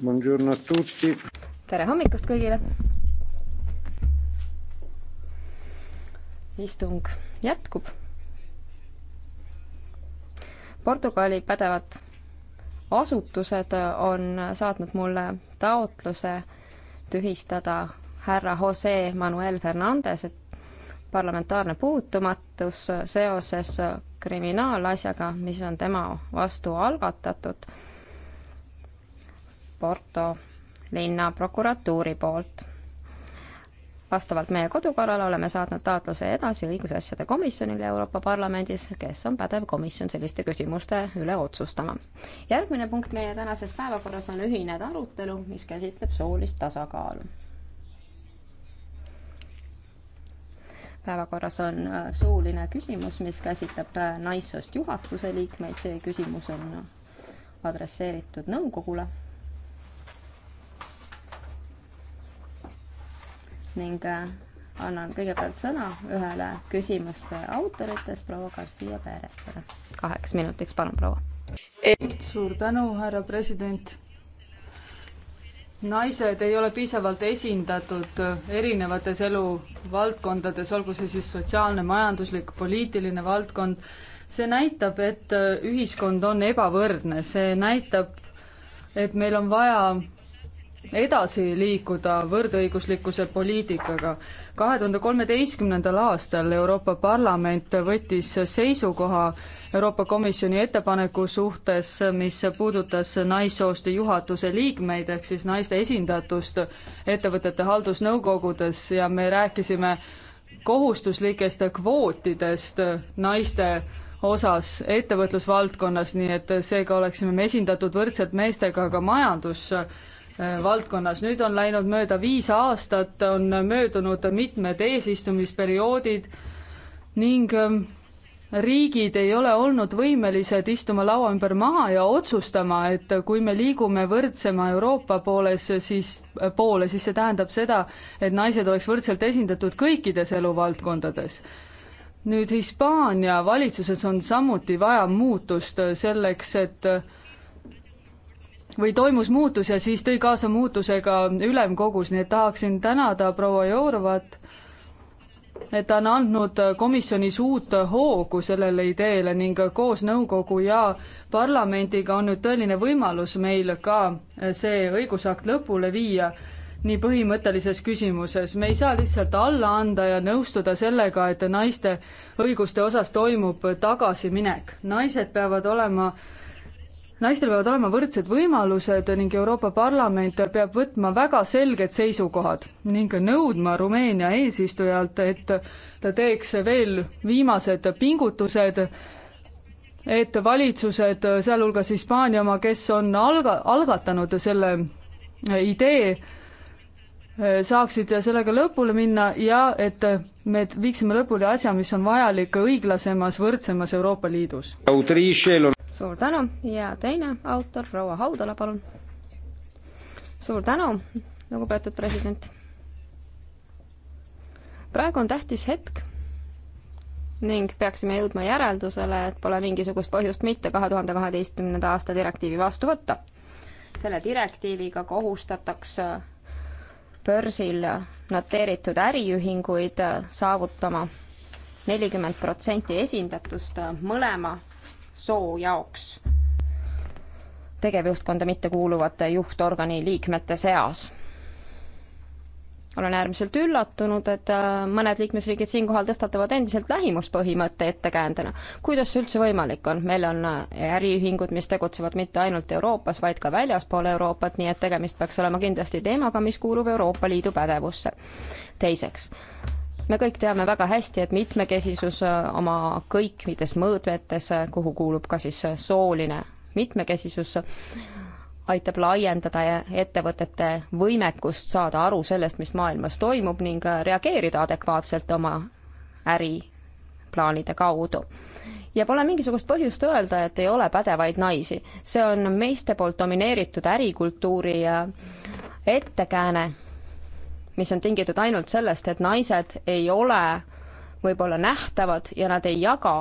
Buongiorno a tutti. tere hommikust kõigile. istung jätkub. Portugali pädevad asutused on saatnud mulle taotluse tühistada härra Jose Manuel Fernandez parlamentaarne puutumatus seoses kriminaalasjaga, mis on tema vastu algatatud Porto linnaprokuratuuri poolt. vastavalt meie kodukorrale oleme saatnud taotluse edasi õigusasjade komisjonile Euroopa Parlamendis, kes on pädev komisjon selliste küsimuste üle otsustama. järgmine punkt meie tänases päevakorras on ühine arutelu, mis käsitleb soolist tasakaalu. päevakorras on äh, suuline küsimus, mis käsitleb äh, naissoost juhatuse liikmeid, see küsimus on äh, adresseeritud nõukogule ning äh, annan kõigepealt sõna ühele küsimuste autoritest, proua Garcia Perezile. kaheks minutiks, palun, proua. suur tänu, härra president naised ei ole piisavalt esindatud erinevates eluvaldkondades, olgu see siis sotsiaalne, majanduslik, poliitiline valdkond. see näitab, et ühiskond on ebavõrdne, see näitab, et meil on vaja edasi liikuda võrdõiguslikkuse poliitikaga. kahe tuhande kolmeteistkümnendal aastal Euroopa Parlament võttis seisukoha Euroopa Komisjoni ettepaneku suhtes, mis puudutas naissoost juhatuse liikmeid ehk siis naiste esindatust ettevõtete haldusnõukogudes ja me rääkisime kohustuslikest kvootidest naiste osas ettevõtlusvaldkonnas, nii et seega oleksime me esindatud võrdselt meestega ka majandus- Äh, valdkonnas. nüüd on läinud mööda viis aastat, on möödunud mitmed eesistumisperioodid ning ähm, riigid ei ole olnud võimelised istuma laua ümber maha ja otsustama, et kui me liigume võrdsema Euroopa pooles, siis, äh, poole, siis see tähendab seda, et naised oleks võrdselt esindatud kõikides eluvaldkondades. nüüd Hispaania valitsuses on samuti vaja muutust selleks, et või toimus muutus ja siis tõi kaasa muutuse ka ülemkogus, nii et tahaksin tänada proua Jourovat, et ta on andnud komisjonis uut hoogu sellele ideele ning koos nõukogu ja parlamendiga on nüüd tõeline võimalus meil ka see õigusakt lõpule viia nii põhimõttelises küsimuses, me ei saa lihtsalt alla anda ja nõustuda sellega, et naiste õiguste osas toimub tagasiminek. naised peavad olema äh, naistel peavad olema võrdsed võimalused ning Euroopa Parlament peab võtma väga selged seisukohad ning nõudma Rumeenia eesistujalt, et ta teeks veel viimased pingutused, et valitsused, sealhulgas Hispaania oma, kes on alga-, algatanud selle idee, saaksid sellega lõpule minna ja et me viiksime lõpule asja, mis on vajalik õiglasemas, võrdsemas Euroopa Liidus. suur tänu ja teine autor, proua Haudala, palun. suur tänu, lugupeetud president. praegu on tähtis hetk ning peaksime jõudma järeldusele, et pole mingisugust põhjust mitte kahe tuhande kaheteistkümnenda aasta direktiivi vastu võtta. selle direktiiviga kohustatakse börsil noteeritud äriühinguid saavutama nelikümmend protsenti esindatust mõlema soo jaoks tegevjuhtkonda mittekuuluvate juhtorgani liikmete seas olen äärmiselt üllatunud, et äh, mõned liikmesriigid siinkohal tõstatavad endiselt lähimuspõhimõtte ettekäändena. kuidas see üldse võimalik on? meil on äh, äriühingud, mis tegutsevad mitte ainult Euroopas, vaid ka väljaspool Euroopat, nii et tegemist peaks olema kindlasti teemaga, mis kuulub Euroopa Liidu pädevusse. teiseks, me kõik teame väga hästi, et mitmekesisus äh, oma kõikides mõõtmetes, kuhu kuulub ka siis sooline mitmekesisus, aitab laiendada ettevõtete võimekust saada aru sellest, mis maailmas toimub ning reageerida adekvaatselt oma äriplaanide kaudu. ja pole mingisugust põhjust öelda, et ei ole pädevaid naisi. see on meeste poolt domineeritud ärikultuuri ettekääne, mis on tingitud ainult sellest, et naised ei ole võib-olla nähtavad ja nad ei jaga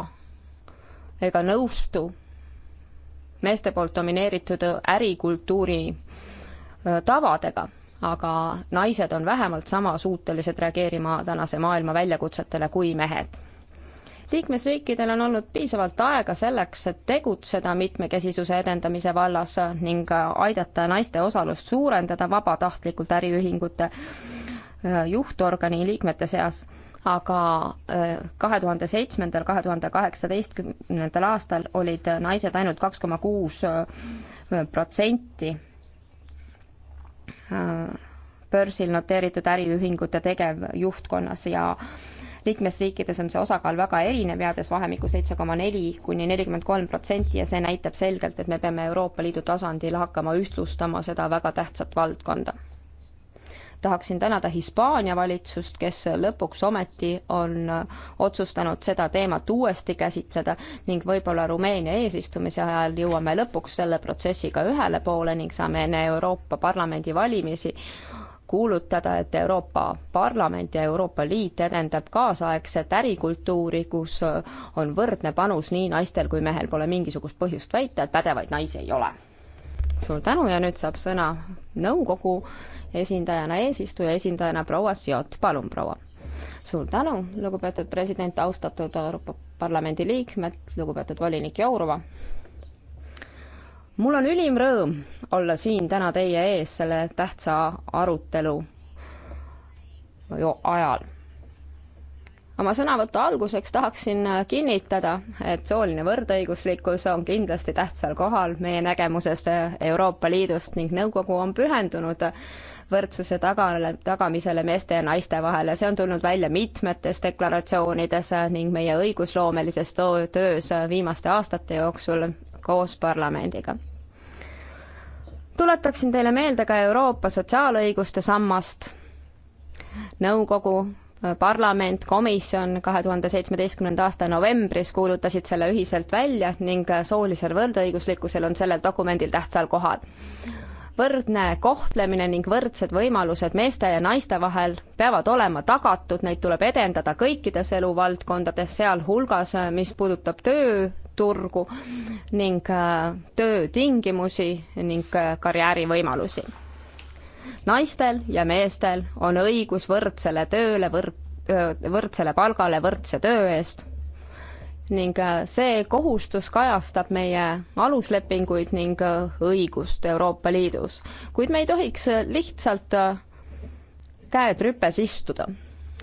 ega nõustu meeste poolt domineeritud ärikultuuri tavadega, aga naised on vähemalt sama suutelised reageerima tänase maailma väljakutsetele kui mehed liikmesriikidel on olnud piisavalt aega selleks, et tegutseda mitmekesisuse edendamise vallas ning aidata naiste osalust suurendada vabatahtlikult äriühingute juhtorgani liikmete seas aga äh, kahe tuhande seitsmendal, kahe tuhande kaheksateistkümnendal aastal olid naised ainult kaks koma kuus äh, protsenti äh, börsil noteeritud äriühingute tegevjuhtkonnas ja liikmesriikides on see osakaal väga erinev, jäädes vahemikku seitse koma neli kuni nelikümmend kolm protsenti ja see näitab selgelt, et me peame Euroopa Liidu tasandil hakkama ühtlustama seda väga tähtsat valdkonda tahaksin tänada Hispaania valitsust, kes lõpuks ometi on otsustanud seda teemat uuesti käsitleda ning võib-olla Rumeenia eesistumise ajal jõuame lõpuks selle protsessiga ühele poole ning saame enne Euroopa Parlamendi valimisi kuulutada, et Euroopa Parlament ja Euroopa Liit edendab kaasaegset ärikultuuri, kus on võrdne panus nii naistel kui mehel, pole mingisugust põhjust väita, et pädevaid naisi ei ole suur tänu ja nüüd saab sõna nõukogu esindajana, eesistuja esindajana proua Siot, palun proua. suur tänu, lugupeetud president, austatud Euroopa Parlamendi liikmed, lugupeetud volinik Jourova. mul on ülim rõõm olla siin täna teie ees selle tähtsa arutelu ajal oma sõnavõtu alguseks tahaksin äh, kinnitada, et sooline võrdõiguslikkus on kindlasti tähtsal kohal meie nägemuses äh, Euroopa Liidust ning nõukogu on pühendunud äh, võrdsuse tagale, tagamisele meeste ja naiste vahel ja see on tulnud välja mitmetes deklaratsioonides ning meie õigusloomelises töös viimaste aastate jooksul koos parlamendiga tuletaksin teile meelde ka Euroopa sotsiaalõiguste sammast, nõukogu parlament, komisjon kahe tuhande seitsmeteistkümnenda aasta novembris kuulutasid selle ühiselt välja ning soolisel võrdõiguslikkusel on sellel dokumendil tähtsal kohal. võrdne kohtlemine ning võrdsed võimalused meeste ja naiste vahel peavad olema tagatud, neid tuleb edendada kõikides eluvaldkondades, sealhulgas, mis puudutab tööturgu ning äh, töötingimusi ning äh, karjäärivõimalusi naistel ja meestel on õigus võrdsele tööle, võrd-, võrdsele palgale võrdse töö eest ning äh, see kohustus kajastab meie aluslepinguid ning äh, õigust Euroopa Liidus. kuid me ei tohiks äh, lihtsalt käed rüpes istuda.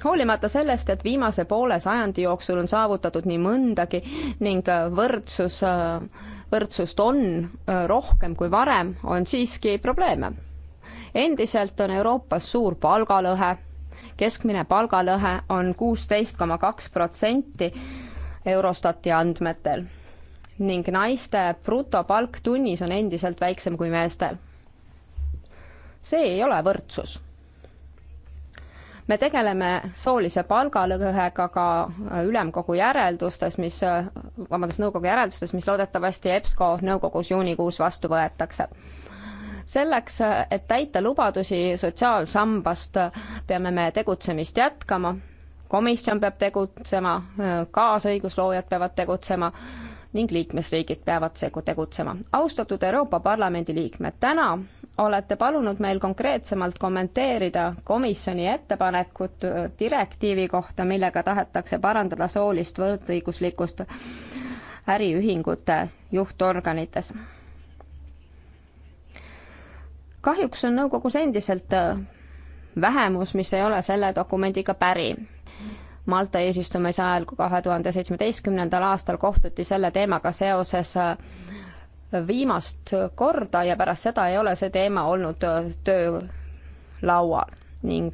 hoolimata sellest, et viimase poole sajandi jooksul on saavutatud nii mõndagi ning võrdsus, võrdsust on rohkem kui varem, on siiski probleeme endiselt on Euroopas suur palgalõhe, keskmine palgalõhe on kuusteist koma kaks protsenti Eurostati andmetel ning naiste brutopalk tunnis on endiselt väiksem kui meestel. see ei ole võrdsus. me tegeleme soolise palgalõhega ka ülemkogu järeldustes, mis, vabandust, nõukogu järeldustes, mis loodetavasti EBSCO nõukogus juunikuus vastu võetakse selleks, et täita lubadusi sotsiaalsambast, peame me tegutsemist jätkama, komisjon peab tegutsema, kaasõigusloojad peavad tegutsema ning liikmesriigid peavad segu tegutsema. austatud Euroopa Parlamendi liikmed, täna olete palunud meil konkreetsemalt kommenteerida komisjoni ettepanekut direktiivi kohta, millega tahetakse parandada soolist võrdõiguslikkust äriühingute juhtorganites kahjuks on nõukogus endiselt äh, vähemus, mis ei ole selle dokumendiga päri. Malta eesistumise ajal, kui kahe tuhande seitsmeteistkümnendal aastal kohtuti selle teemaga seoses äh, viimast korda ja pärast seda ei ole see teema olnud äh, töölaual ning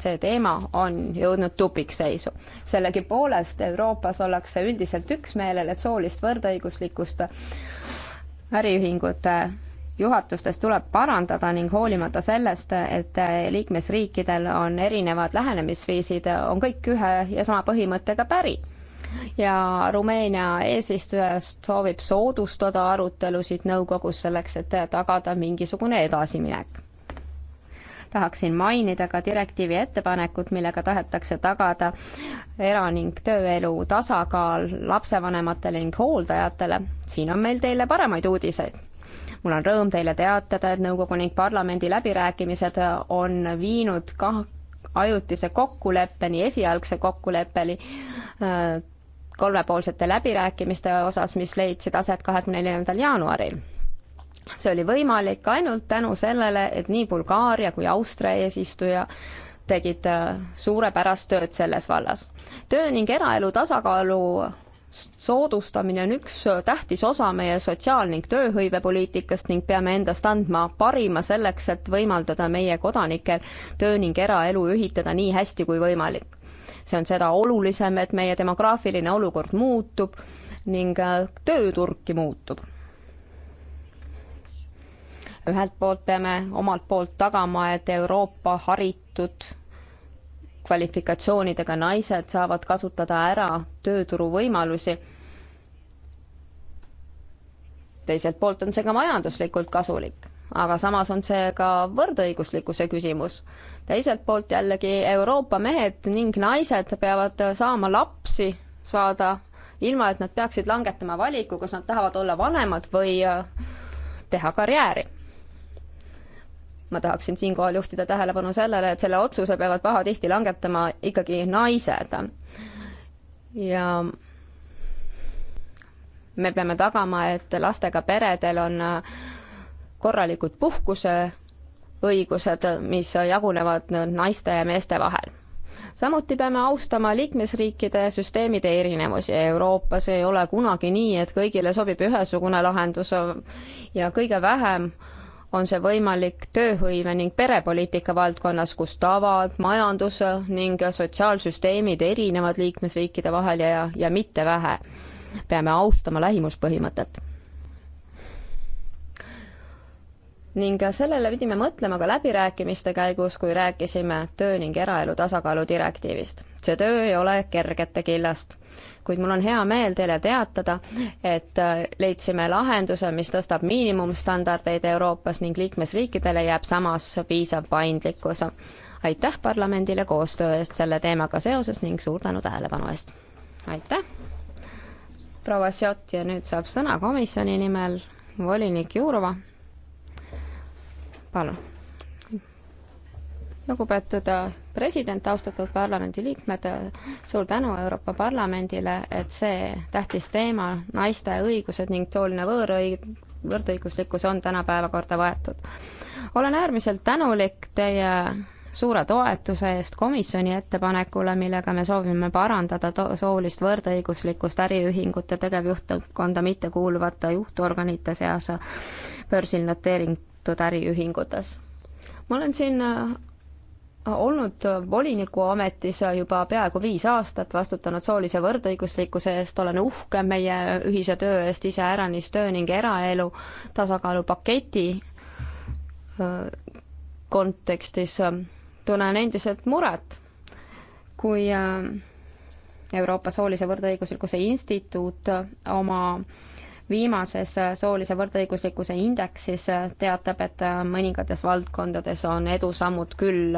see teema on jõudnud tupikseisu. sellegipoolest Euroopas ollakse üldiselt üksmeelel, et soolist võrdõiguslikkust äriühingute juhatustes tuleb parandada ning hoolimata sellest, et liikmesriikidel on erinevad lähenemisviisid, on kõik ühe ja sama põhimõttega päri. ja Rumeenia eesistujast soovib soodustada arutelusid nõukogus selleks, et tagada mingisugune edasiminek tahaksin mainida ka direktiivi ettepanekut, millega tahetakse tagada era- ning tööelu tasakaal lapsevanematele ning hooldajatele. siin on meil teile paremaid uudiseid mul on rõõm teile teatada, et nõukogu ning parlamendi läbirääkimised on viinud ka ajutise kokkuleppeni, esialgse kokkuleppeni äh, kolmepoolsete läbirääkimiste osas, mis leidsid aset kahekümne neljandal jaanuaril see oli võimalik ainult tänu sellele, et nii Bulgaaria kui Austria eesistuja tegid äh, suurepärast tööd selles vallas. töö ning eraelu tasakaalu soodustamine on üks tähtis osa meie sotsiaal- ning tööhõivepoliitikast ning peame endast andma parima selleks, et võimaldada meie kodanikel töö- ning eraelu ühitada nii hästi kui võimalik. see on seda olulisem, et meie demograafiline olukord muutub ning äh, tööturgki muutub. ühelt poolt peame omalt poolt tagama, et Euroopa haritud kvalifikatsioonidega naised saavad kasutada ära tööturu võimalusi. teiselt poolt on see ka majanduslikult kasulik, aga samas on see ka võrdõiguslikkuse küsimus. teiselt poolt jällegi Euroopa mehed ning naised peavad saama lapsi saada ilma, et nad peaksid langetama valiku, kas nad tahavad olla vanemad või teha karjääri ma tahaksin siinkohal juhtida tähelepanu sellele, et selle otsuse peavad pahatihti langetama ikkagi naised. ja me peame tagama, et lastega peredel on korralikud puhkuseõigused, mis jagunevad naiste ja meeste vahel samuti peame austama liikmesriikide süsteemide erinevusi. Euroopas ei ole kunagi nii, et kõigile sobib ühesugune lahendus ja kõige vähem äh, on see võimalik tööhõive ning perepoliitika valdkonnas, kus tavad, majandus ning sotsiaalsüsteemid erinevad liikmesriikide vahel ja, ja mitte vähe. peame austama lähimuspõhimõtet ning sellele pidime mõtlema ka läbirääkimiste käigus, kui rääkisime töö ning eraelu tasakaalu direktiivist. see töö ei ole kergete killast, kuid mul on hea meel teile teatada, et äh, leidsime lahenduse, mis tõstab miinimumstandardeid Euroopas ning liikmesriikidele jääb samas piisav paindlikkus. aitäh parlamendile koostöö eest selle teemaga seoses ning suur tänu tähelepanu eest! aitäh! proua Sjott ja nüüd saab sõna komisjoni nimel volinik Jurova palun. lugupeetud äh, president, austatud parlamendiliikmed, äh, suur tänu Euroopa Parlamendile, et see tähtis teema, naiste õigused ning sooline võõrõig-, võrdõiguslikkus on täna päevakorda võetud. olen äärmiselt tänulik teie suure toetuse eest komisjoni ettepanekule, millega me soovime parandada soolist võrdõiguslikkust äriühingute tegevjuhtkonda mittekuuluvate juhtorganite seas börsil noteering, seotud äriühingutes. ma olen siin äh, olnud voliniku ametis juba peaaegu viis aastat, vastutanud soolise võrdõiguslikkuse eest, olen uhke meie ühise töö eest iseäranis töö ning eraelu tasakaalupaketi äh, kontekstis. Äh, tunnen endiselt muret, kui Euroopa Soolise Võrdõiguslikkuse Instituut oma viimases äh, soolise võrdõiguslikkuse indeksis äh, teatab, et äh, mõningates valdkondades on edusammud küll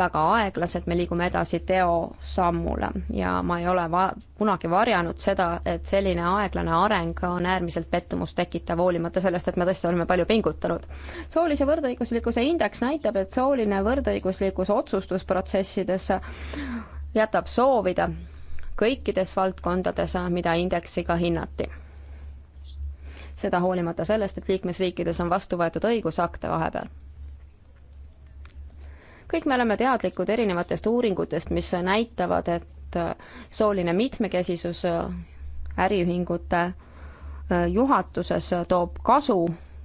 väga aeglased, me liigume edasi teosammule ja ma ei ole va-, kunagi varjanud seda, et selline aeglane areng on äärmiselt pettumust tekitav, hoolimata sellest, et me tõesti oleme palju pingutanud. soolise võrdõiguslikkuse indeks näitab, et sooline võrdõiguslikkus otsustusprotsessides jätab soovida kõikides valdkondades, mida indeksiga hinnati seda hoolimata sellest, et liikmesriikides on vastu võetud õigusakte vahepeal. kõik me oleme teadlikud erinevatest uuringutest, mis näitavad, et sooline mitmekesisus äriühingute äh, juhatuses toob kasu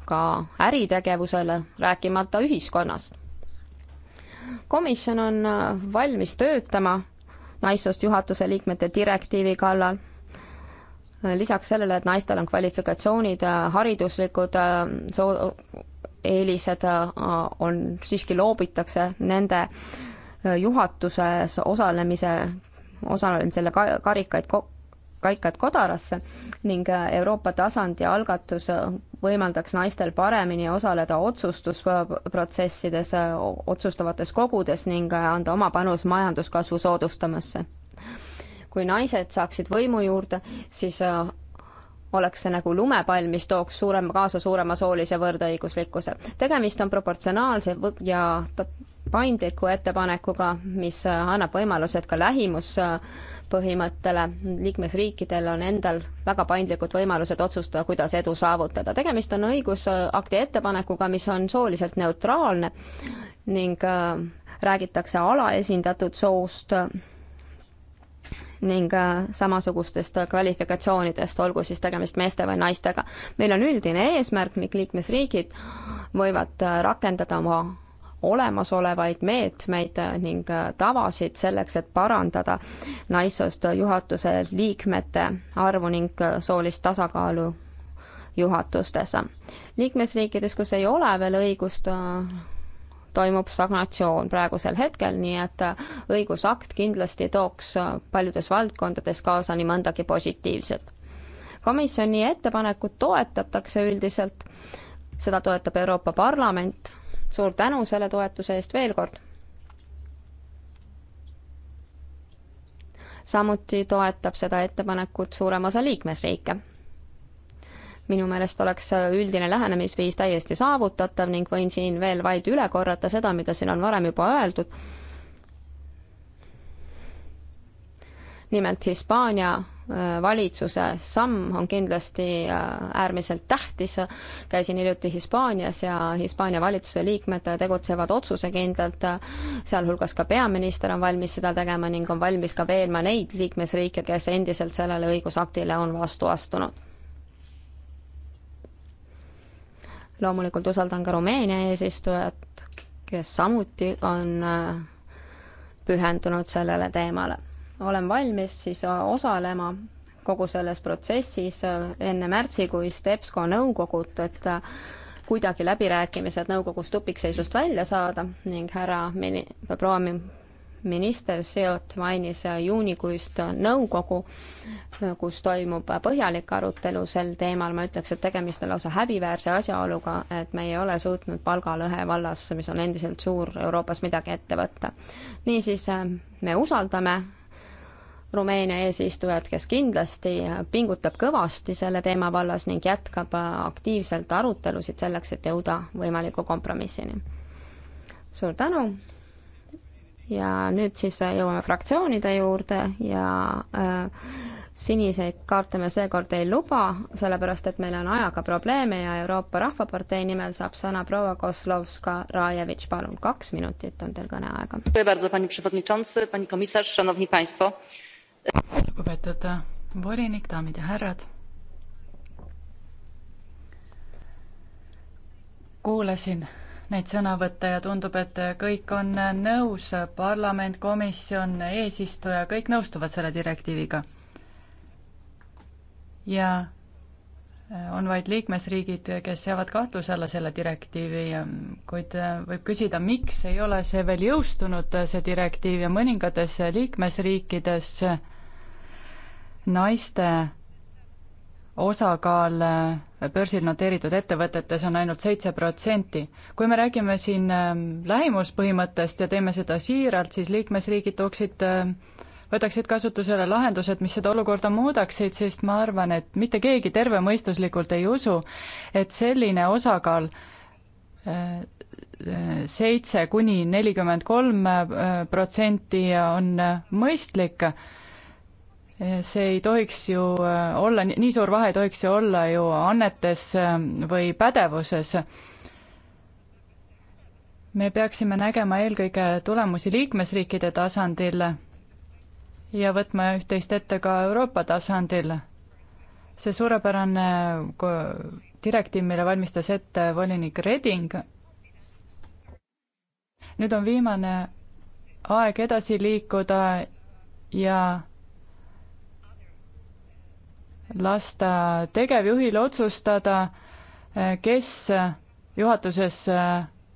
ka äritegevusele, rääkimata ühiskonnast. komisjon on äh, valmis töötama naissoost juhatuse liikmete direktiivi kallal lisaks sellele, et naistel on kvalifikatsioonid, hariduslikud äh, soo-, eelised äh, on, siiski loobitakse nende äh, juhatuses osalemise, osalemisele ka-, karikaid ko-, kaikad kodarasse ning Euroopa tasandi algatus võimaldaks naistel paremini osaleda otsustusprotsessides, otsustavates kogudes ning anda oma panus majanduskasvu soodustamisse kui naised saaksid võimu juurde, siis äh, oleks see nagu lumepall, mis tooks suurema, kaasa suurema soolise võrdõiguslikkuse. tegemist on proportsionaalse ja paindliku ettepanekuga, mis äh, annab võimalused ka lähimuspõhimõttele. Äh, liikmesriikidel on endal väga paindlikud võimalused otsustada, kuidas edu saavutada. tegemist on õigusakti ettepanekuga, mis on sooliselt neutraalne ning räägitakse alaesindatud soost ning äh, samasugustest kvalifikatsioonidest, olgu siis tegemist meeste või naistega. meil on üldine eesmärk ning liikmesriigid võivad äh, rakendada oma olemasolevaid meetmeid äh, ning tavasid selleks, et parandada naissoost juhatuse liikmete arvu ning soolist tasakaalu juhatustes. liikmesriikides, kus ei ole veel õigust toimub stagnatsioon praegusel hetkel, nii et äh, õigusakt kindlasti tooks äh, paljudes valdkondades kaasa nii mõndagi positiivset. komisjoni ettepanekut toetatakse üldiselt, seda toetab Euroopa Parlament, suur tänu selle toetuse eest veel kord samuti toetab seda ettepanekut suurem osa liikmesriike minu meelest oleks üldine lähenemisviis täiesti saavutatav ning võin siin veel vaid üle korrata seda, mida siin on varem juba öeldud. nimelt Hispaania äh, valitsuse samm on kindlasti äh, äärmiselt tähtis. käisin hiljuti Hispaanias ja Hispaania valitsuse liikmed tegutsevad otsusekindlalt, sealhulgas ka peaminister on valmis seda tegema ning on valmis ka veenma neid liikmesriike, kes endiselt sellele õigusaktile on vastu astunud loomulikult usaldan ka Rumeenia eesistujat, kes samuti on äh, pühendunud sellele teemale. olen valmis siis äh, osalema kogu selles protsessis äh, enne märtsikuist EBSCO nõukogut, et kuidagi läbirääkimised nõukogus tupikseisust välja saada ning härra mini-, proua minister Seot mainis juunikuist nõukogu, kus toimub põhjalik arutelu sel teemal, ma ütleks, et tegemist on lausa häbiväärse asjaoluga, et me ei ole suutnud palgalõhe vallas, mis on endiselt suur, Euroopas midagi ette võtta. niisiis, me usaldame Rumeenia eesistujat, kes kindlasti pingutab kõvasti selle teema vallas ning jätkab aktiivselt arutelusid selleks, et jõuda võimaliku kompromissini. suur tänu! ja nüüd siis äh, jõuame fraktsioonide juurde ja äh, siniseid kaarte me seekord ei luba, sellepärast et meil on ajaga probleeme ja Euroopa Rahvapartei nimel saab sõna proua Kozlovska-Rajevitš, palun, kaks minutit on teil kõneaega. lugupeetud äh, volinik, daamid ja härrad. kuulasin neid sõnavõtte ja tundub, et kõik on nõus, parlament, komisjon, eesistuja, kõik nõustuvad selle direktiiviga. ja äh, on vaid liikmesriigid, kes seavad kahtluse alla selle direktiivi, kuid äh, võib küsida, miks ei ole see veel jõustunud, äh, see direktiiv ja mõningates liikmesriikides naiste osakaal äh, börsil noteeritud ettevõtetes on ainult seitse protsenti. kui me räägime siin ähm, lähimuspõhimõttest ja teeme seda siiralt, siis liikmesriigid tooksid, ähm, võtaksid kasutusele lahendused, mis seda olukorda muudaksid, sest ma arvan, et mitte keegi tervemõistuslikult ei usu, et selline osakaal äh, äh, seitse kuni nelikümmend kolm protsenti on mõistlik see ei tohiks ju äh, olla, nii suur vahe ei tohiks ju olla ju annetes äh, või pädevuses. me peaksime nägema eelkõige tulemusi liikmesriikide tasandil ja võtma üht-teist ette ka Euroopa tasandil. see suurepärane direktiiv, mille valmistas ette volinik Reding, nüüd on viimane aeg edasi liikuda ja lasta tegevjuhil otsustada, kes juhatuses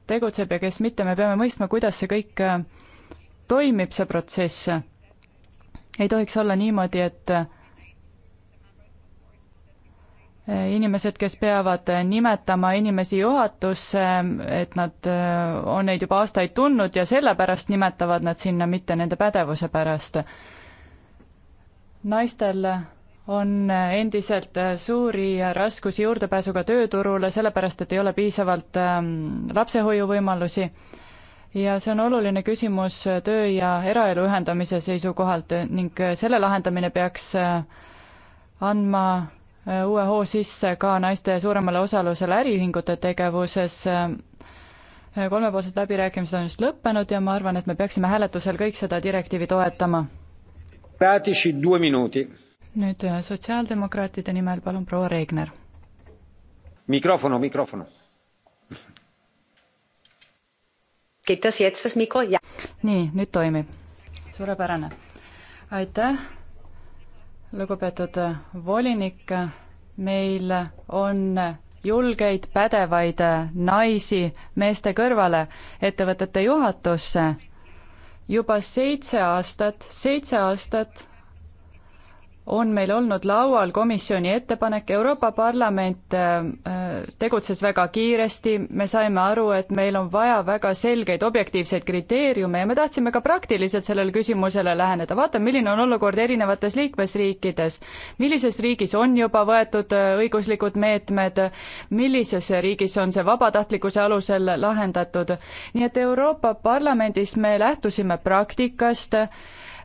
tegutseb ja kes mitte, me peame mõistma, kuidas see kõik toimib, see protsess. ei tohiks olla niimoodi, et inimesed, kes peavad nimetama inimesi juhatusse, et nad on neid juba aastaid tundnud ja sellepärast nimetavad nad sinna, mitte nende pädevuse pärast. naistel on endiselt suuri raskusi juurdepääsuga tööturule, sellepärast et ei ole piisavalt ähm, lapsehoiuvõimalusi. ja see on oluline küsimus töö ja eraelu ühendamise seisukohalt ning selle lahendamine peaks äh, andma äh, uue hoo sisse ka naiste suuremale osalusele äriühingute tegevuses. Äh, kolmepoolsed läbirääkimised on just lõppenud ja ma arvan, et me peaksime hääletusel kõik seda direktiivi toetama. Praatiši, kaks minutit nüüd äh, sotsiaaldemokraatide nimel palun proua Regner. mikrofon, mikrofon. nii, nüüd toimib. suurepärane. aitäh, lugupeetud äh, volinik. meil on julgeid, pädevaid äh, naisi meeste kõrvale ettevõtete juhatusse. juba seitse aastat, seitse aastat on meil olnud laual komisjoni ettepanek, Euroopa Parlament äh, äh, tegutses väga kiiresti, me saime aru, et meil on vaja väga selgeid objektiivseid kriteeriume ja me tahtsime ka praktiliselt sellele küsimusele läheneda, vaatame, milline on olukord erinevates liikmesriikides. millises riigis on juba võetud äh, õiguslikud meetmed, millises riigis on see vabatahtlikkuse alusel lahendatud, nii et Euroopa Parlamendis me lähtusime praktikast,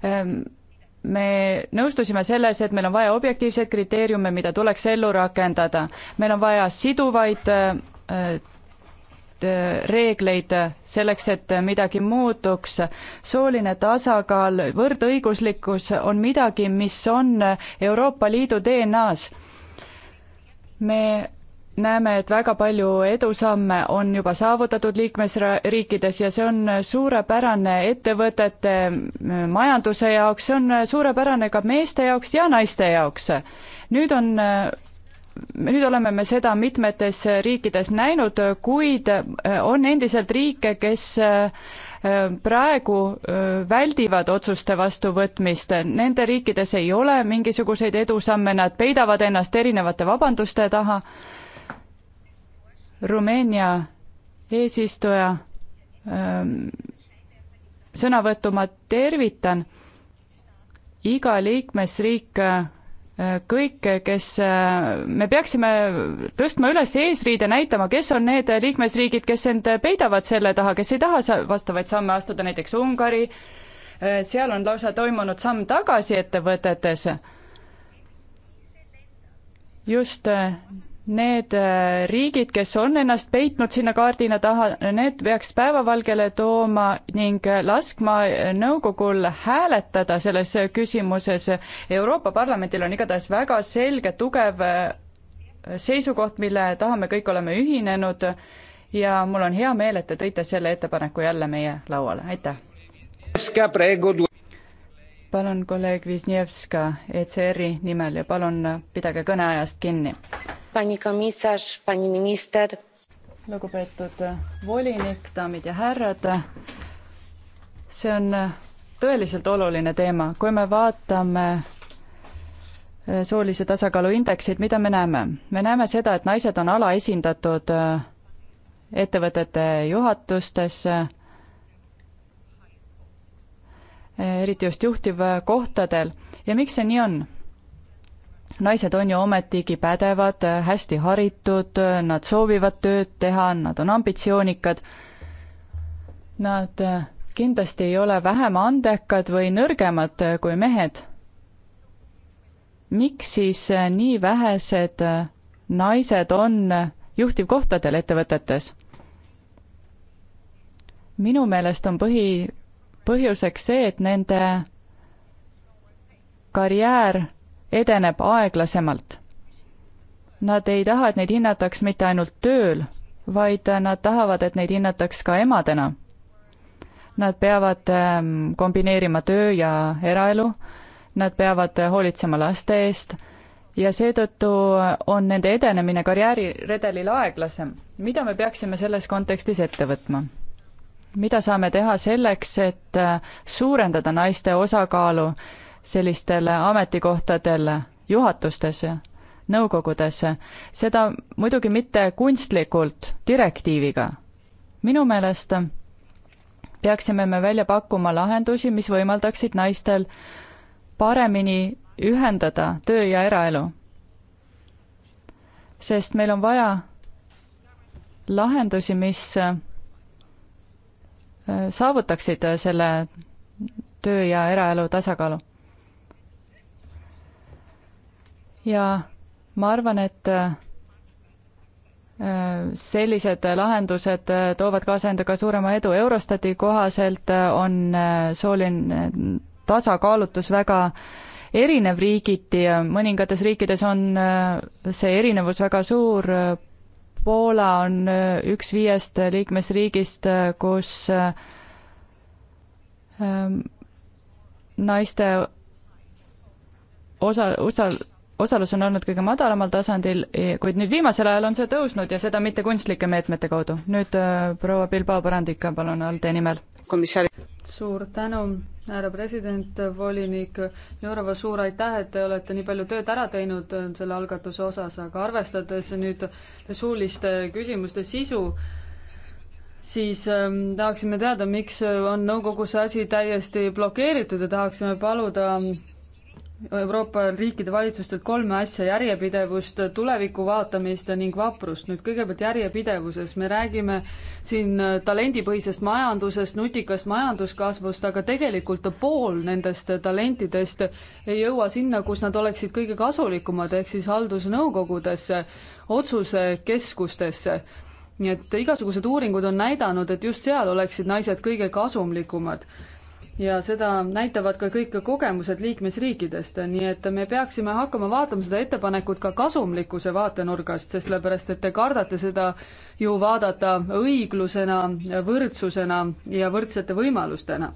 ähm, me nõustusime selles, et meil on vaja objektiivseid kriteeriume, mida tuleks ellu rakendada. meil on vaja siduvaid äh, äh, reegleid selleks, et midagi muutuks. sooline tasakaal, võrdõiguslikkus on midagi, mis on Euroopa Liidu DNA-s. me näeme, et väga palju edusamme on juba saavutatud liikmesriikides ja see on suurepärane ettevõtete mm, majanduse jaoks, see on suurepärane ka meeste jaoks ja naiste jaoks. nüüd on nüüd oleme me seda mitmetes riikides näinud, kuid äh, on endiselt riike, kes äh, praegu äh, väldivad otsuste vastuvõtmist, nende riikides ei ole mingisuguseid edusamme, nad peidavad ennast erinevate vabanduste taha Rumeenia eesistuja ähm, sõnavõttu ma tervitan. iga liikmesriik, äh, kõik, kes, äh, me peaksime tõstma üles eesriide, näitama, kes on need liikmesriigid, kes end peidavad selle taha, kes ei taha vastavaid samme astuda, näiteks Ungari, äh, seal on lausa toimunud samm tagasi ettevõtetes. just need äh, riigid, kes on ennast peitnud sinna kaardina taha, need peaks päevavalgele tooma ning äh, laskma äh, nõukogul hääletada selles küsimuses. Euroopa Parlamendil on igatahes väga selge, tugev seisukoht, mille taha me kõik oleme ühinenud ja mul on hea meel, et te tõite selle ettepaneku jälle meie lauale, aitäh! palun, kolleeg Wisniewska ECR-i nimel ja palun pidage kõneajast kinni. lugupeetud volinik, daamid ja härrad, see on tõeliselt oluline teema, kui me vaatame eh, soolise tasakaalu indeksit, mida me näeme? me näeme seda, et naised on alaesindatud eh, ettevõtete juhatustesse eriti just juhtivkohtadel ja miks see nii on? naised on ju ometigi pädevad, hästi haritud, nad soovivad tööd teha, nad on ambitsioonikad, nad kindlasti ei ole vähem andekad või nõrgemad kui mehed. miks siis nii vähesed naised on juhtivkohtadel ettevõtetes? minu meelest on põhi põhjuseks see, et nende karjäär edeneb aeglasemalt. Nad ei taha, et neid hinnataks mitte ainult tööl, vaid nad tahavad, et neid hinnataks ka emadena. Nad peavad ähm, kombineerima töö ja eraelu, nad peavad hoolitsema laste eest ja seetõttu on nende edenemine karjääriredelil aeglasem. mida me peaksime selles kontekstis ette võtma? mida saame teha selleks, et äh, suurendada naiste osakaalu sellistel ametikohtadel juhatustes, nõukogudes, seda muidugi mitte kunstlikult direktiiviga. minu meelest peaksime me välja pakkuma lahendusi, mis võimaldaksid naistel paremini ühendada töö ja eraelu. sest meil on vaja lahendusi, mis äh, saavutaksid äh, selle töö ja eraelu tasakaalu. ja ma arvan, et äh, sellised lahendused äh, toovad kaasa endaga suurema edu. Eurostati kohaselt on sooline tasakaalutus väga erinev riigiti, mõningates riikides on see erinevus väga suur, Poola on äh, üks viiest liikmesriigist, äh, kus äh, ähm, naiste osa, osal-, osalus on olnud kõige madalamal tasandil, e, kuid nüüd viimasel ajal on see tõusnud ja seda mitte kunstlike meetmete kaudu. nüüd proua Bilbao Barandika, palun, ALDE nimel. suur tänu härra president, volinik Jourova, suur aitäh, et te olete nii palju tööd ära teinud selle algatuse osas, aga arvestades nüüd suuliste küsimuste sisu, siis ähm, tahaksime teada, miks on nõukogus asi täiesti blokeeritud ja tahaksime paluda Euroopa riikide valitsustelt kolme asja, järjepidevust, tuleviku vaatamist ning vaprust. nüüd kõigepealt järjepidevuses, me räägime siin talendipõhisest majandusest, nutikast majanduskasvust, aga tegelikult pool nendest talentidest ei jõua sinna, kus nad oleksid kõige kasulikumad, ehk siis haldusnõukogudesse, otsusekeskustesse. nii et igasugused uuringud on näidanud, et just seal oleksid naised kõige kasumlikumad ja seda näitavad ka kõik kogemused liikmesriikidest, nii et me peaksime hakkama vaatama seda ettepanekut ka kasumlikkuse vaatenurgast, sest sellepärast, et te kardate seda ju vaadata õiglusena, võrdsusena ja võrdsete võimalustena.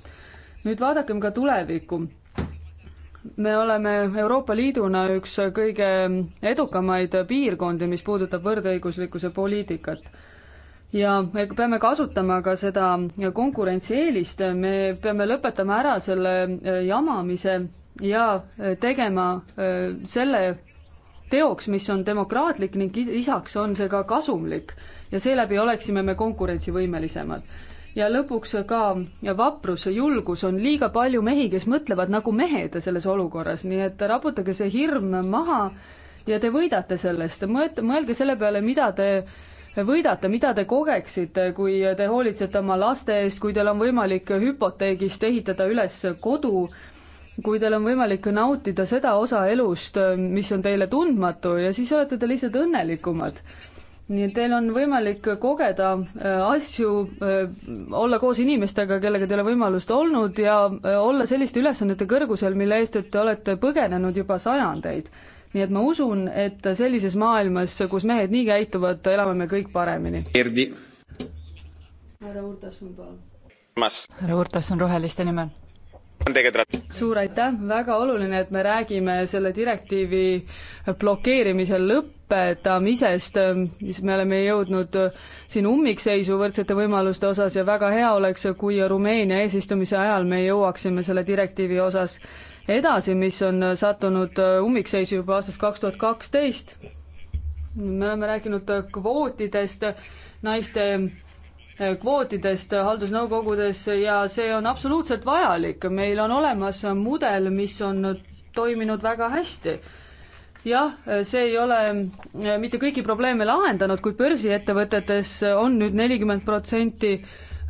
nüüd vaadakem ka tulevikku me oleme Euroopa Liiduna üks kõige edukamaid piirkondi, mis puudutab võrdõiguslikkuse poliitikat ja me peame kasutama ka seda konkurentsieelist, me peame lõpetama ära selle äh, jamamise ja äh, tegema äh, selle teoks, mis on demokraatlik ning lisaks on see ka kasumlik ja seeläbi oleksime me konkurentsivõimelisemad. ja lõpuks ka vaprus, julgus, on liiga palju mehi, kes mõtlevad nagu mehed selles olukorras, nii et raputage see hirm maha ja te võidate sellest, mõelge selle peale, mida te äh, võidate, mida te kogeksite, kui te hoolitsete oma laste eest, kui teil on võimalik hüpoteegist ehitada üles kodu, kui teil on võimalik nautida seda osa elust, mis on teile tundmatu ja siis olete te lihtsalt õnnelikumad. nii et teil on võimalik kogeda äh, asju, äh, olla koos inimestega, kellega teil on võimalust olnud ja äh, olla selliste ülesannete kõrgusel, mille eest, et te olete põgenenud juba sajandeid nii et ma usun, et sellises maailmas, kus mehed nii käituvad, elame me kõik paremini. härra Urtasun, palun. härra Urtasun Roheliste nimel. suur aitäh, väga oluline, et me räägime selle direktiivi blokeerimise lõpetamisest, mis me oleme jõudnud siin ummikseisu võrdsete võimaluste osas ja väga hea oleks, kui Rumeenia eesistumise ajal me jõuaksime selle direktiivi osas edasi, mis on sattunud äh, ummikseisu juba aastast kaks tuhat kaksteist. me oleme rääkinud äh, kvootidest, naiste äh, kvootidest haldusnõukogudes ja see on absoluutselt vajalik, meil on olemas mudel, mis on toiminud väga hästi jah, see ei ole mitte kõiki probleeme lahendanud, kuid börsiettevõtetes on nüüd nelikümmend protsenti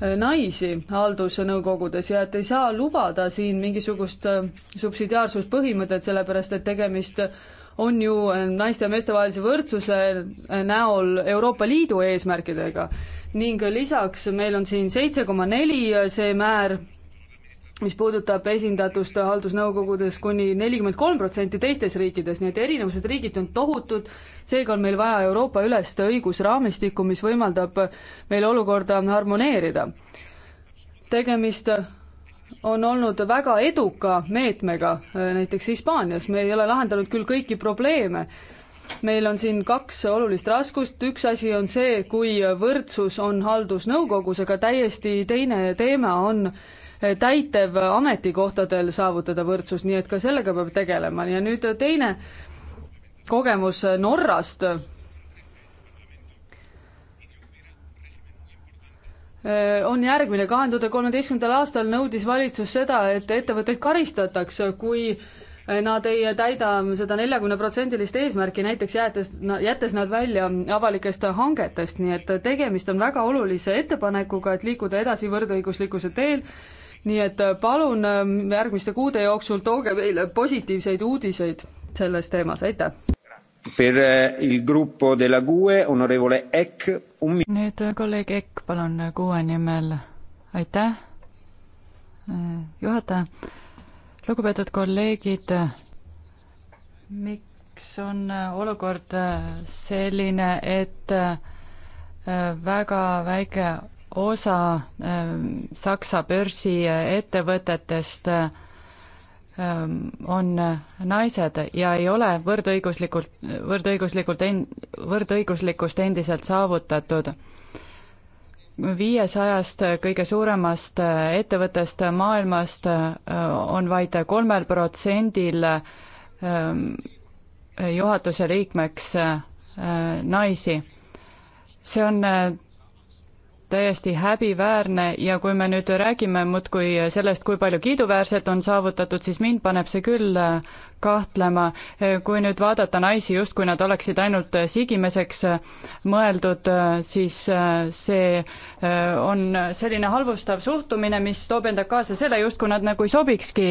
Äh, naisi haldusnõukogudes ja et ei saa lubada siin mingisugust äh, subsidiaarsuspõhimõtet, sellepärast et tegemist on ju äh, naiste ja meeste vahelise võrdsuse näol Euroopa Liidu eesmärkidega. ning lisaks meil on siin seitse koma neli see määr mis puudutab esindatust haldusnõukogudes kuni nelikümmend kolm protsenti teistes riikides, nii et erinevused riigiti on tohutud, seega on meil vaja Euroopa-ülest õigusraamistikku, mis võimaldab meil olukorda harmoneerida. tegemist on olnud väga eduka meetmega, äh, näiteks Hispaanias, me ei ole lahendanud küll kõiki probleeme, meil on siin kaks olulist raskust, üks asi on see, kui võrdsus on haldusnõukogus, aga täiesti teine teema on äh, täitev ametikohtadel saavutada võrdsus, nii et ka sellega peab tegelema ja nüüd teine kogemus Norrast. on järgmine, kahe tuhande kolmeteistkümnendal aastal nõudis valitsus seda, et ettevõtteid karistatakse, kui nad ei täida seda neljakümneprotsendilist eesmärki, näiteks jäetes, jättes nad välja avalikest hangetest, nii et tegemist on väga olulise ettepanekuga, et liikuda edasi võrdõiguslikkuse teel nii et äh, palun ähm, järgmiste kuude jooksul tooge meile positiivseid uudiseid selles teemas, aitäh! Äh, nüüd äh, kolleeg Ekk, palun, kuue nimel, aitäh, juhataja. lugupeetud kolleegid, miks on olukord selline, et väga väike osa ähm, Saksa börsiettevõtetest ähm, on naised ja ei ole võrdõiguslikult, võrdõiguslikult en-, võrdõiguslikkust endiselt saavutatud. viiesajast kõige suuremast ettevõttest maailmast äh, on vaid kolmel protsendil ähm, juhatuse liikmeks äh, naisi. see on äh, täiesti häbiväärne ja kui me nüüd räägime muudkui sellest, kui palju kiiduväärselt on saavutatud, siis mind paneb see küll äh, kahtlema. kui nüüd vaadata naisi, justkui nad oleksid ainult sigimeseks äh, mõeldud, äh, siis see on selline halvustav suhtumine, mis toob endaga kaasa selle, justkui nad nagu ei sobikski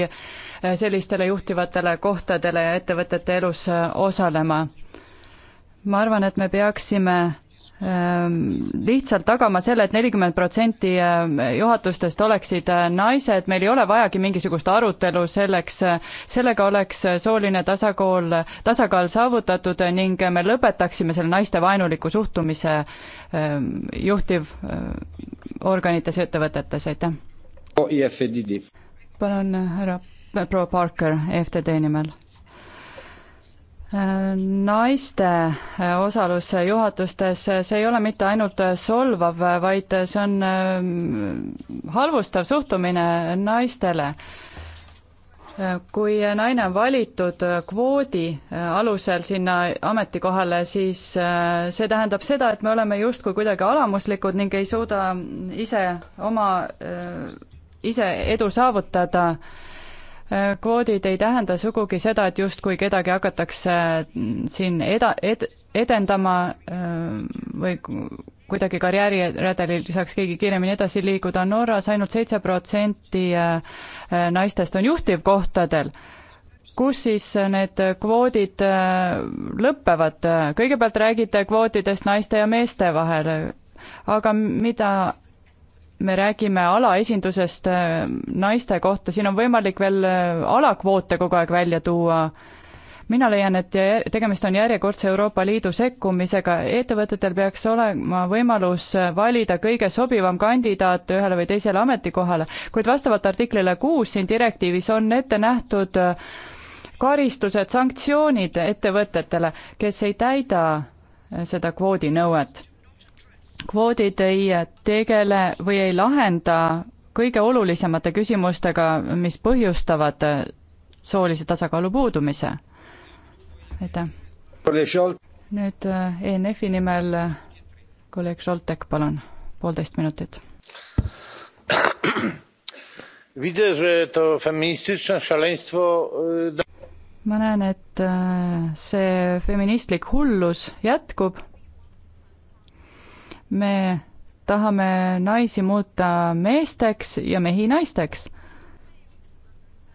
sellistele juhtivatele kohtadele ja ettevõtete elus osalema. ma arvan, et me peaksime Ehm, lihtsalt tagama selle et, et nelikümmend protsenti ehm, juhatustest oleksid ehm, naised, meil ei ole vajagi mingisugust arutelu selleks, sellega oleks sooline tasakaal, tasakaal saavutatud ning me lõpetaksime selle naistevaenuliku suhtumise juhtivorganites ja ettevõtetes, aitäh. E palun härra proua Parker EFTD nimel naiste äh, osalus juhatustes, äh, see ei ole mitte ainult äh, solvav, vaid see on ähm, halvustav suhtumine naistele. kui naine on valitud kvoodi alusel sinna ametikohale, siis see tähendab seda, et me oleme justkui kuidagi alamuslikud ning ei suuda ise oma, ise edu saavutada kvoodid ei tähenda sugugi seda, et justkui kedagi hakatakse mm, siin eda-, ed-, edendama äh, või kuidagi karjääriredelil saaks keegi kiiremini edasi liikuda, Norras ainult seitse protsenti äh, äh, naistest on juhtivkohtadel, kus siis need kvoodid lõpevad, kõigepealt räägite kvootidest naiste ja meeste vahel, aga mida me räägime alaesindusest äh, naiste kohta, siin on võimalik veel äh, alakvoote kogu aeg välja tuua. mina leian, et tegemist on järjekordse Euroopa Liidu sekkumisega, ettevõtetel peaks olema võimalus äh, valida kõige sobivam kandidaat ühele või teisele ametikohale, kuid vastavalt artiklile kuus siin direktiivis on ette nähtud karistused, sanktsioonid ettevõtetele, kes ei täida seda kvoodinõuet kvoodid ei tegele või ei lahenda kõige olulisemate küsimustega, mis põhjustavad soolise tasakaalu puudumise. aitäh. nüüd äh, ENF-i nimel äh, kolleeg Šoltek, palun, poolteist minutit. ma näen, et äh, see feministlik hullus jätkub me tahame naisi muuta meesteks ja mehi naisteks.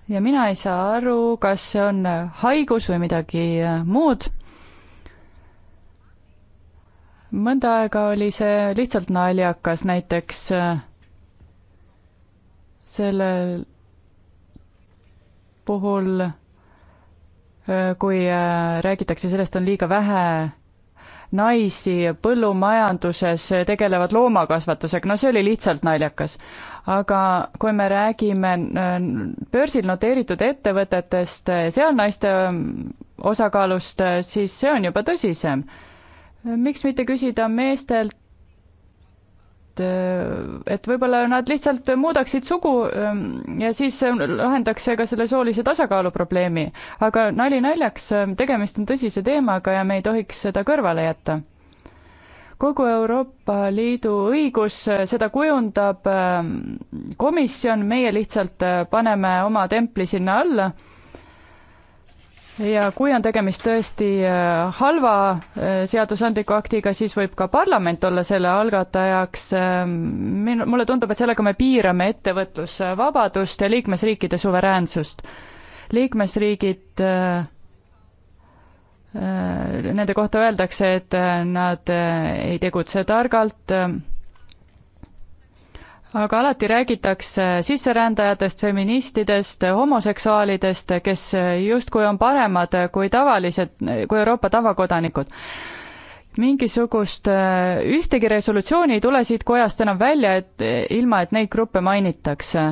ja mina ei saa aru, kas see on haigus või midagi äh, muud. mõnda aega oli see lihtsalt naljakas, näiteks äh, sellel puhul, äh, kui räägitakse sellest, on liiga vähe naisi põllumajanduses tegelevad loomakasvatusega, no see oli lihtsalt naljakas. aga kui me räägime äh, börsil noteeritud ettevõtetest, äh, seal naiste äh, osakaalust, siis see on juba tõsisem. miks mitte küsida meestelt et, et võib-olla nad lihtsalt muudaksid sugu ähm, ja siis lahendaks see ka selle soolise tasakaalu probleemi. aga nali naljaks, ähm, tegemist on tõsise teemaga ja me ei tohiks seda kõrvale jätta. kogu Euroopa Liidu õigus, äh, seda kujundab ähm, komisjon, meie lihtsalt äh, paneme oma templi sinna alla ja kui on tegemist tõesti äh, halva äh, seadusandliku aktiga, siis võib ka parlament olla selle algatajaks. Ähm, minu, mulle tundub, et sellega me piirame ettevõtlusvabadust ja liikmesriikide suveräänsust. liikmesriigid, äh, nende kohta öeldakse, et nad ei tegutse targalt aga alati räägitakse sisserändajatest, feministidest, homoseksuaalidest, kes justkui on paremad kui tavalised, kui Euroopa tavakodanikud. mingisugust äh, ühtegi resolutsiooni ei tule siit kojast enam välja, et ilma, et neid gruppe mainitakse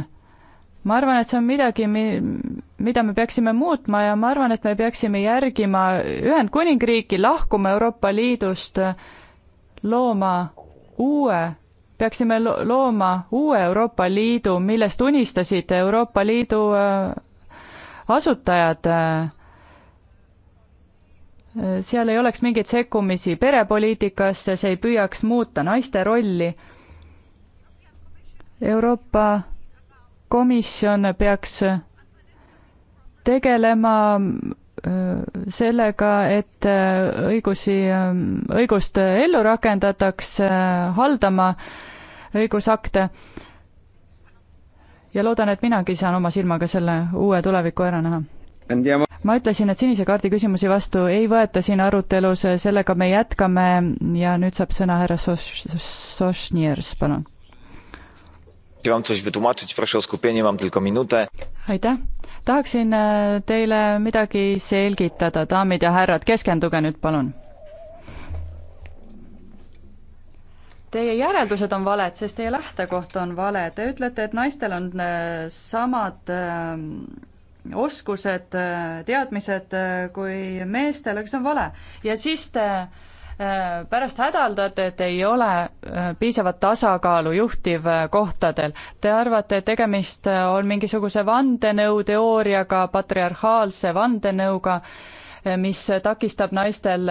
ma arvan, et see on midagi, mi-, mida me peaksime muutma ja ma arvan, et me peaksime järgima Ühendkuningriiki, lahkuma Euroopa Liidust, looma uue peaksime looma uue Euroopa Liidu, millest unistasid Euroopa Liidu äh, asutajad. Äh, seal ei oleks mingeid sekkumisi perepoliitikasse, see ei püüaks muuta naiste rolli. Euroopa Komisjon peaks tegelema äh, sellega, et õigusi, õigust ellu rakendatakse, haldama õigusakte. ja loodan, et minagi saan oma silmaga selle uue tuleviku ära näha ma ütlesin, et sinise kaardi küsimusi vastu ei võeta siin arutelus, sellega me jätkame ja nüüd saab sõna härra Soš-, Sošnjers, palun. aitäh, tahaksin e, teile midagi selgitada, daamid ja härrad, keskenduge nüüd palun Teie järeldused on valed, sest teie lähtekoht on vale. Te ütlete, et naistel on äh, samad äh, oskused, äh, teadmised kui meestel, aga see on vale. ja siis te pärast hädaldate, et ei ole piisavat tasakaalu juhtivkohtadel. Te arvate, et tegemist on mingisuguse vandenõuteooriaga, patriarhaalse vandenõuga, mis takistab naistel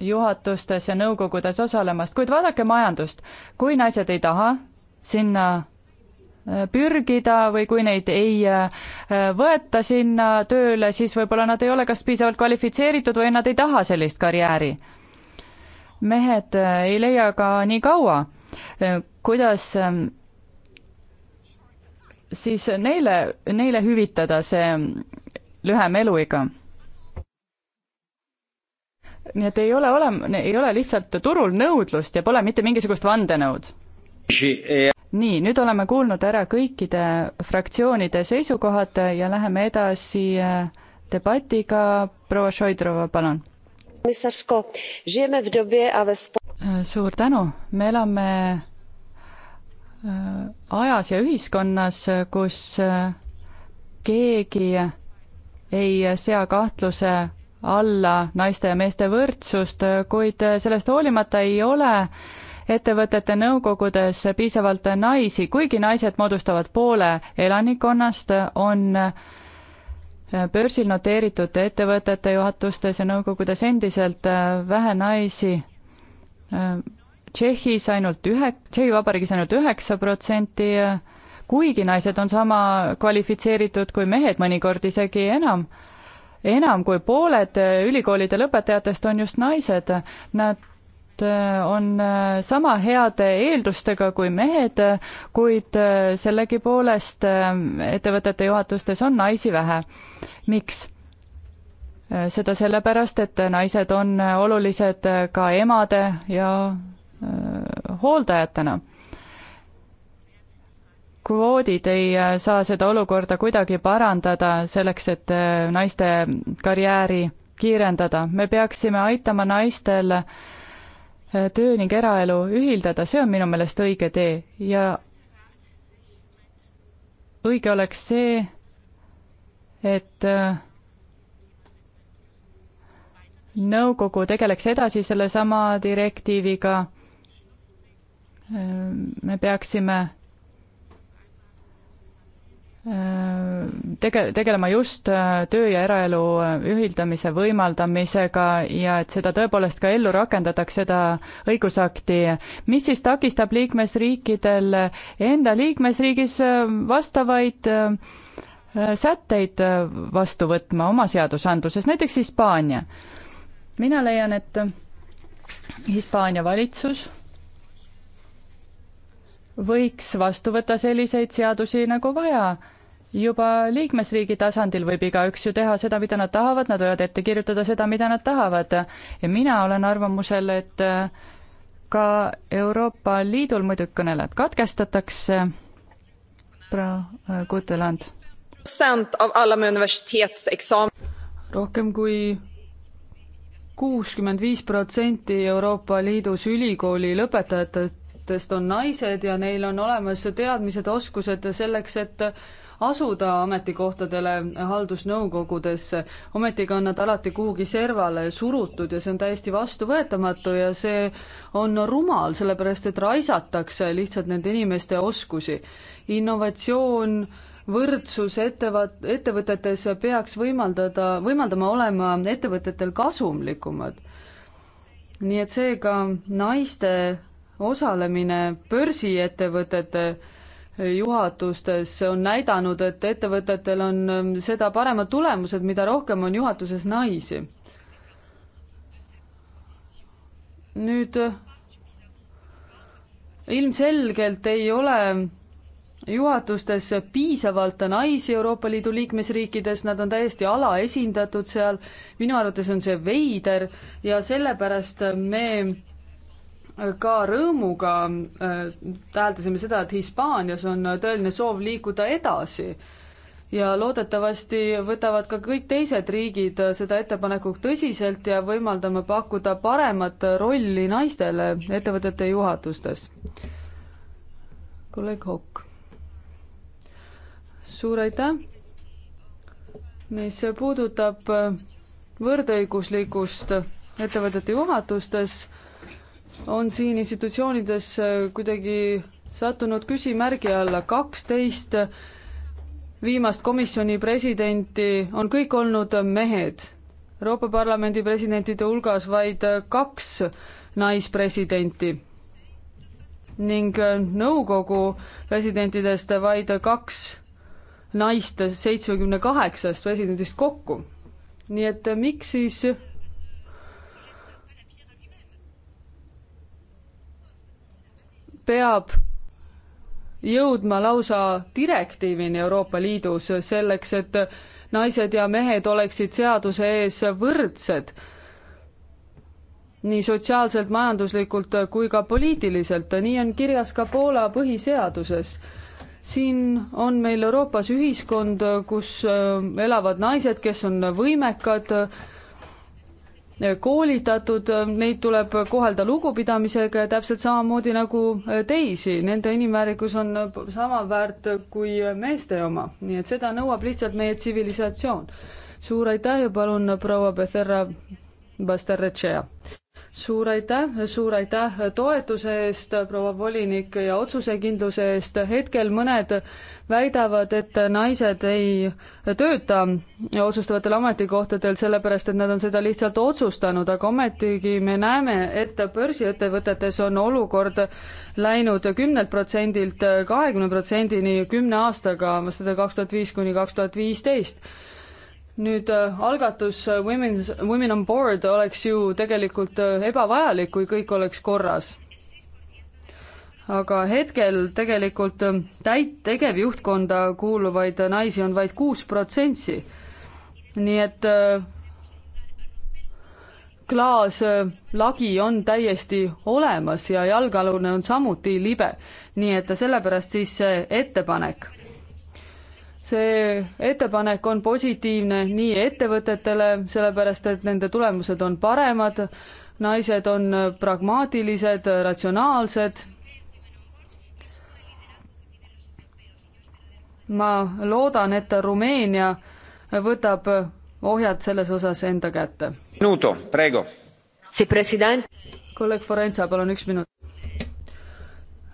juhatustes ja nõukogudes osalemast, kuid vaadake majandust, kui naised ei taha sinna äh, pürgida või kui neid ei äh, võeta sinna tööle, siis võib-olla nad ei ole kas piisavalt kvalifitseeritud või nad ei taha sellist karjääri. mehed äh, ei leia ka nii kaua. kuidas ähm, siis neile, neile hüvitada see lühem eluiga? nii et ei ole olem-, ei ole lihtsalt turul nõudlust ja pole mitte mingisugust vandenõud. nii, nüüd oleme kuulnud ära kõikide fraktsioonide seisukohad ja läheme edasi äh, debatiga, proua Šoidrova, palun. Äh, suur tänu, me elame äh, ajas ja ühiskonnas, kus keegi ei sea kahtluse alla naiste ja meeste võrdsust, kuid sellest hoolimata ei ole ettevõtete nõukogudes piisavalt naisi, kuigi naised moodustavad poole elanikkonnast, on börsil noteeritud ettevõtete juhatustes ja nõukogudes endiselt vähe naisi. Tšehhis ainult ühe, Tšehhi Vabariigis ainult üheksa protsenti, kuigi naised on sama kvalifitseeritud kui mehed, mõnikord isegi enam enam kui pooled äh, ülikoolide lõpetajatest on just naised. Nad äh, on äh, sama heade eeldustega kui mehed, kuid sellegipoolest ettevõtete juhatustes on naisi vähe. miks? seda sellepärast, et naised on olulised ka emade ja hooldajatena kvoodid ei äh, saa seda olukorda kuidagi parandada selleks, et äh, naiste karjääri kiirendada, me peaksime aitama naistel äh, töö ning eraelu ühildada, see on minu meelest õige tee ja õige oleks see, et nõukogu tegeleks edasi sellesama direktiiviga. me peaksime tege-, tegelema just äh, töö ja eraelu äh, ühildamise võimaldamisega ja et seda tõepoolest ka ellu rakendataks, seda õigusakti. mis siis takistab liikmesriikidel äh, enda liikmesriigis vastavaid sätteid vastu võtma oma seadusandluses, näiteks Hispaania? mina leian, et Hispaania valitsus võiks vastu võtta selliseid seadusi nagu vaja juba liikmesriigi tasandil võib igaüks ju teha seda, mida nad tahavad, nad võivad ette kirjutada seda, mida nad tahavad. ja mina olen arvamusel, et äh, ka Euroopa Liidul muidugi kõneled katkestatakse, Kuteland. Äh, rohkem kui kuuskümmend viis protsenti Euroopa Liidus ülikooli lõpetajatest on naised ja neil on olemas teadmised, oskused selleks, et asuda ametikohtadele haldusnõukogudesse. ometigi on nad alati kuhugi servale surutud ja see on täiesti vastuvõetamatu ja see on rumal, sellepärast et raisatakse lihtsalt nende inimeste oskusi. innovatsioon võrdsus ettevat-, ettevõtetes peaks võimaldada, võimaldama olema ettevõtetel kasumlikumad. nii et seega naiste osalemine börsiettevõtete juhatustes on näidanud, et ettevõtetel on ähm, seda paremad tulemused, mida rohkem on juhatuses naisi. nüüd ilmselgelt ei ole juhatustes piisavalt naisi Euroopa Liidu liikmesriikides, nad on täiesti alaesindatud seal, minu arvates on see veider ja sellepärast me ka rõõmuga täheldasime seda, et Hispaanias on tõeline soov liikuda edasi ja loodetavasti võtavad ka kõik teised riigid seda ettepanekut tõsiselt ja võimaldame pakkuda paremat rolli naistele ettevõtete juhatustes. kolleeg Hokk. suur aitäh. mis puudutab võrdõiguslikkust ettevõtete juhatustes on siin institutsioonides äh, kuidagi sattunud küsimärgi alla, kaksteist viimast komisjoni presidenti on kõik olnud mehed. Euroopa Parlamendi presidentide hulgas vaid kaks naispresidenti ning äh, nõukogu presidentidest vaid kaks naist seitsmekümne kaheksast presidendist kokku. nii et äh, miks siis peab jõudma lausa direktiivini Euroopa Liidus selleks, et naised ja mehed oleksid seaduse ees võrdsed nii sotsiaalselt, majanduslikult kui ka poliitiliselt, nii on kirjas ka Poola põhiseaduses. siin on meil Euroopas ühiskond, kus äh, elavad naised, kes on võimekad, koolitatud, neid tuleb kohelda lugupidamisega ja täpselt samamoodi nagu teisi, nende inimväärikus on sama väärt kui meeste oma, nii et seda nõuab lihtsalt meie tsivilisatsioon. suur aitäh ja palun proua Becerra Basterrechea suur aitäh, suur aitäh toetuse eest, proua volinik, ja otsusekindluse eest. hetkel mõned väidavad, et naised ei tööta otsustavatel ametikohtadel, sellepärast et nad on seda lihtsalt otsustanud, aga ometigi me näeme, et börsiettevõtetes on olukord läinud kümnelt protsendilt kahekümne protsendini kümne aastaga, aastatel kaks tuhat viis kuni kaks tuhat viisteist nüüd äh, algatus äh, Women's, Women on board oleks ju tegelikult äh, ebavajalik, kui kõik oleks korras. aga hetkel tegelikult täit-, tegevjuhtkonda kuuluvaid naisi on vaid kuus protsentsi. nii et klaaslagi on täiesti olemas ja jalgealune on samuti libe. nii et sellepärast siis see ettepanek see ettepanek on positiivne nii ettevõtetele, sellepärast et nende tulemused on paremad, naised on pragmaatilised, ratsionaalsed. ma loodan, et Rumeenia võtab ohjad selles osas enda kätte. kolleeg Forenza, palun üks minut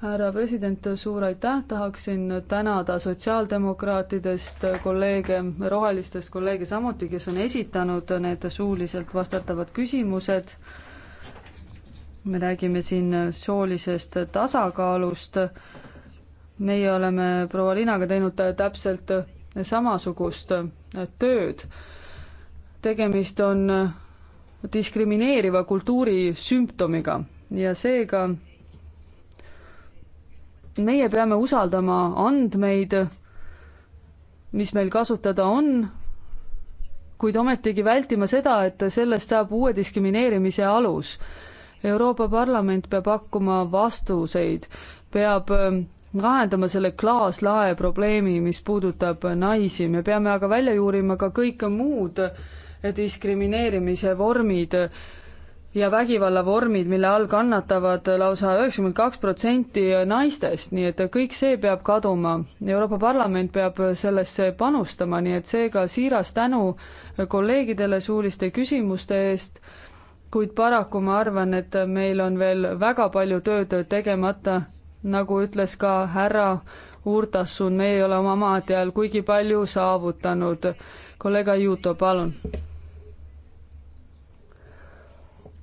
härra president, suur aitäh, tahaksin tänada sotsiaaldemokraatidest kolleege, rohelistest kolleege samuti, kes on esitanud need suuliselt vastatavad küsimused. me räägime siin soolisest tasakaalust. meie oleme proua Liinaga teinud täpselt samasugust tööd. tegemist on diskrimineeriva kultuuri sümptomiga ja seega meie peame usaldama andmeid, mis meil kasutada on, kuid ometigi vältima seda, et sellest saab uue diskrimineerimise alus. Euroopa Parlament peab pakkuma vastuseid, peab ähm, lahendama selle klaaslae probleemi, mis puudutab naisi, me peame aga välja juurima ka kõik muud diskrimineerimise vormid, ja vägivallavormid, mille all kannatavad lausa üheksakümmend kaks protsenti naistest, nii et kõik see peab kaduma. Euroopa Parlament peab sellesse panustama, nii et seega siiras tänu kolleegidele suuliste küsimuste eest, kuid paraku ma arvan, et meil on veel väga palju tööd tegemata, nagu ütles ka härra Urtasun, me ei ole oma maad jääl kuigi palju saavutanud. kolleeg Ajuto, palun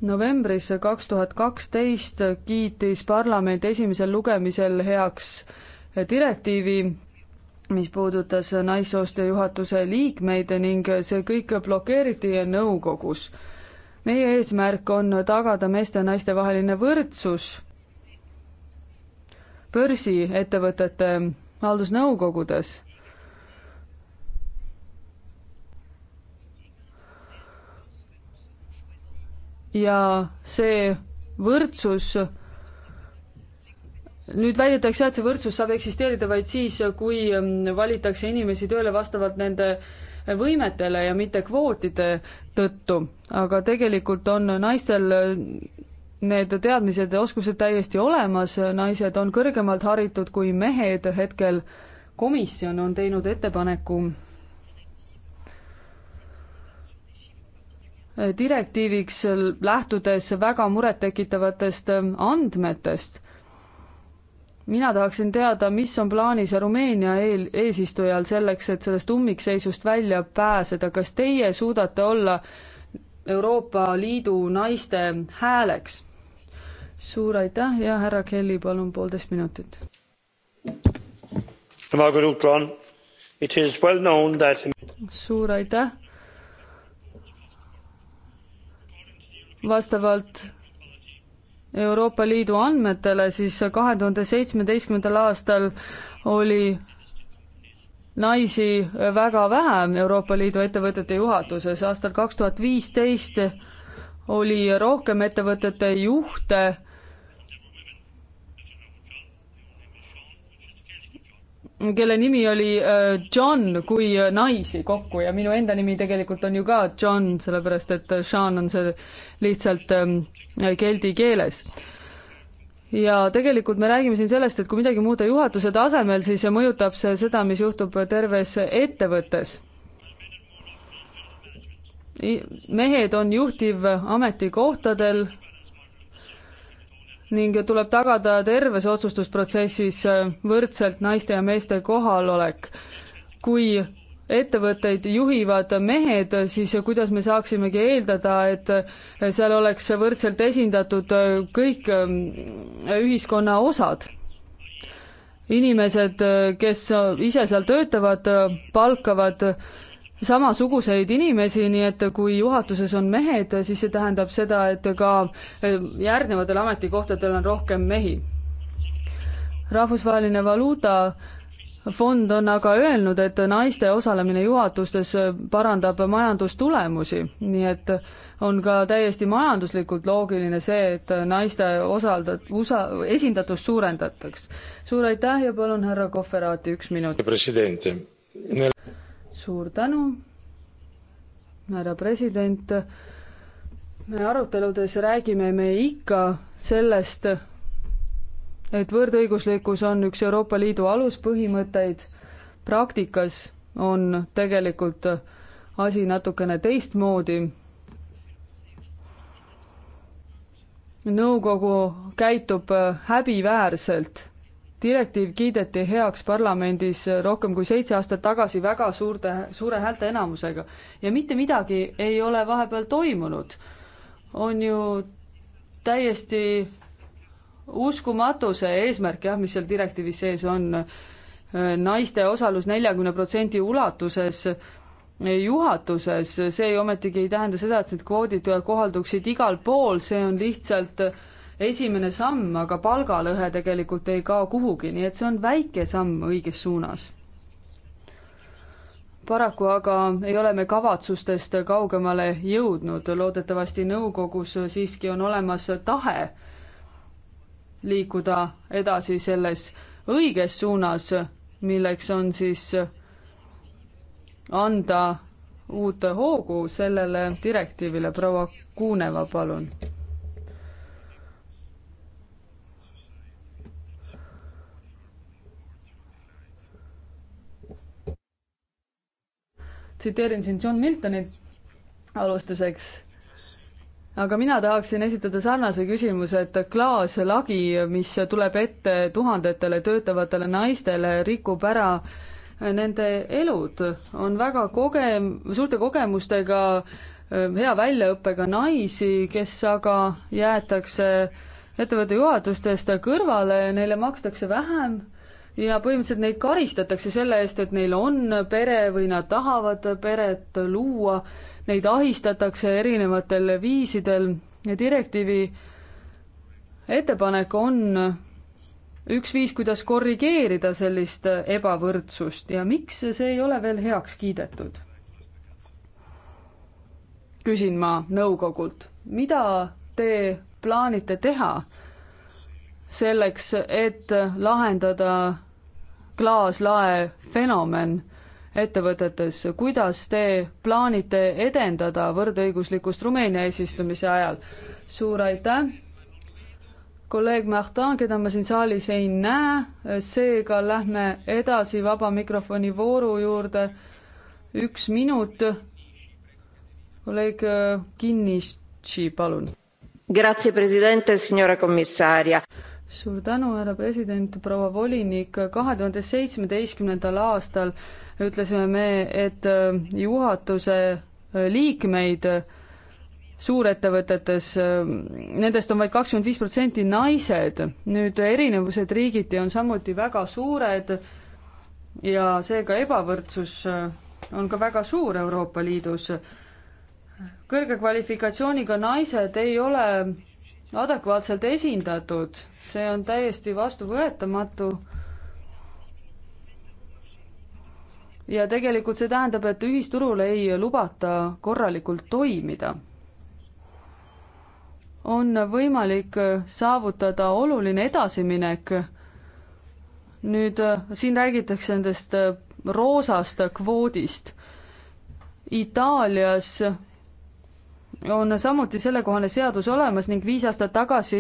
novembris kaks tuhat kaksteist kiitis parlament esimesel lugemisel heaks direktiivi, mis puudutas naissoost juhatuse liikmeid ning see kõik blokeeriti nõukogus. meie eesmärk on tagada meeste ja naiste vaheline võrdsus börsiettevõtete haldusnõukogudes ja see võrdsus nüüd väidetakse jah, et see võrdsus saab eksisteerida vaid siis, kui mm, valitakse inimesi tööle vastavalt nende võimetele ja mitte kvootide tõttu, aga tegelikult on naistel mm, need teadmised ja oskused täiesti olemas, naised on kõrgemalt haritud kui mehed, hetkel komisjon on teinud ettepaneku direktiiviks, lähtudes väga murettekitavatest andmetest. mina tahaksin teada, mis on plaanis Rumeenia eel, eesistujal selleks, et sellest ummikseisust välja pääseda, kas teie suudate olla Euroopa Liidu naiste hääleks? suur aitäh ja härra Kelly, palun poolteist minutit. suur aitäh vastavalt Euroopa Liidu andmetele, siis kahe tuhande seitsmeteistkümnendal aastal oli naisi väga vähe Euroopa Liidu ettevõtete juhatuses, aastal kaks tuhat viisteist oli rohkem ettevõtete juhte kelle nimi oli äh, John kui äh, naisi kokku ja minu enda nimi tegelikult on ju ka John, sellepärast et äh, Sean on see lihtsalt ähm, keldi keeles ja tegelikult me räägime siin sellest, et kui midagi muuta juhatuse tasemel, siis see mõjutab see seda, mis juhtub terves ettevõttes. mehed on juhtivametikohtadel ning tuleb tagada terves otsustusprotsessis võrdselt naiste ja meeste kohalolek. kui ettevõtteid juhivad mehed, siis kuidas me saaksimegi eeldada, et seal oleks võrdselt esindatud kõik ähm, ühiskonna osad? inimesed, kes ise seal töötavad, palkavad samasuguseid inimesi, nii et kui juhatuses on mehed, siis see tähendab seda, et ka eh, järgnevatel ametikohtadel on rohkem mehi. rahvusvaheline valuutafond on aga öelnud, et naiste osalemine juhatustes parandab majandustulemusi, nii et on ka täiesti majanduslikult loogiline see, et naiste osalda-, usa-, esindatust suurendataks. suur aitäh ja palun, härra Kohverati, üks minut. president suur tänu, härra president. me aruteludes räägime me ikka sellest, et võrdõiguslikkus on üks Euroopa Liidu aluspõhimõtteid. praktikas on tegelikult asi natukene teistmoodi. nõukogu käitub häbiväärselt direktiiv kiideti heaks parlamendis rohkem kui seitse aastat tagasi väga suurte, suure häälteenamusega ja mitte midagi ei ole vahepeal toimunud. on ju täiesti uskumatu see eesmärk jah, mis seal direktiivis sees on, naiste osalus neljakümne protsendi ulatuses juhatuses, see ju ometigi ei tähenda seda, et need kvoodid kohalduksid igal pool, see on lihtsalt äh, esimene samm, aga palgalõhe tegelikult ei kao kuhugi, nii et see on väike samm õiges suunas. paraku aga ei ole me kavatsustest kaugemale jõudnud, loodetavasti nõukogus siiski on olemas tahe liikuda edasi selles õiges suunas, milleks on siis anda uut hoogu sellele direktiivile, proua Kuuneva, palun tsiteerin siin John Miltonit alustuseks. aga mina tahaksin esitada sarnase küsimuse, et klaaslagi, mis tuleb ette tuhandetele töötavatele naistele, rikub ära nende elud, on väga koge-, suurte kogemustega, hea väljaõppega naisi, kes aga jäetakse ettevõtte juhatustest kõrvale, neile makstakse vähem ja põhimõtteliselt neid karistatakse selle eest, et neil on pere või nad tahavad peret luua, neid ahistatakse erinevatel viisidel ja direktiivi ettepanek on üks viis, kuidas korrigeerida sellist ebavõrdsust ja miks see ei ole veel heaks kiidetud? küsin ma nõukogult, mida te plaanite teha selleks, et lahendada klaaslae fenomen ettevõtetes, kuidas te plaanite edendada võrdõiguslikkust Rumeenia eesistumise ajal? suur aitäh! kolleeg Martin, keda ma siin saalis ei näe, seega lähme edasi vaba mikrofoni vooru juurde. üks minut. kolleeg äh, Kinnitši, palun. Grazie, presidente, signora commissaria suur tänu, härra president, proua volinik, kahe tuhande seitsmeteistkümnendal aastal ütlesime me, et äh, juhatuse äh, liikmeid äh, suurettevõtetes, nendest on vaid kakskümmend viis protsenti naised. nüüd erinevused riigiti on samuti väga suured ja seega ebavõrdsus on ka väga suur Euroopa Liidus. kõrge kvalifikatsiooniga naised ei ole adekvaatselt esindatud, see on täiesti vastuvõetamatu. ja tegelikult see tähendab, et ühisturul ei lubata korralikult toimida. on võimalik saavutada oluline edasiminek. nüüd siin räägitakse nendest roosast kvoodist. Itaalias on samuti sellekohane seadus olemas ning viis aastat tagasi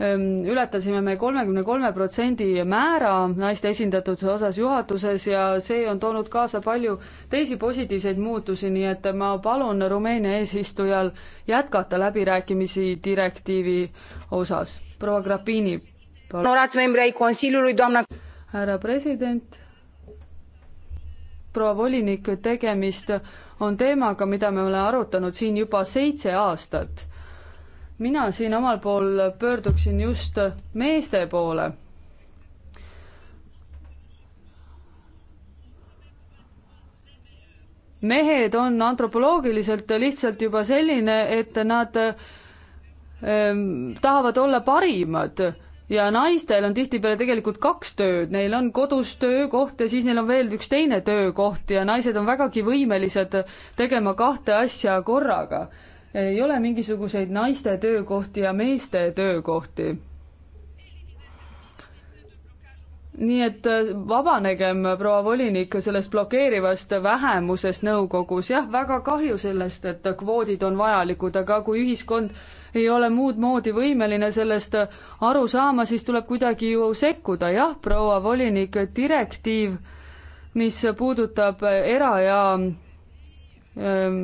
ähm, ületasime me kolmekümne kolme protsendi määra naiste esindatuse osas juhatuses ja see on toonud kaasa palju teisi positiivseid muutusi, nii et ma palun Rumeenia eesistujal jätkata läbirääkimisi direktiivi osas. proua Grapini, palun. härra president, proua volinik, tegemist on teemaga, mida me oleme arutanud siin juba seitse aastat. mina siin omal pool pöörduksin just meeste poole. mehed on antropoloogiliselt lihtsalt juba selline, et nad ähm, tahavad olla parimad ja naistel on tihtipeale tegelikult kaks tööd, neil on kodus töökoht ja siis neil on veel üks teine töökoht ja naised on vägagi võimelised tegema kahte asja korraga. ei ole mingisuguseid naiste töökohti ja meeste töökohti nii et äh, vabanegem, proua volinik, sellest blokeerivast vähemusest nõukogus, jah, väga kahju sellest, et kvoodid on vajalikud, aga kui ühiskond ei ole muud moodi võimeline sellest äh, aru saama, siis tuleb kuidagi ju sekkuda, jah, proua volinik, direktiiv, mis puudutab äh, era- ja ähm,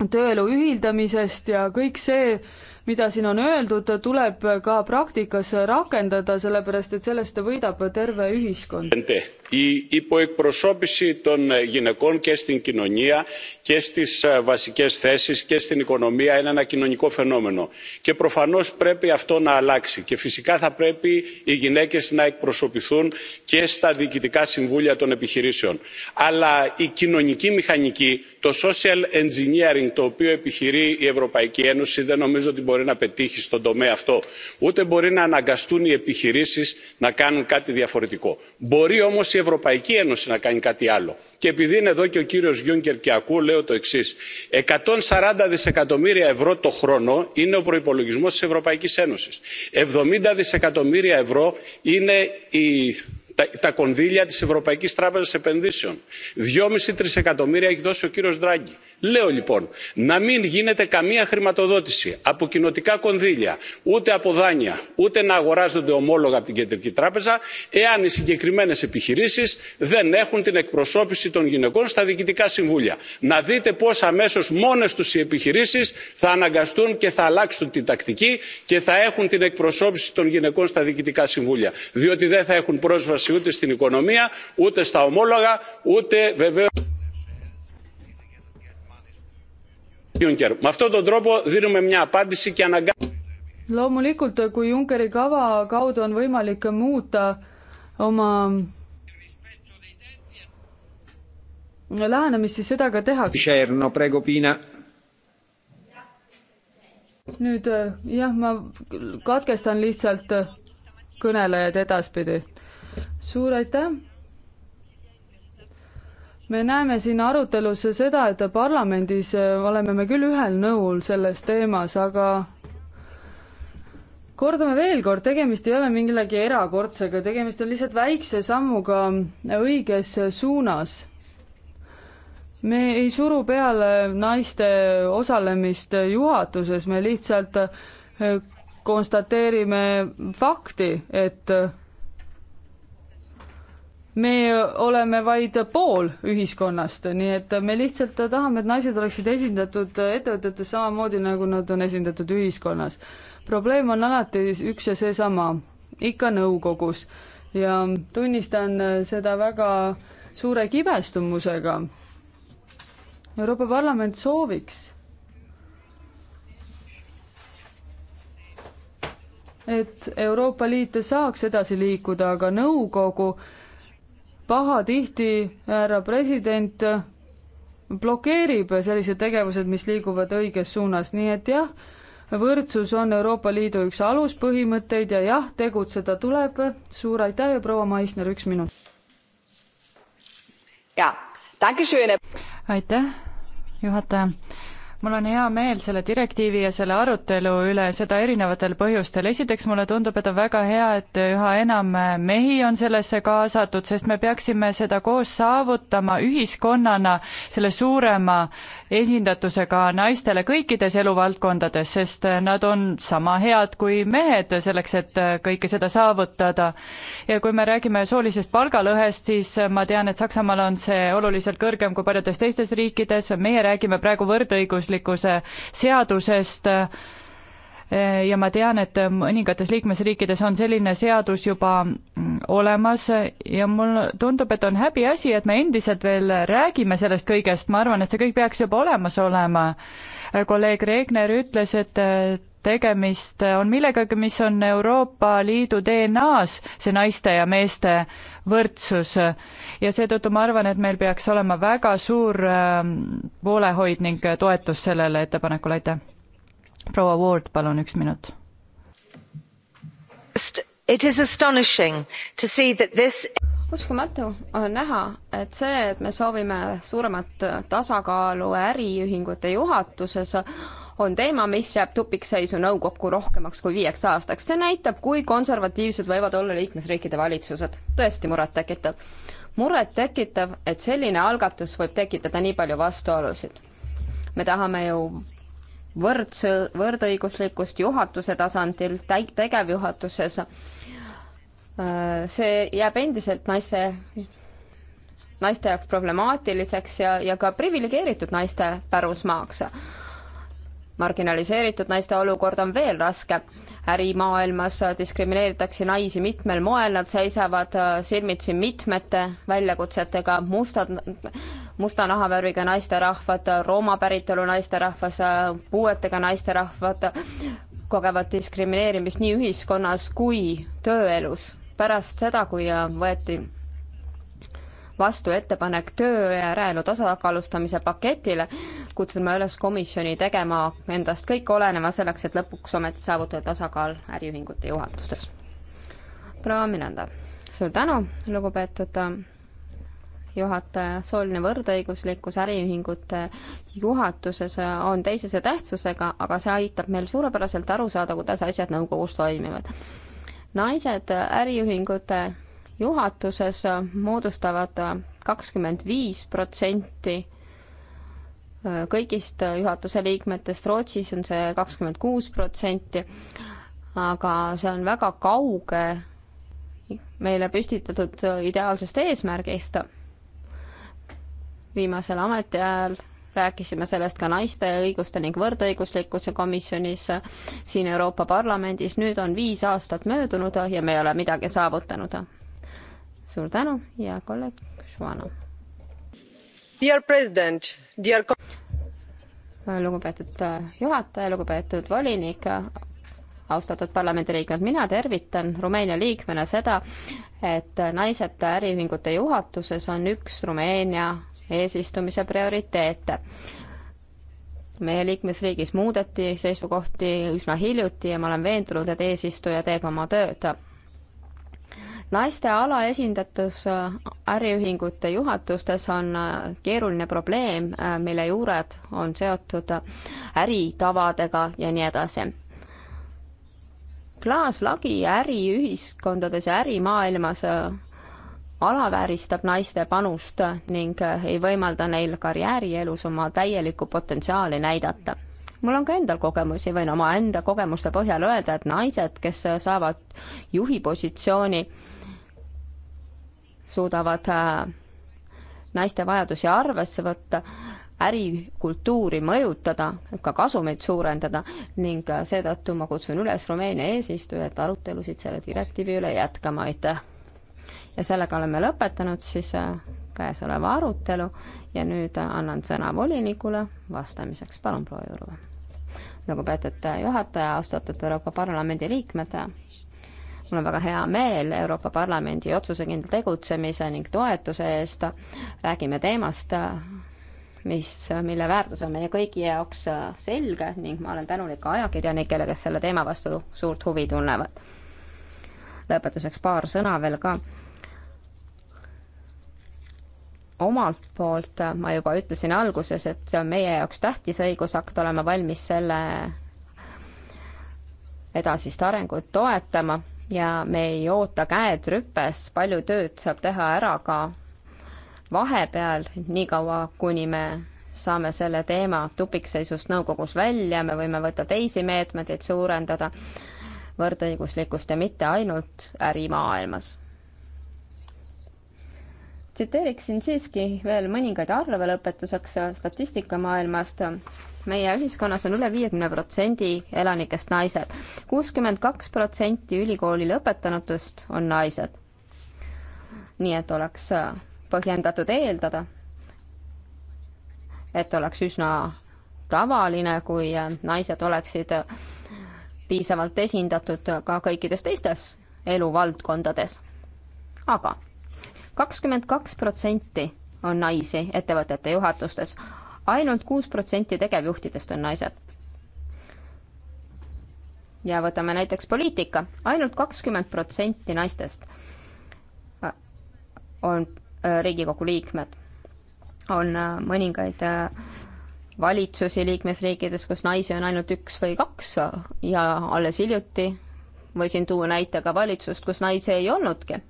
tööelu ühildamisest ja kõik see, mida siin on öeldud, tuleb ka praktikas rakendada, sellepärast et sellest võidab terve ühiskond η υποεκπροσώπηση των γυναικών και στην κοινωνία και στις βασικές θέσεις και στην οικονομία είναι ένα κοινωνικό φαινόμενο και προφανώς πρέπει αυτό να αλλάξει και φυσικά θα πρέπει οι γυναίκες να εκπροσωπηθούν και στα διοικητικά συμβούλια των επιχειρήσεων. αλλά η κοινωνική μηχανική το social engineering το οποίο επιχειρεί η ευρωπαϊκή ένωση δεν νομίζω ότι μπορεί να πετύχει στον τομέα αυτό ούτε μπορεί να αναγκαστούν οι επιχειρήσεις να κάνουν κάτι διαφορετικό. μπορεί όμως ευρωπαϊκή ένωση να κάνει κάτι άλλο. και επειδή είναι εδώ και ο κύριος juncker και ακούω λέω το εξής εκατόν σαράντα δισεκατομμύρια ευρώ το χρόνο είναι ο προϋπολογισμός της ευρωπαϊκής ένωσης εβδομήντα δισεκατομμύρια ευρώ είναι η τα κονδύλια της ευρωπαϊκής τράπεζας επενδύσεων δυόμιση τρισεκατομμύρια έχει δώσει ο κύριος ντράγκη λέω λοιπόν να μην γίνεται καμία χρηματοδότηση από κοινοτικά κονδύλια ούτε από δάνεια ούτε να αγοράζονται ομόλογα από την κεντρική τράπεζα εάν οι συγκεκριμένε επιχειρήσει δεν έχουν την εκπροσώπηση των γυναικών στα διοικητικά συμβούλια. να δείτε πώ αμέσω μόνε του οι επιχειρήσει θα αναγκαστούν και θα αλλάξουν την τακτική και θα έχουν την εκπροσώπηση των γυναικών στα διοικητικά συμβούλια διότι δεν θα έχουν πρόσβαση ούτε στην οικονομία ούτε στα ομόλογα ούτε βεβαίω. Juncker, ma αυτόν τον τρόπο δίνουμε μια απάντηση και αναγκα- loomulikult, kui Junckeri kava kaudu on võimalik muuta oma lähenemist, siis seda ka tehakse. nüüd jah, ma katkestan lihtsalt kõnelejad edaspidi. suur aitäh me näeme siin arutelus seda, et parlamendis äh, oleme me küll ühel nõul selles teemas, aga kordame veel kord, tegemist ei ole millegi erakordsega, tegemist on lihtsalt väikse sammuga õiges suunas me ei suru peale naiste osalemist juhatuses, me lihtsalt äh, konstateerime fakti, et me oleme vaid pool ühiskonnast, nii et me lihtsalt tahame, et naised oleksid esindatud ettevõtetes samamoodi, nagu nad on esindatud ühiskonnas. probleem on alati üks ja seesama, ikka nõukogus ja tunnistan seda väga suure kibestumusega. Euroopa Parlament sooviks, et Euroopa Liit saaks edasi liikuda, aga nõukogu äh, pahatihti härra president blokeerib sellised tegevused, mis liiguvad õiges suunas, nii et jah, võrdsus on Euroopa Liidu üks aluspõhimõtteid ja jah, tegutseda tuleb. suur aitäh ja proua Maisner, üks minut. aitäh, juhataja mul on hea meel selle direktiivi ja selle arutelu üle, seda erinevatel põhjustel. esiteks mulle tundub, et on väga hea, et üha enam mehi on sellesse kaasatud, sest me peaksime seda koos saavutama ühiskonnana selle suurema esindatusega naistele kõikides eluvaldkondades, sest nad on sama head kui mehed selleks, et kõike seda saavutada. ja kui me räägime soolisest palgalõhest, siis ma tean, et Saksamaal on see oluliselt kõrgem kui paljudes teistes riikides, meie räägime praegu võrdõiguslikkusest, tingimuslikkuse seadusest ja ma tean, et mõningates liikmesriikides on selline seadus juba olemas ja mulle tundub, et on häbiasi, et me endiselt veel räägime sellest kõigest, ma arvan, et see kõik peaks juba olemas olema. kolleeg Regner ütles, et tegemist on millegagi, mis on Euroopa Liidu DNA-s, see naiste ja meeste võrdsus. ja seetõttu ma arvan, et meil peaks olema väga suur ähm, poolehoid ning toetus sellele ettepanekule, aitäh. proua Ward, palun üks minut. It is astonishing to see that this uskumatu on näha, et see, et me soovime suuremat tasakaalu äriühingute juhatuses, on teema, mis jääb tupikseisu nõukokku rohkemaks kui viieks aastaks. see näitab, kui konservatiivsed võivad olla liikmesriikide valitsused. tõesti murettekitav. murettekitav, et selline algatus võib tekitada nii palju vastuolusid. me tahame ju võrdse, võrdõiguslikkust juhatuse tasandil, täi-, tegevjuhatuses. see jääb endiselt naiste naiste jaoks problemaatiliseks ja, ja ka priviligeeritud naiste pärusmaaks marginaliseeritud naiste olukord on veel raske. ärimaailmas diskrimineeritakse naisi mitmel moel, nad seisavad äh, silmitsi mitmete väljakutsetega, mustad, musta nahavärviga naisterahvad, Rooma päritolu naisterahvas, äh, puuetega naisterahvad kogevad diskrimineerimist nii ühiskonnas kui tööelus. pärast seda, kui äh, võeti vastu ettepanek töö ja eraelu tasakaalustamise paketile. kutsume üles komisjoni tegema endast kõik oleneva selleks, et lõpuks ometi saavutada tasakaal äriühingute juhatustes. proua Miranda, suur tänu, lugupeetud äh, juhataja, sooline võrdõiguslikkus äriühingute juhatuses äh, on teisese tähtsusega, aga see aitab meil suurepäraselt aru saada, kuidas asjad nõukogus toimivad. naised äh, äriühingute juhatuses moodustavad kakskümmend viis protsenti äh, kõigist juhatuse liikmetest, Rootsis on see kakskümmend kuus protsenti, aga see on väga kauge meile püstitatud äh, ideaalsest eesmärgist. viimasel ametiajal rääkisime sellest ka naiste õiguste ning võrdõiguslikkuse komisjonis äh, siin Euroopa Parlamendis, nüüd on viis aastat möödunud ja me ei ole midagi saavutanud suur tänu ja kolleeg Švano. Dear president, dear lugupeetud äh, juhataja, lugupeetud volinik, austatud parlamendiliikmed, mina tervitan Rumeenia liikmena seda, et naised äriühingute juhatuses on üks Rumeenia eesistumise prioriteete. meie liikmesriigis muudeti seisukohti üsna hiljuti ja ma olen veendunud, et eesistuja teeb oma tööd naiste alaesindatus äh, äriühingute juhatustes on äh, keeruline probleem, äh, mille juured on seotud äritavadega ja nii edasi klaaslagi äriühiskondades ja ärimaailmas alavääristab naiste panust ning ei võimalda neil karjäärielus oma täielikku potentsiaali näidata. mul on ka endal kogemusi, võin omaenda kogemuste põhjal öelda, et naised, kes saavad juhi positsiooni, suudavad äh, naiste vajadusi arvesse võtta, ärikultuuri mõjutada, ka kasumeid suurendada ning äh, seetõttu ma kutsun üles Rumeenia eesistujat arutelusid selle direktiivi üle jätkama, aitäh! ja sellega oleme lõpetanud siis äh, käesoleva arutelu ja nüüd annan sõna volinikule vastamiseks, palun proua Jurva! lugupeetud juhataja, austatud Euroopa Parlamendi liikmed, mul on väga hea meel Euroopa Parlamendi otsusekindla tegutsemise ning toetuse eest, räägime teemast, mis, mille väärtus on meie kõigi jaoks selge ning ma olen tänulik ka ajakirjanikele, kes selle teema vastu suurt huvi tunnevad. lõpetuseks paar sõna veel ka omalt poolt ma juba ütlesin alguses, et see on meie jaoks tähtis õigusakt, oleme valmis selle edasist arengut toetama ja me ei oota käed rüpes, palju tööd saab teha ära ka vahepeal, niikaua kuni me saame selle teema tupikseisust nõukogus välja, me võime võtta teisi meetmeid, et suurendada võrdõiguslikkust ja mitte ainult ärimaailmas. tsiteeriksin siiski veel mõningaid arve lõpetuseks statistikamaailmast meie ühiskonnas on üle viiekümne protsendi elanikest naised. kuuskümmend kaks protsenti ülikooli lõpetanutest on naised. nii et oleks äh, põhjendatud eeldada, et oleks üsna tavaline, kui äh, naised oleksid äh, piisavalt esindatud ka kõikides teistes eluvaldkondades aga. aga kakskümmend kaks protsenti on naisi ettevõtete juhatustes, ainult kuus protsenti tegevjuhtidest on naised. ja võtame näiteks poliitika ainult, ainult kakskümmend protsenti naistest äh, on äh, Riigikogu liikmed. on äh, mõningaid valitsusi liikmesriikides, kus naisi on ainult üks või kaks ja alles hiljuti võisin tuua näite ka valitsust, kus naisi ei olnudki.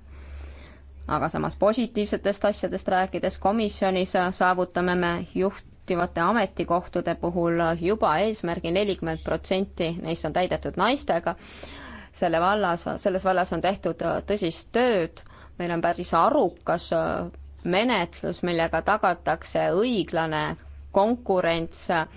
aga samas positiivsetest asjadest rääkides komisjonis saavutame me juht, juhtivate ametikohtade puhul juba eesmärgi nelikümmend protsenti neist on täidetud naistega. selle vallas, selles vallas on tehtud äh, tõsist tööd, meil on päris arukas äh, menetlus, millega tagatakse õiglane konkurents äh,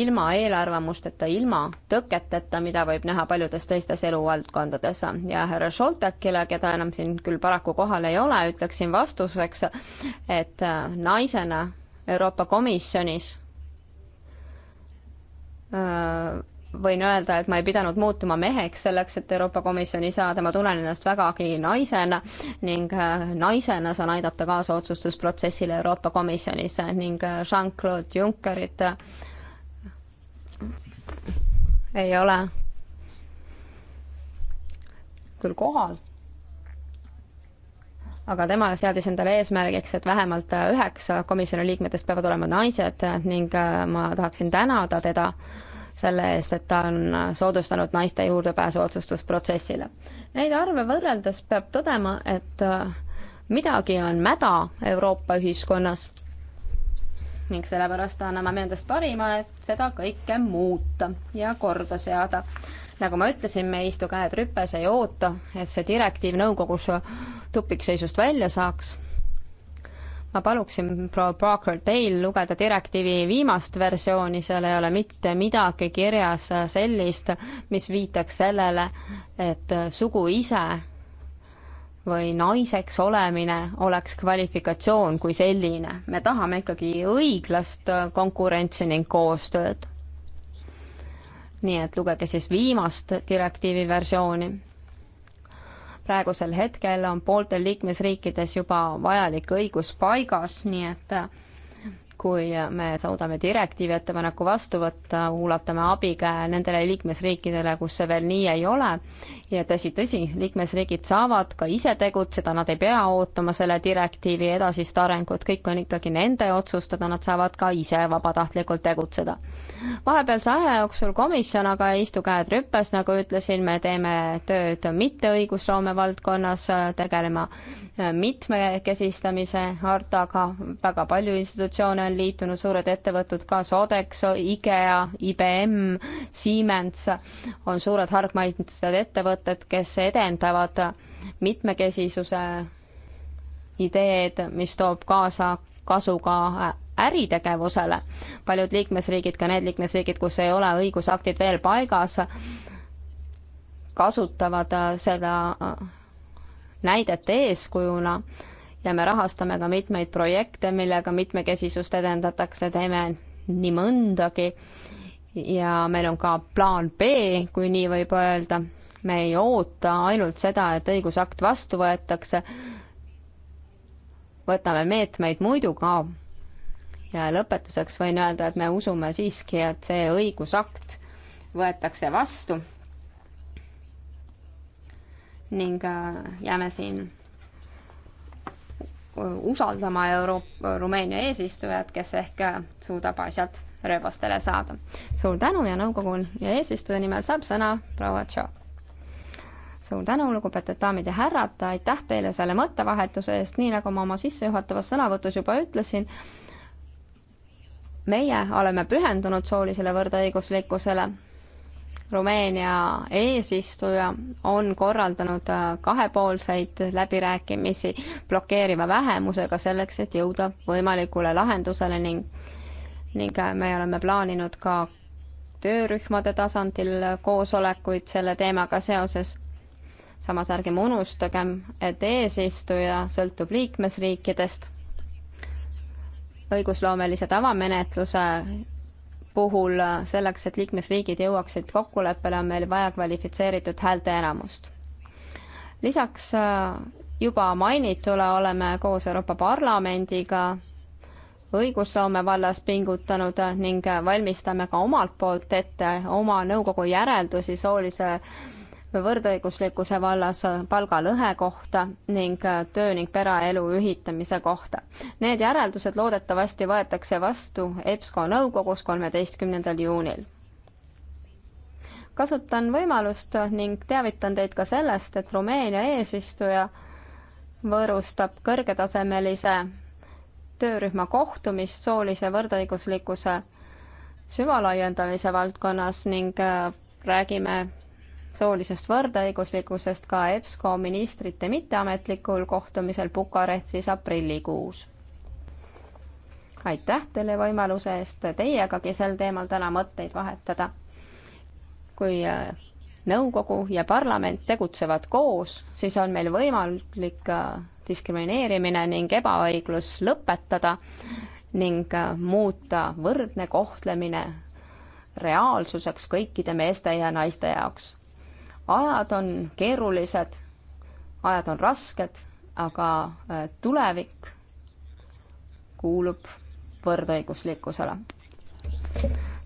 ilma eelarvamusteta, ilma tõketeta, mida võib näha paljudes teistes eluvaldkondades. ja härra Šoltekile, keda enam siin küll paraku kohal ei ole, ütleksin vastuseks, et naisena Euroopa Komisjonis võin öelda, et ma ei pidanud muutuma meheks selleks, et Euroopa Komisjoni saada, ma tunnen ennast vägagi naisena ning naisena saan aidata kaasa otsustusprotsessile Euroopa Komisjonis ning Jean-Claude Junckerit ei ole küll kohal aga tema seadis endale eesmärgiks, et vähemalt äh, üheksa komisjoni liikmetest peavad olema naised ning äh, ma tahaksin tänada teda selle eest, et ta on äh, soodustanud naiste juurdepääsu otsustusprotsessile. Neid arve võrreldes peab tõdema, et midagi on mäda Euroopa ühiskonnas ning sellepärast anname me endast parima, et seda kõike muuta ja korda seada nagu ma ütlesin, me ei istu käed rüpes, ei oota, et see direktiiv nõukogus tupikseisust välja saaks. ma paluksin proua Parker teil lugeda direktiivi viimast versiooni, seal ei ole mitte midagi kirjas sellist, mis viitaks sellele, et sugu ise või naiseks olemine oleks kvalifikatsioon kui selline. me tahame ikkagi õiglast konkurentsi ning koostööd nii et lugege siis viimast direktiivi versiooni. praegusel hetkel on pooltel liikmesriikides juba vajalik õigus paigas, nii et äh, kui me suudame direktiivi ettepaneku vastu võtta, ulatame abikäe nendele liikmesriikidele, kus see veel nii ei ole ja tõsi, tõsi, liikmesriigid saavad ka ise tegutseda, nad ei pea ootama selle direktiivi edasist arengut, kõik on ikkagi nende otsustada, nad saavad ka ise vabatahtlikult tegutseda. vahepealse aja jooksul komisjon aga ei istu käed rüppes, nagu ütlesin, me teeme tööd mitteõigusloome valdkonnas, tegelema mitmekesistamise hartaga, väga palju institutsioone on liitunud, suured ettevõtted ka, Sodexo, IKEA, IBM, Siemens on suured hargmaised ettevõtted, ettevõtted, kes edendavad mitmekesisuse ideed, mis toob kaasa kasu ka äritegevusele. paljud liikmesriigid, ka need liikmesriigid, kus ei ole õigusaktid veel paigas, kasutavad seda näidet eeskujuna ja me rahastame ka mitmeid projekte, millega mitmekesisust edendatakse, teeme nii mõndagi ja meil on ka plaan B, kui nii võib öelda me ei oota ainult seda, et õigusakt vastu võetakse, võtame meetmeid muidu ka. ja lõpetuseks võin öelda, et me usume siiski, et see õigusakt võetakse vastu ning äh, jääme siin usaldama Euroopa, Rumeenia eesistujat, kes ehk äh, suudab asjad rööbastele saada. suur tänu ja nõukogul ja eesistuja nimel saab sõna proua Tšo suur tänu, lugupeetud daamid ja härrad, aitäh teile selle mõttevahetuse eest, nii nagu ma oma sissejuhatavas sõnavõtus juba ütlesin, meie oleme pühendunud soolisele võrdõiguslikkusele. Rumeenia eesistuja on korraldanud äh, kahepoolseid läbirääkimisi blokeeriva vähemusega selleks, et jõuda võimalikule lahendusele ning, ning äh, me oleme plaaninud ka töörühmade tasandil koosolekuid selle teemaga seoses samas ärgem unustagem, et eesistuja sõltub liikmesriikidest. õigusloomelise tavamenetluse puhul selleks, et liikmesriigid jõuaksid kokkuleppele, on meil vaja kvalifitseeritud häälteenamust. lisaks äh, juba mainitule oleme koos Euroopa Parlamendiga õigusloome vallas pingutanud ning valmistame ka omalt poolt ette oma nõukogu järeldusi soolise võrdõiguslikkuse vallas palgalõhe kohta ning töö ning peraelu ühitamise kohta. Need järeldused loodetavasti võetakse vastu EBSCO nõukogus kolmeteistkümnendal juunil. kasutan võimalust ning teavitan teid ka sellest, et Rumeenia eesistuja võõrustab kõrgetasemelise töörühma kohtumist soolise võrdõiguslikkuse süvalaiendamise valdkonnas ning äh, räägime soolisest võrdõiguslikkusest ka EBSCO ministrite mitteametlikul kohtumisel Bukarestis aprillikuus. aitäh teile võimaluse eest teiegagi sel teemal täna mõtteid vahetada. kui äh, nõukogu ja parlament tegutsevad koos, siis on meil võimalik äh, diskrimineerimine ning ebaõiglus lõpetada ning äh, muuta võrdne kohtlemine reaalsuseks kõikide meeste ja naiste jaoks ajad on keerulised, ajad on rasked, aga äh, tulevik kuulub võrdõiguslikkusele.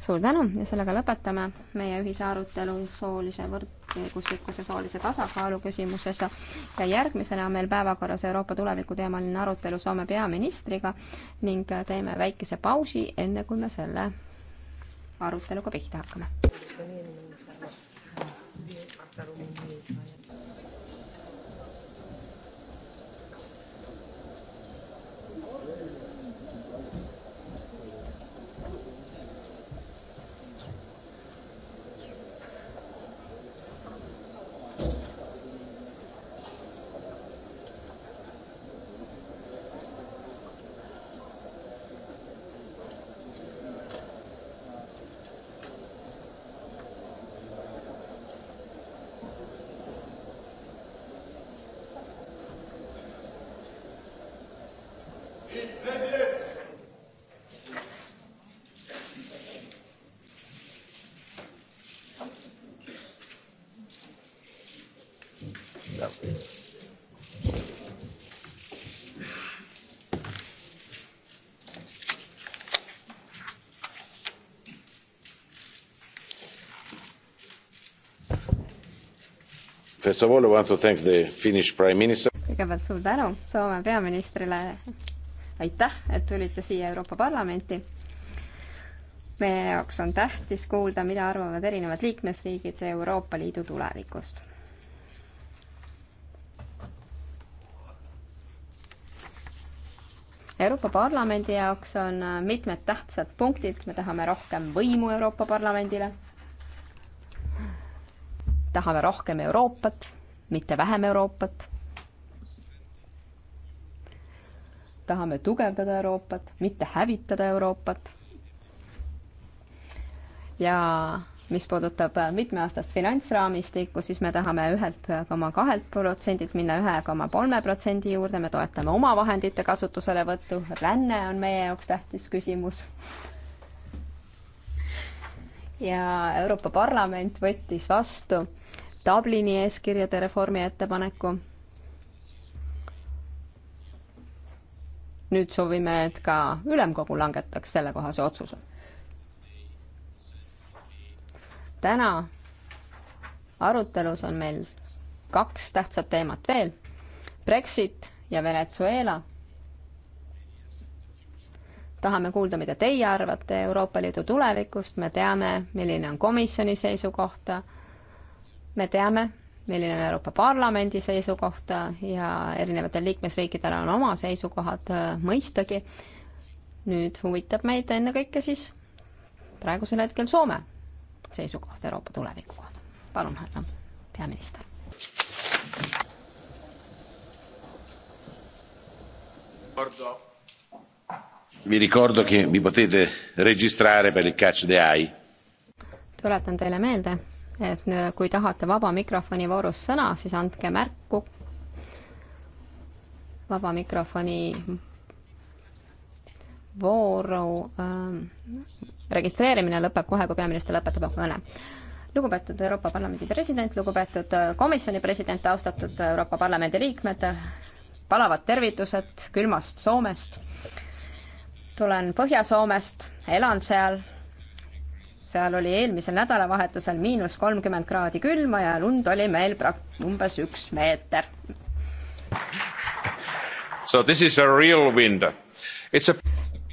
suur tänu ja sellega lõpetame meie ühise arutelu soolise võrdõiguslikkuse soolise tasakaalu küsimuses. ja järgmisena on meil päevakorras Euroopa tuleviku teemaline arutelu Soome peaministriga ning teeme väikese pausi, enne kui me selle aruteluga pihta hakkame. First of all, I want to thank the Finnish prime minister. kõigepealt suur tänu Soome peaministrile. aitäh, et tulite siia Euroopa Parlamenti. meie jaoks on tähtis kuulda, mida arvavad erinevad liikmesriigid Euroopa Liidu tulevikust. Euroopa Parlamendi jaoks on mitmed tähtsad punktid, me tahame rohkem võimu Euroopa Parlamendile tahame rohkem Euroopat, mitte vähem Euroopat. tahame tugevdada Euroopat, mitte hävitada Euroopat. ja mis puudutab mitmeaastast finantsraamistikku, siis me tahame ühelt koma kahelt protsendilt minna ühe koma kolme protsendi juurde, me toetame omavahendite kasutuselevõttu, ränne on meie jaoks tähtis küsimus ja Euroopa Parlament võttis vastu Dublini eeskirjade reformi ettepaneku. nüüd soovime, et ka ülemkogu langetaks sellekohase otsuse. täna arutelus on meil kaks tähtsat teemat veel, Brexit ja Venezuela tahame kuulda, mida teie arvate Euroopa Liidu tulevikust, me teame, milline on komisjoni seisukoht, me teame, milline on Euroopa Parlamendi seisukoht ja erinevatel liikmesriikidel on oma seisukohad mõistagi. nüüd huvitab meid ennekõike siis praegusel hetkel Soome seisukoht Euroopa tuleviku kohta. palun, härra peaminister. Pardon vi ricordo che vi potete registrare per il catch the eye. tuletan teile meelde, et äh, kui tahate vaba mikrofoni voorus sõna, siis andke märku. vaba mikrofoni vooru ähm, registreerimine lõpeb kohe, kui peaminister lõpetab oma kõne. lugupeetud Euroopa Parlamendi president, lugupeetud äh, komisjoni president, austatud Euroopa Parlamendi liikmed, palavad tervitused külmast Soomest tulen Põhja-Soomest, elan seal. seal oli eelmisel nädalavahetusel miinus kolmkümmend kraadi külma ja lund oli meil umbes üks meeter. So this is a real wind. It's a.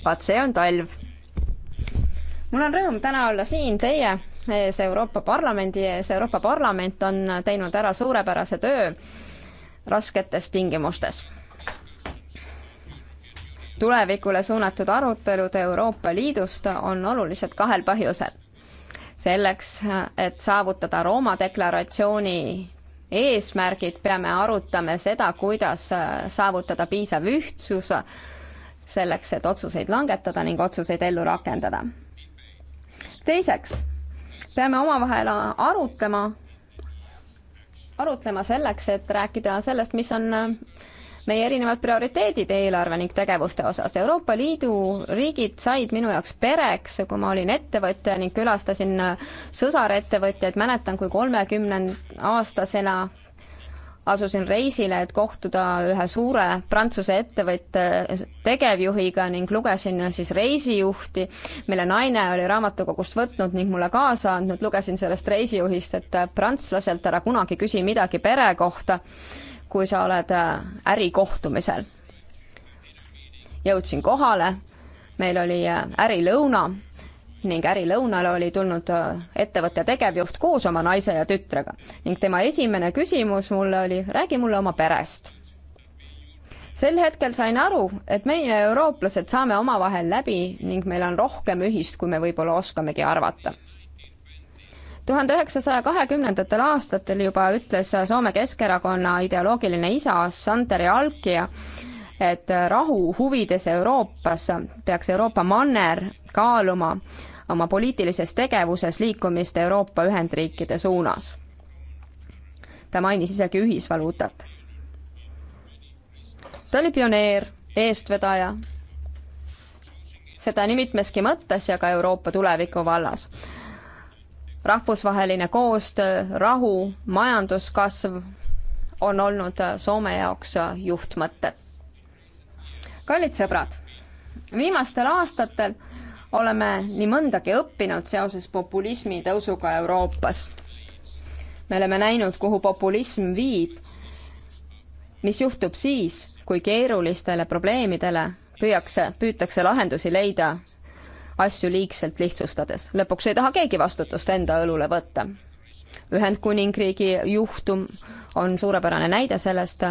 vaat see on talv. mul on rõõm täna olla siin teie ees Euroopa Parlamendi ees. Euroopa Parlament on teinud ära suurepärase töö rasketes tingimustes tulevikule suunatud arutelud Euroopa Liidust on olulised kahel põhjusel. selleks, et saavutada Rooma deklaratsiooni eesmärgid, peame arutama seda, kuidas saavutada piisav ühtsus selleks, et otsuseid langetada ning otsuseid ellu rakendada. teiseks, peame omavahel arutlema, arutlema selleks, et rääkida sellest, mis on meie erinevad prioriteedid eelarve ning tegevuste osas. Euroopa Liidu riigid said minu jaoks pereks, kui ma olin ettevõtja ning külastasin sõsarettevõtjaid, mäletan, kui kolmekümneaastasena asusin reisile, et kohtuda ühe suure Prantsuse ettevõtte tegevjuhiga ning lugesin siis reisijuhti, mille naine oli raamatukogust võtnud ning mulle kaasa andnud, lugesin sellest reisijuhist, et prantslaselt ära kunagi küsi midagi pere kohta kui sa oled äh, ärikohtumisel. jõudsin kohale, meil oli äh, ärilõuna ning ärilõunale oli tulnud äh, ettevõtte tegevjuht koos oma naise ja tütrega ning tema esimene küsimus mulle oli, räägi mulle oma perest. sel hetkel sain aru, et meie, eurooplased, saame omavahel läbi ning meil on rohkem ühist, kui me võib-olla oskamegi arvata tuhande üheksasaja kahekümnendatel aastatel juba ütles Soome Keskerakonna ideoloogiline isa Santeri Alkia, et rahu huvides Euroopas peaks Euroopa manner kaaluma oma poliitilises tegevuses liikumist Euroopa Ühendriikide suunas. ta mainis isegi ühisvaluutat. ta oli pioneer, eestvedaja, seda nii mitmeski mõttes ja ka Euroopa tuleviku vallas rahvusvaheline koostöö, rahu, majanduskasv on olnud Soome jaoks juhtmõtted. kallid sõbrad, viimastel aastatel oleme nii mõndagi õppinud seoses populismi tõusuga Euroopas. me oleme näinud, kuhu populism viib, mis juhtub siis, kui keerulistele probleemidele püüakse, püütakse lahendusi leida asju liigselt lihtsustades. lõpuks ei taha keegi vastutust enda õlule võtta. Ühendkuningriigi juhtum on suurepärane näide sellest,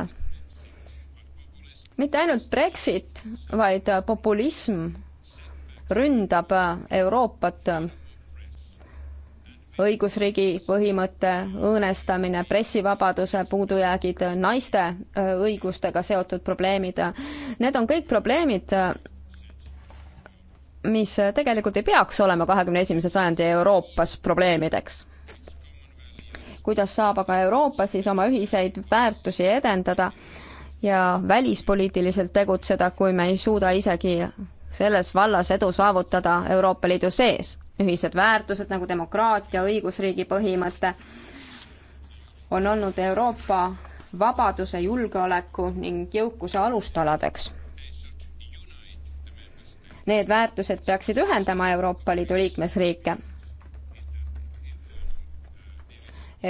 mitte ainult Brexit, vaid populism ründab Euroopat õigusriigi põhimõtte õõnestamine, pressivabaduse puudujäägid, naiste õigustega seotud probleemid, need on kõik probleemid, mis tegelikult ei peaks olema kahekümne esimese sajandi Euroopas probleemideks. kuidas saab aga Euroopa siis oma ühiseid väärtusi edendada ja välispoliitiliselt tegutseda, kui me ei suuda isegi selles vallas edu saavutada Euroopa Liidu sees. ühised väärtused nagu demokraatia, õigusriigi põhimõte on olnud Euroopa vabaduse, julgeoleku ning jõukuse alustaladeks Need väärtused peaksid ühendama Euroopa Liidu liikmesriike.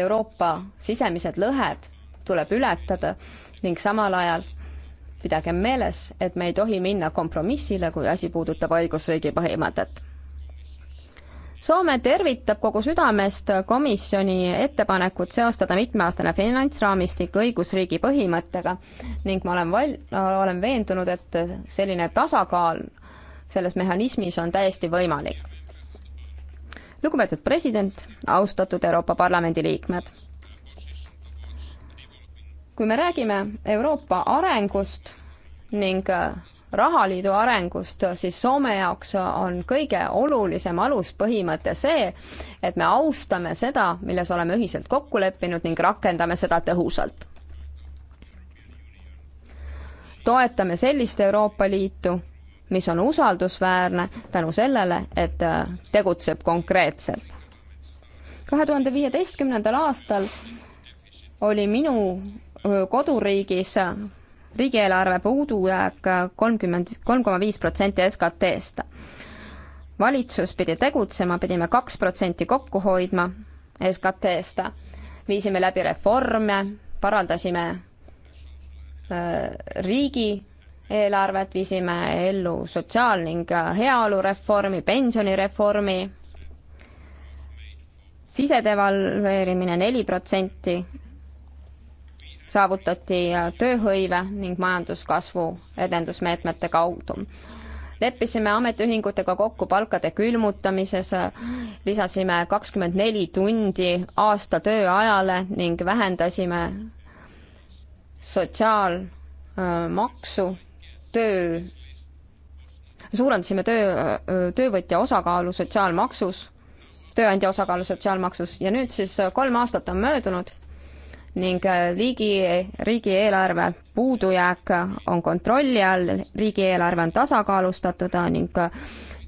Euroopa sisemised lõhed tuleb ületada ning samal ajal pidagem meeles, et me ei tohi minna kompromissile, kui asi puudutab õigusriigi põhimõtet. Soome tervitab kogu südamest komisjoni ettepanekut seostada mitmeaastane finantsraamistik õigusriigi põhimõttega ning ma olen val-, olen veendunud, et selline tasakaal selles mehhanismis on täiesti võimalik. lugupeetud president, austatud Euroopa Parlamendi liikmed. kui me räägime Euroopa arengust ning äh, rahaliidu arengust, siis Soome jaoks on kõige olulisem aluspõhimõte see, et me austame seda, milles oleme ühiselt kokku leppinud ning rakendame seda tõhusalt. toetame sellist Euroopa Liitu, mis on usaldusväärne tänu sellele, et äh, tegutseb konkreetselt. kahe tuhande viieteistkümnendal aastal oli minu koduriigis äh, riigieelarve puudujääk äh, kolmkümmend, kolm koma viis protsenti SKT-st. valitsus pidi tegutsema, pidime kaks protsenti kokku hoidma SKT-st, viisime läbi reforme, paraldasime riigi eelarvet, viisime ellu sotsiaal- ning heaolureformi, pensionireformi, sisedevalveerimine neli protsenti, saavutati tööhõive ning majanduskasvu edendusmeetmete kaudu. leppisime ametiühingutega kokku palkade külmutamises, lisasime kakskümmend neli tundi aasta tööajale ning vähendasime sotsiaalmaksu töö, suurendasime töö, töövõtja osakaalu sotsiaalmaksus, tööandja osakaalu sotsiaalmaksus ja nüüd siis kolm aastat on möödunud ning äh, liigi, riigieelarve puudujääk on kontrolli all, riigieelarve on tasakaalustatud äh, ning äh,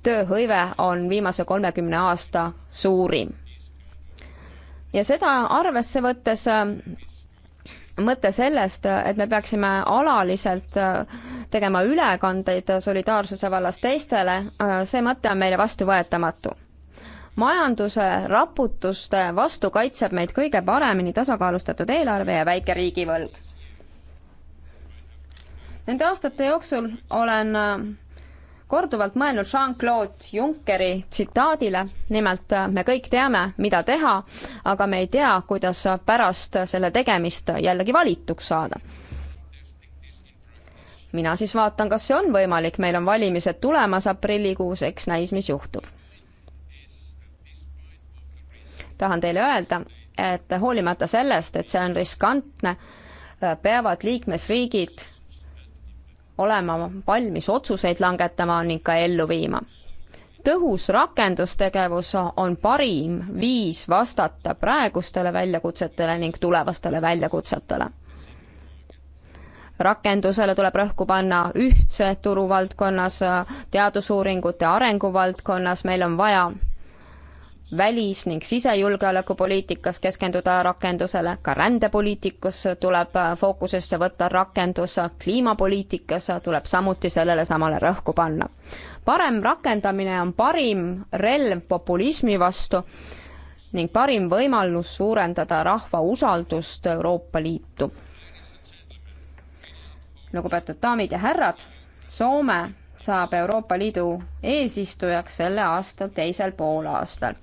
tööhõive on viimase kolmekümne aasta suurim. ja seda arvesse võttes mõte sellest, et me peaksime alaliselt äh, tegema ülekandeid solidaarsuse vallas teistele, äh, see mõte on meile vastuvõetamatu. majanduse raputuste vastu kaitseb meid kõige paremini tasakaalustatud eelarve ja väike riigivõlg. Nende aastate jooksul olen äh, korduvalt mõelnud Jean-Claude Junckeri tsitaadile, nimelt äh, me kõik teame, mida teha, aga me ei tea, kuidas pärast selle tegemist jällegi valituks saada. mina siis vaatan, kas see on võimalik, meil on valimised tulemas aprillikuus, eks näis, mis juhtub. tahan teile öelda, et hoolimata sellest, et see on riskantne, äh, peavad liikmesriigid olema valmis otsuseid langetama ning ka ellu viima. tõhus rakendustegevus on parim viis vastata praegustele väljakutsetele ning tulevastele väljakutsetele rakendusele tuleb rõhku panna ühtse turu valdkonnas, teadusuuringute arenguvaldkonnas, meil on vaja välis- ning sisejulgeolekupoliitikas keskenduda rakendusele, ka rändepoliitikus tuleb fookusesse võtta rakendus, kliimapoliitikas tuleb samuti sellele samale rõhku panna. parem rakendamine on parim relv populismi vastu ning parim võimalus suurendada rahva usaldust Euroopa Liitu. lugupeetud daamid ja härrad, Soome saab Euroopa Liidu eesistujaks selle aasta teisel poolaastal.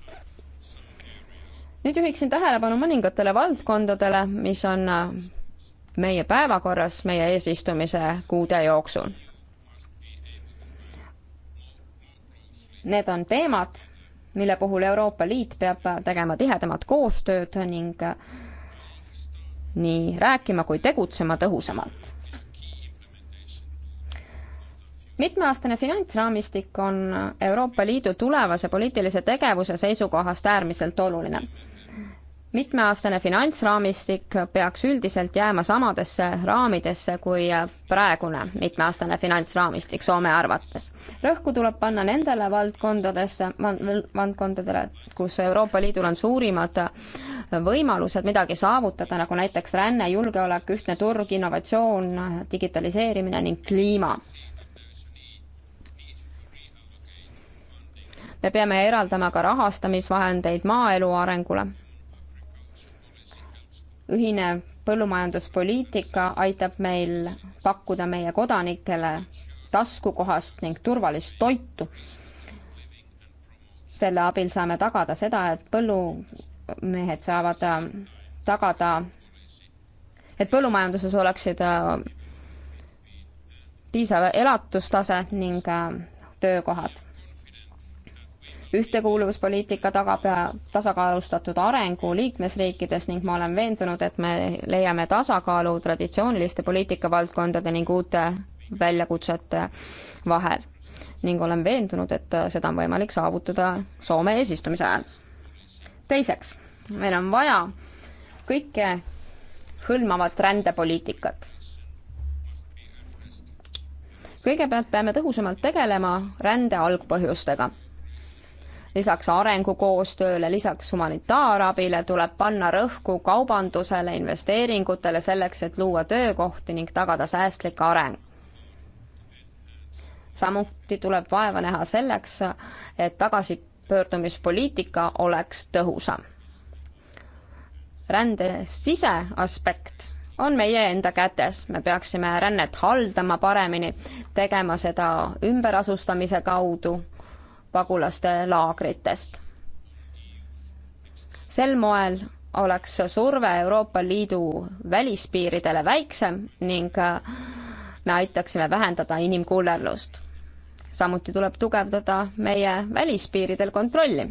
nüüd juhiksin tähelepanu mõningatele valdkondadele, mis on meie päevakorras meie eesistumise kuude jooksul. Need on teemad, mille puhul Euroopa Liit peab tegema tihedamat koostööd ning nii rääkima kui tegutsema tõhusamalt mitmeaastane finantsraamistik on Euroopa Liidu tulevase poliitilise tegevuse seisukohast äärmiselt oluline. mitmeaastane finantsraamistik peaks üldiselt jääma samadesse raamidesse kui praegune mitmeaastane finantsraamistik Soome arvates. rõhku tuleb panna nendele valdkondadesse, valdkondadele, kus Euroopa Liidul on suurimad võimalused midagi saavutada, nagu näiteks ränne, julgeolek, ühtne turg, innovatsioon, digitaliseerimine ning kliima me peame eraldama ka rahastamisvahendeid maaelu arengule. ühine põllumajanduspoliitika aitab meil pakkuda meie kodanikele taskukohast ning turvalist toitu. selle abil saame tagada seda, et põllumehed saavad äh, tagada, et põllumajanduses oleksid äh, piisav elatustase ning äh, töökohad ühtekuuluvuspoliitika tagab tasakaalustatud arengu liikmesriikides ning ma olen veendunud, et me leiame tasakaalu traditsiooniliste poliitikavaldkondade ning uute väljakutsete vahel. ning olen veendunud, et seda on võimalik saavutada Soome eesistumise ajal. teiseks, meil on vaja kõike hõlmavat rändepoliitikat kõigepealt peame tõhusamalt tegelema rände algpõhjustega lisaks arengukoostööle, lisaks humanitaarabile tuleb panna rõhku kaubandusele, investeeringutele selleks, et luua töökohti ning tagada säästlik areng. samuti tuleb vaeva näha selleks, et tagasipöördumispoliitika oleks tõhusam. rände siseaspekt on meie enda kätes, me peaksime rännet haldama paremini, tegema seda ümberasustamise kaudu pagulaste laagritest. sel moel oleks surve Euroopa Liidu välispiiridele väiksem ning äh, me aitaksime vähendada inimkullerlust. samuti tuleb tugevdada meie välispiiridel kontrolli.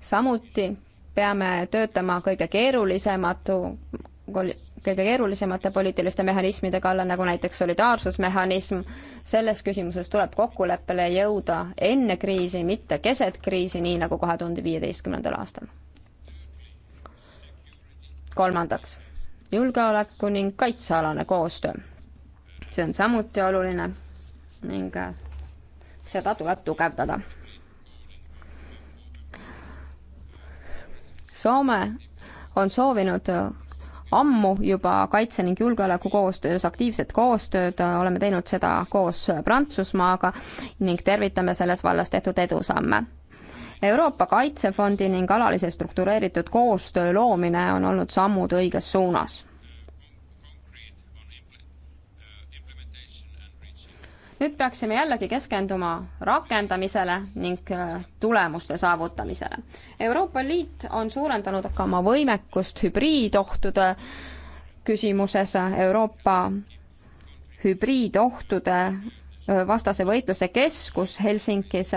samuti peame töötama kõige keerulisematu kõige keerulisemate poliitiliste mehhanismide kallal, nagu näiteks solidaarsusmehhanism. selles küsimuses tuleb kokkuleppele jõuda enne kriisi, mitte keset kriisi, nii nagu kahe tuhande viieteistkümnendal aastal. kolmandaks, julgeoleku ning kaitsealane koostöö. see on samuti oluline ning äh, seda tuleb tugevdada. Soome on soovinud ammu juba kaitse- ning julgeolekukoostöös aktiivset koostööd, äh, oleme teinud seda koos Prantsusmaaga ning tervitame selles vallas tehtud edusamme Euroopa Kaitsefondi ning alalise struktureeritud koostöö loomine on olnud sammud õiges suunas nüüd peaksime jällegi keskenduma rakendamisele ning äh, tulemuste saavutamisele. Euroopa Liit on suurendanud ka oma võimekust hübriidohtude küsimuses Euroopa hübriidohtude vastase võitluse keskus Helsingis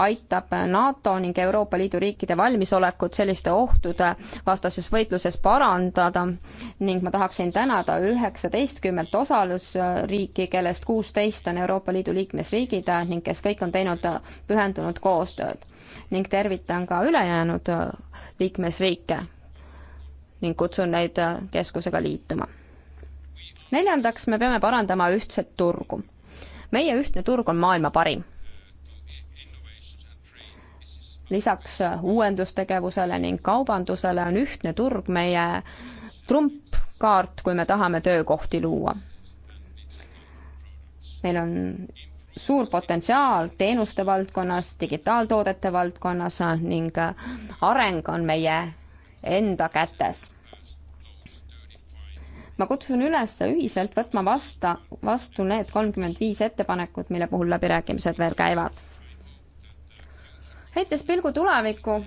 aitab NATO ning Euroopa Liidu riikide valmisolekut selliste ohtude vastases võitluses parandada ning ma tahaksin tänada üheksateistkümnelt osalusriiki, kellest kuusteist on Euroopa Liidu liikmesriigid ning kes kõik on teinud pühendunud koostööd ning tervitan ka ülejäänud liikmesriike ning kutsun neid keskusega liituma. neljandaks, me peame parandama ühtset turgu meie ühtne turg on maailma parim. lisaks uuendustegevusele ning kaubandusele on ühtne turg meie trumpkaart, kui me tahame töökohti luua. meil on suur potentsiaal teenuste valdkonnas, digitaaltoodete valdkonnas ning areng on meie enda kätes ma kutsun üles ühiselt võtma vasta, vastu need kolmkümmend viis ettepanekut, mille puhul läbirääkimised veel käivad. heites pilgu tulevikku,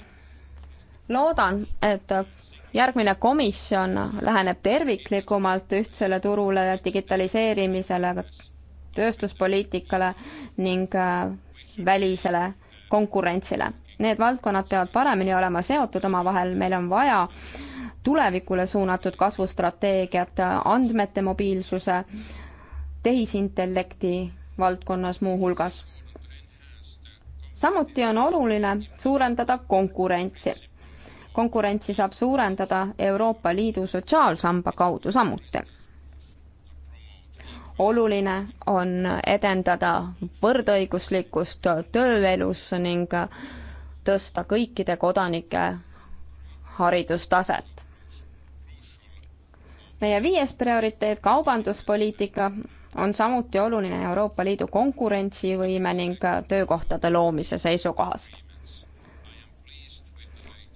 loodan, et järgmine komisjon läheneb terviklikumalt ühtsele turule, digitaliseerimisele, tööstuspoliitikale ning äh, välisele konkurentsile. Need valdkonnad peavad paremini olema seotud omavahel, meil on vaja äh, tulevikule suunatud kasvustrateegiat, andmete mobiilsuse, tehisintellekti valdkonnas muuhulgas. samuti on oluline suurendada konkurentsi. konkurentsi saab suurendada Euroopa Liidu sotsiaalsamba kaudu samuti. oluline on edendada võrdõiguslikkust tööelus ning tõsta kõikide kodanike haridustaset meie viies prioriteet, kaubanduspoliitika, on samuti oluline Euroopa Liidu konkurentsivõime ning töökohtade loomise seisukohast.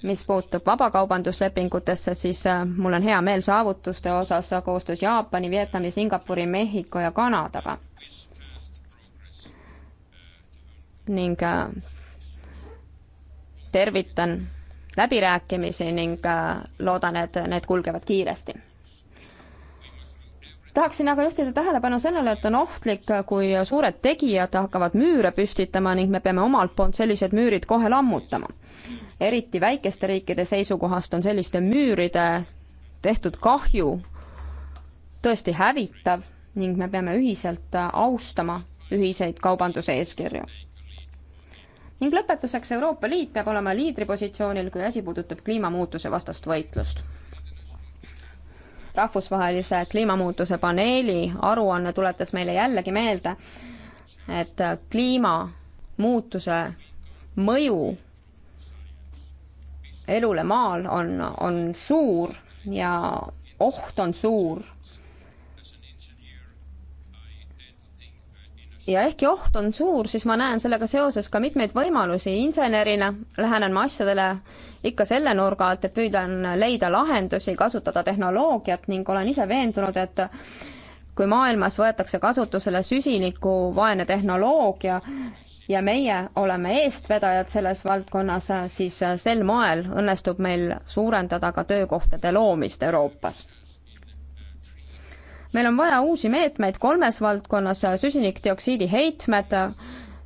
mis puutub vabakaubanduslepingutesse, siis äh, mul on hea meel saavutuste osas koostöös Jaapani, Vietnami, Singapuri, Mehhiko ja Kanadaga. ning äh, tervitan läbirääkimisi ning äh, loodan, et need kulgevad kiiresti tahaksin aga juhtida tähelepanu sellele, et on ohtlik, kui suured tegijad hakkavad müüre püstitama ning me peame omalt poolt sellised müürid kohe lammutama. eriti väikeste riikide seisukohast on selliste müüride tehtud kahju tõesti hävitav ning me peame ühiselt austama ühiseid kaubanduse eeskirju. ning lõpetuseks, Euroopa Liit peab olema liidripositsioonil, kui asi puudutab kliimamuutuse vastast võitlust rahvusvahelise kliimamuutuse paneeli aruanne tuletas meile jällegi meelde, et kliimamuutuse mõju elule maal on, on suur ja oht on suur ja ehkki oht on suur, siis ma näen sellega seoses ka mitmeid võimalusi. insenerina lähenen ma asjadele ikka selle nurga alt, et püüdan leida lahendusi, kasutada tehnoloogiat ning olen ise veendunud, et kui maailmas võetakse kasutusele süsinikuvaene tehnoloogia ja meie oleme eestvedajad selles valdkonnas, siis sel moel õnnestub meil suurendada ka töökohtade loomist Euroopas meil on vaja uusi meetmeid kolmes valdkonnas, süsinikdioksiidi heitmed,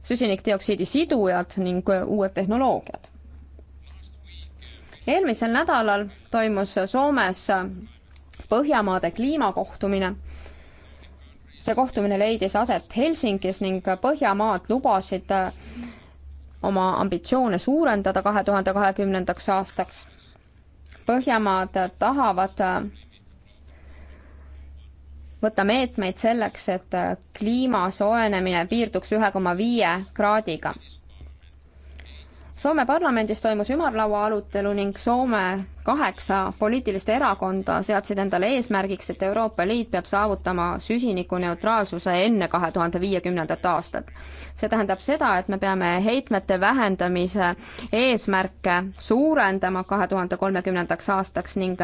süsinikdioksiidi sidujad ning uued tehnoloogiad. eelmisel nädalal toimus Soomes Põhjamaade kliimakohtumine. see kohtumine leidis aset Helsingis ning Põhjamaad lubasid oma ambitsioone suurendada kahe tuhande kahekümnendaks aastaks. Põhjamaad tahavad võtta meetmeid selleks, et kliima soojenemine piirduks ühe koma viie kraadiga Soome parlamendis toimus ümarlaua arutelu ning Soome kaheksa poliitilist erakonda seadsid endale eesmärgiks, et Euroopa Liit peab saavutama süsinikuneutraalsuse enne kahe tuhande viiekümnendat aastat. see tähendab seda, et me peame heitmete vähendamise eesmärke suurendama kahe tuhande kolmekümnendaks aastaks ning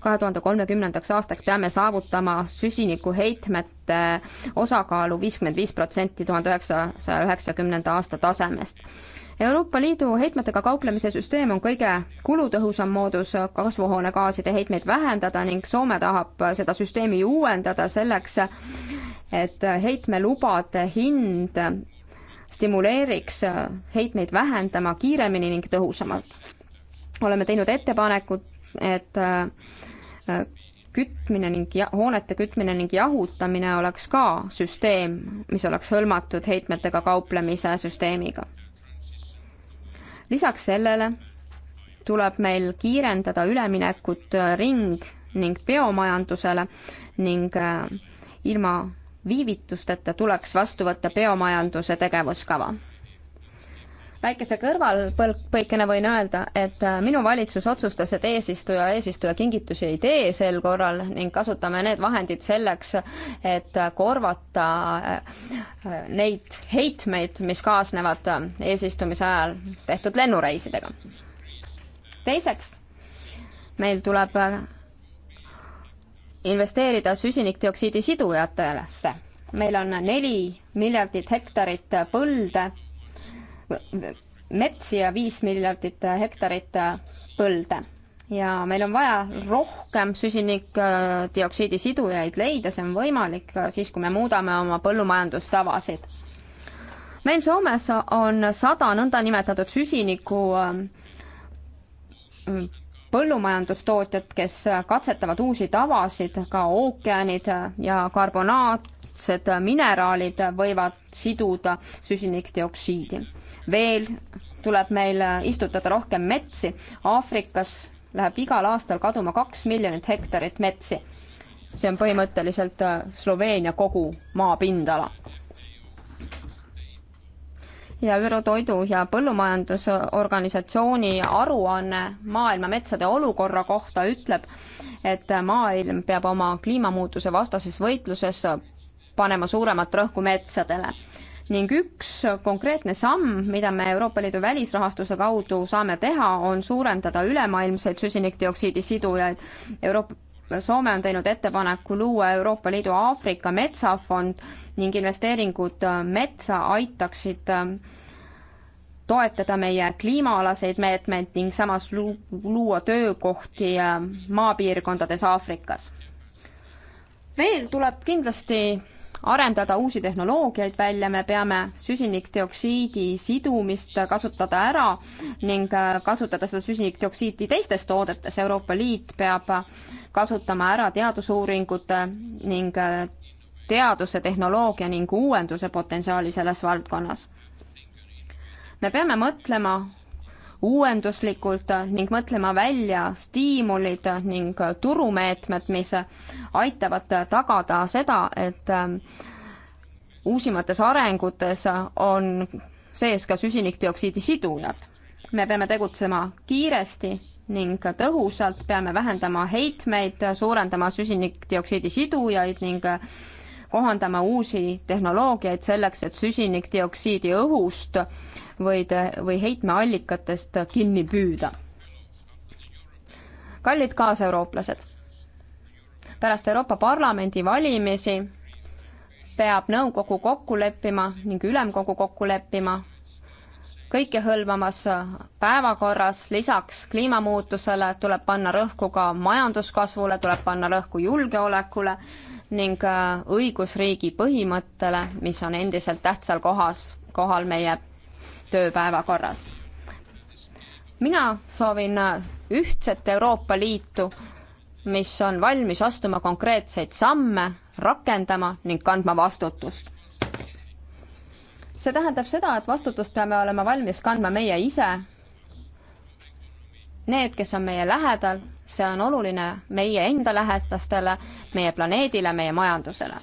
kahe tuhande kolmekümnendaks aastaks peame saavutama süsinikuheitmete osakaalu viiskümmend viis protsenti tuhande üheksasaja üheksakümnenda aasta tasemest Euroopa Liidu heitmetega kauplemise süsteem on kõige kulutõhusam moodus kasvuhoonegaaside heitmeid vähendada ning Soome tahab seda süsteemi uuendada selleks, et heitmelubade hind stimuleeriks heitmeid vähendama kiiremini ning tõhusamalt. oleme teinud ettepaneku, et äh, kütmine ning ja, hoonete kütmine ning jahutamine oleks ka süsteem, mis oleks hõlmatud heitmetega kauplemise süsteemiga lisaks sellele tuleb meil kiirendada üleminekut ring- ning biomajandusele ning äh, ilma viivitusteta tuleks vastu võtta biomajanduse tegevuskava väikese kõrvalpõikena võin öelda, et äh, minu valitsus otsustas, et eesistuja, eesistuja kingitusi ei tee sel korral ning kasutame need vahendid selleks, et äh, korvata äh, neid heitmeid, mis kaasnevad eesistumise ajal tehtud lennureisidega. teiseks, meil tuleb investeerida süsinikdioksiidi sidujatesse. meil on neli miljardit hektarit põlde metsi ja viis miljardit hektarit põlde. ja meil on vaja rohkem süsinikdioksiidi sidujaid leida, see on võimalik siis, kui me muudame oma põllumajandustavasid. meil Soomes on sada nõndanimetatud süsiniku äh, põllumajandustootjad, kes katsetavad uusi tavasid, ka ookeanid ja karbonaat, tähtsad mineraalid võivad siduda süsinikdioksiidi. veel tuleb meil istutada rohkem metsi, Aafrikas läheb igal aastal kaduma kaks miljonit hektarit metsi. see on põhimõtteliselt äh, Sloveenia kogu maapindala. ja ÜRO Toidu- ja Põllumajandusorganisatsiooni aruanne maailma metsade olukorra kohta ütleb, et maailm peab oma kliimamuutuse vastases võitluses panema suuremat rõhku metsadele. ning üks konkreetne samm, mida me Euroopa Liidu välisrahastuse kaudu saame teha, on suurendada ülemaailmseid süsinikdioksiidi sidujaid Euroopa Soome on teinud ettepaneku luua Euroopa Liidu Aafrika metsafond ning investeeringud metsa aitaksid ähm, toetada meie kliimaalaseid meetmeid ning samas luua töökohti ähm, maapiirkondades Aafrikas. veel tuleb kindlasti arendada uusi tehnoloogiaid välja, me peame süsinikdioksiidi sidumist kasutada ära ning äh, kasutada seda süsinikdioksiidi teistes toodetes. Euroopa Liit peab kasutama ära teadusuuringute ning äh, teaduse, tehnoloogia ning uuenduse potentsiaali selles valdkonnas. me peame mõtlema uuenduslikult ning mõtlema välja stiimulid ning turumeetmed, mis aitavad tagada seda, et ähm, uusimates arengutes on sees ka süsinikdioksiidi sidujad me peame tegutsema kiiresti ning tõhusalt, peame vähendama heitmeid, suurendama süsinikdioksiidi sidujaid ning kohandama uusi tehnoloogiaid selleks, et süsinikdioksiidi õhust või, või heitmeallikatest kinni püüda. kallid kaaseurooplased, pärast Euroopa Parlamendi valimisi peab nõukogu kokku leppima ning ülemkogu kokku leppima kõikehõlmamas päevakorras, lisaks kliimamuutusele tuleb panna rõhku ka majanduskasvule, tuleb panna rõhku julgeolekule ning äh, õigusriigi põhimõttele, mis on endiselt tähtsal kohas, kohal meie tööpäevakorras. mina soovin ühtset Euroopa Liitu, mis on valmis astuma konkreetseid samme, rakendama ning kandma vastutust. see tähendab seda, et vastutust peame olema valmis kandma meie ise, need, kes on meie lähedal, see on oluline meie enda lähedastele, meie planeedile, meie majandusele.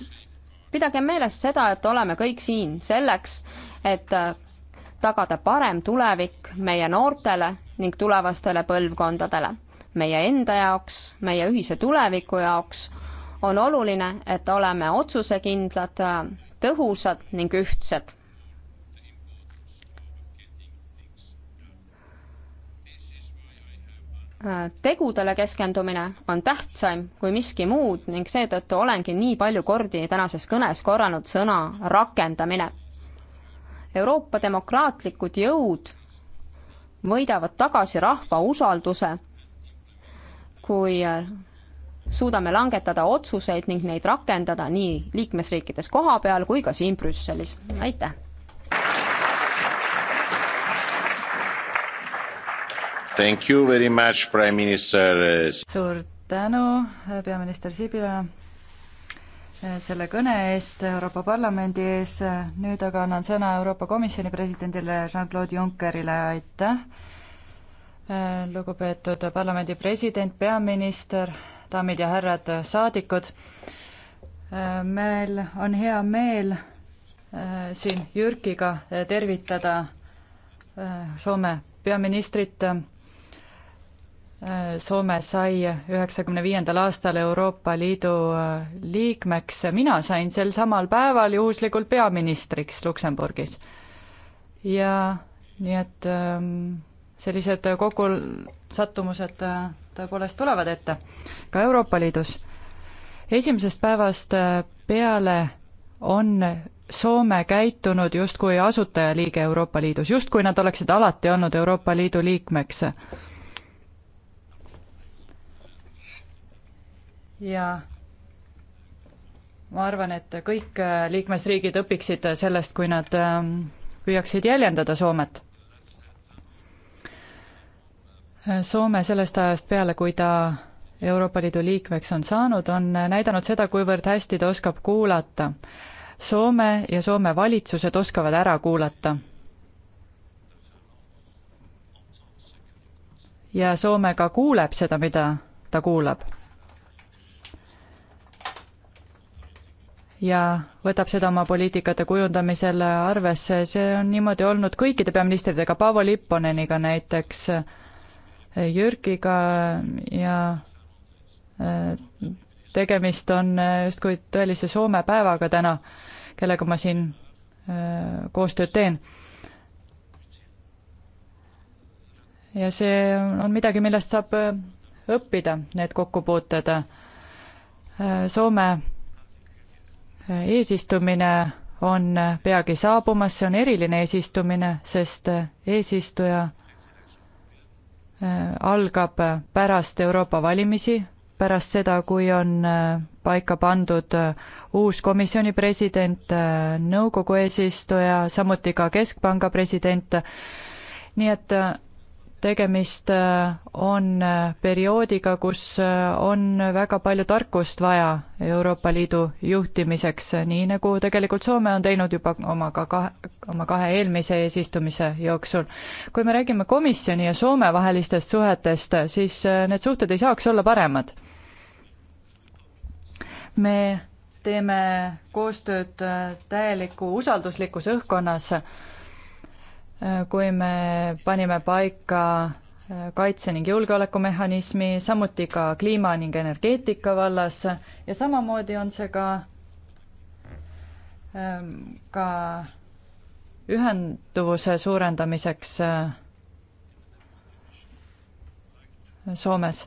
pidagem meeles seda, et oleme kõik siin selleks, et tagada parem tulevik meie noortele ning tulevastele põlvkondadele. meie enda jaoks, meie ühise tuleviku jaoks on oluline, et oleme otsusekindlad, tõhusad ning ühtsed. tegudele keskendumine on tähtsaim kui miski muud ning seetõttu olengi nii palju kordi tänases kõnes korranud sõna rakendamine Euroopa demokraatlikud jõud võidavad tagasi rahva usalduse, kui äh, suudame langetada otsuseid ning neid rakendada nii liikmesriikides kohapeal kui ka siin Brüsselis. aitäh! Thank you very much, Prime Minister. suur tänu, peaminister Sibila selle kõne eest Euroopa Parlamendi ees. nüüd aga annan sõna Euroopa Komisjoni presidendile Jean-Claude Junckerile, aitäh. lugupeetud parlamendi president, peaminister, daamid ja härrad saadikud. meil on hea meel eh, siin Jürkiga tervitada eh, Soome peaministrit Soome sai üheksakümne viiendal aastal Euroopa Liidu äh, liikmeks, mina sain sel samal päeval juhuslikult peaministriks Luksemburgis. ja nii et ähm, sellised kokkusattumused äh, tõepoolest tulevad ette, ka Euroopa Liidus. esimesest päevast äh, peale on Soome käitunud justkui asutajaliige Euroopa Liidus, justkui nad oleksid alati olnud Euroopa Liidu liikmeks ja ma arvan, et kõik äh, liikmesriigid õpiksid äh, sellest, kui nad ähm, püüaksid jäljendada Soomet. Äh, Soome sellest ajast peale, kui ta Euroopa Liidu liikmeks on saanud, on näidanud seda, kuivõrd hästi ta oskab kuulata. Soome ja Soome valitsused oskavad ära kuulata. ja Soome ka kuuleb seda, mida ta kuulab ja võtab seda oma poliitikate kujundamisel arvesse, see on niimoodi olnud kõikide peaministritega, Paavo Lipponeniga näiteks, Jürgiga ja äh, tegemist on justkui tõelise Soome päevaga täna, kellega ma siin äh, koostööd teen. ja see on midagi, millest saab äh, õppida, need kokkupuuted. Soome eesistumine on peagi saabumas, see on eriline eesistumine, sest eesistuja äh, algab pärast Euroopa valimisi, pärast seda, kui on äh, paika pandud äh, uus komisjoni president, nõukogu eesistuja, samuti ka keskpanga president, nii et tegemist äh, on äh, perioodiga, kus äh, on väga palju tarkust vaja Euroopa Liidu juhtimiseks, nii nagu tegelikult Soome on teinud juba oma ka kahe, oma kahe eelmise eesistumise jooksul. kui me räägime komisjoni ja Soome vahelistest suhetest, siis need suhted ei saaks olla paremad. me teeme koostööd täieliku usalduslikus õhkkonnas kui me panime paika äh, kaitse- ning julgeolekumehhanismi, samuti ka kliima ning energeetika vallas ja samamoodi on see ka, ähm, ka ühenduvuse suurendamiseks äh, Soomes.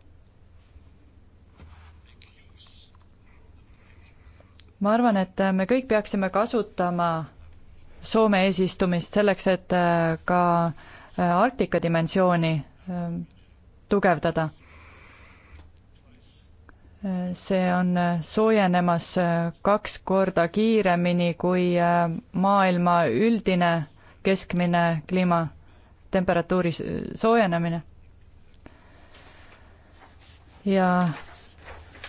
ma arvan, et me kõik peaksime kasutama Soome eesistumist selleks, et äh, ka äh, Arktika dimensiooni äh, tugevdada. see on soojenemas kaks korda kiiremini kui maailma üldine keskmine kliimatemperatuuri soojenemine. ja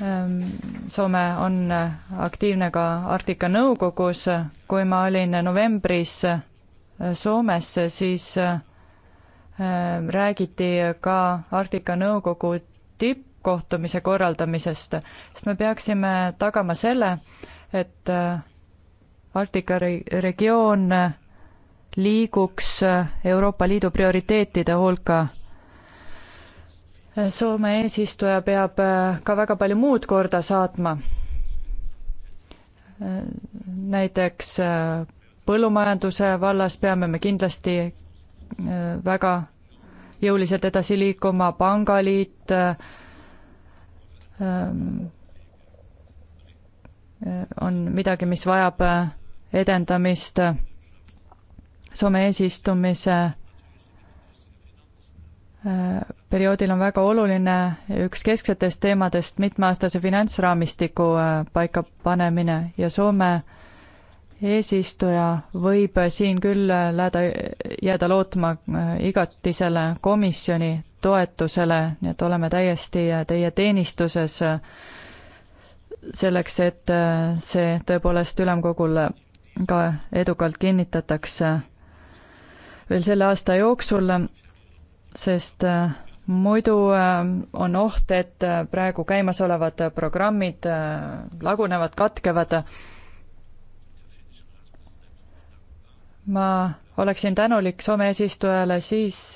Ehm, Soome on äh, aktiivne ka Arktika Nõukogus, kui ma olin novembris äh, Soomes, siis äh, ehm, räägiti ka Arktika Nõukogu tippkohtumise korraldamisest, sest me peaksime tagama selle, et Arktika regioon liiguks Euroopa Liidu prioriteetide hulka Soome eesistuja peab äh, ka väga palju muud korda saatma. Äh, näiteks äh, põllumajanduse vallas peame me kindlasti väga jõuliselt edasi liikuma, pangaliit, ähm, on midagi, mis vajab edendamist Soome eesistumise perioodil on väga oluline üks kesksetest teemadest mitmeaastase finantsraamistiku äh, paikapanemine ja Soome eesistuja võib siin küll äh, läda, jääda lootma äh, igatisele komisjoni toetusele, nii et oleme täiesti teie teenistuses selleks, et see tõepoolest ülemkogul ka edukalt kinnitatakse veel selle aasta jooksul sest äh, muidu äh, on oht, et äh, praegu käimasolevad programmid lagunevad, katkevad. ma oleksin tänulik Soome eesistujale siis,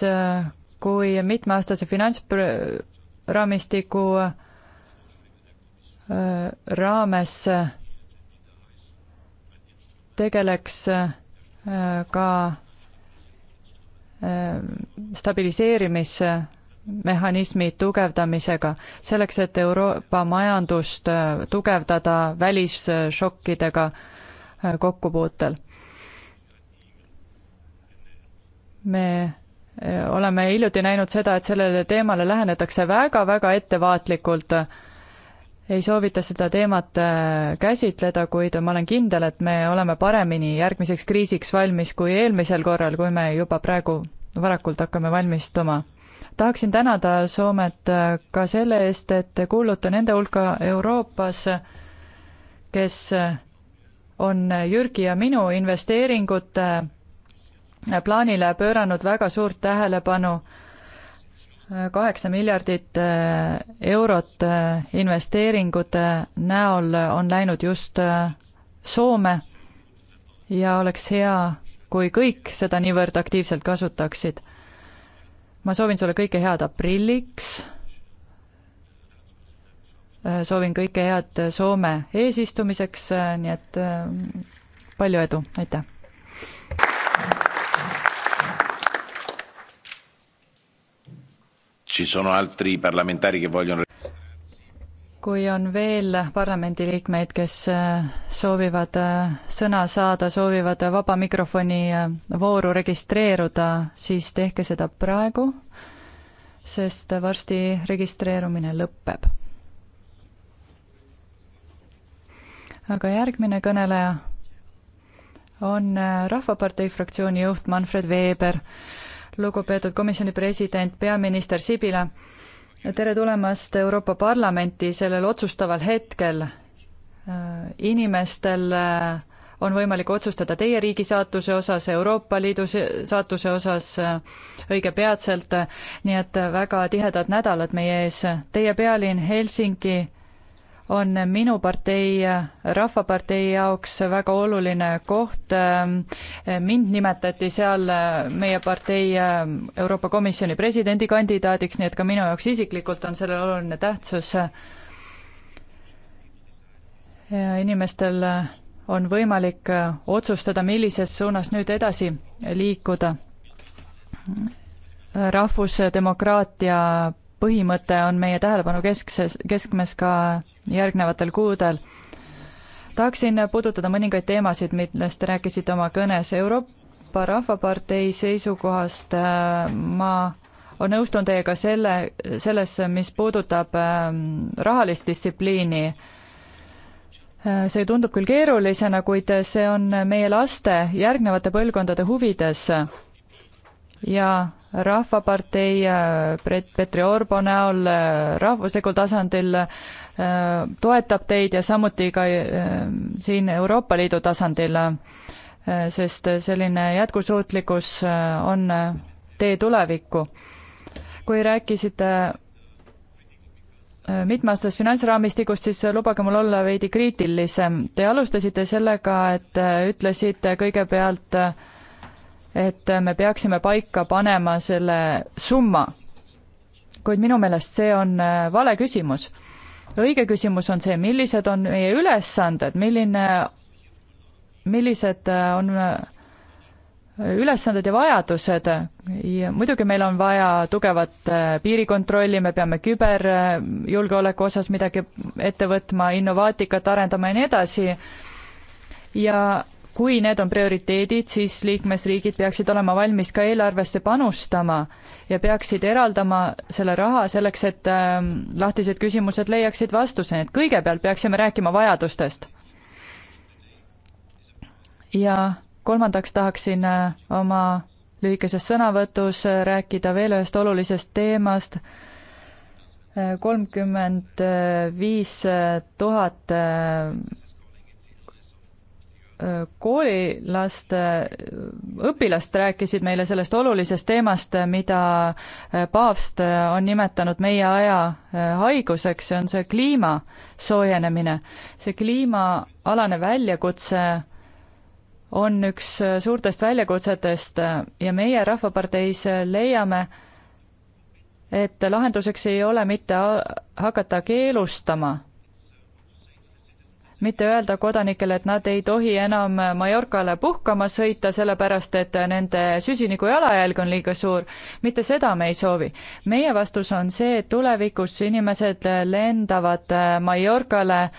kui mitmeaastase finantsraamistiku raames tegeleks ka stabiliseerimismehhanismi tugevdamisega, selleks et Euroopa majandust äh, tugevdada välisšokkidega äh, kokkupuutel. me äh, oleme hiljuti näinud seda, et sellele teemale lähenetakse väga-väga ettevaatlikult ei soovita seda teemat äh, käsitleda, kuid ma olen kindel, et me oleme paremini järgmiseks kriisiks valmis kui eelmisel korral, kui me juba praegu varakult hakkame valmistuma. tahaksin tänada Soomet äh, ka selle eest, et te kuulute nende hulka Euroopas, kes äh, on Jürgi ja minu investeeringute plaanile pööranud väga suurt tähelepanu kaheksa miljardit eh, eurot eh, investeeringute näol on läinud just eh, Soome ja oleks hea, kui kõik seda niivõrd aktiivselt kasutaksid. ma soovin sulle kõike head aprilliks, soovin kõike head Soome eesistumiseks, nii et palju edu, aitäh! kui on veel parlamendiliikmeid, kes äh, soovivad äh, sõna saada, soovivad vaba mikrofoni äh, vooru registreeruda, siis tehke seda praegu, sest varsti registreerumine lõpeb. aga järgmine kõneleja on Rahvapartei fraktsiooni juht Manfred Weber lugupeetud komisjoni president, peaminister Sibila. tere tulemast Euroopa Parlamenti sellel otsustaval hetkel. inimestel äh, on võimalik otsustada teie riigi saatuse osas, Euroopa Liidu saatuse osas äh, õige peatselt, nii et väga tihedad nädalad meie ees. Teie pealinn Helsingi on minu partei, Rahvapartei jaoks väga oluline koht. mind nimetati seal meie partei Euroopa Komisjoni presidendikandidaadiks, nii et ka minu jaoks isiklikult on sellel oluline tähtsus. ja inimestel on võimalik otsustada, millises suunas nüüd edasi liikuda rahvusdemokraatia põhimõte on meie tähelepanu keskses, keskmes ka järgnevatel kuudel. tahaksin puudutada mõningaid teemasid, millest te rääkisite oma kõnes. Euroopa Rahvapartei seisukohast äh, ma on nõustun teiega selle, selles, mis puudutab äh, rahalist distsipliini. Äh, see tundub küll keerulisena, kuid see on meie laste, järgnevate põlvkondade huvides ja Rahvapartei äh, Petri Orbo näol äh, rahvuslikul tasandil äh, toetab teid ja samuti ka siin Euroopa Liidu tasandil, sest selline jätkusuutlikkus on tee tulevikku. kui rääkisite mitmeaastast finantsraamistikust, siis lubage mul olla veidi kriitilisem. Te alustasite sellega, et ütlesite kõigepealt äh, et me peaksime paika panema selle summa. kuid minu meelest see on äh, vale küsimus. õige küsimus on see, millised on meie ülesanded, milline, millised äh, on äh, ülesanded ja vajadused ja muidugi meil on vaja tugevat piirikontrolli, me peame küberjulgeoleku osas midagi ette võtma, innovaatikat arendama ja nii edasi, ja kui need on prioriteedid, siis liikmesriigid peaksid olema valmis ka eelarvesse panustama ja peaksid eraldama selle raha selleks, et ähm, lahtised küsimused leiaksid vastuse, nii et kõigepealt peaksime rääkima vajadustest. ja kolmandaks tahaksin äh, oma lühikeses sõnavõtus äh, rääkida veel ühest olulisest teemast, äh, kolmkümmend viis tuhat koolilaste, õpilast rääkisid meile sellest olulisest teemast, mida äh, paavst äh, on nimetanud meie aja äh, haiguseks, see on see kliima soojenemine. see kliimaalane väljakutse on üks suurtest väljakutsetest ja meie Rahvaparteis leiame, et lahenduseks ei ole mitte hakata keelustama mitte öelda kodanikele, et nad ei tohi enam Mallorcale puhkama sõita, sellepärast et nende süsiniku jalajälg on liiga suur. mitte seda me ei soovi. meie vastus on see, et tulevikus inimesed lendavad Mallorcale eh,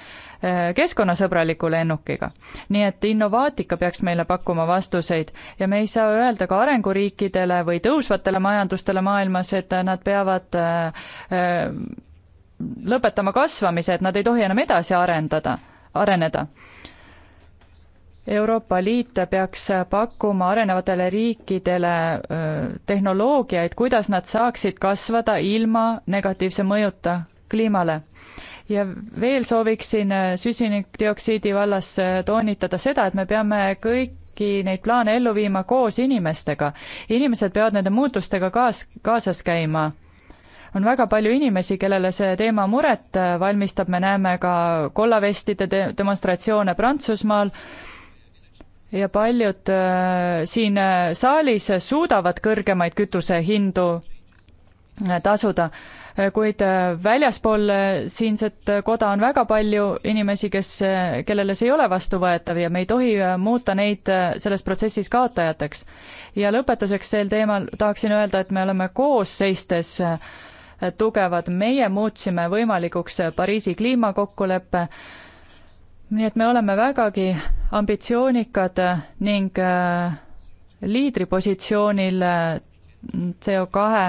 keskkonnasõbraliku lennukiga. nii et Innovaatika peaks meile pakkuma vastuseid ja me ei saa öelda ka arenguriikidele või tõusvatele majandustele maailmas, et nad peavad eh, eh, lõpetama kasvamise, et nad ei tohi enam edasi arendada areneda. Euroopa Liit peaks pakkuma arenevatele riikidele tehnoloogiaid, kuidas nad saaksid kasvada ilma negatiivse mõjuta kliimale ja veel sooviksin süsinikdioksiidi vallas toonitada seda, et me peame kõiki neid plaane ellu viima koos inimestega. inimesed peavad nende muutustega kaas, kaasas käima on väga palju inimesi, kellele see teema muret valmistab, me näeme ka kollavestide de demonstratsioone Prantsusmaal ja paljud äh, siin äh, saalis suudavad kõrgemaid kütusehindu äh, tasuda, äh, kuid väljaspool siinset koda on väga palju inimesi, kes, kellele see ei ole vastuvõetav ja me ei tohi muuta neid selles protsessis kaotajateks. ja lõpetuseks sel teemal tahaksin öelda, et me oleme koos seistes äh, tugevad, meie muutsime võimalikuks Pariisi kliimakokkuleppe, nii et me oleme vägagi ambitsioonikad ning äh, liidripositsioonil äh, CO kahe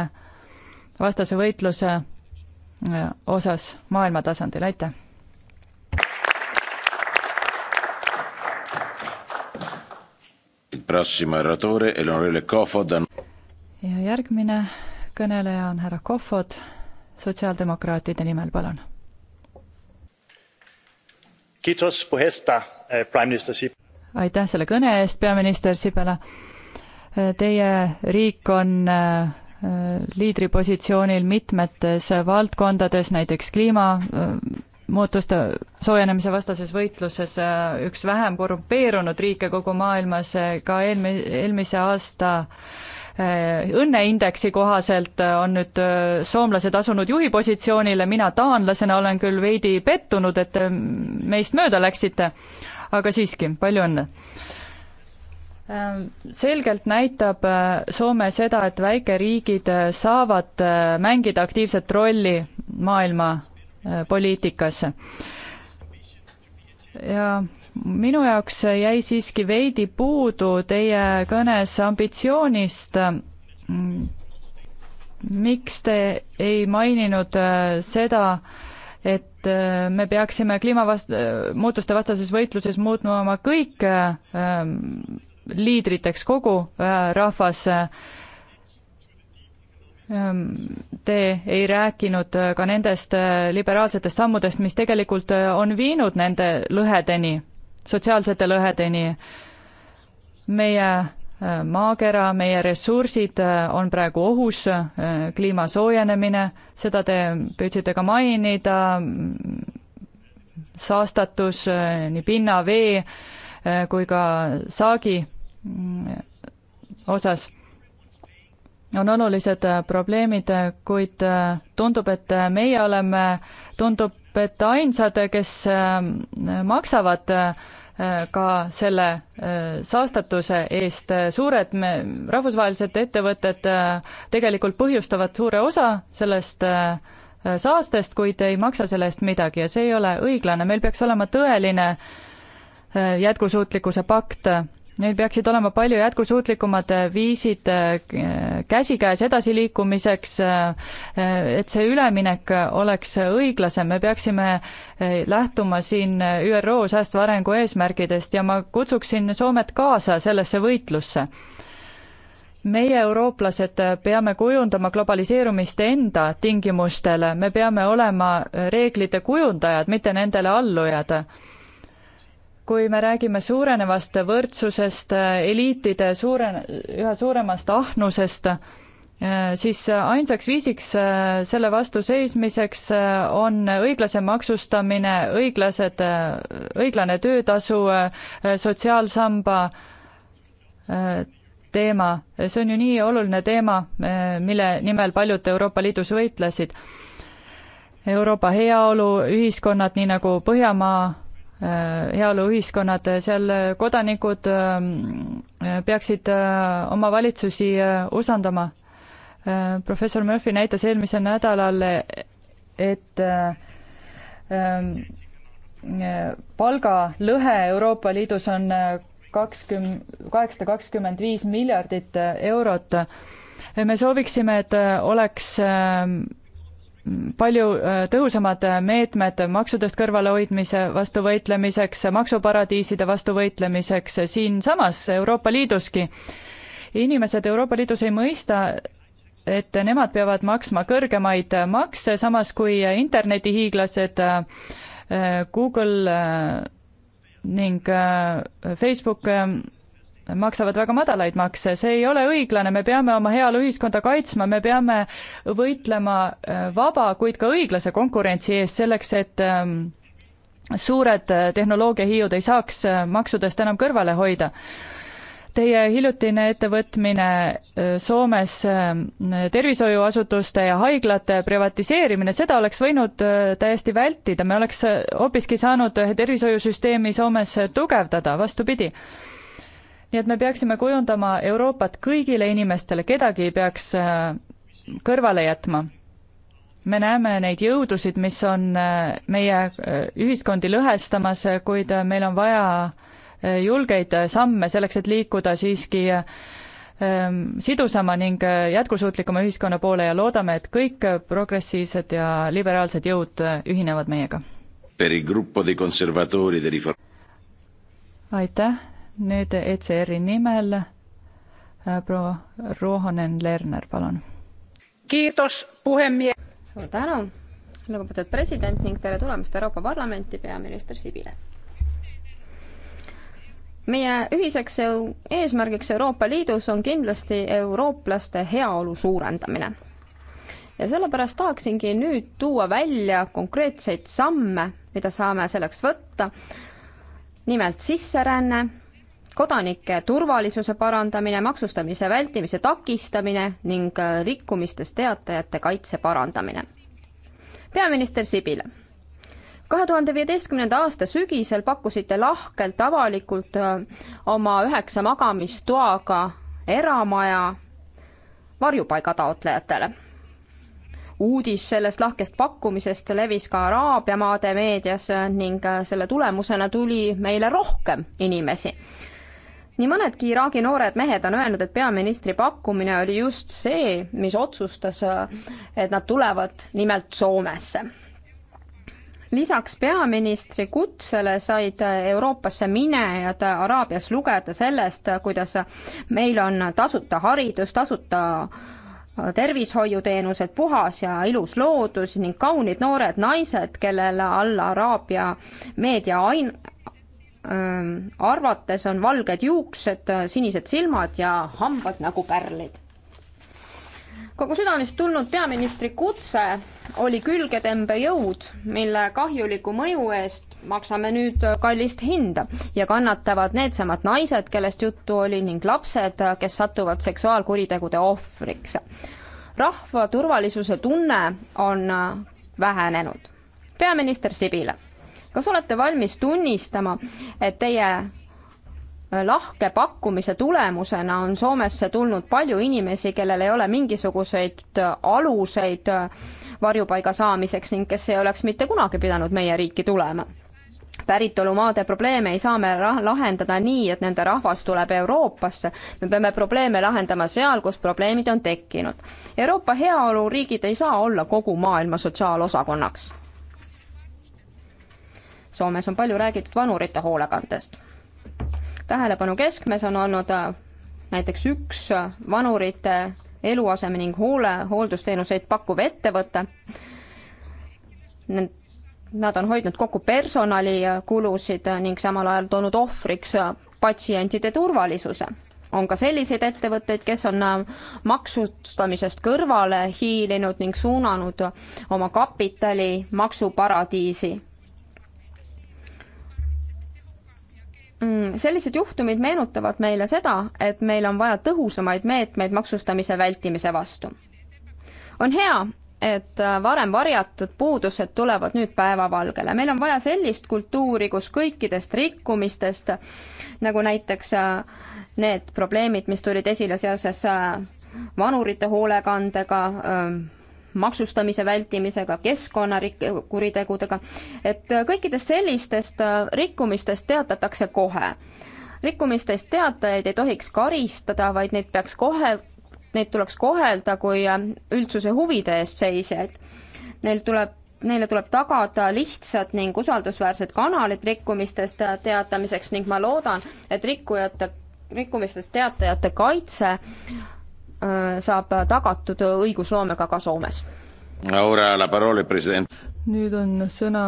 vastase võitluse äh, osas maailma tasandil, aitäh! ja järgmine kõneleja on härra Kofod, sotsiaaldemokraatide nimel, palun. Eh, aitäh selle kõne eest, peaminister Sibela. Eh, teie riik on eh, liidripositsioonil mitmetes valdkondades, näiteks kliimamuutuste soojenemise vastases võitluses üks vähem korrumpeerunud riike kogu maailmas, ka eelmi-, eelmise aasta Äh, õnneindeksi kohaselt äh, on nüüd äh, soomlased asunud juhi positsioonile, mina taanlasena olen küll veidi pettunud, et te meist mööda läksite, aga siiski, palju õnne! selgelt näitab Soome seda, et väikeriigid saavad mängida aktiivset rolli maailma poliitikas. ja minu jaoks jäi siiski veidi puudu teie kõnes ambitsioonist. miks te ei maininud äh, seda, et äh, me peaksime kliimavast-, äh, muutuste vastases võitluses muutma oma kõik liidriteks, kogu rahvas. Ähm, te ei rääkinud ka nendest liberaalsetest sammudest, mis tegelikult on viinud nende lõhedeni sotsiaalsete lõhedeni. meie äh, maakera, meie ressursid äh, on praegu ohus, äh, kliima soojenemine, seda te püüdsite ka mainida, mm, saastatus nii pinnavee kui ka saagi mm, osas on olulised probleemid, kuid tundub, et meie oleme, tundub, et ainsad, kes ähm, maksavad äh, ka selle äh, saastatuse eest, äh, suured me, rahvusvahelised ettevõtted tegelikult põhjustavad suure osa sellest saastest, kuid ei maksa selle eest midagi ja see ei ole õiglane, meil peaks olema tõeline jätkusuutlikkuse pakt Neil peaksid olema palju jätkusuutlikumad äh, viisid äh, käsikäes edasiliikumiseks, äh, et see üleminek oleks õiglasem, me peaksime lähtuma siin ÜRO säästva arengu eesmärkidest ja ma kutsuksin Soomet kaasa sellesse võitlusse meie, eurooplased, peame kujundama globaliseerumist enda tingimustele, me peame olema reeglite kujundajad, mitte nendele allujad kui me räägime suurenevast võrdsusest, eliitide suure, üha suuremast ahnusest, siis ainsaks viisiks selle vastu seismiseks on õiglase maksustamine, õiglased, õiglane töötasu, sotsiaalsamba teema, see on ju nii oluline teema, mille nimel paljud Euroopa Liidus võitlesid. Euroopa heaoluühiskonnad, nii nagu Põhjamaa Äh, heaoluühiskonnad, seal kodanikud ähm, peaksid äh, oma valitsusi äh, usaldama. professor Murphy näitas eelmisel nädalal, et ähm, palgalõhe Euroopa Liidus on kakskümmend, kaheksasada kakskümmend viis miljardit eurot. me sooviksime, et oleks ähm, palju äh, tõhusamad äh, meetmed maksudest kõrvalehoidmise vastu võitlemiseks, maksuparadiiside vastu võitlemiseks äh, siinsamas Euroopa Liiduski. inimesed Euroopa Liidus ei mõista, et nemad peavad maksma kõrgemaid makse, samas kui internetihiiglased Google ning Facebook maksavad väga madalaid makse, see ei ole õiglane, me peame oma heaolu ühiskonda kaitsma, me peame võitlema äh, vaba, kuid ka õiglase konkurentsi eest selleks, et ähm, suured äh, tehnoloogiahiiud ei saaks äh, maksudest enam kõrvale hoida. Teie hiljutine ettevõtmine Soomes tervishoiuasutuste ja haiglate privatiseerimine, seda oleks võinud täiesti vältida, me oleks hoopiski saanud tervishoiusüsteemi Soomes tugevdada, vastupidi nii et me peaksime kujundama Euroopat kõigile inimestele, kedagi ei peaks äh, kõrvale jätma. me näeme neid jõudusid, mis on äh, meie äh, ühiskondi lõhestamas, kuid meil on vaja julgeid samme selleks, et liikuda siiski ähm, sidusama ning jätkusuutlikuma ühiskonna poole ja loodame, et kõik progressiivsed ja liberaalsed jõud ühinevad meiega. E aitäh nüüd ECR-i nimel äh, proua Rohonen Lerner, palun. suur tänu, lugupeetud president ning tere tulemast Euroopa Parlamenti, peaminister Sibile meie ühiseks eesmärgiks Euroopa Liidus on kindlasti eurooplaste heaolu suurendamine. ja sellepärast tahaksingi nüüd tuua välja konkreetseid samme, mida saame selleks võtta. nimelt sisseränne, kodanike turvalisuse parandamine, maksustamise vältimise takistamine ning äh, rikkumistest teatajate kaitse parandamine. peaminister Sibila, kahe tuhande viieteistkümnenda aasta sügisel pakkusite lahkelt avalikult äh, oma üheksa magamistoaga eramaja varjupaiga taotlejatele uudis sellest lahkest pakkumisest levis ka Araabia maade meedias ning äh, selle tulemusena tuli meile rohkem inimesi nii mõnedki Iraagi noored mehed on öelnud, et peaministri pakkumine oli just see, mis otsustas, äh, et nad tulevad nimelt Soomesse. lisaks peaministri kutsele said äh, Euroopasse minejad Araabias lugeda sellest, äh, kuidas meil on tasuta haridus, tasuta tervishoiuteenused, puhas ja ilus loodus ning kaunid noored naised, kellele alla Araabia meedia ain-, arvates on valged juuksed, sinised silmad ja hambad nagu pärlid. kogu südamest tulnud peaministri kutse oli külgetembe jõud, mille kahjuliku mõju eest maksame nüüd kallist hinda ja kannatavad needsamad naised, kellest juttu oli, ning lapsed, kes satuvad seksuaalkuritegude ohvriks. rahva turvalisuse tunne on vähenenud. peaminister Sibila kas olete valmis tunnistama, et teie äh, lahke pakkumise tulemusena on Soomesse tulnud palju inimesi, kellel ei ole mingisuguseid äh, aluseid äh, varjupaiga saamiseks ning kes ei oleks mitte kunagi pidanud meie riiki tulema. päritolumaade probleeme ei saa me lahendada nii, et nende rahvas tuleb Euroopasse, me peame probleeme lahendama seal, kus probleemid on tekkinud. Euroopa heaoluriigid ei saa olla kogu maailma sotsiaalosakonnaks Soomes on palju räägitud vanurite hoolekandest. tähelepanu keskmes on olnud äh, näiteks üks äh, vanurite eluaseme ning hoole, hooldusteenuseid pakkuv ettevõte. Nad on hoidnud kokku personalikulusid äh, ning samal ajal toonud ohvriks patsientide turvalisuse. on ka selliseid ettevõtteid, kes on maksustamisest kõrvale hiilinud ning suunanud oma kapitali maksuparadiisi Mm, sellised juhtumid meenutavad meile seda, et meil on vaja tõhusamaid meetmeid maksustamise vältimise vastu. on hea, et äh, varem varjatud puudused tulevad nüüd päevavalgele. meil on vaja sellist kultuuri, kus kõikidest rikkumistest, nagu näiteks äh, need probleemid, mis tulid esile seoses äh, vanurite hoolekandega, ähm, maksustamise vältimisega, keskkonnakuritegudega, et kõikidest sellistest äh, rikkumistest teatatakse kohe. rikkumistest teatajaid ei tohiks karistada, vaid neid peaks kohe, neid tuleks kohelda kui äh, üldsuse huvide eest seisjaid. Neil tuleb neile tuleb tagada lihtsad ning usaldusväärsed kanalid rikkumistest äh, teatamiseks ning ma loodan, et rikkujate, rikkumistest teatajate kaitse Äh, saab tagatud õigusloomega ka Soomes. nüüd on sõna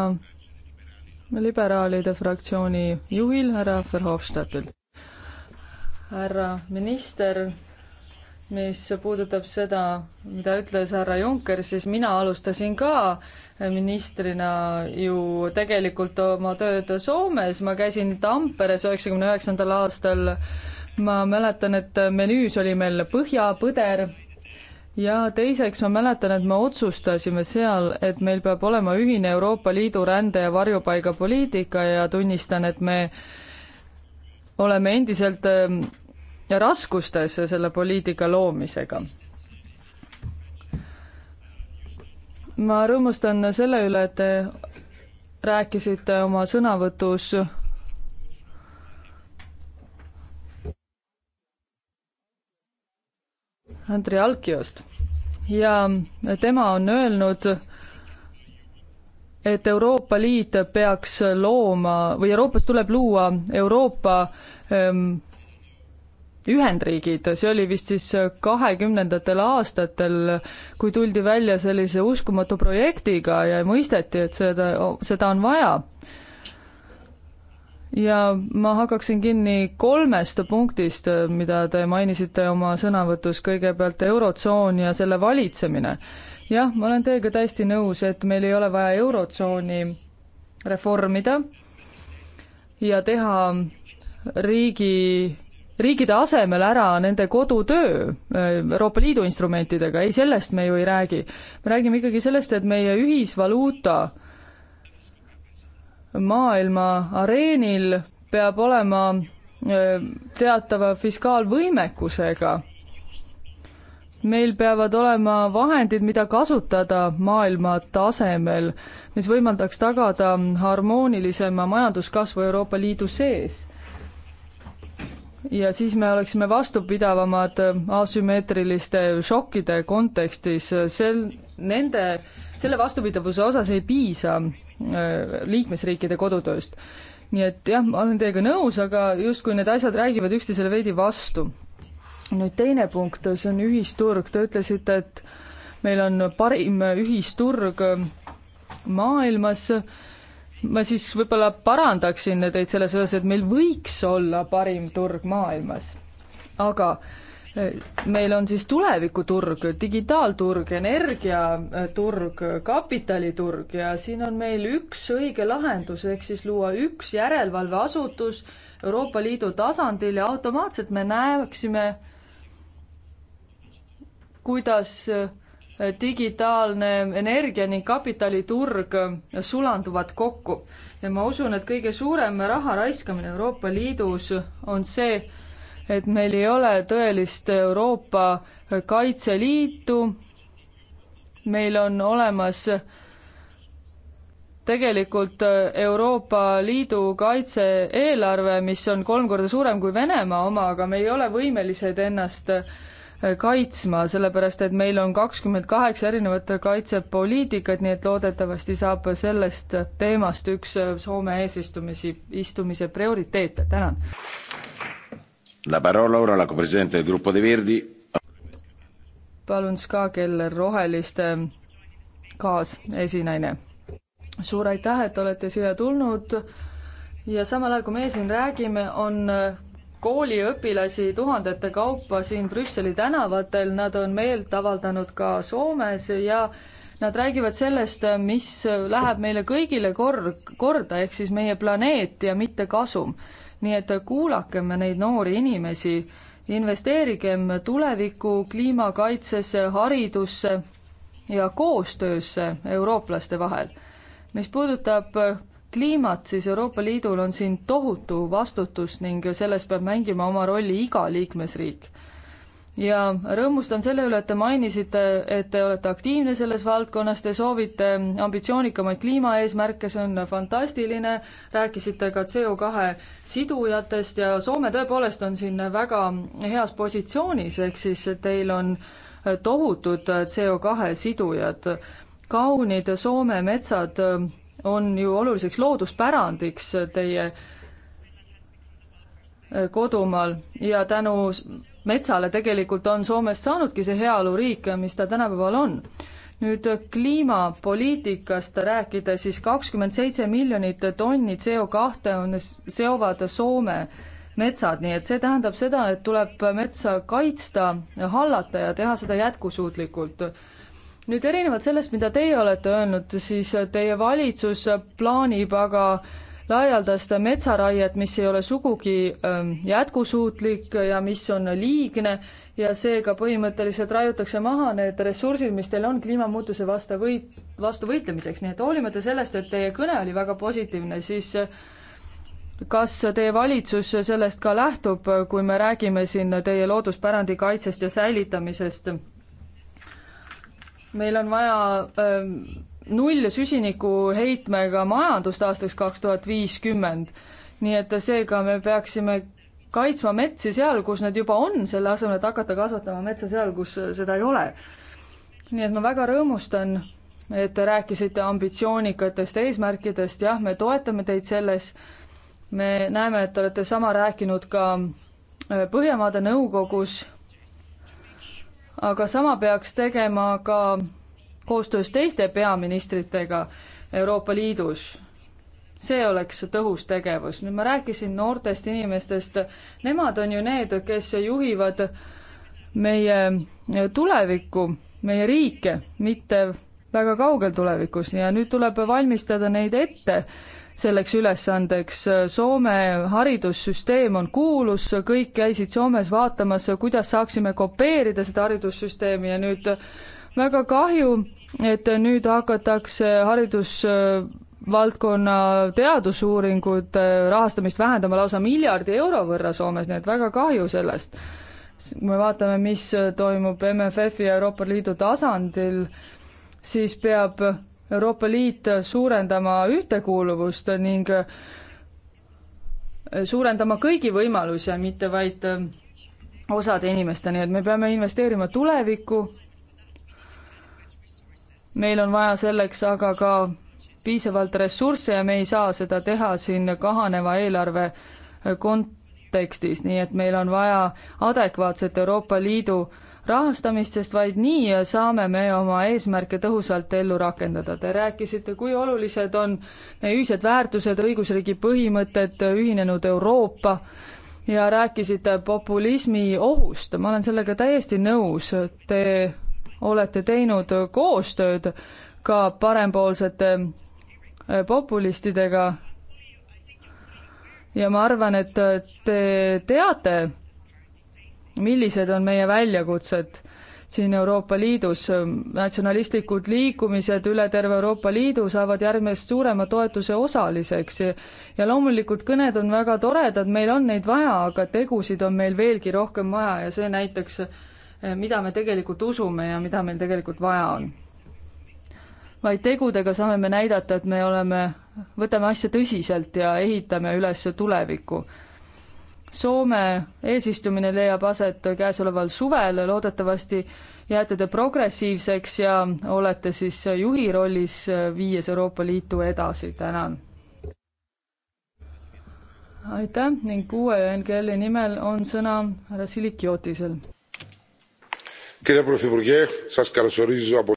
liberaalide fraktsiooni juhil härra Verhofstadtil. härra minister, mis puudutab seda, mida ütles härra Juncker, siis mina alustasin ka ministrina ju tegelikult oma tööd Soomes, ma käisin Tamperes üheksakümne üheksandal aastal ma mäletan, et menüüs oli meil põhjapõder ja teiseks ma mäletan, et me otsustasime seal, et meil peab olema ühine Euroopa Liidu rände- ja varjupaigapoliitika ja tunnistan, et me oleme endiselt äh, raskustes selle poliitika loomisega. ma rõõmustan selle üle, et te rääkisite oma sõnavõtus Andrialkiost ja tema on öelnud, et Euroopa Liit peaks looma või Euroopas tuleb luua Euroopa ähm, ühendriigid, see oli vist siis kahekümnendatel aastatel, kui tuldi välja sellise uskumatu projektiga ja mõisteti, et seda, seda on vaja ja ma hakkaksin kinni kolmest punktist, mida te mainisite oma sõnavõtus, kõigepealt Eurotsoon ja selle valitsemine. jah, ma olen teiega täiesti nõus, et meil ei ole vaja Eurotsooni reformida ja teha riigi, riikide asemel ära nende kodutöö äh, Euroopa Liidu instrumentidega, ei sellest me ju ei räägi. me räägime ikkagi sellest, et meie ühisvaluuta maailma areenil peab olema teatava fiskaalvõimekusega. meil peavad olema vahendid, mida kasutada maailma tasemel, mis võimaldaks tagada harmoonilisema majanduskasvu Euroopa Liidu sees. ja siis me oleksime vastupidavamad asümmeetriliste šokkide kontekstis, sel, nende, selle vastupidavuse osas ei piisa Äh, liikmesriikide kodutööst. nii et jah, ma olen teiega nõus, aga justkui need asjad räägivad üksteisele veidi vastu. nüüd teine punkt, see on ühisturg, te ütlesite, et meil on parim ühisturg maailmas, ma siis võib-olla parandaksin teid selles osas, et meil võiks olla parim turg maailmas. aga äh, meil on siis tulevikuturg, digitaalturg, energiaturg, kapitaliturg ja siin on meil üks õige lahendus, ehk siis luua üks järelevalveasutus Euroopa Liidu tasandil ja automaatselt me näeksime, kuidas digitaalne energia ning kapitaliturg sulanduvad kokku. ja ma usun, et kõige suurem raha raiskamine Euroopa Liidus on see, et meil ei ole tõelist Euroopa Kaitseliitu, meil on olemas tegelikult Euroopa Liidu kaitse-eelarve, mis on kolm korda suurem kui Venemaa oma, aga me ei ole võimelised ennast kaitsma, sellepärast et meil on kakskümmend kaheksa erinevat kaitsepoliitikat, nii et loodetavasti saab sellest teemast üks Soome eesistumisi, istumise prioriteete, tänan. La parola ora alla copresidente del gruppo de Verdi. palun Ska Keller, Roheliste kaasesinaine. suur aitäh, et olete siia tulnud ja samal ajal, kui meie siin räägime, on äh, kooliõpilasi tuhandete kaupa siin Brüsseli tänavatel, nad on meelt avaldanud ka Soomes ja nad räägivad sellest, äh, mis äh, läheb meile kõigile kor-, korda, ehk siis meie planeet ja mitte kasum nii et kuulakem neid noori inimesi, investeerigem tulevikku kliimakaitsesse, haridusse ja koostöösse eurooplaste vahel. mis puudutab kliimat, siis Euroopa Liidul on siin tohutu vastutus ning selles peab mängima oma rolli iga liikmesriik ja rõõmustan selle üle, et te mainisite, et te olete aktiivne selles valdkonnas, te soovite ambitsioonikamaid kliimaeesmärke, see on fantastiline, rääkisite ka CO2 sidujatest ja Soome tõepoolest on siin väga heas positsioonis, ehk siis teil on tohutud CO2 sidujad. kaunid Soome metsad on ju oluliseks looduspärandiks teie kodumaal ja tänu metsale tegelikult on Soomest saanudki see heaoluriik, mis ta tänapäeval on. nüüd kliimapoliitikast rääkida, siis kakskümmend seitse miljonit tonni CO kahte on, seovad Soome metsad, nii et see tähendab seda, et tuleb metsa kaitsta, hallata ja teha seda jätkusuutlikult. nüüd erinevalt sellest, mida teie olete öelnud, siis teie valitsus plaanib aga äh, laialdast metsaraiet, mis ei ole sugugi ähm, jätkusuutlik ja mis on liigne ja seega põhimõtteliselt raiutakse maha need ressursid, mis teil on kliimamuutuse vastu võit-, vastu võitlemiseks, nii et hoolimata sellest, et teie kõne oli väga positiivne, siis äh, kas teie valitsus sellest ka lähtub, kui me räägime siin teie looduspärandi kaitsest ja säilitamisest? meil on vaja öö, ähm, null süsinikuheitmega majandust aastaks kaks tuhat viiskümmend. nii et seega me peaksime kaitsma metsi seal, kus nad juba on, selle asemel, et hakata kasvatama metsa seal, kus seda ei ole. nii et ma väga rõõmustan, et te rääkisite ambitsioonikatest eesmärkidest, jah, me toetame teid selles, me näeme, et te olete sama rääkinud ka äh, Põhjamaade Nõukogus, aga sama peaks tegema ka koostöös teiste peaministritega Euroopa Liidus. see oleks tõhus tegevus. nüüd ma rääkisin noortest inimestest, nemad on ju need, kes juhivad meie tulevikku, meie riike, mitte väga kaugel tulevikus ja nüüd tuleb valmistada neid ette selleks ülesandeks. Soome haridussüsteem on kuulus, kõik käisid Soomes vaatamas, kuidas saaksime kopeerida seda haridussüsteemi ja nüüd väga kahju, et nüüd hakatakse haridusvaldkonna teadusuuringute rahastamist vähendama lausa miljardi euro võrra Soomes, nii et väga kahju sellest. kui me vaatame, mis toimub MFF-i ja Euroopa Liidu tasandil, siis peab Euroopa Liit suurendama ühtekuuluvust ning suurendama kõigi võimalusi ja mitte vaid osade inimesteni, et me peame investeerima tulevikku, meil on vaja selleks aga ka piisavalt ressursse ja me ei saa seda teha siin kahaneva eelarve kontekstis, nii et meil on vaja adekvaatset Euroopa Liidu rahastamist, sest vaid nii saame me oma eesmärke tõhusalt ellu rakendada. Te rääkisite, kui olulised on meie ühised väärtused, õigusriigi põhimõtted, ühinenud Euroopa ja rääkisite populismi ohust, ma olen sellega täiesti nõus, te olete teinud koostööd ka parempoolsete äh, populistidega. ja ma arvan, et äh, te teate, millised on meie väljakutsed siin Euroopa Liidus. natsionalistlikud liikumised üle terve Euroopa Liidu saavad järgmisest suurema toetuse osaliseks ja loomulikult kõned on väga toredad, meil on neid vaja, aga tegusid on meil veelgi rohkem vaja ja see näiteks Eh, mida me tegelikult usume ja mida meil tegelikult vaja on. vaid tegudega saame me näidata, et me oleme, võtame asja tõsiselt ja ehitame üles tulevikku. Soome eesistumine leiab aset käesoleval suvel, loodetavasti jääte te progressiivseks ja olete siis juhi rollis, viies Euroopa Liitu edasi, tänan. aitäh ning uue NGL-i nimel on sõna härra Silikiotisel Kirja Πρωθυπουργέ, σας καλωσορίζω από...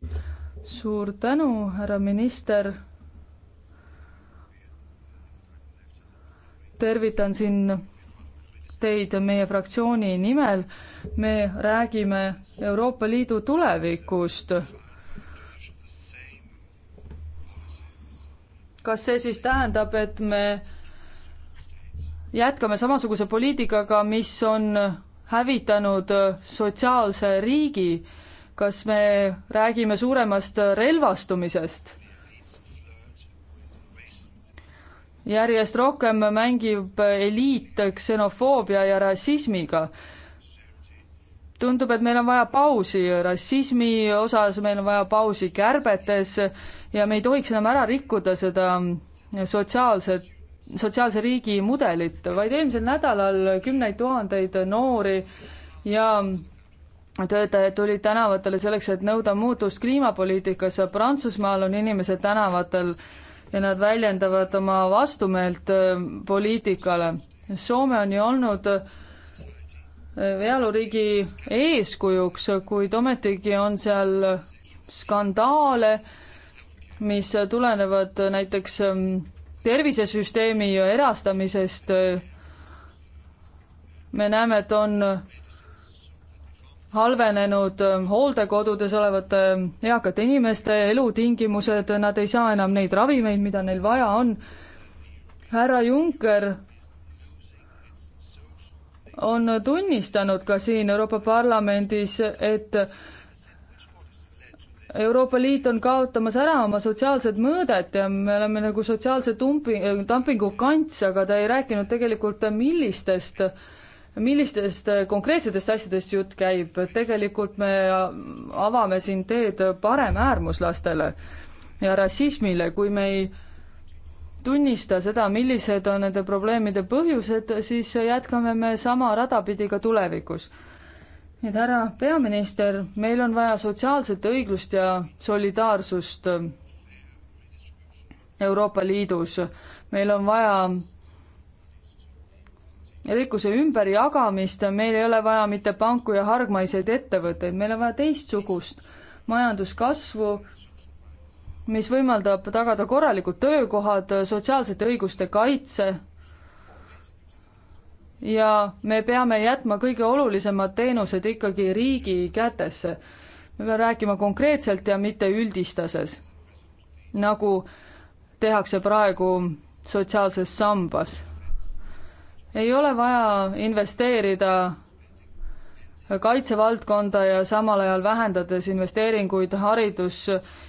Suur tänu, härra minister. tervitan siin teid meie fraktsiooni nimel. me räägime Euroopa Liidu tulevikust. kas see siis tähendab, et me jätkame samasuguse poliitikaga, mis on hävitanud äh, sotsiaalse riigi, kas me räägime suuremast äh, relvastumisest? järjest rohkem mängib äh, eliit ksenofoobia ja rassismiga. tundub, et meil on vaja pausi rassismi osas, meil on vaja pausi kärbetes ja me ei tohiks enam ära rikkuda seda mm, sotsiaalset sotsiaalse riigi mudelit, vaid eelmisel nädalal kümneid tuhandeid noori ja töötajad tulid tänavatele selleks, et nõuda muutust kliimapoliitikas ja Prantsusmaal on inimesed tänavatel ja nad väljendavad oma vastumeelt äh, poliitikale. Soome on ju olnud äh, heaoluriigi eeskujuks, kuid ometigi on seal skandaale, mis tulenevad näiteks ähm, tervisesüsteemi erastamisest me näeme, et on halvenenud hooldekodudes olevate eakate inimeste elutingimused, nad ei saa enam neid ravimeid, mida neil vaja on. härra Juncker on tunnistanud ka siin Euroopa Parlamendis, et Euroopa Liit on kaotamas ära oma sotsiaalsed mõõdet ja me oleme nagu sotsiaalse tumpi-, dumpingu kants, aga ta ei rääkinud tegelikult, millistest, millistest konkreetsetest asjadest jutt käib. tegelikult me avame siin teed paremäärmuslastele ja rassismile, kui me ei tunnista seda, millised on nende probleemide põhjused, siis jätkame me sama rada pidi ka tulevikus nii et härra peaminister, meil on vaja sotsiaalset õiglust ja solidaarsust Euroopa Liidus. meil on vaja rikkuse ümberjagamist, meil ei ole vaja mitte panku ja hargmaiseid ettevõtteid, meil on vaja teistsugust majanduskasvu, mis võimaldab tagada korralikud töökohad, sotsiaalsete õiguste kaitse ja me peame jätma kõige olulisemad teenused ikkagi riigi kätesse. me peame rääkima konkreetselt ja mitte üldistases, nagu tehakse praegu sotsiaalses sambas. ei ole vaja investeerida kaitsevaldkonda ja samal ajal vähendades investeeringuid haridus-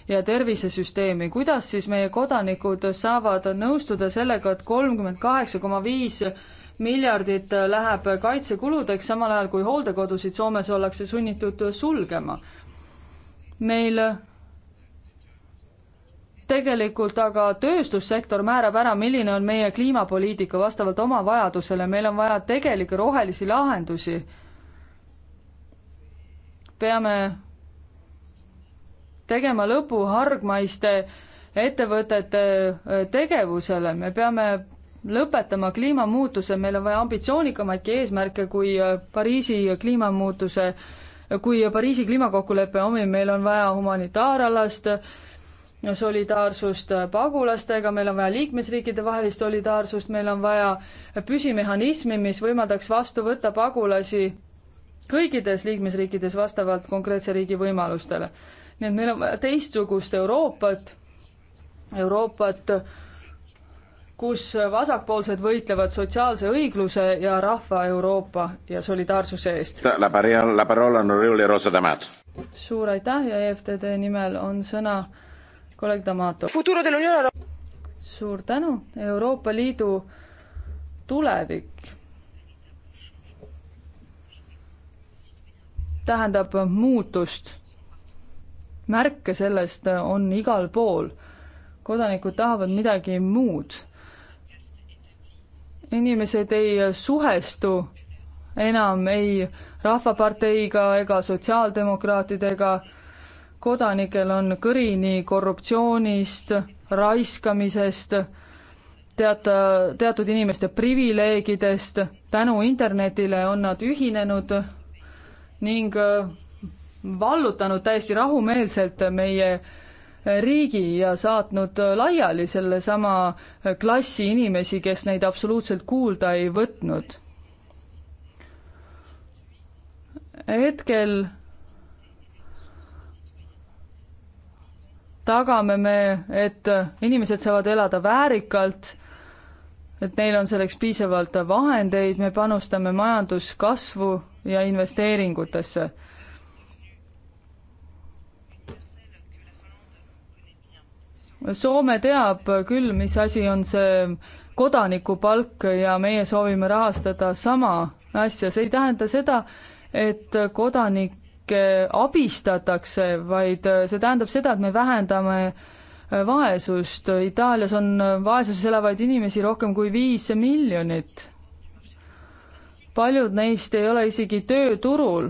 ja tervisesüsteemi. kuidas siis meie kodanikud saavad nõustuda sellega, et kolmkümmend kaheksa koma viis miljardit läheb kaitsekuludeks, samal ajal kui hooldekodusid Soomes ollakse sunnitud sulgema. meil tegelikult aga tööstussektor määrab ära, milline on meie kliimapoliitika vastavalt oma vajadusele, meil on vaja tegelikke rohelisi lahendusi. peame tegema lõpu hargmaiste ettevõtete tegevusele, me peame lõpetama kliimamuutuse, meil on vaja ambitsioonikamaidki eesmärke kui äh, Pariisi kliimamuutuse, äh, kui äh, Pariisi kliimakokkulepe omi, meil on vaja humanitaaralast solidaarsust pagulastega, meil on vaja liikmesriikide vahelist solidaarsust, meil on vaja püsimehhanismi, mis võimaldaks vastu võtta pagulasi kõikides liikmesriikides vastavalt konkreetse riigi võimalustele. nii et meil on vaja teistsugust Euroopat, Euroopat, kus vasakpoolsed võitlevad sotsiaalse õigluse ja rahva Euroopa ja solidaarsuse eest. suur aitäh ja EFTD nimel on sõna kolleeg Damato. suur tänu, Euroopa Liidu tulevik tähendab muutust. märke sellest on igal pool. kodanikud tahavad midagi muud inimesed ei suhestu enam ei Rahvaparteiga ega sotsiaaldemokraatidega. kodanikel on kõrini korruptsioonist, raiskamisest, teata, teatud inimeste privileegidest. tänu internetile on nad ühinenud ning vallutanud täiesti rahumeelselt meie riigi ja saatnud laiali sellesama klassi inimesi, kes neid absoluutselt kuulda ei võtnud. hetkel tagame me, et inimesed saavad elada väärikalt, et neil on selleks piisavalt vahendeid, me panustame majanduskasvu ja investeeringutesse Soome teab küll, mis asi on see kodanikupalk ja meie soovime rahastada sama asja, see ei tähenda seda, et kodanikke abistatakse, vaid see tähendab seda, et me vähendame vaesust, Itaalias on vaesuses elavaid inimesi rohkem kui viis miljonit. paljud neist ei ole isegi tööturul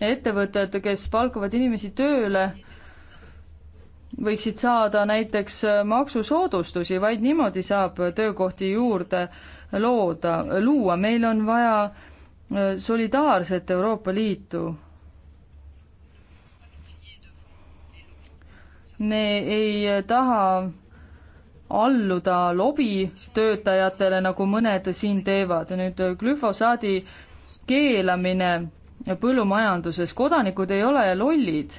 ettevõtted, kes palkavad inimesi tööle, võiksid saada näiteks maksusoodustusi, vaid niimoodi saab töökohti juurde looda, luua, meil on vaja äh, solidaarset Euroopa Liitu. me ei taha alluda lobitöötajatele, nagu mõned siin teevad, nüüd glüfosaadi keelamine põllumajanduses, kodanikud ei ole lollid.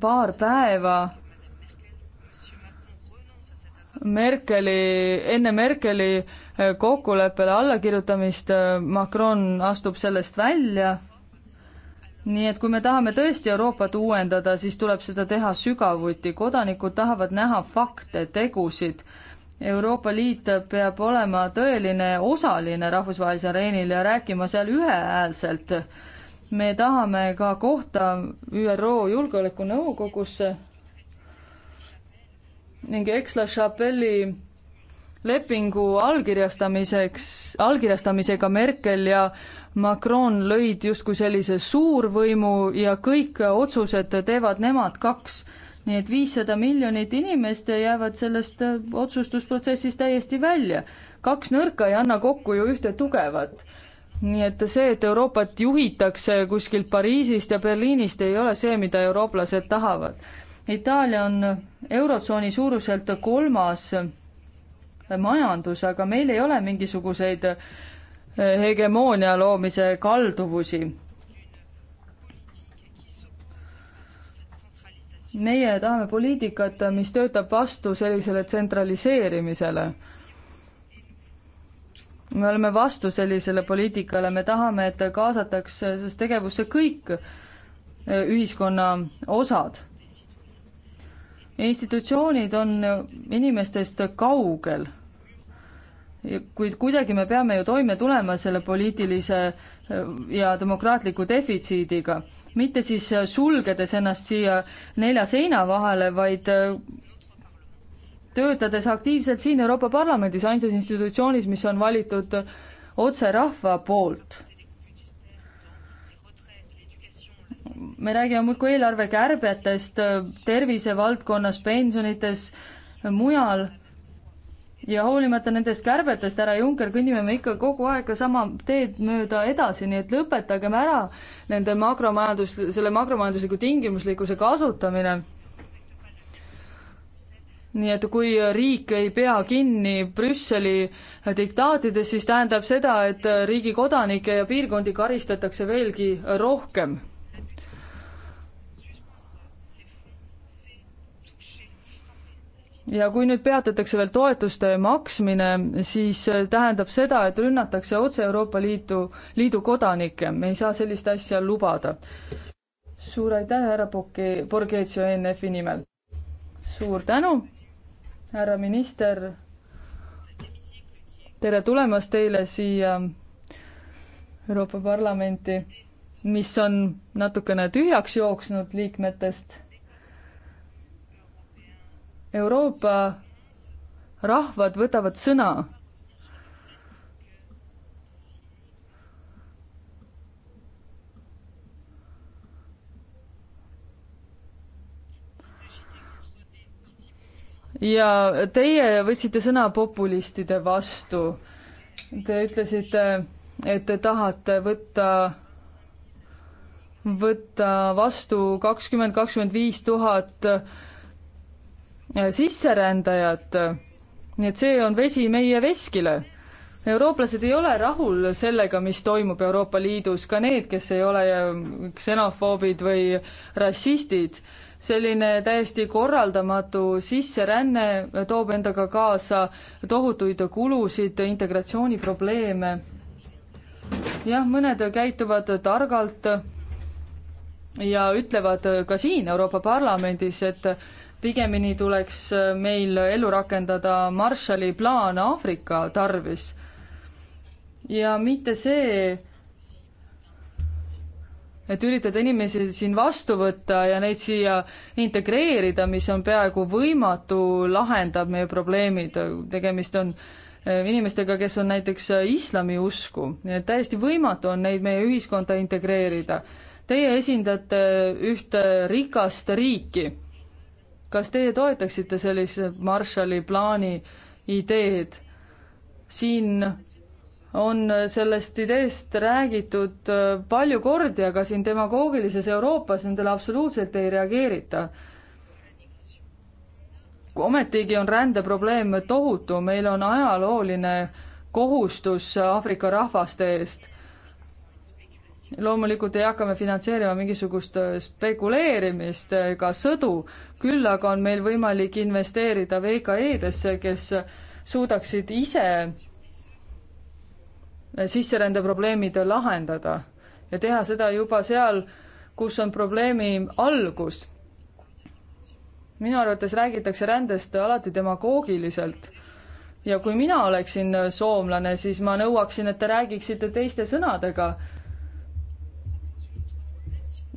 paar päeva Merkeli, enne Merkeli kokkuleppele allakirjutamist äh, Macron astub sellest välja. nii et kui me tahame tõesti Euroopat uuendada, siis tuleb seda teha sügavuti, kodanikud tahavad näha fakte, tegusid Euroopa Liit peab olema tõeline osaline rahvusvahelisel areenil ja rääkima seal ühehäälselt. me tahame ka kohta ÜRO Julgeolekunõukogusse ning Aix-la-Chapelle'i lepingu allkirjastamiseks, allkirjastamisega Merkel ja Macron lõid justkui sellise suurvõimu ja kõik otsused teevad nemad kaks nii et viissada miljonit inimest jäävad sellest äh, otsustusprotsessist täiesti välja. kaks nõrka ei anna kokku ju ühte tugevat nii et see, et Euroopat juhitakse kuskilt Pariisist ja Berliinist, ei ole see, mida eurooplased tahavad. Itaalia on Eurotsooni suuruselt kolmas majandus, aga meil ei ole mingisuguseid äh, hegemoonia loomise kalduvusi meie tahame poliitikat, mis töötab vastu sellisele tsentraliseerimisele. me oleme vastu sellisele poliitikale, me tahame, et kaasataks sellesse tegevusse kõik eh, ühiskonna osad. institutsioonid on inimestest kaugel. kuid kuidagi me peame ju toime tulema selle poliitilise eh, ja demokraatliku defitsiidiga mitte siis äh, sulgedes ennast siia nelja seina vahele, vaid äh, töötades aktiivselt siin Euroopa Parlamendis, ainsas institutsioonis, mis on valitud äh, otse rahva poolt. me räägime muudkui eelarvekärbetest tervisevaldkonnas, pensionites, mujal ja hoolimata nendest kärbetest, härra Juncker, kõnnime me ikka kogu aeg sama teed mööda edasi, nii et lõpetagem ära nende makromajandus, selle makromajandusliku tingimuslikkuse kasutamine nii et kui riik ei pea kinni Brüsseli diktaatidest, siis tähendab seda, et riigi kodanikke ja piirkondi karistatakse veelgi rohkem. ja kui nüüd peatatakse veel toetuste maksmine, siis äh, tähendab seda, et rünnatakse otse Euroopa Liidu, liidu kodanikke, me ei saa sellist asja lubada. suur aitäh, härra Borge-, Borghezio ENF-i nimel. suur tänu, härra minister. tere tulemast teile siia Euroopa Parlamenti, mis on natukene tühjaks jooksnud liikmetest Euroopa rahvad võtavad sõna. ja teie võtsite sõna populistide vastu. Te ütlesite, et te tahate võtta võtta vastu kakskümmend, kakskümmend viis tuhat Äh, sisserändajad. nii et see on vesi meie veskile. eurooplased ei ole rahul sellega, mis toimub Euroopa Liidus, ka need, kes ei ole äh, ksenofoobid või rassistid. selline täiesti korraldamatu sisseränne toob endaga kaasa tohutuid kulusid, integratsiooniprobleeme. jah, mõned käituvad targalt ja ütlevad ka siin Euroopa Parlamendis, et pigemini tuleks äh, meil ellu rakendada Marshalli plaan Aafrika tarvis. ja mitte see, et üritada inimesi siin vastu võtta ja neid siia integreerida, mis on peaaegu võimatu, lahendab meie probleemid, tegemist on äh, inimestega, kes on näiteks äh, islami usku, nii et täiesti võimatu on neid meie ühiskonda integreerida. Teie esindate ühte rikast riiki kas teie toetaksite sellise Marshalli plaani ideed? siin on sellest ideest räägitud äh, palju kordi, aga siin demagoogilises Euroopas nendele absoluutselt ei reageerita. ometigi on rändeprobleem tohutu, meil on ajalooline kohustus Aafrika rahvaste eest loomulikult ei hakka me finantseerima mingisugust äh, spekuleerimist äh, ega sõdu, küll aga on meil võimalik investeerida VKE-desse, kes suudaksid ise äh, sisserändeprobleemid lahendada ja teha seda juba seal, kus on probleemi algus. minu arvates räägitakse rändest alati demagoogiliselt ja kui mina oleksin soomlane, siis ma nõuaksin, et te räägiksite teiste sõnadega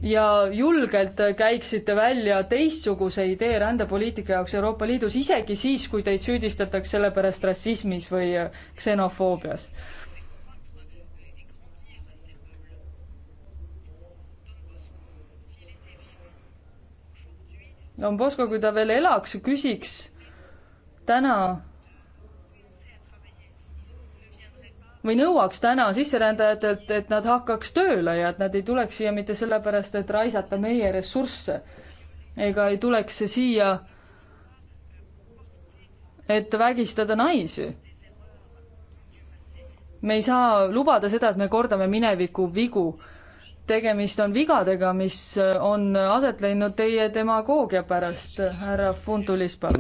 ja julgelt käiksite välja teistsuguse idee rändepoliitika jaoks Euroopa Liidus, isegi siis, kui teid süüdistatakse selle pärast rassismis või ksenofoobias. Don Bosco, kui ta veel elaks, küsiks täna või nõuaks täna sisserändajatelt, et nad hakkaks tööle ja et nad ei tuleks siia mitte sellepärast, et raisata meie ressursse ega ei tuleks siia, et vägistada naisi. me ei saa lubada seda, et me kordame mineviku vigu. tegemist on vigadega, mis on aset leidnud teie demagoogia pärast, härra Funtulispa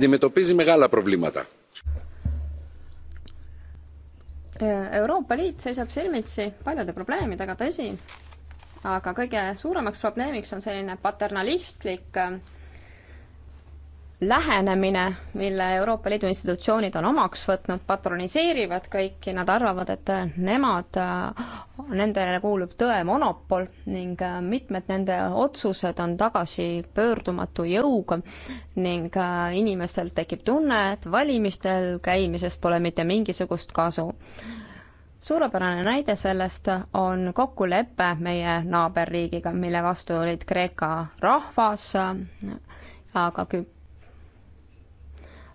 Euroopa Liit seisab silmitsi paljude probleemidega, tõsi, aga kõige suuremaks probleemiks on selline paternalistlik äh, lähenemine, mille Euroopa Liidu institutsioonid on omaks võtnud, patroniseerivad kõiki, nad arvavad, et nemad, nendele kuulub tõe monopol ning mitmed nende otsused on tagasipöördumatu jõuga ning inimestel tekib tunne, et valimistel käimisest pole mitte mingisugust kasu suurepärane näide sellest on kokkulepe meie naaberriigiga, mille vastu olid Kreeka rahvas, aga Küp-,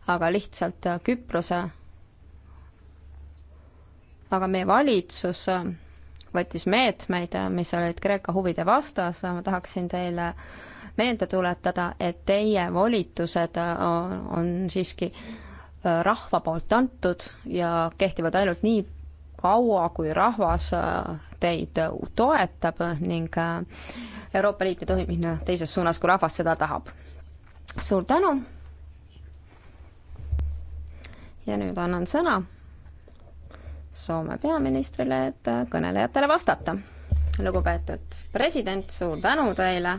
aga lihtsalt äh, Küprose, aga meie valitsus äh, võttis meetmeid, äh, mis olid Kreeka huvide vastas, ma tahaksin teile meelde tuletada, et teie volitused on, on siiski rahva poolt antud ja kehtivad ainult nii kaua, kui rahvas teid toetab ning Euroopa Liit ei tohi minna teises suunas, kui rahvas seda tahab. suur tänu ja nüüd annan sõna Soome peaministrile, et kõnelejatele vastata. lugupeetud president, suur tänu teile,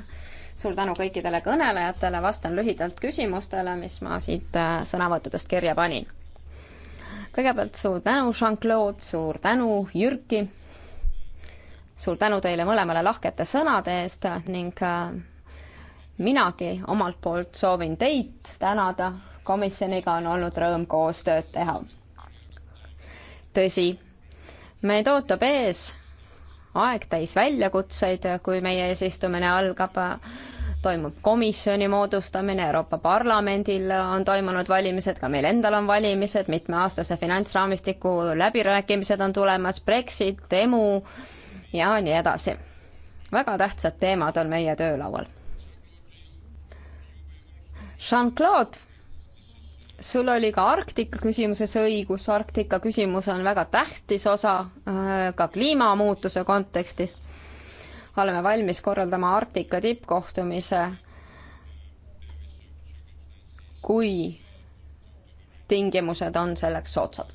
suur tänu kõikidele kõnelejatele, vastan lühidalt küsimustele, mis ma siit äh, sõnavõttudest kirja panin. kõigepealt suur tänu, Jean-Claude, suur tänu, Jürki, suur tänu teile mõlemale lahkete sõnade eest ning äh, minagi omalt poolt soovin teid tänada komisjoniga on olnud rõõm koostööd teha. tõsi, meid ootab ees aeg täis väljakutseid, kui meie eesistumine algab toimub komisjoni moodustamine, Euroopa Parlamendil on toimunud valimised, ka meil endal on valimised, mitmeaastase finantsraamistiku läbirääkimised on tulemas, Brexit, EMU ja nii edasi. väga tähtsad teemad on meie töölaual. Jean-Claude sul oli ka Arktika küsimuses õigus, Arktika küsimus on väga tähtis osa äh, ka kliimamuutuse kontekstis. oleme valmis korraldama Arktika tippkohtumise, kui tingimused on selleks soodsad.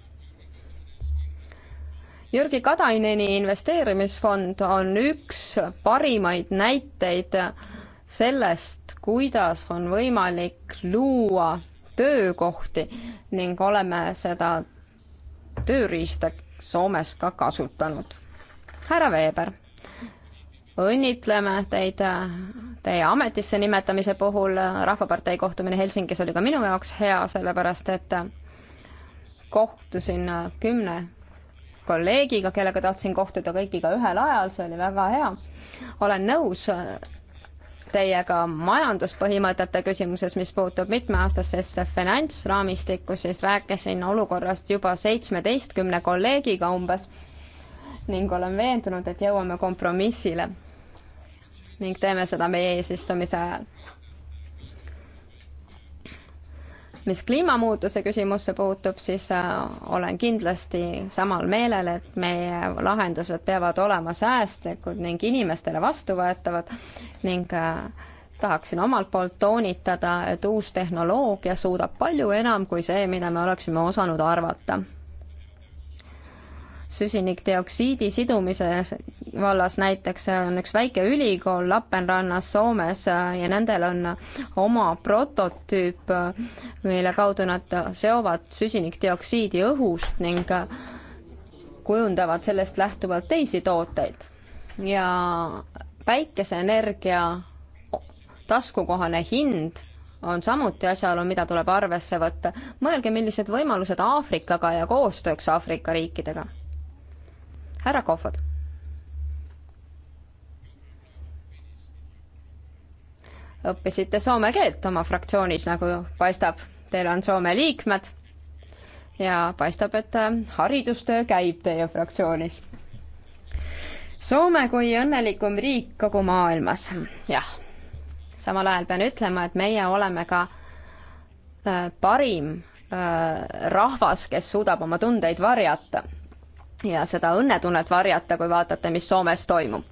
Jürgi Kataineni investeerimisfond on üks parimaid näiteid sellest, kuidas on võimalik luua töökohti ning oleme seda tööriista Soomes ka kasutanud. härra Veeber, õnnitleme teid teie ametisse nimetamise puhul, Rahvapartei kohtumine Helsingis oli ka minu jaoks hea, sellepärast et kohtusin kümne kolleegiga, kellega tahtsin kohtuda kõigiga ühel ajal, see oli väga hea. olen nõus teiega majanduspõhimõtete küsimuses, mis puutub mitmeaastasesse finantsraamistikku, siis rääkisin olukorrast juba seitsmeteistkümne kolleegiga umbes ning olen veendunud, et jõuame kompromissile. ning teeme seda meie eesistumise ajal mis kliimamuutuse küsimusse puutub, siis äh, olen kindlasti samal meelel, et meie lahendused peavad olema säästlikud ning inimestele vastuvõetavad ning äh, tahaksin omalt poolt toonitada, et uus tehnoloogia suudab palju enam kui see, mida me oleksime osanud arvata süsinikdioksiidi sidumise vallas näiteks on üks väike ülikool Lapenrannas Soomes äh, ja nendel on oma prototüüp, äh, mille kaudu nad seovad süsinikdioksiidi õhust ning äh, kujundavad sellest lähtuvalt teisi tooteid ja päikeseenergia taskukohane hind on samuti asjaolu, mida tuleb arvesse võtta. mõelge, millised võimalused Aafrikaga ja koostööks Aafrika riikidega härra Kohvad. õppisite soome keelt oma fraktsioonis, nagu paistab, teil on Soome liikmed ja paistab, et äh, haridustöö käib teie fraktsioonis. Soome kui õnnelikum riik kogu maailmas, jah. samal ajal pean ütlema, et meie oleme ka äh, parim äh, rahvas, kes suudab oma tundeid varjata ja seda õnnetunnet varjata, kui vaatate, mis Soomes toimub.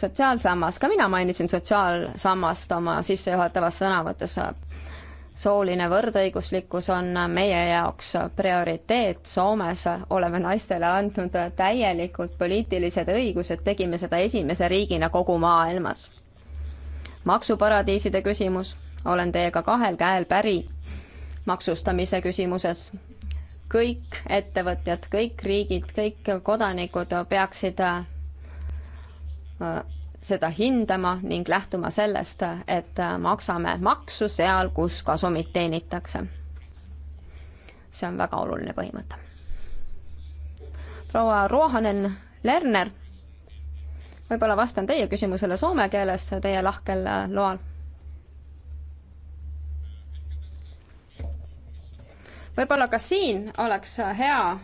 sotsiaalsammas, ka mina mainisin sotsiaalsammast oma sissejuhatavas sõnavõttes. sooline võrdõiguslikkus on meie jaoks prioriteet, Soomes oleme naistele andnud täielikult poliitilised õigused, tegime seda esimese riigina kogu maailmas. maksuparadiiside küsimus, olen teiega kahel käel päri maksustamise küsimuses kõik ettevõtjad, kõik riigid, kõik kodanikud peaksid äh, seda hindama ning lähtuma sellest, et maksame maksu seal, kus kasumit teenitakse. see on väga oluline põhimõte. proua Rohanen Lerner, võib-olla vastan teie küsimusele soome keeles teie lahkel äh, loal võib-olla ka siin oleks hea äh,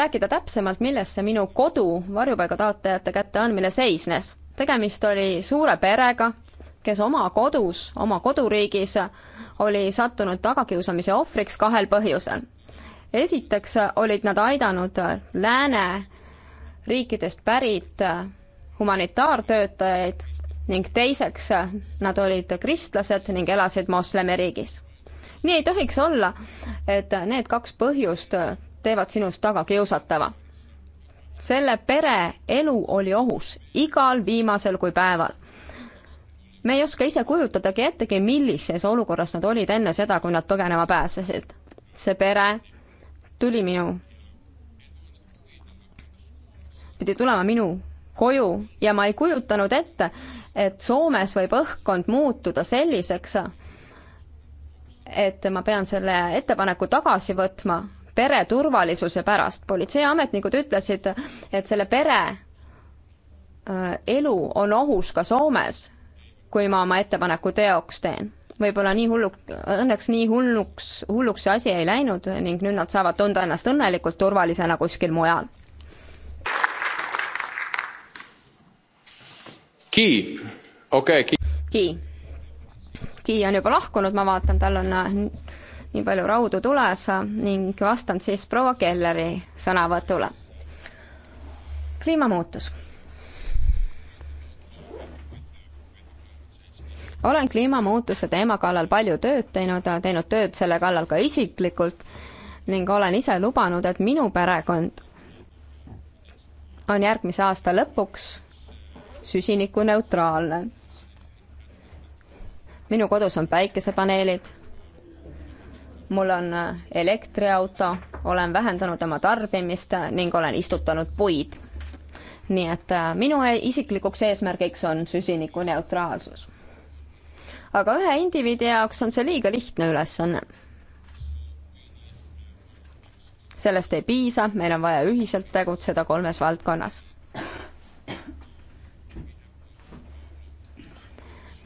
rääkida täpsemalt, milles see minu kodu varjupaiga taotlejate kätte andmine seisnes. tegemist oli suure perega, kes oma kodus, oma koduriigis oli sattunud tagakiusamise ohvriks kahel põhjusel. esiteks olid nad aidanud lääne riikidest pärit humanitaartöötajaid ning teiseks nad olid kristlased ning elasid moslemiriigis nii ei tohiks olla, et need kaks põhjust teevad sinust tagakiusatava. selle pere elu oli ohus igal viimasel kui päeval me ei oska ise kujutadagi ettegi, millises olukorras nad olid enne seda, kui nad põgenema pääsesid. see pere tuli minu, pidi tulema minu koju ja ma ei kujutanud ette, et Soomes võib õhkkond muutuda selliseks, et ma pean selle ettepaneku tagasi võtma pere turvalisuse pärast. politseiametnikud ütlesid, et selle pere äh, elu on ohus ka Soomes, kui ma oma ettepaneku teoks teen võib-olla nii hulluk, õnneks nii hulluks, hulluks see asi ei läinud ning nüüd nad saavad tunda ennast õnnelikult turvalisena kuskil mujal. Key, okei okay,. Key. Ski on juba lahkunud, ma vaatan, tal on äh, nii palju raudu tules äh, ning vastan siis proua Kelleri sõnavõtule. kliimamuutus. olen kliimamuutuse teema kallal palju tööd teinud, teinud tööd selle kallal ka isiklikult ning olen ise lubanud, et minu perekond on järgmise aasta lõpuks süsinikuneutraalne minu kodus on päikesepaneelid, mul on äh, elektriauto, olen vähendanud oma tarbimist ning olen istutanud puid. nii et äh, minu e-, isiklikuks eesmärgiks on süsinikuneutraalsus. aga ühe indiviidi jaoks on see liiga lihtne ülesanne. sellest ei piisa, meil on vaja ühiselt tegutseda kolmes valdkonnas.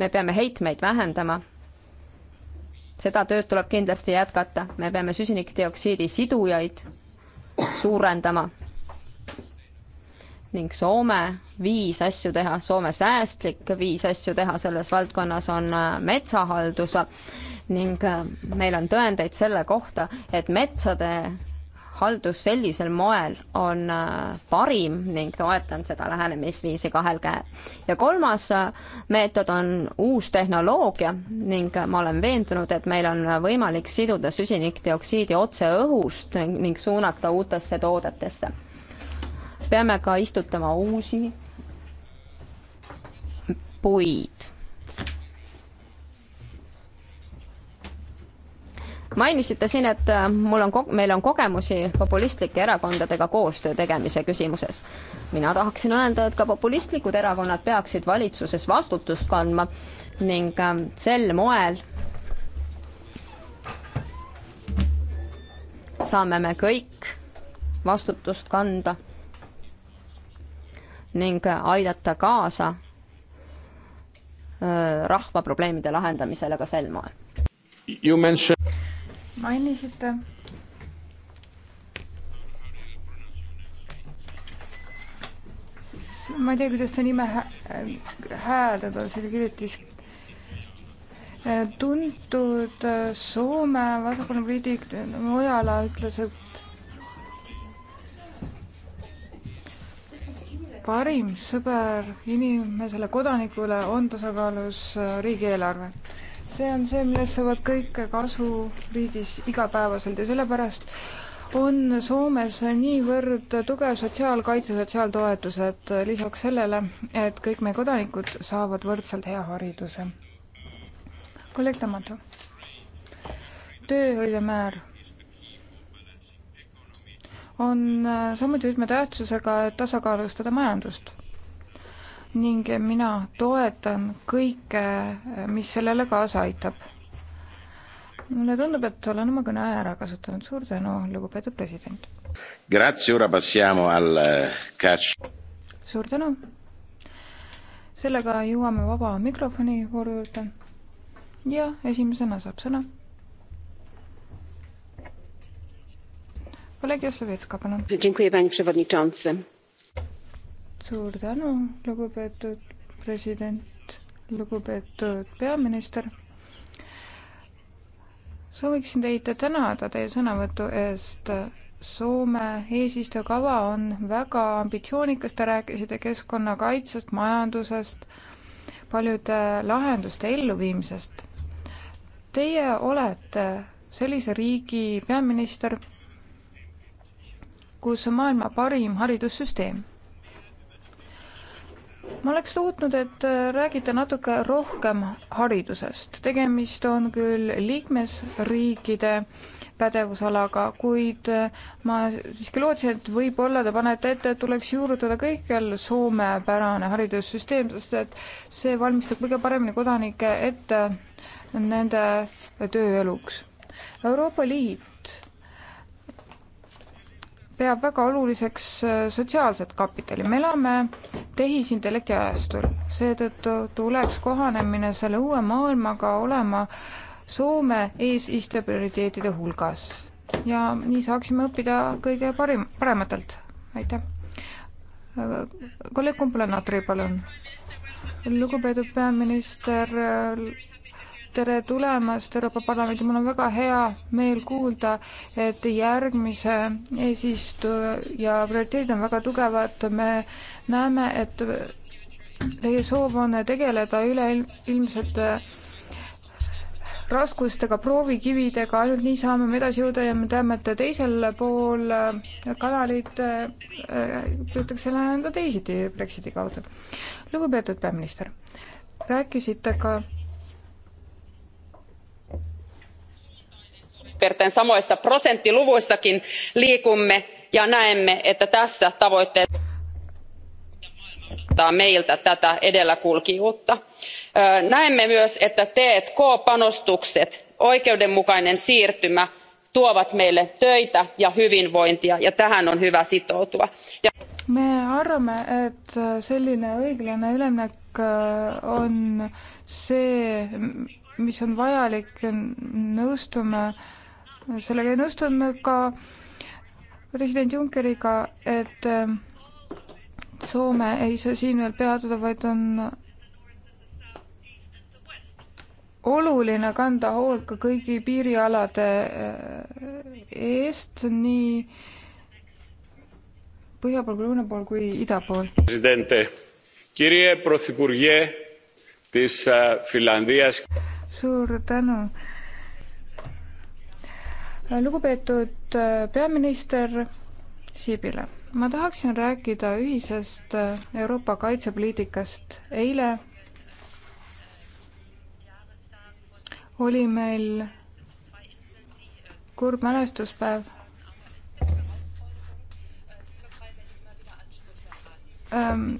me peame heitmeid vähendama. seda tööd tuleb kindlasti jätkata, me peame süsinikdioksiidi sidujaid suurendama. ning Soome viis asju teha, Soome säästlik viis asju teha selles valdkonnas on äh, metsahaldus ning äh, meil on tõendeid selle kohta, et metsade haldus sellisel moel on äh, parim ning toetan seda lähenemisviisi kahel käel. ja kolmas äh, meetod on uus tehnoloogia ning äh, ma olen veendunud, et meil on võimalik siduda süsinikdioksiidi otse õhust ning suunata uutesse toodetesse. peame ka istutama uusi puid mainisite siin, et äh, mul on, meil on kogemusi populistlike erakondadega koostöö tegemise küsimuses. mina tahaksin öelda, et ka populistlikud erakonnad peaksid valitsuses vastutust kandma ning äh, sel moel saame me kõik vastutust kanda ning äh, aidata kaasa rahva probleemide lahendamisele ka sel moel mainisite. ma ei tea, kuidas ta nime äh, hääldada, see oli kirjutis äh, tuntud äh, Soome vasakpoolne poliitik Ojala ütles, et parim sõber inimesele, kodanikule on tasakaalus riigieelarve see on see, millest saavad kõik kasu riigis igapäevaselt ja sellepärast on Soomes niivõrd tugev sotsiaalkaitse, sotsiaaltoetused lisaks sellele, et kõik meie kodanikud saavad võrdselt hea hariduse. kolleeg Tamatu. tööhõive määr on samuti võtmetähtsusega, et tasakaalustada majandust ning mina toetan kõike, mis sellele kaasa aitab. mulle tundub, et olen oma kõne ära kasutanud, suur tänu, lugupeetud president. Eh, suur tänu. sellega jõuame vaba mikrofoni vooru juurde ja esimesena saab sõna kolleeg Jaslovetska, palun suur tänu, lugupeetud president, lugupeetud peaminister. sooviksin teid tänada teie sõnavõtu eest. Soome eesistujakava on väga ambitsioonikas, te rääkisite keskkonnakaitsest, majandusest, paljude lahenduste elluviimisest. Teie olete sellise riigi peaminister, kus on maailma parim haridussüsteem ma oleks lootnud, et äh, räägite natuke rohkem haridusest. tegemist on küll liikmesriikide pädevusalaga, kuid äh, ma siiski lootsin, et võib-olla te panete ette, et tuleks juurutada kõikjal soomepärane haridussüsteem, sest et see valmistab kõige paremini kodanikke ette nende tööeluks. Euroopa Liit peab väga oluliseks äh, sotsiaalset kapitali. me elame tehisintellekti ajastul, seetõttu tuleks kohanemine selle uue maailmaga olema Soome eesistuja prioriteetide hulgas ja nii saaksime õppida kõige parim, parematelt. aitäh. Äh, kolleeg Kumpula-Natri, palun. lugupeetud peaminister, tere tulemast Euroopa Parlamendi, mul on väga hea meel kuulda, et järgmise eesistuja prioriteedid on väga tugevad, me näeme, et teie soov on tegeleda üleilmsete raskustega, proovikividega, ainult nii saame me edasi jõuda ja me teame, et teisel pool kanalit äh, püütakse lahendada teisiti Brexiti kaudu. lugupeetud peaminister, rääkisite ka suurin piirtein samoissa prosenttiluvuissakin liikumme ja näemme että tässä tavoitteet odottaa meiltä tätä edelläkulkijuutta. näemme myös että t k panostukset oikeudenmukainen siirtymä tuovat meille töitä ja hyvinvointia ja tähän on hyvä sitoutua. me arvame et selline õiglane üleminek on see mis on vajalik nõustume sellega ei nõustunud ka president Junckeriga, et ähm, Soome ei saa siin veel peatuda, vaid on oluline kanda hoolt ka kõigi piirialade äh, eest, nii põhja pool kui lõuna pool kui ida pool. Äh, suur tänu lugupeetud äh, peaminister Siibile, ma tahaksin rääkida ühisest äh, Euroopa kaitsepoliitikast. eile oli meil kurb mälestuspäev. Ähm,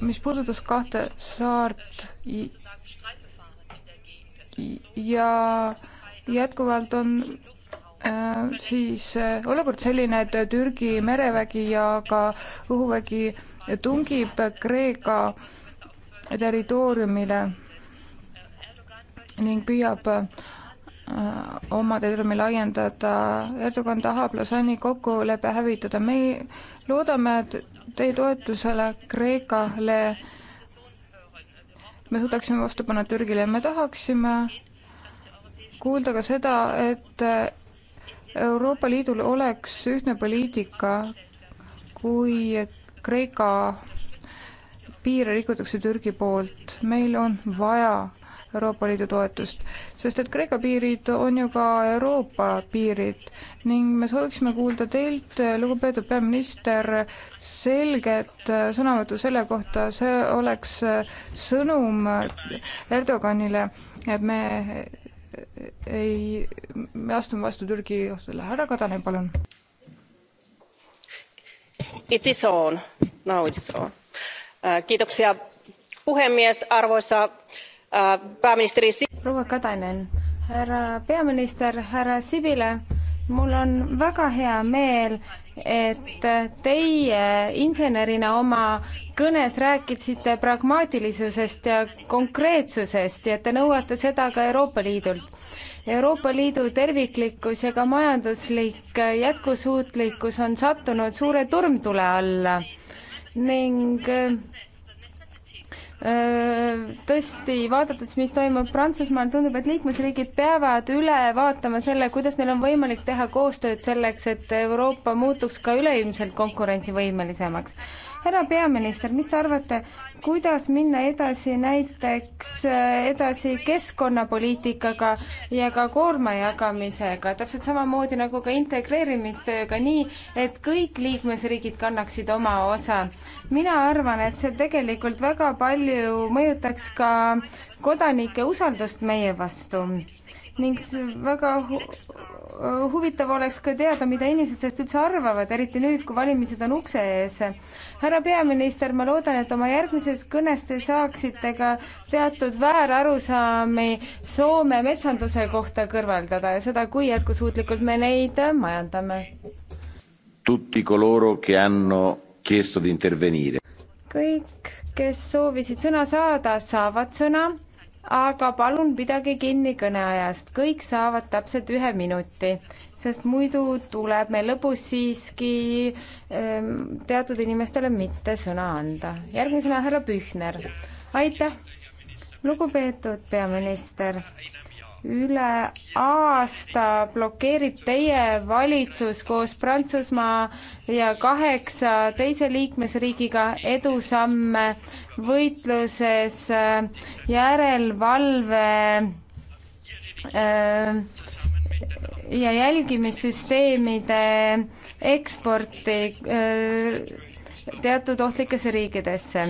mis puudutas kahte saart ja jätkuvalt on Äh, siis äh, olukord selline, et Türgi merevägi ja ka õhuvägi tungib Kreeka territooriumile ning püüab äh, oma territooriumi laiendada. Erdogan tahab Lausanne'i kokkulepe hävitada. me loodame teie toetusele Kreekale. me suudaksime vastu panna Türgile. me tahaksime kuulda ka seda, et Euroopa Liidul oleks ühtne poliitika, kui Kreeka piire rikutakse Türgi poolt. meil on vaja Euroopa Liidu toetust, sest et Kreeka piirid on ju ka Euroopa piirid ning me sooviksime kuulda teilt, lugupeetud peaminister, selget sõnavõttu selle kohta, see oleks sõnum Erdoganile, et me ei, me astume vastu Türgi ohtudele. härra Kadanen, palun. It is on, now it is on. Äh, kiitoksia puhemies, arvoisa äh, pääministeri. proua Kadanen, härra peaminister, härra Sibile, mul on väga hea meel, et teie insenerina oma kõnes rääkisite pragmaatilisusest ja konkreetsusest ja te nõuate seda ka Euroopa Liidult Euroopa Liidu terviklikkus ja ka majanduslik jätkusuutlikkus on sattunud suure turmtule alla ning Äh, tõesti, vaadates, mis toimub Prantsusmaal, tundub, et liikmesriigid peavad üle vaatama selle, kuidas neil on võimalik teha koostööd selleks, et Euroopa muutuks ka üleilmselt konkurentsivõimelisemaks härra peaminister, mis te arvate, kuidas minna edasi näiteks äh, edasi keskkonnapoliitikaga ja ka koorma jagamisega, täpselt samamoodi nagu ka integreerimistööga, nii et kõik liikmesriigid kannaksid oma osa. mina arvan, et see tegelikult väga palju mõjutaks ka kodanike usaldust meie vastu ning väga huvitav oleks ka teada, mida inimesed sellest üldse arvavad, eriti nüüd, kui valimised on ukse ees. härra peaminister, ma loodan, et oma järgmises kõnes te saaksite ka teatud väärarusaami Soome metsanduse kohta kõrvaldada ja seda, kui jätkusuutlikult me neid majandame. Tutti coloro che hanno chiesto di intervenire. kõik, kes soovisid sõna saada, saavad sõna aga palun pidage kinni kõneajast, kõik saavad täpselt ühe minuti, sest muidu tuleb meil lõpus siiski ehm, teatud inimestele mitte sõna anda. järgmisena härra Pühner. aitäh, lugupeetud peaminister üle aasta blokeerib teie valitsus koos Prantsusmaa ja kaheksa teise liikmesriigiga edusamme võitluses äh, järelevalve äh, ja jälgimissüsteemide eksporti äh, teatud ohtlikesse riikidesse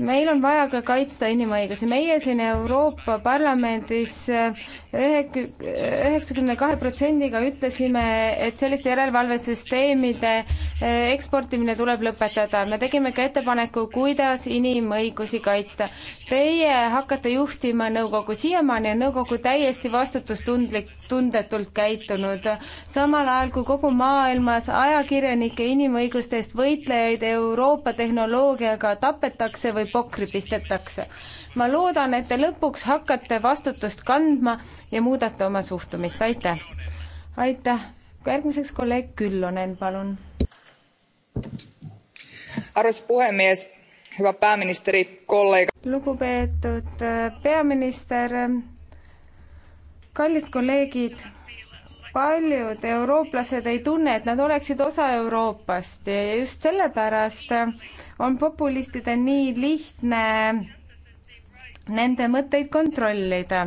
meil on vaja ka kaitsta inimõigusi. meie siin Euroopa Parlamendis eh, eh, üheksakümne kahe protsendiga ütlesime, et selliste järelevalvesüsteemide eh, eksportimine tuleb lõpetada. me tegime ka ettepaneku, kuidas inimõigusi kaitsta. Teie hakkate juhtima nõukogu, siiamaani on nõukogu täiesti vastutustundlik vastutustundetult käitunud. samal ajal kui kogu maailmas ajakirjanikke, inimõiguste eest võitlejaid Euroopa tehnoloogiaga tapetakse või pokri pistetakse. ma loodan, et te lõpuks hakkate vastutust kandma ja muudate oma suhtumist, aitäh! aitäh! järgmiseks kolleeg Küllonen, palun. arvoisa puhemies, hüva pääministri, kolleeg. lugupeetud äh, peaminister kallid kolleegid, paljud eurooplased ei tunne, et nad oleksid osa Euroopast ja just sellepärast on populistidel nii lihtne nende mõtteid kontrollida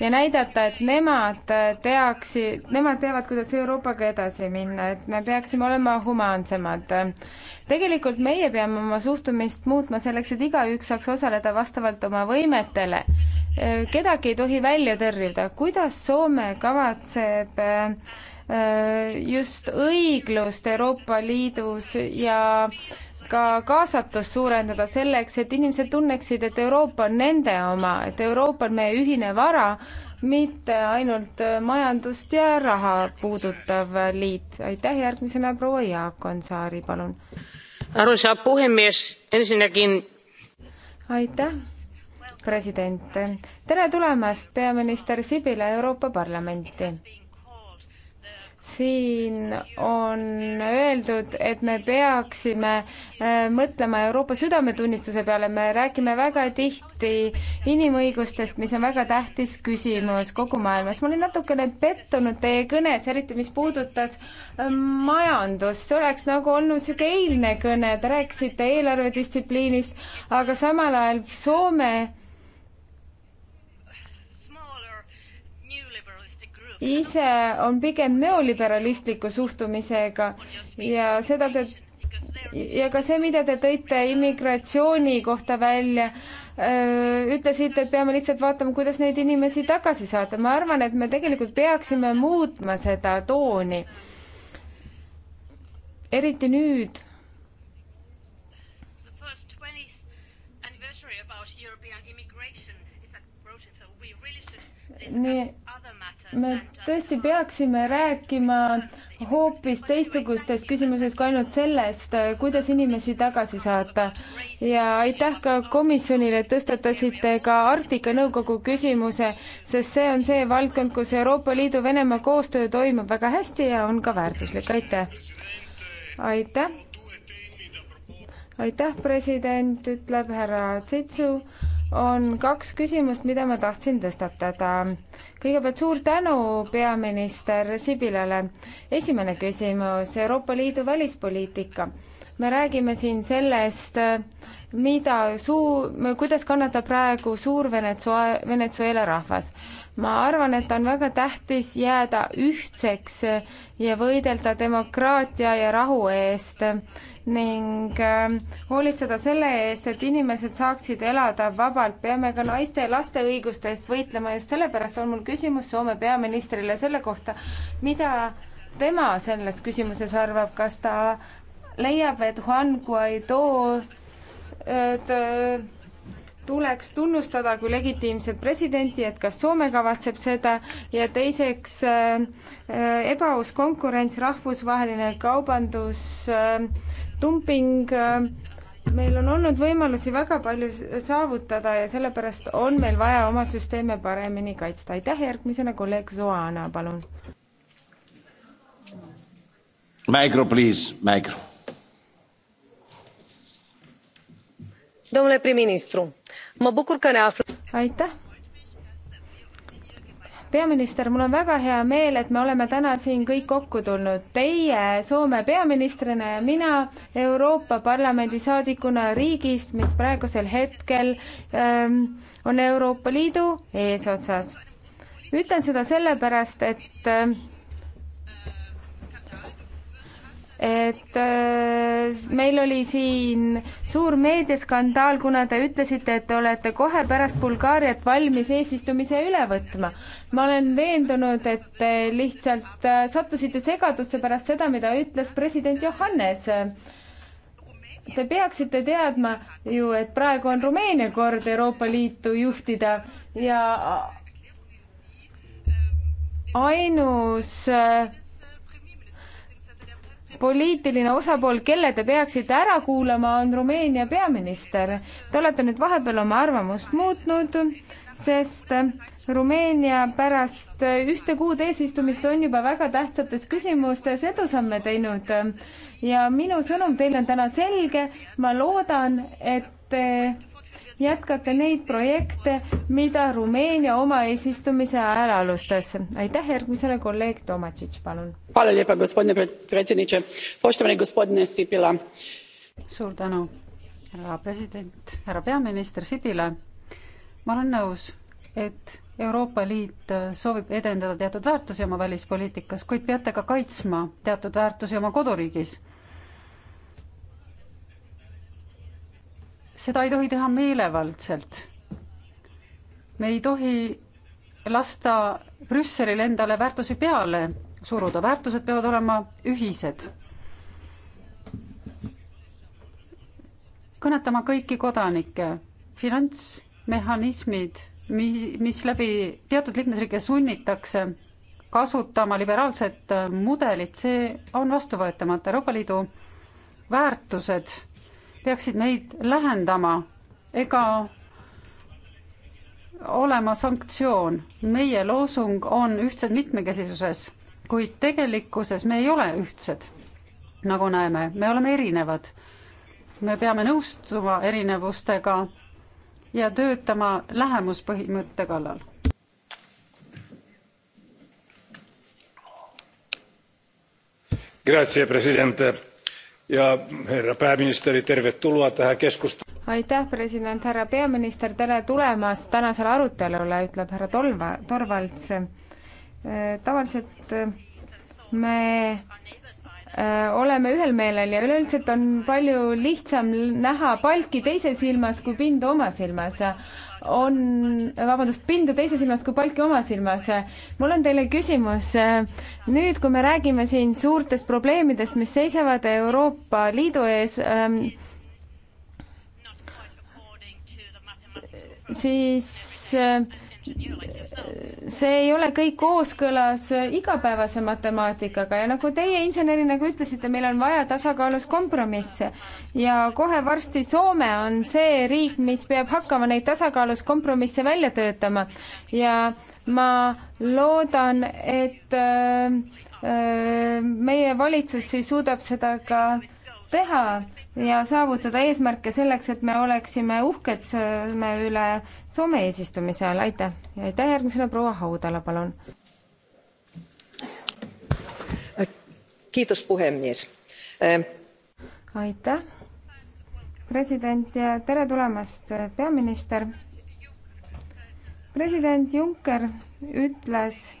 ja näidata, et nemad teaksid, nemad teavad, kuidas Euroopaga edasi minna, et me peaksime olema humaansemad. tegelikult meie peame oma suhtumist muutma selleks, et igaüks saaks osaleda vastavalt oma võimetele. kedagi ei tohi välja tõrjuda, kuidas Soome kavatseb äh, just õiglust Euroopa Liidus ja äh, ka kaasatust suurendada selleks, et inimesed tunneksid, et Euroopa on nende oma, et Euroopa on meie ühine vara, mitte ainult majandust ja raha puudutav liit. aitäh, järgmisena proua Jaakonsaari, palun. armsa puhemees, ensinnäkin. aitäh, president. tere tulemast, peaminister Sibila Euroopa Parlamenti siin on öeldud, et me peaksime äh, mõtlema Euroopa südametunnistuse peale, me räägime väga tihti inimõigustest, mis on väga tähtis küsimus kogu maailmas. ma olin natukene pettunud teie kõnes, eriti mis puudutas äh, majandust, see oleks nagu olnud niisugune eilne kõne, te rääkisite eelarvedistsipliinist, aga samal ajal Soome ise on pigem neoliberalistliku suhtumisega ja seda te ja ka see, mida te tõite immigratsiooni kohta välja, ütlesite, et peame lihtsalt vaatama, kuidas neid inimesi tagasi saata. ma arvan, et me tegelikult peaksime muutma seda tooni. eriti nüüd. nii me tõesti peaksime rääkima hoopis teistsugustest küsimusest kui ainult sellest, kuidas inimesi tagasi saata. ja aitäh ka komisjonile, et tõstatasite ka Arktika Nõukogu küsimuse, sest see on see valdkond, kus Euroopa Liidu Venemaa koostöö toimub väga hästi ja on ka väärtuslik, aitäh. aitäh. aitäh, president, ütleb härra Tsitsu on kaks küsimust, mida ma tahtsin tõstatada. kõigepealt suur tänu peaminister Sibilale. esimene küsimus, Euroopa Liidu välispoliitika. me räägime siin sellest, mida suu-, kuidas kannatab praegu suur Venetsua-, Venezuela rahvas. ma arvan, et on väga tähtis jääda ühtseks ja võidelda demokraatia ja rahu eest ning ähm, hoolitseda selle eest, et inimesed saaksid elada vabalt, peame ka naiste ja laste õiguste eest võitlema, just sellepärast on mul küsimus Soome peaministrile selle kohta, mida tema selles küsimuses arvab, kas ta leiab, et Juan Guaido äh, tuleks tunnustada kui legitiimset presidenti, et kas Soome kavatseb seda ja teiseks äh, äh, ebaaus konkurents, rahvusvaheline kaubandus äh, dumping äh, meil on olnud võimalusi väga palju saavutada ja sellepärast on meil vaja oma süsteeme paremini kaitsta. aitäh, järgmisena kolleeg Zoana, palun. Micro, please, micro. domnule prim-ministru, ma bucur că ne aflăm. aitäh peaminister, mul on väga hea meel, et me oleme täna siin kõik kokku tulnud. Teie Soome peaministrina ja mina Euroopa Parlamendi saadikuna riigist, mis praegusel hetkel ähm, on Euroopa Liidu eesotsas. ütlen seda sellepärast, et äh, et äh, meil oli siin suur meediaskandaal, kuna te ütlesite, et te olete kohe pärast Bulgaariat valmis eesistumise üle võtma. ma olen veendunud, et te lihtsalt äh, sattusite segadusse pärast seda, mida ütles president Johannes. Te peaksite teadma ju, et praegu on Rumeenia kord Euroopa Liitu juhtida ja ainus äh, poliitiline osapool, kelle te peaksite ära kuulama, on Rumeenia peaminister. Te olete nüüd vahepeal oma arvamust muutnud, sest Rumeenia pärast ühte kuud eesistumist on juba väga tähtsates küsimustes edusamme teinud. ja minu sõnum teile on täna selge, ma loodan, et te jätkate neid projekte, mida Rumeenia oma eesistumise ajal alustas. aitäh, järgmisele kolleeg Tomatšitš, palun. suur tänu, härra president, härra peaminister Sibila. ma olen nõus, et Euroopa Liit soovib edendada teatud väärtusi oma välispoliitikas, kuid peate ka kaitsma teatud väärtusi oma koduriigis seda ei tohi teha meelevaldselt. me ei tohi lasta Brüsselil endale väärtusi peale suruda, väärtused peavad olema ühised. kõnetama kõiki kodanikke, finantsmehhanismid, mi-, mis läbi teatud liikmesriike sunnitakse kasutama liberaalset mudelit, see on vastuvõetamatu, Euroopa Liidu väärtused peaksid meid lähendama ega olema sanktsioon. meie loosung on ühtsed mitmekesisuses, kuid tegelikkuses me ei ole ühtsed, nagu näeme, me oleme erinevad. me peame nõustuma erinevustega ja töötama lähemuspõhimõtte kallal. Grazie, president ja härra peaminister, tervetuloa tähän keskusteluun. aitäh, president, härra peaminister, tere tulemast tänasele arutelule, ütleb härra Tolva, Torvalds. Äh, tavaliselt äh, me äh, oleme ühel meelel ja üleüldiselt on palju lihtsam näha palki teise silmas kui pinda oma silmas on, vabandust, pinda teise silmas kui palki oma silmas. mul on teile küsimus. nüüd, kui me räägime siin suurtest probleemidest, mis seisavad Euroopa Liidu ees ähm,, siis äh, see ei ole kõik kooskõlas igapäevase matemaatikaga ja nagu teie insenerina nagu ka ütlesite, meil on vaja tasakaalus kompromisse ja kohe varsti Soome on see riik, mis peab hakkama neid tasakaalus kompromisse välja töötama ja ma loodan, et äh, äh, meie valitsus siis suudab seda ka äh, teha ja saavutada eesmärke selleks, et me oleksime uhked me üle Soome eesistumise ajal, aitäh. ja aitäh järgmisena proua Haudala, palun. aitäh, president ja tere tulemast, äh, peaminister. president Juncker ütles,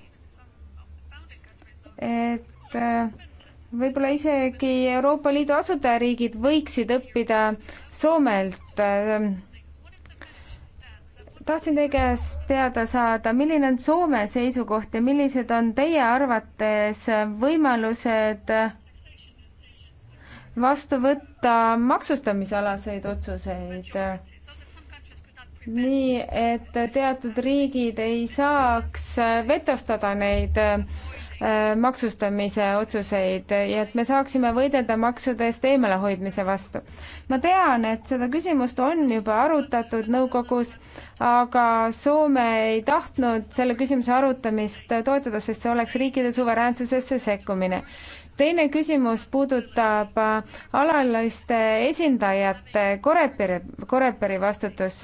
et äh, võib-olla isegi Euroopa Liidu asutajariigid võiksid õppida Soomelt. tahtsin teie käest teada saada, milline on Soome seisukoht ja millised on teie arvates võimalused vastu võtta maksustamisalaseid otsuseid? nii et teatud riigid ei saaks vetostada neid äh, Äh, maksustamise otsuseid ja et me saaksime võidelda maksudest eemalehoidmise vastu. ma tean, et seda küsimust on juba arutatud nõukogus, aga Soome ei tahtnud selle küsimuse arutamist toetada, sest see oleks riikide suveräänsusesse sekkumine teine küsimus puudutab äh, alaliste esindajate Koreperi, Koreperi vastutus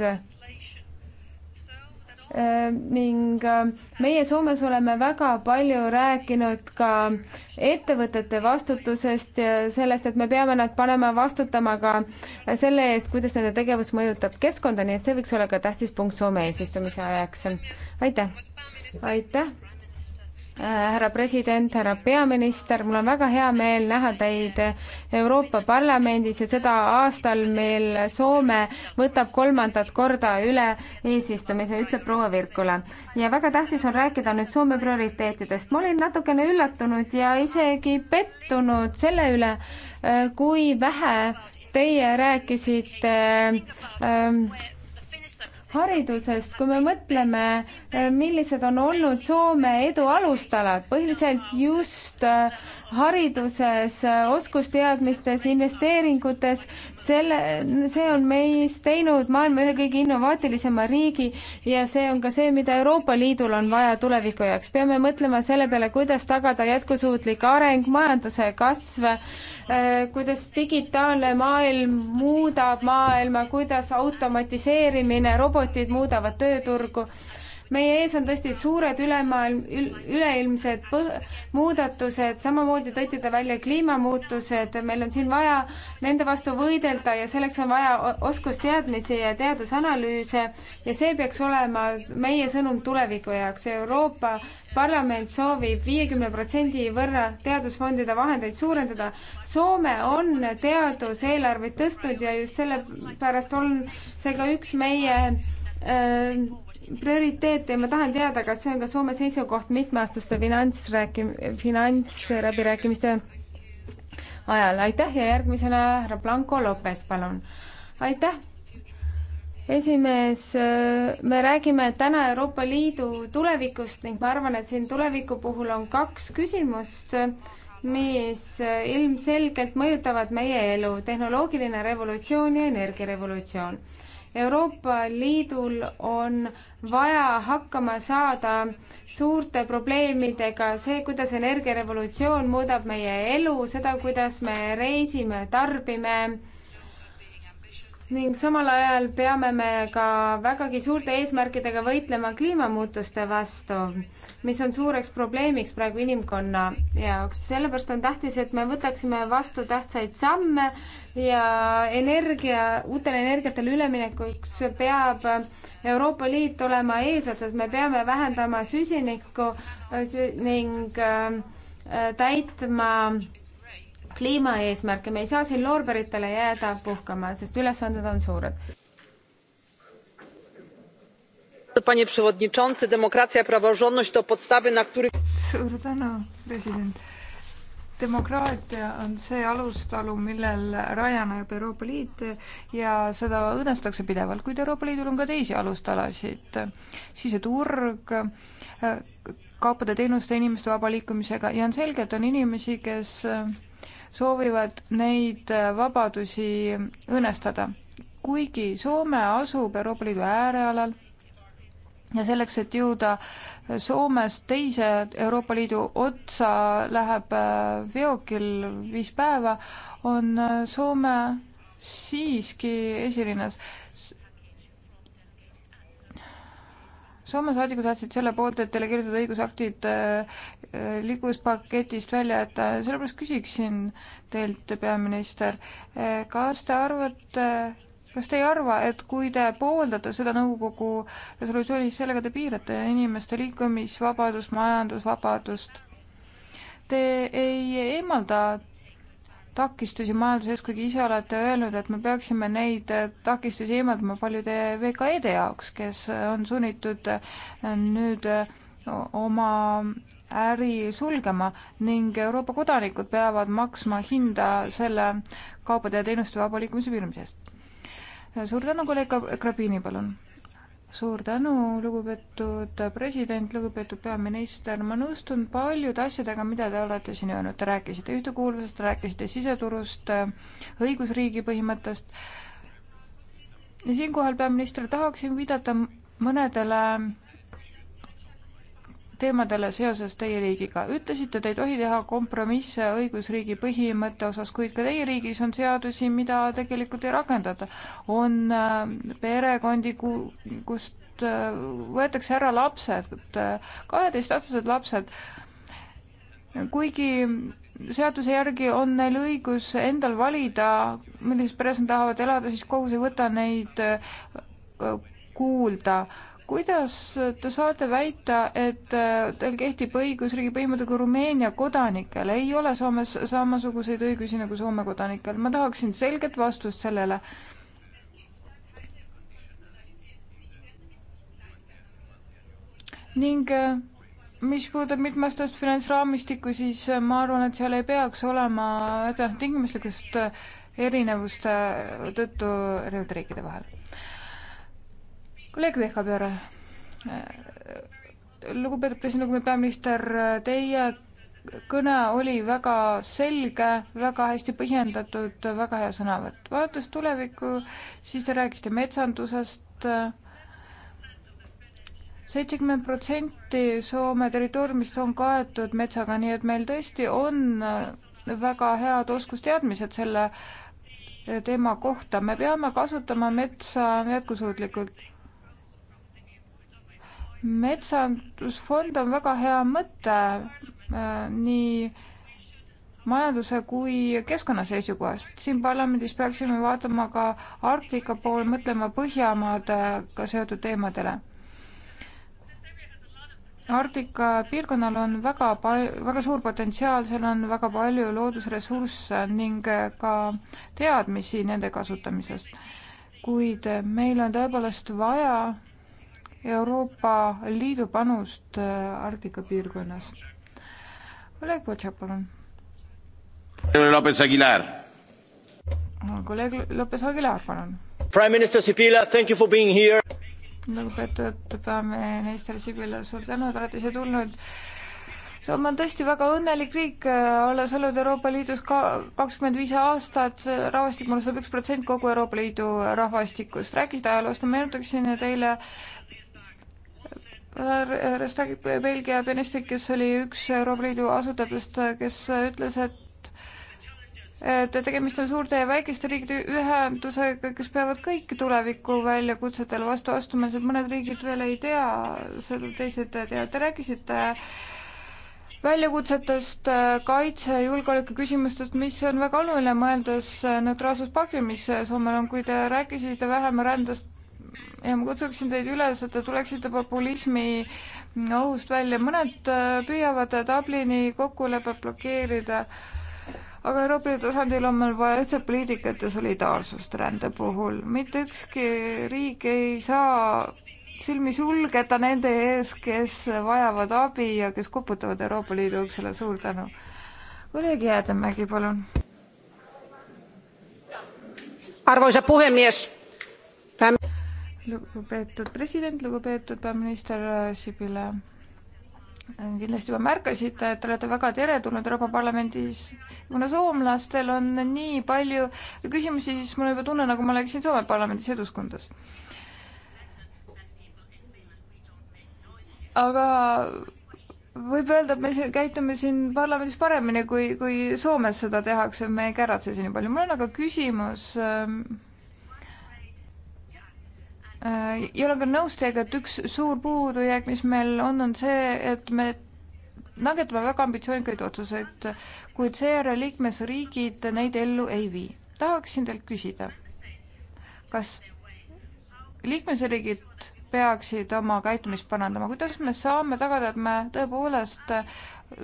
ning äh, meie Soomes oleme väga palju rääkinud ka ettevõtete vastutusest ja sellest, et me peame nad panema vastutama ka selle eest, kuidas nende tegevus mõjutab keskkonda, nii et see võiks olla ka tähtis punkt Soome eesistumise ajaks. aitäh! aitäh! härra president, härra peaminister, mul on väga hea meel näha teid Euroopa Parlamendis ja seda aastal, mil Soome võtab kolmandat korda üle eesistumise, ütleb proua Virkula. ja väga tähtis on rääkida nüüd Soome prioriteetidest. ma olin natukene üllatunud ja isegi pettunud selle üle, kui vähe teie rääkisite äh, äh, haridusest, kui me mõtleme, millised on olnud Soome edu alustalad, põhiliselt just hariduses, oskusteadmistes, investeeringutes, selle, see on meist teinud maailma ühe kõige innovaatilisema riigi ja see on ka see, mida Euroopa Liidul on vaja tuleviku jaoks. peame mõtlema selle peale, kuidas tagada jätkusuutlik areng, majanduse kasv, äh, kuidas digitaalne maailm muudab maailma, kuidas automatiseerimine, robotid muudavad tööturgu meie ees on tõesti suured ülemaailm, üleilmsed muudatused, samamoodi tõite te välja kliimamuutused, meil on siin vaja nende vastu võidelda ja selleks on vaja oskusteadmisi ja teadusanalüüse ja see peaks olema meie sõnum tuleviku jaoks. Euroopa Parlament soovib viiekümne protsendi võrra teadusfondide vahendeid suurendada. Soome on teaduseelarveid tõstnud ja just sellepärast on see ka üks meie äh, prioriteete ja ma tahan teada, kas see on ka Soome seisukoht mitmeaastaste finantsrääkim-, finantsläbirääkimiste ajal, aitäh ja järgmisena härra Blanco Lopes, palun. aitäh esimees, me räägime täna Euroopa Liidu tulevikust ning ma arvan, et siin tuleviku puhul on kaks küsimust, mis ilmselgelt mõjutavad meie elu, tehnoloogiline revolutsioon ja energiarevolutsioon. Euroopa Liidul on vaja hakkama saada suurte probleemidega, see, kuidas energiarevolutsioon muudab meie elu, seda, kuidas me reisime, tarbime ning samal ajal peame me ka vägagi suurte eesmärkidega võitlema kliimamuutuste vastu, mis on suureks probleemiks praegu inimkonna jaoks. sellepärast on tähtis, et me võtaksime vastu tähtsaid samme ja energia, uutele energiatele üleminekuks peab Euroopa Liit olema eesotsas, me peame vähendama süsinikku ning äh, täitma kliimaeesmärke, me ei saa siin loorberitele jääda puhkama, sest ülesanded on suured. Panie przewodniczący, demokracja ja praworządność to podstawy, na których... Suur tänu, president. Demokraatia on see alustalu, millel rajaneb Euroopa Liit ja seda õõnestakse pidevalt, kuid Euroopa Liidul on ka teisi alustalasid. siseturg, kaupade, teenuste, inimeste vaba liikumisega ja on selge, et on inimesi, kes soovivad neid äh, vabadusi õõnestada. kuigi Soome asub Euroopa Liidu äärealal ja selleks, et jõuda äh, Soomest teise Euroopa Liidu otsa, läheb äh, veokil viis päeva, on Soome siiski esirinnas Soome saadikud saatsid selle poolt, et delegeeritud õigusaktid äh, äh, liikuvuspaketist välja jätta, sellepärast küsiksin teilt, peaminister, äh, kas te arvate, kas te ei arva, et kui te pooldate seda nõukogu resolutsiooni, siis sellega te piirate inimeste liikumisvabadust, majandusvabadust? Te ei eemalda takistusi majanduses, kuigi ise olete öelnud, et me peaksime neid takistusi eemaldama paljude VKE-de jaoks, kes on sunnitud nüüd oma äri sulgema ning Euroopa kodanikud peavad maksma hinda selle kaupade ja teenuste vaba liikumise piiramise eest. suur tänu, kolleeg Grabini, palun! suur tänu, lugupeetud president, lugupeetud peaminister, ma nõustun paljude asjadega, mida te olete siin öelnud, te rääkisite ühtekuuluvusest, te rääkisite siseturust, õigusriigi põhimõttest ja siinkohal, peaminister, tahaksin viidata mõnedele teemadele seoses teie riigiga. ütlesite, te ei tohi teha kompromisse õigusriigi põhimõtte osas, kuid ka teie riigis on seadusi, mida tegelikult ei rakendata. on äh, perekondi, kust äh, võetakse ära lapsed, äh, kaheteistaastased lapsed, kuigi seaduse järgi on neil õigus endal valida, millises peres nad tahavad elada, siis kohus ei võta neid kuulda kuidas te saate väita, et äh, teil kehtib õigusriigi põhimõte kui Rumeenia kodanikel, ei ole Soomes samasuguseid õigusi nagu Soome kodanikel? ma tahaksin selget vastust sellele. ning äh, mis puudutab mitmestest finantsraamistikku, siis äh, ma arvan, et seal ei peaks olema tingimuslikust erinevuste tõttu erinevate riikide vahel kolleeg Vihkapere, äh, lugupeetud president, lugupeetud peaminister, teie kõne oli väga selge, väga hästi põhjendatud, väga hea sõnavõtt. vaadates tulevikku, siis te rääkisite metsandusest, seitsekümmend protsenti Soome territooriumist on kaetud metsaga, nii et meil tõesti on väga head oskusteadmised selle teema kohta. me peame kasutama metsa jätkusuutlikult metsandusfond on väga hea mõte äh, nii majanduse kui keskkonna seisukohast. siin parlamendis peaksime vaatama ka Arktika poole, mõtlema Põhjamaadega seotud teemadele. Arktika piirkonnal on väga pal-, väga suur potentsiaal, seal on väga palju loodusressursse ning äh, ka teadmisi nende kasutamisest. kuid meil on tõepoolest vaja Euroopa Liidu panust äh, Arktika piirkonnas. kolleeg Potšak, palun. Lopez Aguilar. kolleeg Lopez Aguilar, palun. Prime Minister Sibila, thank you for being here. lugupeetud peaminister Sibila, suur tänu, et olete siia tulnud Soome on tõesti väga õnnelik riik, äh, olles olnud Euroopa Liidus ka kakskümmend viis aastat, rahvastik moodustab üks protsent kogu Euroopa Liidu rahvastikust. rääkisid ajaloost, ma meenutaksin teile äh, Äh, Res räägib Belgia pianistist, kes oli üks Euroopa Liidu asutajatest, kes ütles, et et tegemist on suurte ja väikeste riikide ühendusega, kes peavad kõik tuleviku väljakutsetele vastu astuma, sest mõned riigid veel ei tea seda, teised teavad. Te rääkisite väljakutsetest, kaitse, julgeoleku küsimustest, mis on väga oluline, mõeldes neutraalsuspakti, mis Soomel on, kui te rääkisite vähem rändest ja ma kutsuksin teid üles, et te tuleksite populismi ohust välja. mõned äh, püüavad Dublini kokkulepet blokeerida, aga Euroopa Liidu tasandil on meil vaja ühtset poliitikat ja solidaarsust rände puhul. mitte ükski riik ei saa silmi sulgeda nende ees, kes vajavad abi ja kes koputavad Euroopa Liidu uksele. suur tänu. kolleeg Jäädemägi, palun. arvoisa puhemies Päm lugupeetud president, lugupeetud peaminister Sibile. kindlasti juba märkasite, et te olete väga teretulnud Euroopa Parlamendis. kuna soomlastel on nii palju küsimusi, siis mul on juba tunne, nagu ma oleksin Soome parlamendi seduskondas. aga võib öelda, et me siin käitume siin parlamendis paremini, kui, kui Soomes seda tehakse, me ei käratse siin nii palju. mul on aga küsimus äh, Äh, ei ole ka nõus teiega, et üks suur puudujääk, mis meil on, on see, et me langetame väga ambitsioonikaid otsuseid, kuid seejärel liikmesriigid neid ellu ei vii. tahaksin teilt küsida, kas liikmesriigid peaksid oma käitumist parandama, kuidas me saame tagada, et me tõepoolest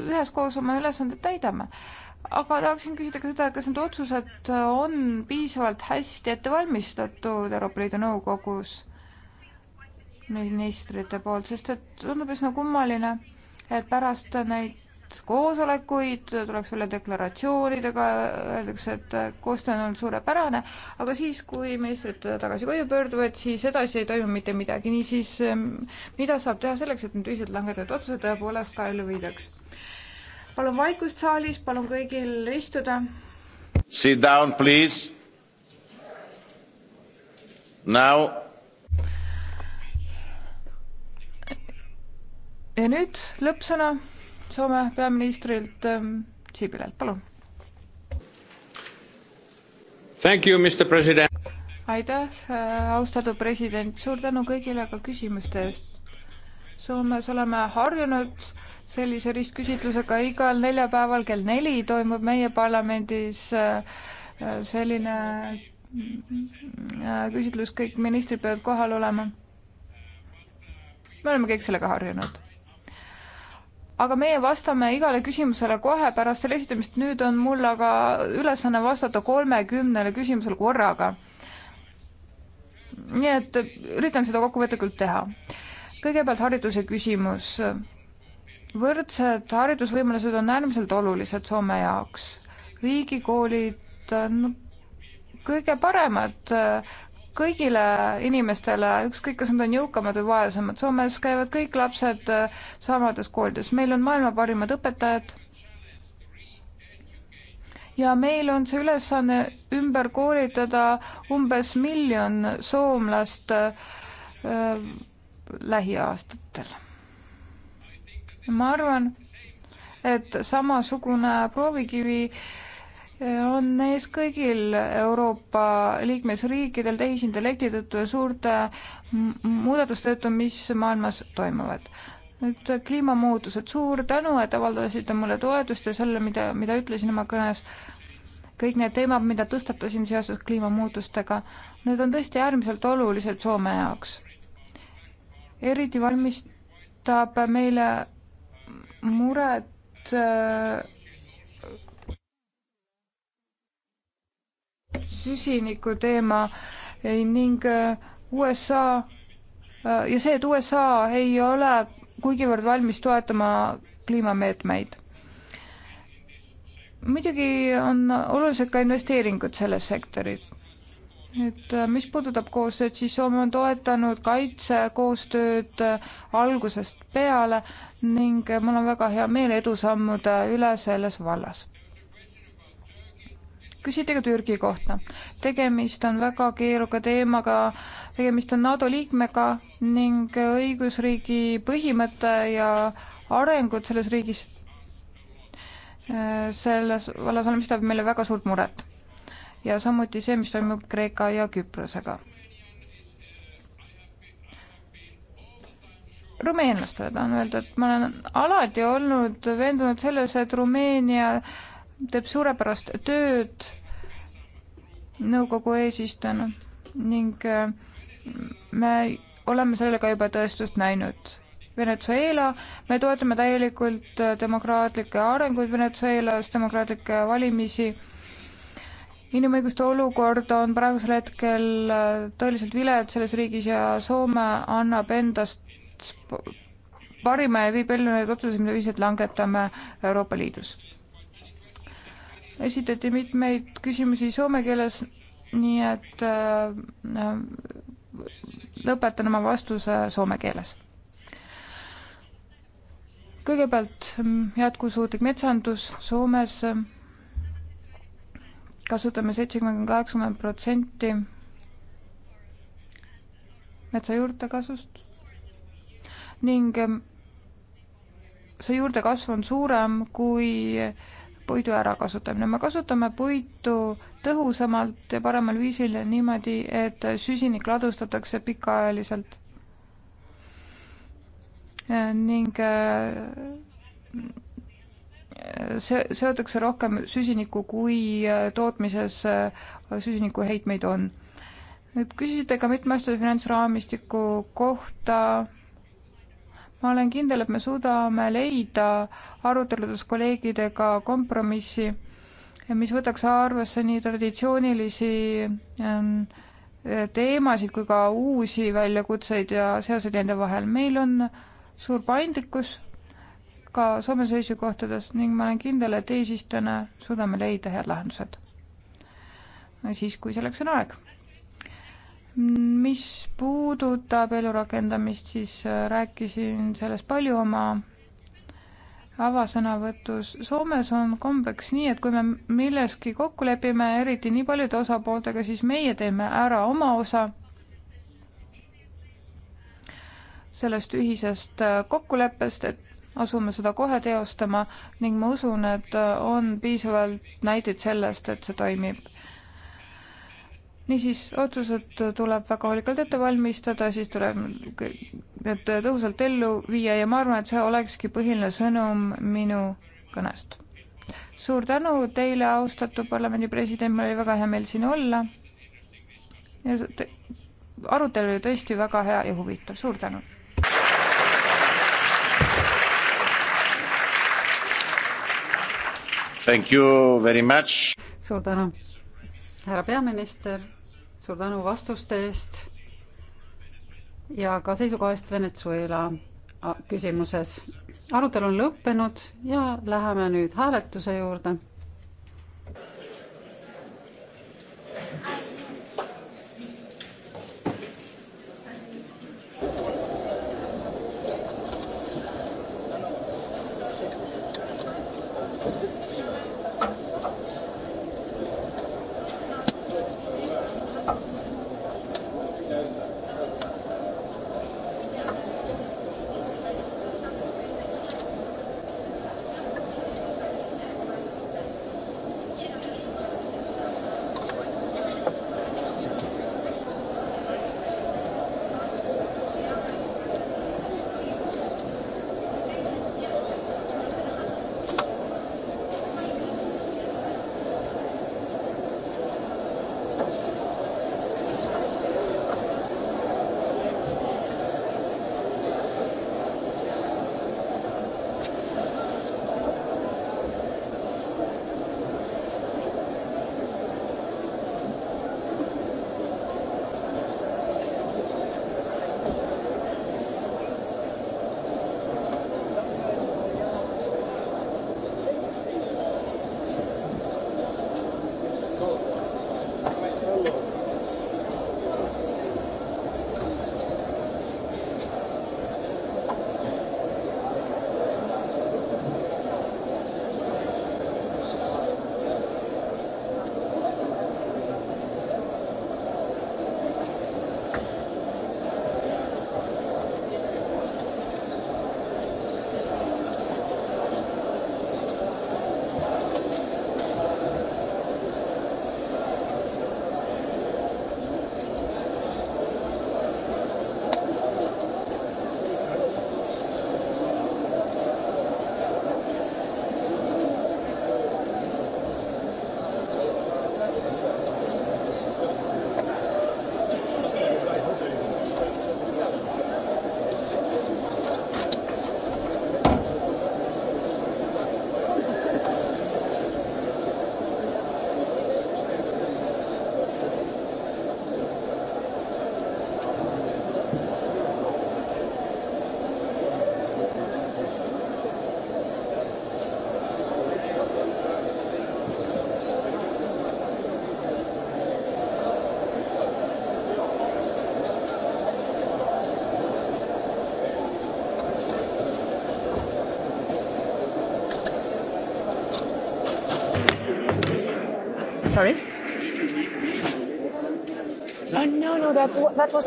üheskoos oma ülesanded täidame? aga tahaksin küsida ka seda, kas need otsused on piisavalt hästi ette valmistatud Euroopa Liidu Nõukogus ministrite poolt, sest et tundub üsna kummaline, et pärast neid koosolekuid, tuleks välja deklaratsioonidega, öeldakse, et koostöö on olnud suurepärane, aga siis, kui ministrid tagasi koju pöörduvad, siis edasi ei toimu mitte midagi, niisiis mida saab teha selleks, et need ühiselt langetatud otsused tõepoolest ka ellu viidaks? palun vaikust saalis, palun kõigil istuda. Sit down, please. Now ja nüüd lõppsõna Soome peaministrilt ähm, Sipilalt, palun. aitäh, äh, austatud president, suur tänu kõigile ka küsimuste eest. Soomes oleme harjunud sellise ristküsitlusega igal neljapäeval kell neli toimub meie parlamendis äh, äh, selline küsitlus, kõik ministrid peavad kohal olema. me oleme kõik sellega harjunud aga meie vastame igale küsimusele kohe pärast selle esitamist. nüüd on mul aga ülesanne vastata kolmekümnele küsimusele korraga. nii et üritan seda kokkuvõtlikult teha. kõigepealt hariduse küsimus. võrdsed haridusvõimalused on äärmiselt olulised Soome jaoks. riigikoolid on kõige paremad kõigile inimestele, ükskõik, kas nad on jõukamad või vaesemad. Soomes käivad kõik lapsed äh, samades koolides, meil on maailma parimad õpetajad. ja meil on see ülesanne ümber koolitada umbes miljon soomlast äh, lähiaastatel. ma arvan, et samasugune proovikivi äh, on neis kõigil Euroopa liikmesriikidel tehisintellekti tõttu ja suurte muudatuste tõttu, mis maailmas toimuvad. nüüd kliimamuutused, suur tänu, et avaldasite mulle toetust ja selle, mida, mida ütlesin oma kõnes. kõik need teemad, mida tõstatasin seoses kliimamuutustega, need on tõesti äärmiselt olulised Soome jaoks. eriti valmistab meile muret äh, süsiniku teema ning äh, USA äh, ja see, et USA ei ole kuigivõrd valmis toetama kliimameetmeid. muidugi on olulised ka investeeringud selles sektoris. et äh, mis puudutab koostööd, siis Soome on toetanud kaitsekoostööd algusest peale ning mul on väga hea meel edusammude üle selles vallas küsite ka Türgi kohta. tegemist on väga keeruka teemaga, tegemist on NATO liikmega ning õigusriigi põhimõte ja arengud selles riigis, äh, selles vallas valmistab meile väga suurt muret. ja samuti see, mis toimub Kreeka ja Küprosega. rumeenlastele tahan öelda, et ma olen alati olnud veendunud selles, et Rumeenia äh, teeb suurepärast tööd nõukogu eesistujana ning äh, me oleme sellega juba tõestust näinud. Venezuela, me toetame täielikult äh, demokraatlikke arenguid Venezuelas, demokraatlikke valimisi. inimõiguste olukord on praegusel hetkel äh, tõeliselt vilets selles riigis ja Soome annab endast parima ja viib ellu neid otsuseid, mida me ise langetame Euroopa Liidus esitati mitmeid küsimusi soome keeles, nii et äh, lõpetan oma vastuse soome keeles. kõigepealt mm, jätkusuutlik metsandus Soomes kasutame seitsekümmend, kaheksakümmend protsenti metsa juurdekasvust ning mm, see juurdekasv on suurem kui puidu ärakasutamine. me kasutame puitu tõhusamalt ja paremal viisil niimoodi, et süsinik ladustatakse pikaajaliselt. ning äh, see, seotakse rohkem süsinikku, kui äh, tootmises äh, süsinikuheitmeid on. nüüd küsisite ka mitmeaastase finantsraamistiku kohta ma olen kindel, et me suudame leida aruteludes kolleegidega kompromissi, mis võtaks arvesse nii traditsioonilisi ähm, teemasid kui ka uusi väljakutseid ja seoseid nende vahel. meil on suur paindlikkus ka Soome seisukohtades ning ma olen kindel, et eesistujana suudame leida head lahendused. siis, kui selleks on aeg mis puudutab elurakendamist, siis äh, rääkisin sellest palju oma avasõnavõtus. Soomes on kombeks nii, et kui me milleski kokku lepime, eriti nii paljude osapooltega, siis meie teeme ära oma osa sellest ühisest äh, kokkuleppest, et asume seda kohe teostama ning ma usun, et äh, on piisavalt näiteid sellest, et see toimib niisiis, otsused tuleb väga hoolikalt ette valmistada, siis tuleb need tõhusalt ellu viia ja ma arvan, et see olekski põhiline sõnum minu kõnest. suur tänu teile, austatud parlamendi president, mul oli väga hea meel siin olla. ja arutelu oli tõesti väga hea ja huvitav, suur tänu. Thank you very much. suur tänu, härra peaminister suur tänu vastuste eest ja ka seisukohast Venezuela küsimuses. arutelu on lõppenud ja läheme nüüd hääletuse juurde. what, that was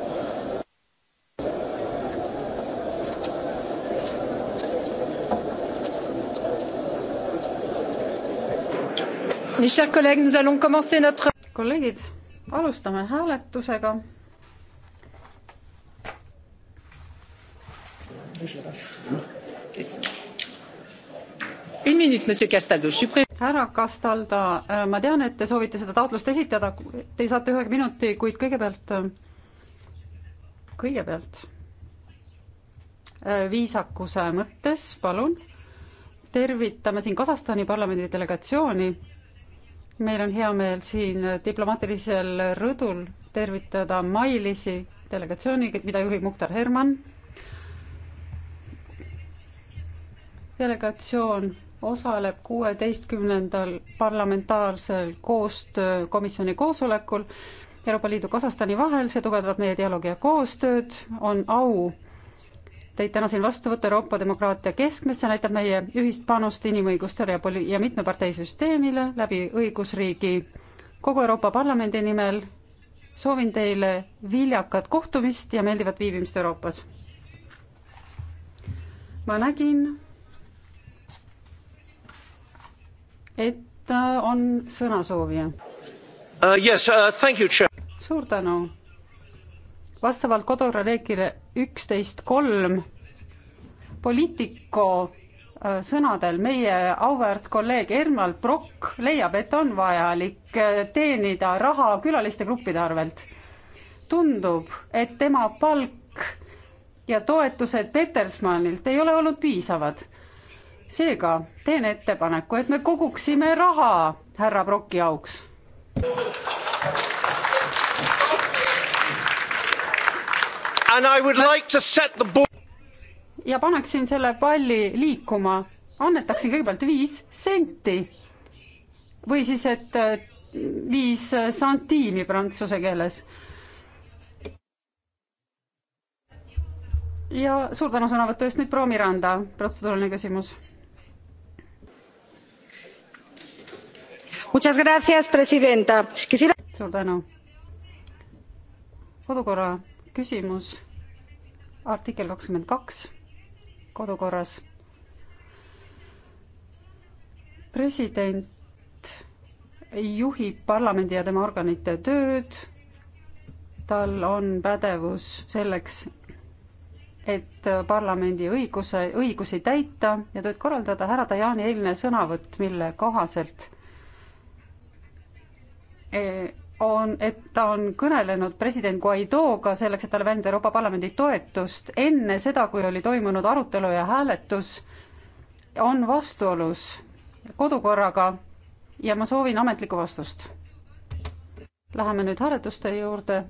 Mes chers collègues, nous allons commencer notre... kolleegid, alustame hääletusega. härra Kastalda, ma tean, et te soovite seda taotlust esitada, te saate ühe minuti, kuid kõigepealt kõigepealt äh, viisakuse mõttes, palun, tervitame siin Kasahstani parlamendi delegatsiooni. meil on hea meel siin diplomaatilisel rõdul tervitada Mailisi delegatsiooni, mida juhib Muhtar Herman. delegatsioon osaleb kuueteistkümnendal parlamentaarsel koostöökomisjoni koosolekul Euroopa Liidu Kasahstani vahel, see tugevdab meie dialoogi ja koostööd, on au teid täna siin vastu võtta Euroopa demokraatia keskmesse, näitab meie ühist panust inimõigustele ja poli-, ja mitmeparteisüsteemile läbi õigusriigi. kogu Euroopa Parlamendi nimel soovin teile viljakat kohtumist ja meeldivat viibimist Euroopas. ma nägin, et äh, on sõnasoovija uh,. Yes, uh, thank you, Chair suur tänu. vastavalt kodureeglile üksteist kolm poliitiku äh, sõnadel meie auväärt kolleeg Ermal Brokk leiab, et on vajalik äh, teenida raha külaliste gruppide arvelt. tundub, et tema palk ja toetused Petersmanilt ei ole olnud piisavad. seega teen ettepaneku, et me koguksime raha härra Brocki auks. Like ja paneksin selle palli liikuma, annetaksin kõigepealt viis senti või siis, et äh, viis santiimi prantsuse keeles. ja suur tänu sõnavõtu eest, nüüd proua Miranda, protseduuriline küsimus. suur tänu kodukorra küsimus, artikkel kakskümmend kaks kodukorras. president juhib parlamendi ja tema organite tööd, tal on pädevus selleks, et parlamendi õiguse, õigusi täita ja tööd korraldada, härra Tajani eilne sõnavõtt, mille kohaselt eh, on, et ta on kõnelenud president Guaidoga selleks, et talle väljendada Euroopa Parlamendi toetust, enne seda, kui oli toimunud arutelu ja hääletus, on vastuolus kodukorraga ja ma soovin ametlikku vastust. Läheme nüüd hääletuste juurde,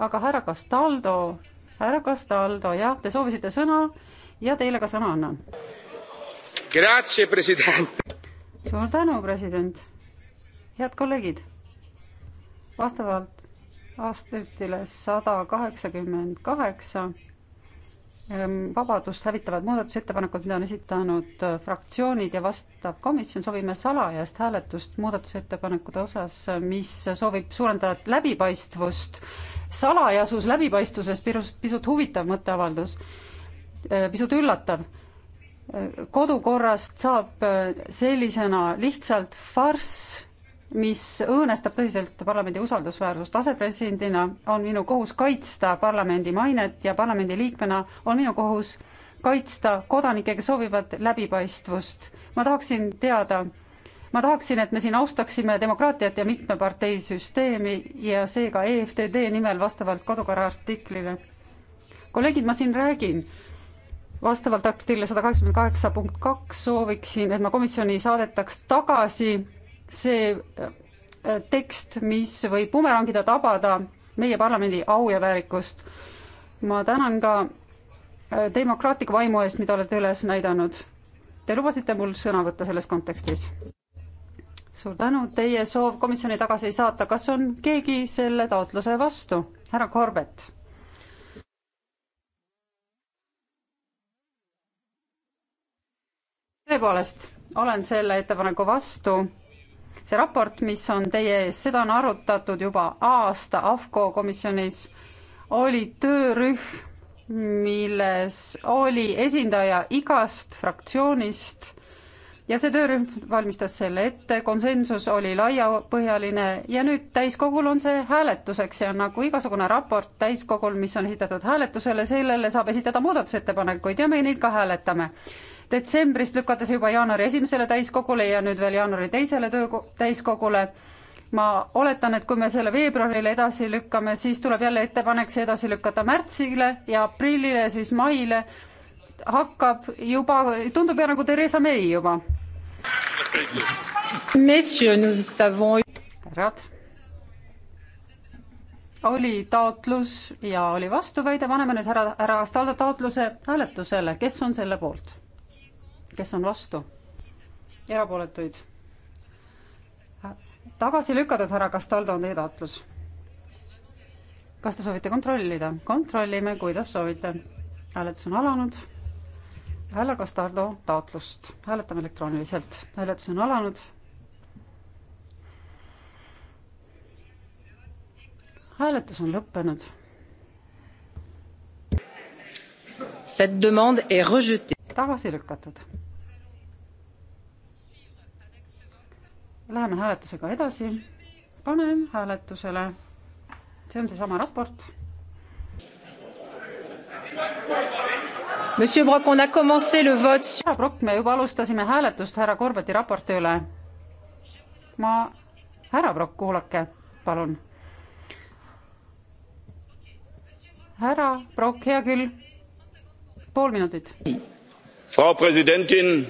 aga härra Castaldo, härra Castaldo, jah, te soovisite sõna ja teile ka sõna annan. suur tänu, president. head kolleegid vastavalt aastatile sada kaheksakümmend kaheksa ähm, vabadust hävitavad muudatusettepanekud, mida on esitanud äh, fraktsioonid ja vastav komisjon, soovime salajast hääletust muudatusettepanekute osas, äh, mis soovib suurendada läbipaistvust. salajasus läbipaistvuses pisut, pisut huvitav mõtteavaldus, äh, pisut üllatav. kodukorrast saab sellisena lihtsalt farss mis õõnestab tõsiselt parlamendi usaldusväärsust. asepresidendina on minu kohus kaitsta parlamendi mainet ja parlamendi liikmena on minu kohus kaitsta kodanikke, kes soovivad läbipaistvust. ma tahaksin teada, ma tahaksin, et me siin austaksime demokraatiat ja mitmeparteisüsteemi ja seega EFTD nimel vastavalt kodukorra artiklile. kolleegid, ma siin räägin vastavalt artiklile sada kaheksakümmend kaheksa punkt kaks sooviksin, et ma komisjoni saadetaks tagasi see äh, tekst, mis võib bumerangida tabada meie parlamendi au ja väärikust. ma tänan ka äh, demokraatliku vaimu eest, mida olete üles näidanud. Te lubasite mul sõna võtta selles kontekstis. suur tänu, teie soov komisjoni tagasi ei saata, kas on keegi selle taotluse vastu? härra Korbet tõepoolest olen selle ettepaneku vastu see raport, mis on teie ees, seda on arutatud juba aasta AFCO komisjonis, oli töörühm, milles oli esindaja igast fraktsioonist ja see töörühm valmistas selle ette, konsensus oli laiapõhjaline ja nüüd täiskogul on see hääletuseks ja nagu igasugune raport täiskogul, mis on esitatud hääletusele, sellele saab esitada muudatusettepanekuid ja me neid ka hääletame detsembrist lükata see juba jaanuari esimesele täiskogule ja nüüd veel jaanuari teisele töö täiskogule. ma oletan, et kui me selle veebruarile edasi lükkame, siis tuleb jälle ettepanek see edasi lükata märtsile ja aprillile, siis maile hakkab juba, tundub ja nagu Theresa May juba. härrad, oli taotlus ja oli vastuväide, paneme nüüd härra, härra Astaldo taotluse hääletusele, kes on selle poolt? kes on vastu? erapooletuid? tagasi lükatud, härra Castaldo on teie taotlus. kas te soovite kontrollida? kontrollime, kuidas soovite. hääletus on alanud. härra Castaldo taotlust, hääletame elektrooniliselt. hääletus on alanud hääletus on lõppenud. tagasi lükatud Läheme hääletusega edasi. panen hääletusele. see on seesama raport. Monsieur Brock, on a commencé le vote. härra Brock, me juba alustasime hääletust härra Korbeti raporti üle. ma, härra Brock, kuulake, palun. härra Brock, hea küll, pool minutit. proua presidentin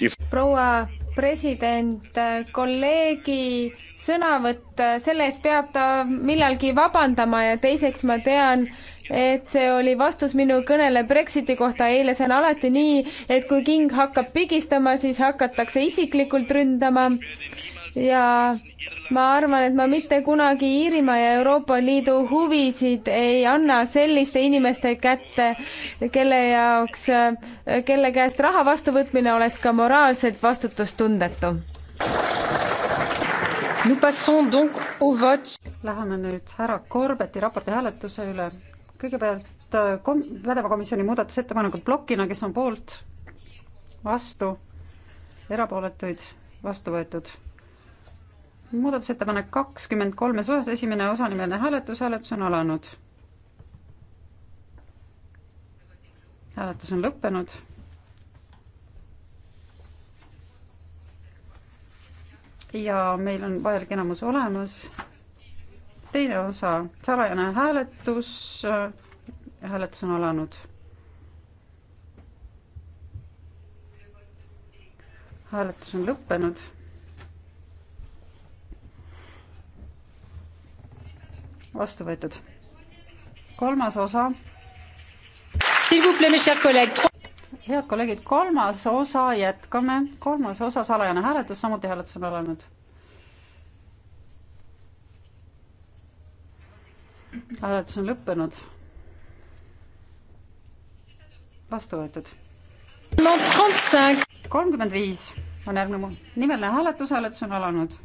die.... proua president, kolleegi sõnavõtt, selle eest peab ta millalgi vabandama ja teiseks ma tean, et see oli vastus minu kõnele Brexiti kohta eile, see on alati nii, et kui king hakkab pigistama, siis hakatakse isiklikult ründama ja ma arvan, et ma mitte kunagi Iirimaa ja Euroopa Liidu huvisid ei anna selliste inimeste kätte, kelle jaoks, kelle käest raha vastuvõtmine oleks ka moraalselt vastutustundetu. Läheme nüüd härra Korbeti raporti hääletuse üle. kõigepealt äh, kom-, pädeva komisjoni muudatusettepanekud plokina, kes on poolt, vastu, erapooletuid, vastu võetud muudatusettepanek kakskümmend kolmes osas, esimene osanimeline hääletus, hääletus on alanud. hääletus on lõppenud. ja meil on vajalik enamus olemas. teine osa, salajane hääletus, hääletus on alanud. hääletus on lõppenud vastu võetud. kolmas osa. head kolleegid, kolmas osa, jätkame, kolmas osa, salajane hääletus, samuti hääletus on alanud. hääletus on lõppenud. vastu võetud. kolmkümmend viis on järgmine nimeline hääletus, hääletus on alanud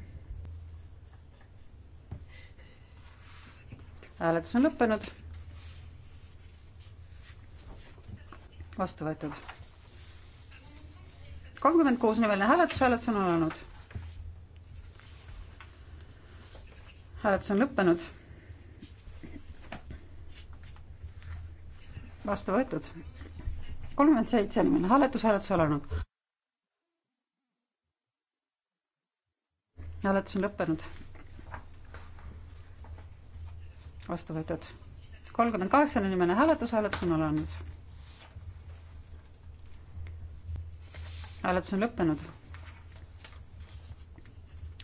hääletus on lõppenud. vastu võetud. kolmkümmend kuus nimeline hääletus, hääletus on alanud. hääletus on lõppenud. vastu võetud. kolmkümmend seitse nimeline hääletus, hääletus alanud. hääletus on lõppenud vastu võetud. kolmkümmend kaheksa inimene hääletus, hääletus on alanud. hääletus on lõppenud.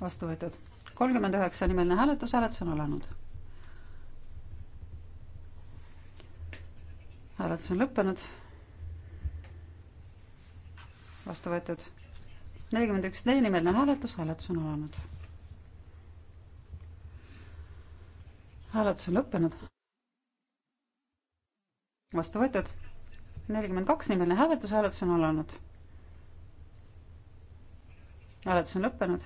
vastu võetud. kolmkümmend üheksa nimeline hääletus, hääletus on alanud. hääletus on lõppenud. vastu võetud. nelikümmend üks D nimeline hääletus, hääletus on alanud hääletus on lõppenud. vastu võetud. nelikümmend kaks nimeline hääletus, hääletus on alanud. hääletus on lõppenud.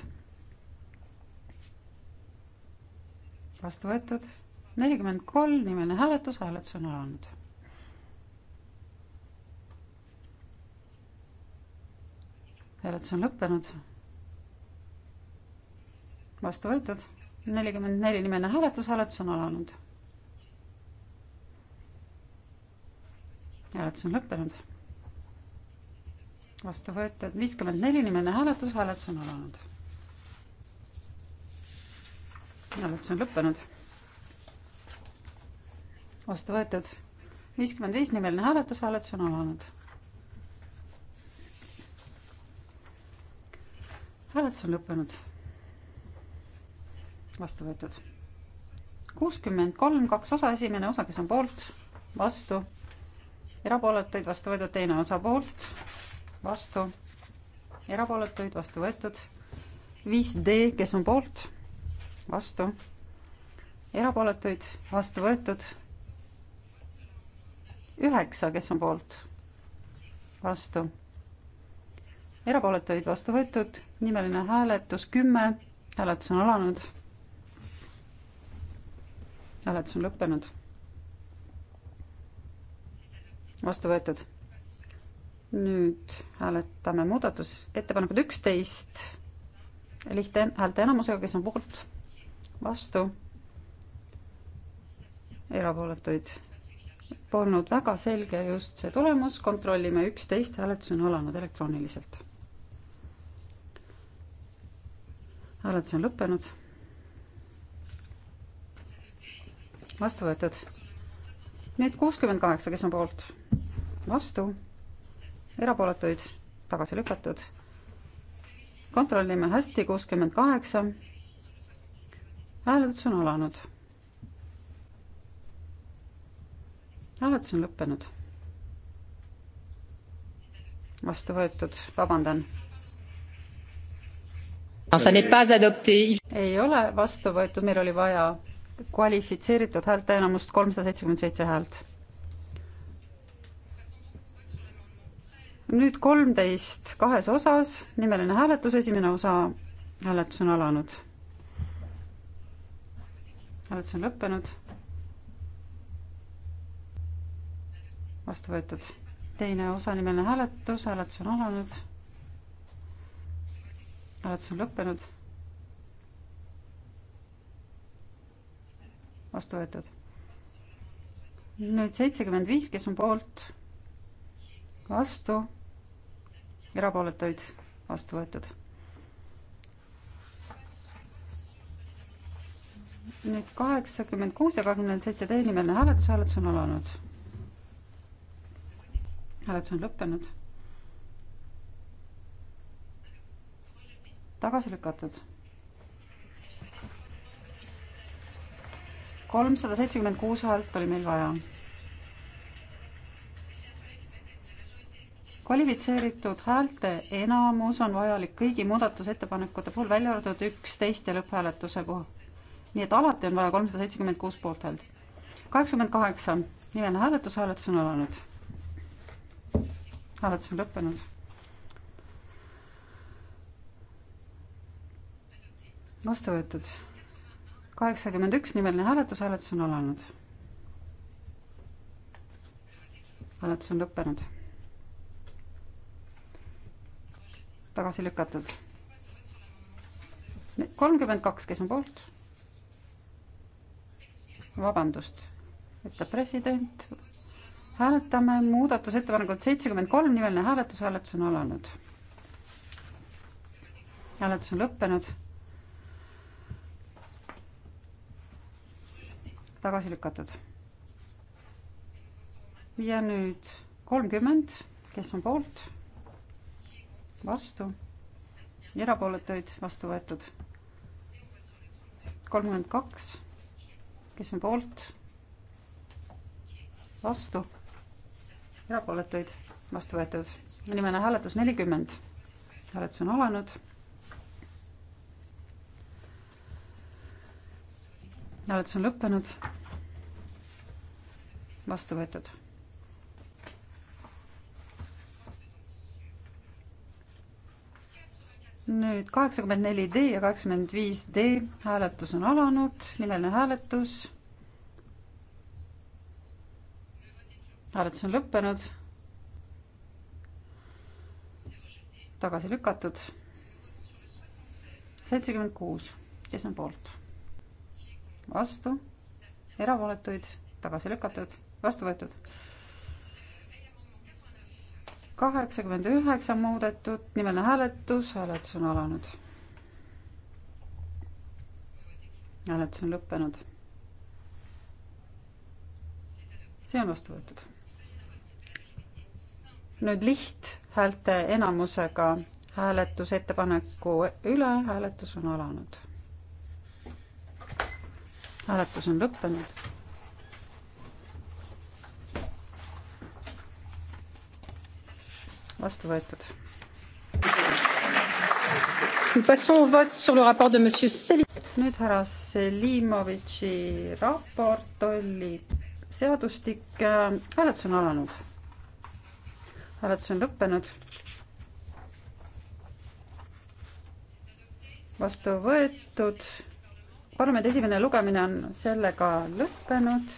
vastu võetud. nelikümmend kolm nimeline hääletus, hääletus on alanud. hääletus on lõppenud. vastu võetud nelikümmend neli nimeline hääletus, hääletus on alanud. hääletus on lõppenud. vastu võetud viiskümmend neli nimeline hääletus, hääletus on alanud. hääletus on lõppenud. vastu võetud viiskümmend viis nimeline hääletus, hääletus on alanud. hääletus on lõppenud vastu võetud. kuuskümmend kolm, kaks osa, esimene osa, kes on poolt, vastu, erapooletuid, vastu võetud, teine osa poolt, vastu, erapooletuid, vastu võetud, viis D, kes on poolt, vastu, erapooletuid, vastu võetud, üheksa, kes on poolt, vastu erapooletuid vastu võetud, nimeline hääletus kümme, hääletus on alanud hääletus on lõppenud. vastu võetud. nüüd hääletame muudatusettepanekud üksteist lihtne häälteenamusega, kes on poolt, vastu, erapooletuid. Polnud väga selge just see tulemus, kontrollime üksteist, hääletus on alanud elektrooniliselt. hääletus on lõppenud vastu võetud. nüüd kuuskümmend kaheksa, kes on poolt? vastu, erapooletuid, tagasi lükatud. kontrollime hästi, kuuskümmend kaheksa. hääletus on alanud. hääletus on lõppenud. vastu võetud, vabandan ei ole vastu võetud, meil oli vaja kvalifitseeritud häälteenamust kolmsada seitsekümmend seitse häält. nüüd kolmteist kahes osas, nimeline hääletus, esimene osa, hääletus on alanud. hääletus on lõppenud. vastu võetud. teine osa, nimeline hääletus, hääletus on alanud. hääletus on lõppenud vastu võetud. nüüd seitsekümmend viis, kes on poolt, vastu, erapooletuid vastu võetud. nüüd kaheksakümmend kuus ja kakskümmend seitse teenimeelne hääletus, hääletus on alanud. hääletus on lõppenud. tagasi lükatud kolmsada seitsekümmend kuus häält oli meil vaja. kvalifitseeritud häälte enamus on vajalik kõigi muudatusettepanekute puhul, välja arvatud üksteist ja lõpphääletuse puhul. nii et alati on vaja kolmsada seitsekümmend kuus poolthäält. kaheksakümmend kaheksa, nimeline hääletus, hääletus on alanud. hääletus on lõppenud. vastu võetud kaheksakümmend üks nimeline hääletus, hääletus on alanud. hääletus on lõppenud. tagasi lükatud. kolmkümmend kaks, kes on poolt? vabandust, ütleb president. hääletame muudatusettepanekut seitsekümmend kolm nimeline hääletus, hääletus on alanud. hääletus on lõppenud tagasi lükatud. ja nüüd kolmkümmend, kes on poolt, vastu, erapooletuid vastu võetud. kolmkümmend kaks, kes on poolt, vastu, erapooletuid vastu võetud. nimene hääletus nelikümmend, hääletus on alanud hääletus on lõppenud. vastu võetud. nüüd kaheksakümmend neli D ja kaheksakümmend viis D hääletus on alanud, nimeline hääletus. hääletus on lõppenud. tagasi lükatud. seitsekümmend kuus, kes on poolt? vastu, erapooletuid tagasi lükatud, vastu võetud. kaheksakümmend üheksa muudetud, nimeline hääletus, hääletus on alanud. hääletus on lõppenud. see on vastu võetud. nüüd lihthäälte enamusega hääletusettepaneku üle, hääletus on alanud hääletus on lõppenud. vastu võetud. nüüd härra Selimovitši raport oli seadustik, hääletus on alanud. hääletus on lõppenud. vastu võetud parlamendi esimene lugemine on sellega lõppenud.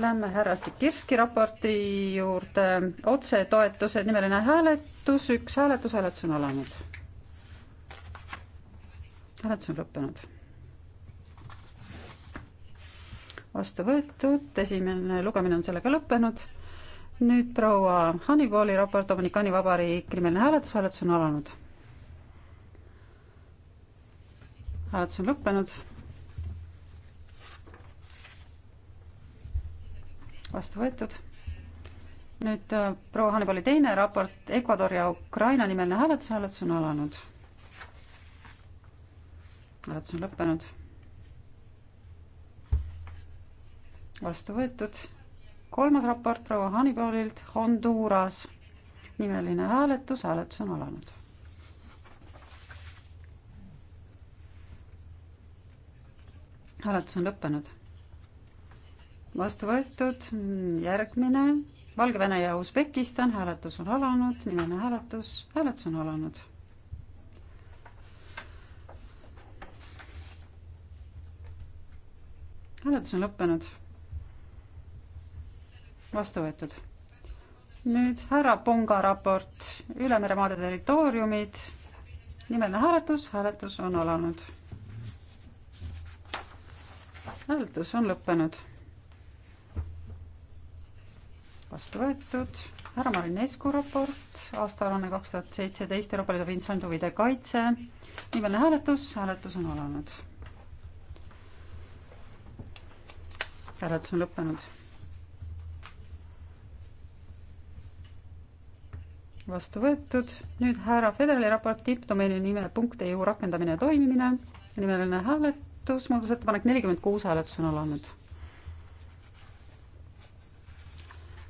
Lähme härra Sikirski raporti juurde, otsetoetused, nimeline hääletus, üks hääletus, hääletus on alanud. hääletus on lõppenud. vastu võetud, esimene lugemine on sellega lõppenud. nüüd proua Hannipooli raport Dominikani Vabariik, nimeline hääletus, hääletus on alanud hääletus on lõppenud. vastu võetud. nüüd äh, proua Hannibali teine raport Ecuador ja Ukraina nimeline hääletus, hääletus on alanud. hääletus on lõppenud. vastu võetud. kolmas raport proua Hannibalilt Honduras nimeline hääletus, hääletus on alanud hääletus on lõppenud. vastu võetud, järgmine, Valgevene ja Usbekistan, hääletus on alanud, nimeline hääletus, hääletus on alanud. hääletus on lõppenud. vastu võetud. nüüd härra Ponga raport, Ülemeremaade territooriumid, nimeline hääletus, hääletus on alanud hääletus on lõppenud. vastu võetud härra Marinescu raport, aastaaruanne kaks tuhat seitseteist Euroopa Liidu pensionihuvide kaitse. nimeline hääletus, hääletus on alanud. hääletus on lõppenud vastu võetud. nüüd härra Federali raport tippdomeeni nime punkt EU rakendamine ja toimimine. nimeline hääletus hääletus, muudatusettepanek nelikümmend kuus, hääletus on alanud.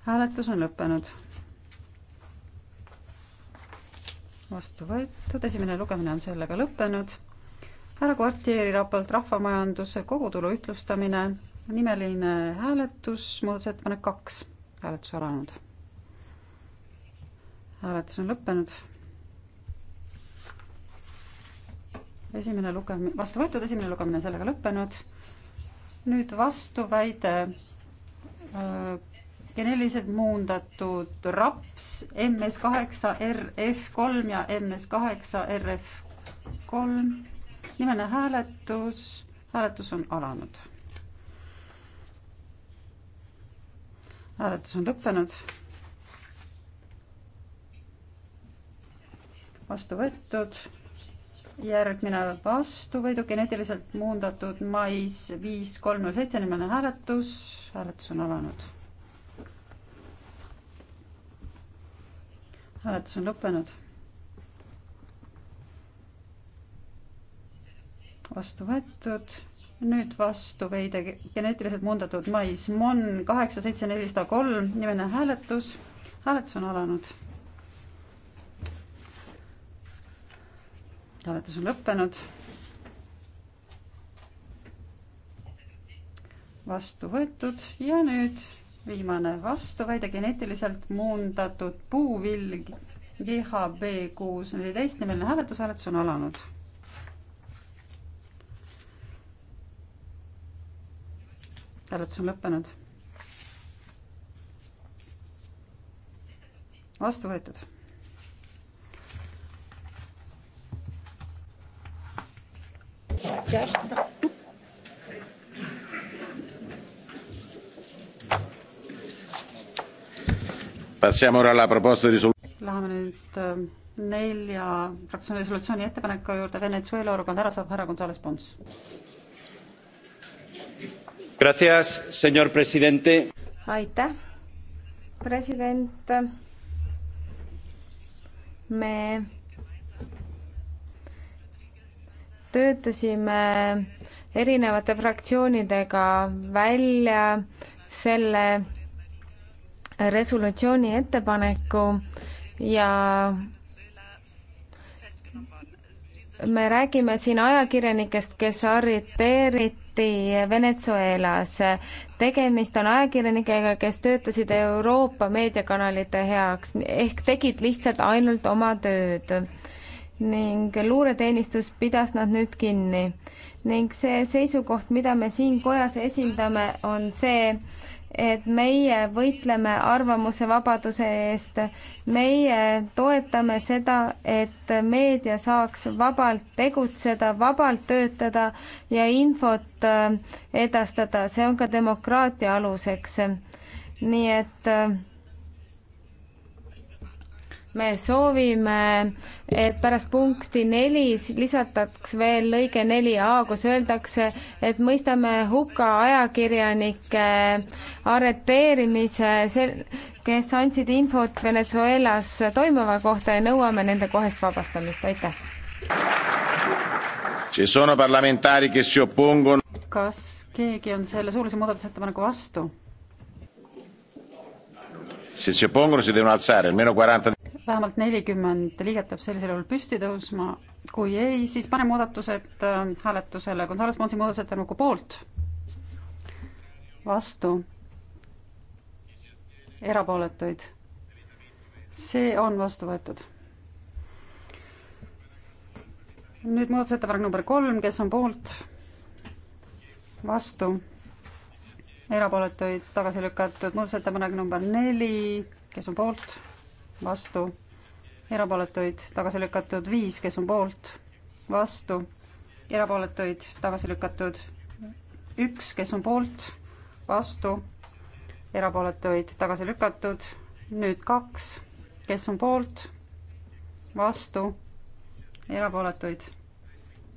hääletus on lõppenud. vastu võetud, esimene lugemine on sellega lõppenud. härra Kvartieri raport Rahvamajanduse kogutulu ühtlustamine, nimeline hääletus, muudatusettepanek kaks, hääletus alanud. hääletus on lõppenud esimene lugemine, vastu võetud, esimene lugemine sellega lõppenud. nüüd vastuväide geneelilised muundatud raps MS kaheksa RF kolm ja MS kaheksa RF kolm. nimeline hääletus, hääletus on alanud. hääletus on lõppenud. vastu võetud järgmine vastuvõidu geneetiliselt muundatud mais viis kolm null seitse nimeline hääletus, hääletus on alanud. hääletus on lõppenud. vastu võetud, nüüd vastu veide geneetiliselt muundatud mais MON kaheksa seitse nelisada kolm nimeline hääletus, hääletus on alanud hääletus on lõppenud. vastu võetud ja nüüd viimane vastuväide geneetiliselt muundatud puuvilg GHB kuus neliteist nimeline hääletus, hääletus on alanud. hääletus on lõppenud. vastu võetud carte. Passiamo ora alla proposta di risoluzione. Läheme nüüd äh, nelja fraktsiooni resolutsiooni ettepaneku juurde Venezuela Organ Tarasov, härra Gonzales Pons. Gracias, senor presidente. aitäh, president. me töötasime erinevate fraktsioonidega välja selle resolutsiooni ettepaneku ja me räägime siin ajakirjanikest, kes arreteeriti Venezuelas. tegemist on ajakirjanikega, kes töötasid Euroopa meediakanalite heaks ehk tegid lihtsalt ainult oma tööd ning luureteenistus pidas nad nüüd kinni. ning see seisukoht, mida me siin kojas esindame, on see, et meie võitleme arvamusevabaduse eest, meie toetame seda, et meedia saaks vabalt tegutseda, vabalt töötada ja infot äh, edastada, see on ka demokraatia aluseks. nii et äh, me soovime, et pärast punkti neli lisataks veel lõige neli A, kus öeldakse, et mõistame hukka ajakirjanike arreteerimise, kes andsid infot Venezuelas toimuva kohta ja nõuame nende kohest vabastamist, aitäh. kas keegi on selle suulise muudatusettepaneku vastu? se si oppongono si devono alzare almeno quaranta vähemalt nelikümmend liiget peab sellisel juhul püsti tõusma, kui ei, siis pane muudatused äh, hääletusele, Gonzales Ponsi muudatusettepaneku poolt, vastu, erapooletuid. see on vastu võetud. nüüd muudatusettepanek number kolm, kes on poolt, vastu, erapooletuid tagasi lükatud, muudatusettepanek number neli, kes on poolt vastu, erapooletuid tagasi lükatud viis, kes on poolt, vastu, erapooletuid tagasi lükatud üks, kes on poolt, vastu, erapooletuid tagasi lükatud, nüüd kaks, kes on poolt, vastu, erapooletuid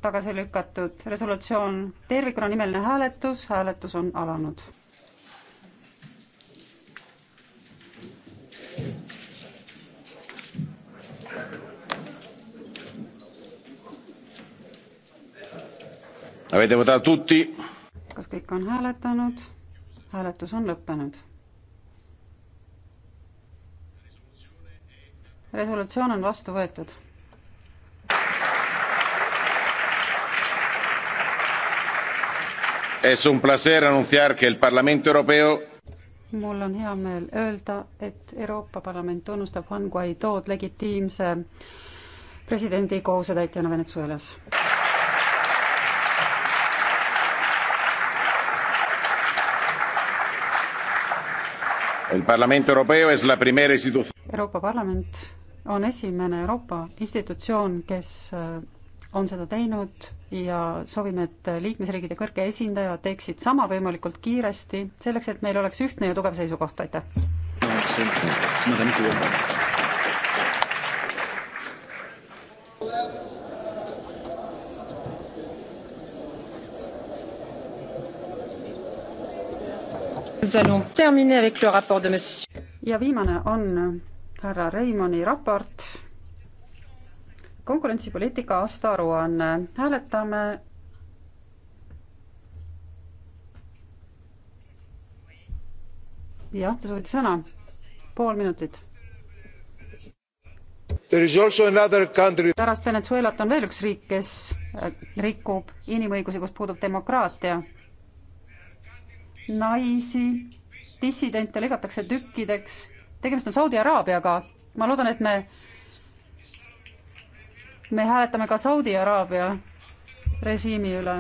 tagasi lükatud, resolutsioon tervikuna nimeline hääletus, hääletus on alanud Avete votato tutti? kas kõik on hääletanud? hääletus on lõppenud. resolutsioon on vastu võetud. Es un placer anunciar que el Parlamento Europeo mul on hea meel öelda, et Euroopa Parlament tunnustab Juan Guaidood legitiimse presidendi kohusetäitjana Venezuelas. Euroopa Parlament on esimene Euroopa institutsioon, kes äh, on seda teinud ja soovime, et liikmesriigide kõrge esindaja teeksid sama võimalikult kiiresti, selleks et meil oleks ühtne ja tugev seisukoht, aitäh! ja viimane on härra Reimani raport, konkurentsipoliitika aastaaruanne, hääletame jah, te soovite sõna? pool minutit. pärast Venezuelat on veel üks riik, kes äh, rikub inimõigusi, kus puudub demokraatia naisi, dissidente lõigatakse tükkideks. tegemist on Saudi Araabiaga. ma loodan, et me, me hääletame ka Saudi Araabia režiimi üle,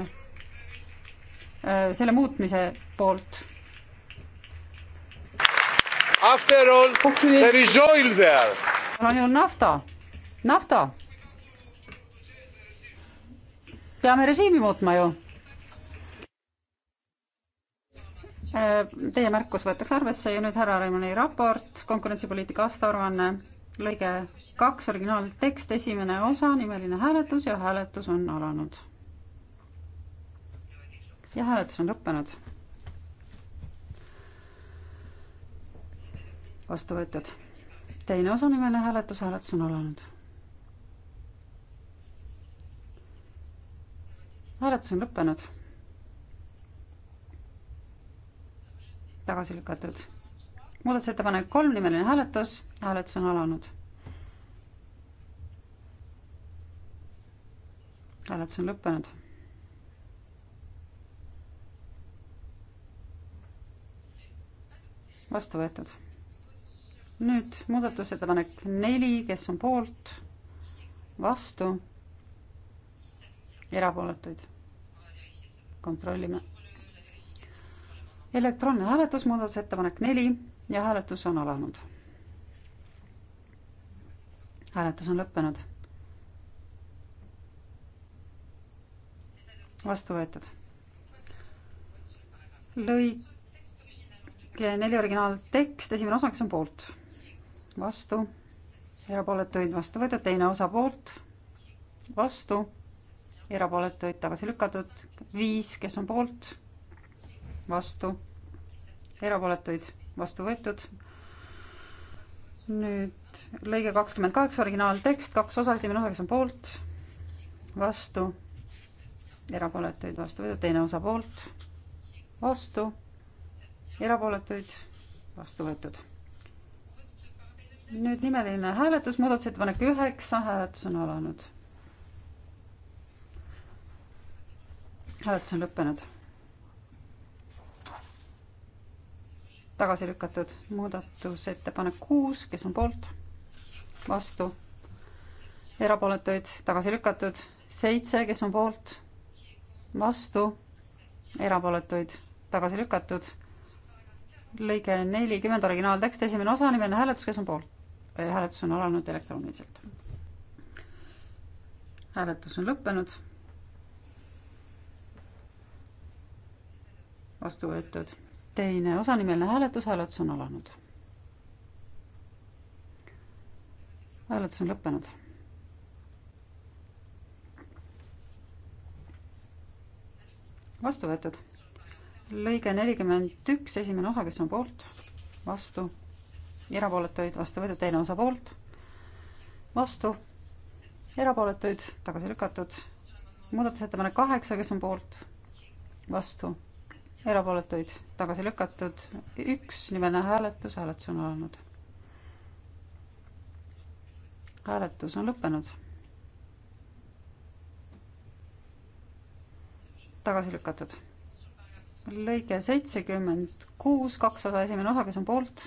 äh, selle muutmise poolt. After all, there is oil there. on ju nafta, nafta. peame režiimi muutma ju Äh, teie märkus võetakse arvesse ja nüüd härra Raimoni raport, konkurentsipoliitika aastaaruanne, lõige kaks, originaaltekst, esimene osa, nimeline hääletus ja hääletus on alanud. ja hääletus on lõppenud. vastu võetud. teine osa, nimeline hääletus, hääletus on alanud. hääletus on lõppenud tagasi lükatud. muudatusettepanek kolm, nimeline hääletus, hääletus on alanud. hääletus on lõppenud. vastu võetud. nüüd muudatusettepanek neli, kes on poolt, vastu, erapooletuid. kontrollime elektroonne hääletus, muudatusettepanek neli ja hääletus on alanud. hääletus on lõppenud. vastu võetud. lõige neli originaaltekst, esimene osa, kes on poolt? vastu, erapooletuid vastu võetud, teine osa poolt, vastu, erapooletuid tagasi lükatud, viis, kes on poolt vastu, erapooletuid vastu võetud. nüüd lõige kakskümmend kaheksa, originaaltekst, kaks osa, esimene osa, kes on poolt, vastu, erapooletuid vastu võetud, teine osa poolt, vastu, erapooletuid vastu võetud. nüüd nimeline hääletus, muudatusettepanek üheksa, hääletus on alanud. hääletus on lõppenud tagasi lükatud muudatusettepanek kuus, kes on poolt, vastu, erapooletuid tagasi lükatud, seitse, kes on poolt, vastu, erapooletuid tagasi lükatud, lõige nelikümmend, originaaltekst, esimene osa, nimeline hääletus, kes on poolt? Äh, hääletus on alanud elektrooniliselt. hääletus on lõppenud. vastu võetud teine osanimeline hääletus, hääletus on alanud. hääletus on lõppenud. vastu võetud. lõige nelikümmend üks, esimene osa, kes on poolt, vastu, erapooletuid, vastu võetud, teine osa poolt, vastu, erapooletuid, tagasi lükatud. muudatusettepanek kaheksa, kes on poolt, vastu erapooletuid tagasi lükatud, üks nimeline hääletus, hääletus on alanud. hääletus on lõppenud. tagasi lükatud. lõige seitsekümmend kuus, kaks osa, esimene osa, kes on poolt,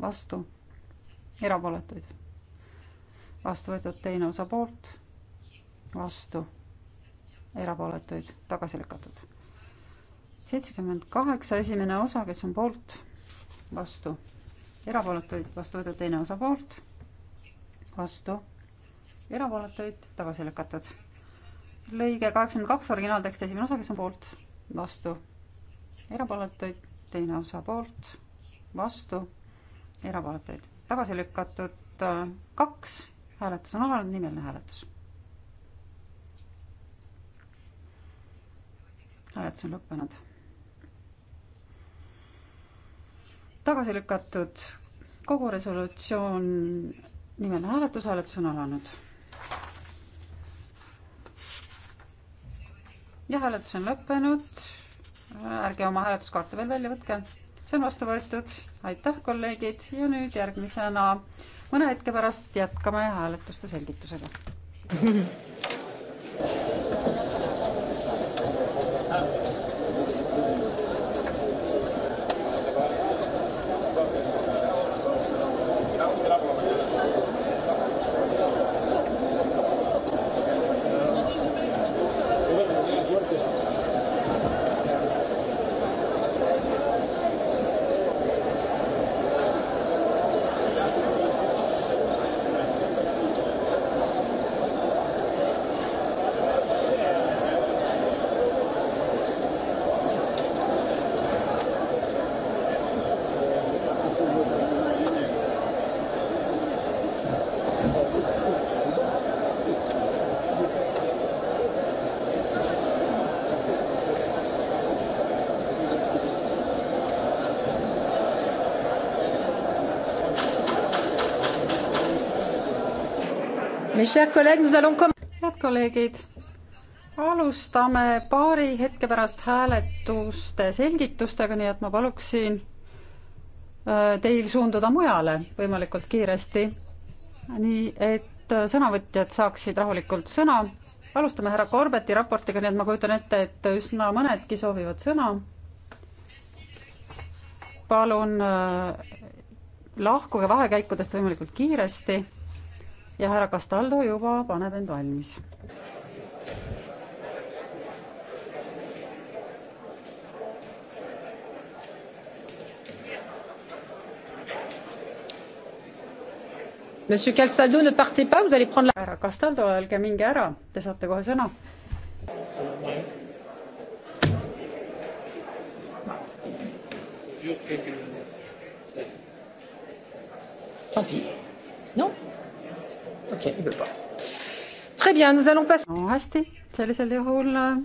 vastu, erapooletuid. vastu võetud teine osa poolt, vastu, erapooletuid, tagasi lükatud seitsekümmend kaheksa, esimene osa, kes on poolt, vastu, erapooletuid, vastu võetud teine osa poolt, vastu, erapooletuid, tagasi lükatud. lõige kaheksakümmend kaks, originaaltekst, esimene osa, kes on poolt, vastu, erapooletuid, teine osa poolt, vastu, erapooletuid, tagasi lükatud kaks, hääletus on alanud, nimeline hääletus. hääletus on lõppenud tagasi lükatud kogu resolutsioon nimeline hääletus, hääletus on alanud. ja hääletus on lõppenud. ärge oma hääletuskaarte veel välja võtke. see on vastu võetud. aitäh, kolleegid ja nüüd järgmisena mõne hetke pärast jätkame hääletuste selgitusega. head kolleegid, alustame paari hetke pärast hääletuste selgitustega, nii et ma paluksin äh, teil suunduda mujale võimalikult kiiresti, nii et äh, sõnavõtjad saaksid rahulikult sõna. alustame härra Korbeti raportiga, nii et ma kujutan ette, et üsna mõnedki soovivad sõna. palun äh, lahkuge vahekäikudest võimalikult kiiresti ja härra Castaldo juba paneb end valmis. Monsieur Castaldo, ne partez pas, vous allez prendre la... härra Castaldo, öelge minge ära, te saate kohe sõna. tant pis. Non okei okay,, il veut pas. Très bien, nous allons passer no,. Oh, hästi, sellisel juhul äh,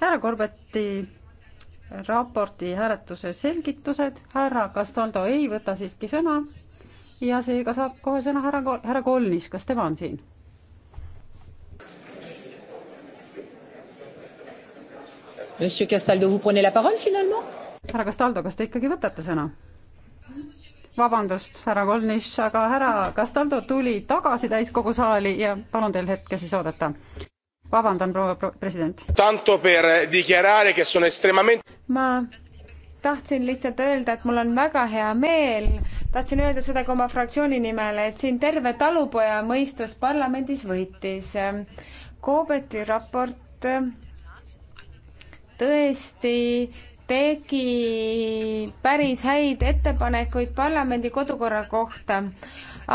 härra Korbeti raporti hääletuse selgitused, härra Castaldo ei võta siiski sõna ja seega saab kohe sõna härra, härra Kolnis, kas tema on siin? härra Castaldo, kas te ikkagi võtate sõna? vabandust, härra Kolnis, aga härra Castaldo tuli tagasi täiskogu saali ja palun teil hetke siis oodata. vabandan, proua president. ma tahtsin lihtsalt öelda, et mul on väga hea meel, tahtsin öelda seda ka oma fraktsiooni nimel, et siin terve talupoja mõistus parlamendis võitis. Koobeti raport tõesti tegi päris häid ettepanekuid parlamendi kodukorra kohta,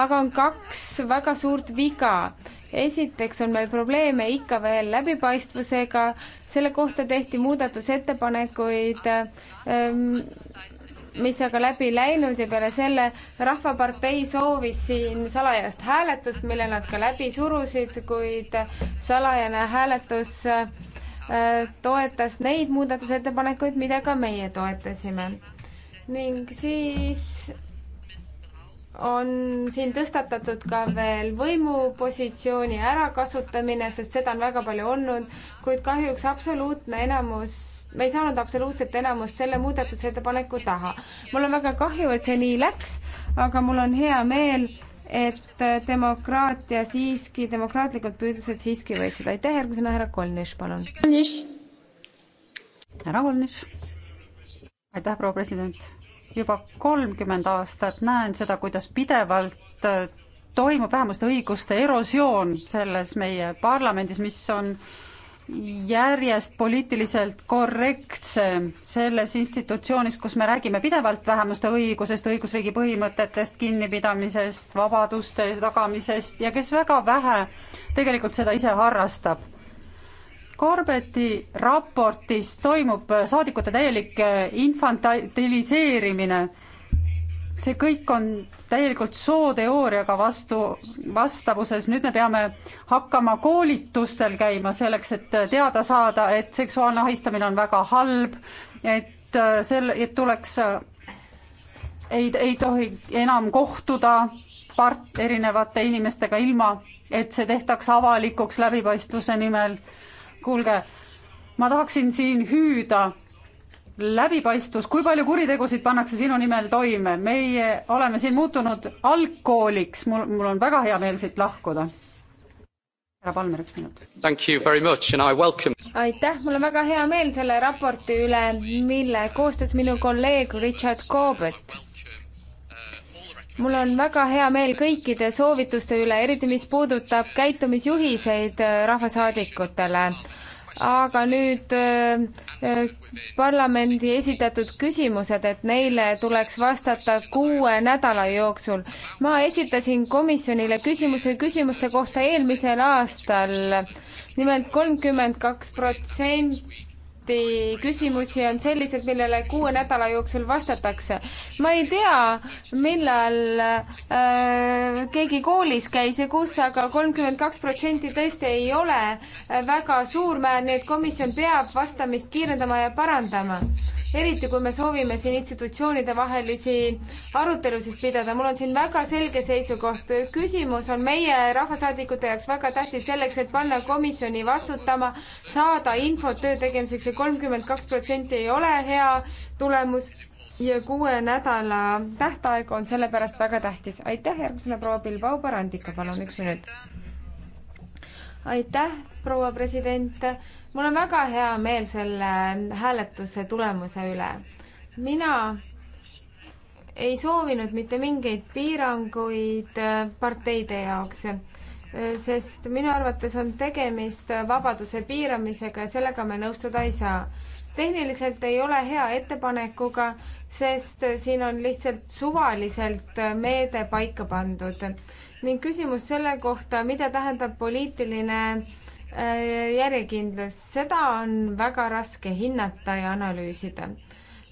aga on kaks väga suurt viga. esiteks on meil probleeme ikka veel läbipaistvusega, selle kohta tehti muudatusettepanekuid ähm, mis aga läbi läinud ja peale selle Rahvapartei soovis siin salajast hääletust, mille nad ka läbi surusid, kuid salajane hääletus äh, Äh, toetas neid muudatusettepanekuid, mida ka meie toetasime. ning siis on siin tõstatatud ka veel võimupositsiooni ärakasutamine, sest seda on väga palju olnud, kuid kahjuks absoluutne enamus, me ei saanud absoluutset enamust selle muudatusettepaneku taha. mul on väga kahju, et see nii läks, aga mul on hea meel, et demokraatia siiski, demokraatlikud püüdlused siiski võitsid. aitäh, järgmisena härra Kolnis, palun. härra Kolnis. aitäh, proua president. juba kolmkümmend aastat näen seda, kuidas pidevalt toimub vähemuste õiguste erosioon selles meie parlamendis, mis on äh, järjest poliitiliselt korrektsem selles institutsioonis, kus me räägime pidevalt vähemuste õigusest, õigusriigi põhimõtetest, kinnipidamisest, vabaduste tagamisest ja kes väga vähe tegelikult seda ise harrastab. Corbeti raportis toimub saadikute täielik infantiliseerimine see kõik on täielikult sooteooriaga vastu, vastavuses, nüüd me peame hakkama koolitustel käima selleks, et teada saada, et seksuaalne ahistamine on väga halb, et äh, selle, et tuleks, äh, ei, ei tohi enam kohtuda part-, erinevate inimestega ilma, et see tehtaks avalikuks läbipaistvuse nimel. kuulge, ma tahaksin siin hüüda läbipaistvus, kui palju kuritegusid pannakse sinu nimel toime, meie oleme siin muutunud algkooliks, mul, mul on väga hea meel siit lahkuda. härra Palmer, üks minut. aitäh, mul on väga hea meel selle raporti üle, mille koostas minu kolleeg Richard Corbett mul on väga hea meel kõikide soovituste üle, eriti mis puudutab käitumisjuhiseid äh, rahvasaadikutele aga nüüd äh, äh, parlamendi esitatud küsimused, et neile tuleks vastata kuue nädala jooksul. ma esitasin komisjonile küsimuse küsimuste kohta eelmisel aastal nimelt. nimelt kolmkümmend kaks protsenti raporti küsimusi on sellised, millele kuue nädala jooksul vastatakse. ma ei tea, millal äh, keegi koolis käis ja kus aga, aga kolmkümmend kaks protsenti tõesti ei ole äh, väga suur määr, nii et komisjon peab vastamist kiirendama ja parandama eriti kui me soovime siin institutsioonide vahelisi arutelusid pidada. mul on siin väga selge seisukoht. küsimus on meie rahvasaadikute jaoks väga tähtis selleks, et panna komisjoni vastutama, saada infot töö tegemiseks ja kolmkümmend kaks protsenti ei ole hea tulemus ja kuue nädala tähtaeg on sellepärast väga tähtis. aitäh, järgmisena proua Bilbao Barandika, palun üks minut. aitäh, proua president. mul on väga hea meel selle hääletuse tulemuse üle. mina ei soovinud mitte mingeid piiranguid parteide jaoks sest minu arvates on tegemist vabaduse piiramisega ja sellega me nõustuda ei saa. tehniliselt ei ole hea ettepanekuga, sest siin on lihtsalt suvaliselt meede paika pandud ning küsimus selle kohta, mida tähendab poliitiline äh, järjekindlus, seda on väga raske hinnata ja analüüsida.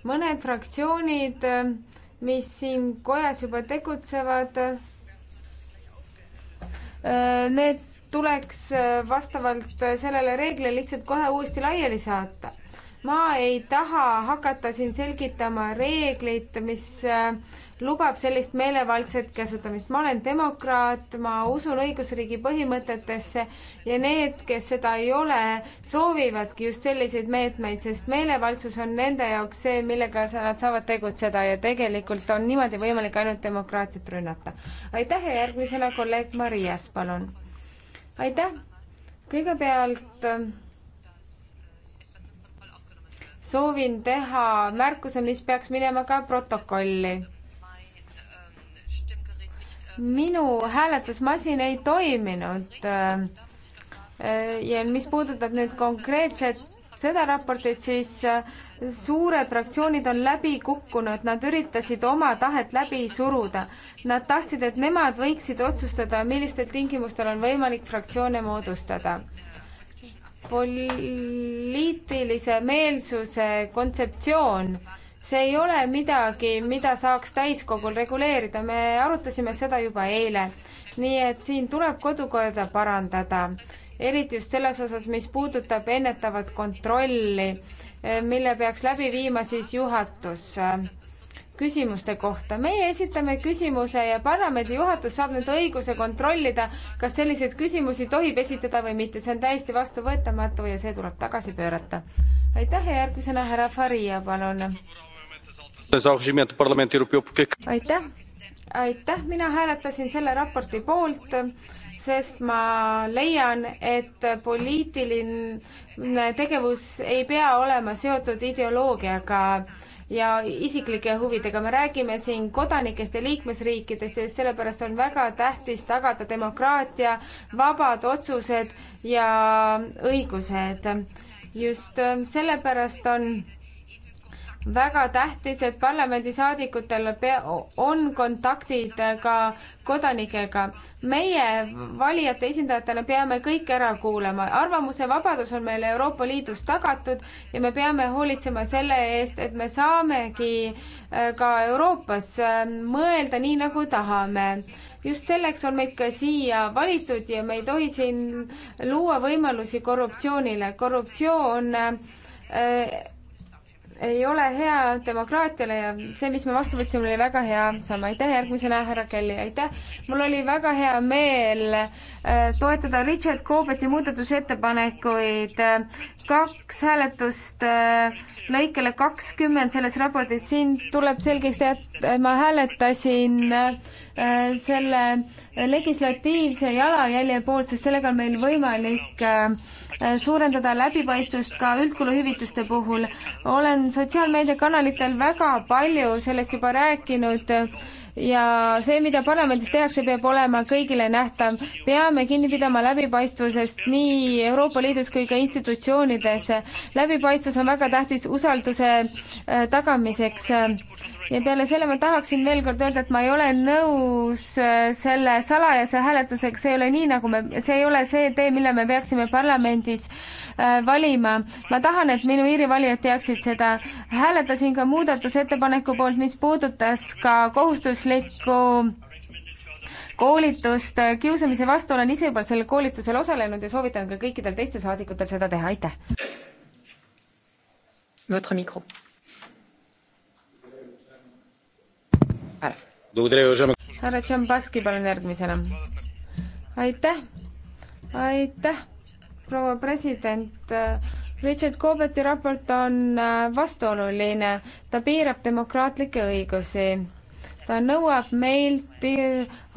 mõned fraktsioonid, mis siin kojas juba tegutsevad, Äh, need tuleks äh, vastavalt äh, sellele reeglile lihtsalt kohe uuesti laiali saata. ma ei taha hakata siin selgitama reeglit, mis lubab sellist meelevaldset käsutamist. ma olen demokraat, ma usun õigusriigi põhimõtetesse ja need, kes seda ei ole, soovivadki just selliseid meetmeid, sest meelevaldsus on nende jaoks see, millega nad saavad tegutseda ja tegelikult on niimoodi võimalik ainult demokraatiat rünnata. aitäh ja järgmisena kolleeg Marias, palun. aitäh. kõigepealt ähm, soovin teha märkuse, mis peaks minema ka protokolli minu hääletusmasin ei toiminud. ja mis puudutab nüüd konkreetset seda raportit, siis äh, suured fraktsioonid on läbi kukkunud, nad üritasid oma tahet läbi suruda. Nad tahtsid, et nemad võiksid otsustada, millistel tingimustel on võimalik fraktsioone moodustada. poliitilise meelsuse kontseptsioon see ei ole midagi, mida saaks täiskogul reguleerida, me arutasime seda juba eile. nii et siin tuleb kodukorda parandada, eriti just selles osas, mis puudutab ennetavat kontrolli, mille peaks läbi viima siis juhatus äh, küsimuste kohta. meie esitame küsimuse ja parlamendi juhatus saab nüüd õiguse kontrollida, kas selliseid küsimusi tohib esitada või mitte. see on täiesti vastuvõetamatu ja see tuleb tagasi pöörata. aitäh ja järgmisena härra Faria, palun aitäh, aitäh, mina hääletasin selle raporti poolt, sest ma leian, et poliitiline tegevus ei pea olema seotud ideoloogiaga ja isiklike huvidega, me räägime siin kodanikest ja liikmesriikidest ja just sellepärast on väga tähtis tagada demokraatia, vabad otsused ja õigused. just sellepärast on väga tähtis, et parlamendisaadikutel on kontaktid ka kodanikega. meie valijate esindajatena peame kõik ära kuulama, arvamuse vabadus on meil Euroopa Liidus tagatud ja me peame hoolitsema selle eest, et me saamegi äh, ka Euroopas äh, mõelda nii, nagu tahame. just selleks on meid ka siia valitud ja me ei tohi siin luua võimalusi korruptsioonile. korruptsioon äh, ei ole hea demokraatiale ja see, mis me vastu võtsime, oli väga hea samm. aitäh järgmisena, härra Kelly, aitäh. mul oli väga hea meel äh, toetada Richard Corbeti muudatusettepanekuid. kaks hääletust äh, lõikele kakskümmend selles raportis, siin tuleb selgeks teha, et ma hääletasin äh, selle legislatiivse jalajälje poolt, sest sellega on meil võimalik äh, Äh, suurendada läbipaistvust ka üldkuluhüvitiste puhul. olen sotsiaalmeediakanalitel väga palju sellest juba rääkinud ja see, mida parlamendis tehakse, peab olema kõigile nähtav. peame kinni pidama läbipaistvusest nii Euroopa Liidus kui ka institutsioonides. läbipaistvus on väga tähtis usalduse äh, tagamiseks ja peale selle ma tahaksin veel kord öelda, et ma ei ole nõus äh, selle salajase hääletusega, see ei ole nii, nagu me, see ei ole see tee, mille me peaksime parlamendis äh, valima. ma tahan, et minu Iiri valijad teaksid seda. hääletasin ka muudatusettepaneku poolt, mis puudutas ka kohustuslikku koolitust kiusamise vastu, olen ise juba sellel koolitusel osalenud ja soovitan ka kõikidel teistel saadikutel seda teha, aitäh. Votre micro härra Tšambaski, palun järgmisena. aitäh, aitäh, proua president. Richard Corbeti raport on äh, vastuoluline, ta piirab demokraatlikke õigusi ta nõuab meilt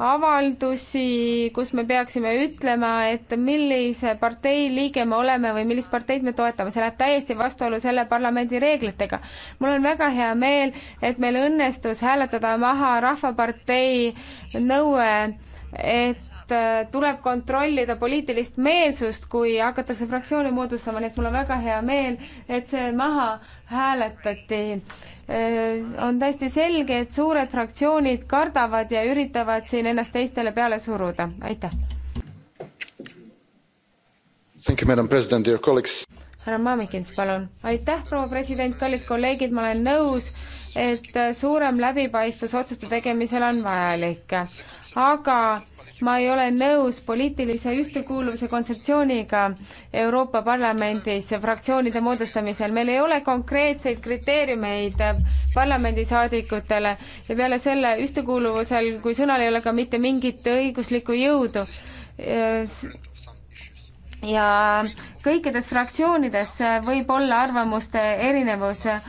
avaldusi, kus me peaksime ütlema, et millise partei liige me oleme või millist parteid me toetame, see läheb täiesti vastuollu selle parlamendi reeglitega. mul on väga hea meel, et meil õnnestus hääletada maha Rahvapartei nõue, et et äh, tuleb kontrollida poliitilist meelsust, kui hakatakse fraktsioone moodustama, nii et mul on väga hea meel, et see maha hääletati. Äh, on täiesti selge, et suured fraktsioonid kardavad ja üritavad siin ennast teistele peale suruda. aitäh. härra Mamikins, palun. aitäh, proua president, kallid kolleegid, ma olen nõus, et suurem läbipaistvus otsuste tegemisel on vajalik, aga ma ei ole nõus poliitilise ühtekuuluvuse kontseptsiooniga Euroopa Parlamendis fraktsioonide moodustamisel. meil ei ole konkreetseid kriteeriumeid parlamendisaadikutele ja peale selle ühtekuuluvusel kui sõnal ei ole ka mitte mingit õiguslikku jõudu äh, ja kõikides fraktsioonides äh, võib olla arvamuste erinevus. Äh,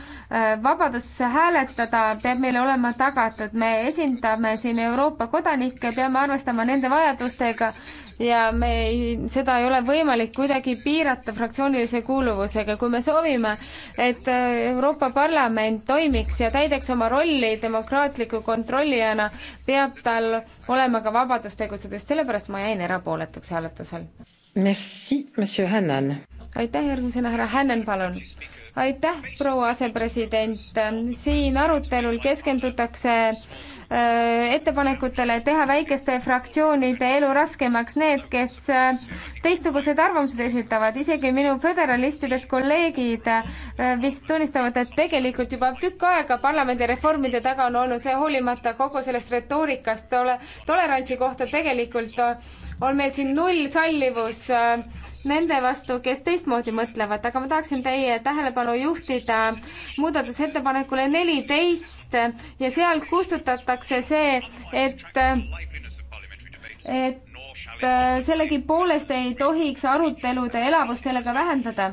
vabadus hääletada peab meile olema tagatud, me esindame siin Euroopa kodanikke, peame arvestama nende vajadustega ja me ei, seda ei ole võimalik kuidagi piirata fraktsioonilise kuuluvusega, kui me soovime, et äh, Euroopa Parlament toimiks ja täidaks oma rolli demokraatliku kontrollijana, peab tal olema ka vabadus tegutseda, just sellepärast ma jäin erapooletuks hääletusel aitäh, järgmisena härra Hännen, palun aitäh, proua asepresident. siin arutelul keskendutakse äh, ettepanekutele teha väikeste fraktsioonide elu raskemaks need, kes äh, teistsugused arvamused esitavad, isegi minu föderalistidest kolleegid äh, vist tunnistavad, et tegelikult juba tükk aega parlamendireformide taga on olnud see hoolimata kogu sellest retoorikast tole, tolerantsi kohta tegelikult on meil siin null sallivus äh, nende vastu, kes teistmoodi mõtlevad, aga ma tahaksin teie tähelepanu juhtida muudatusettepanekule neliteist ja seal kustutatakse see, et et äh, sellegipoolest ei tohiks arutelude elavust sellega vähendada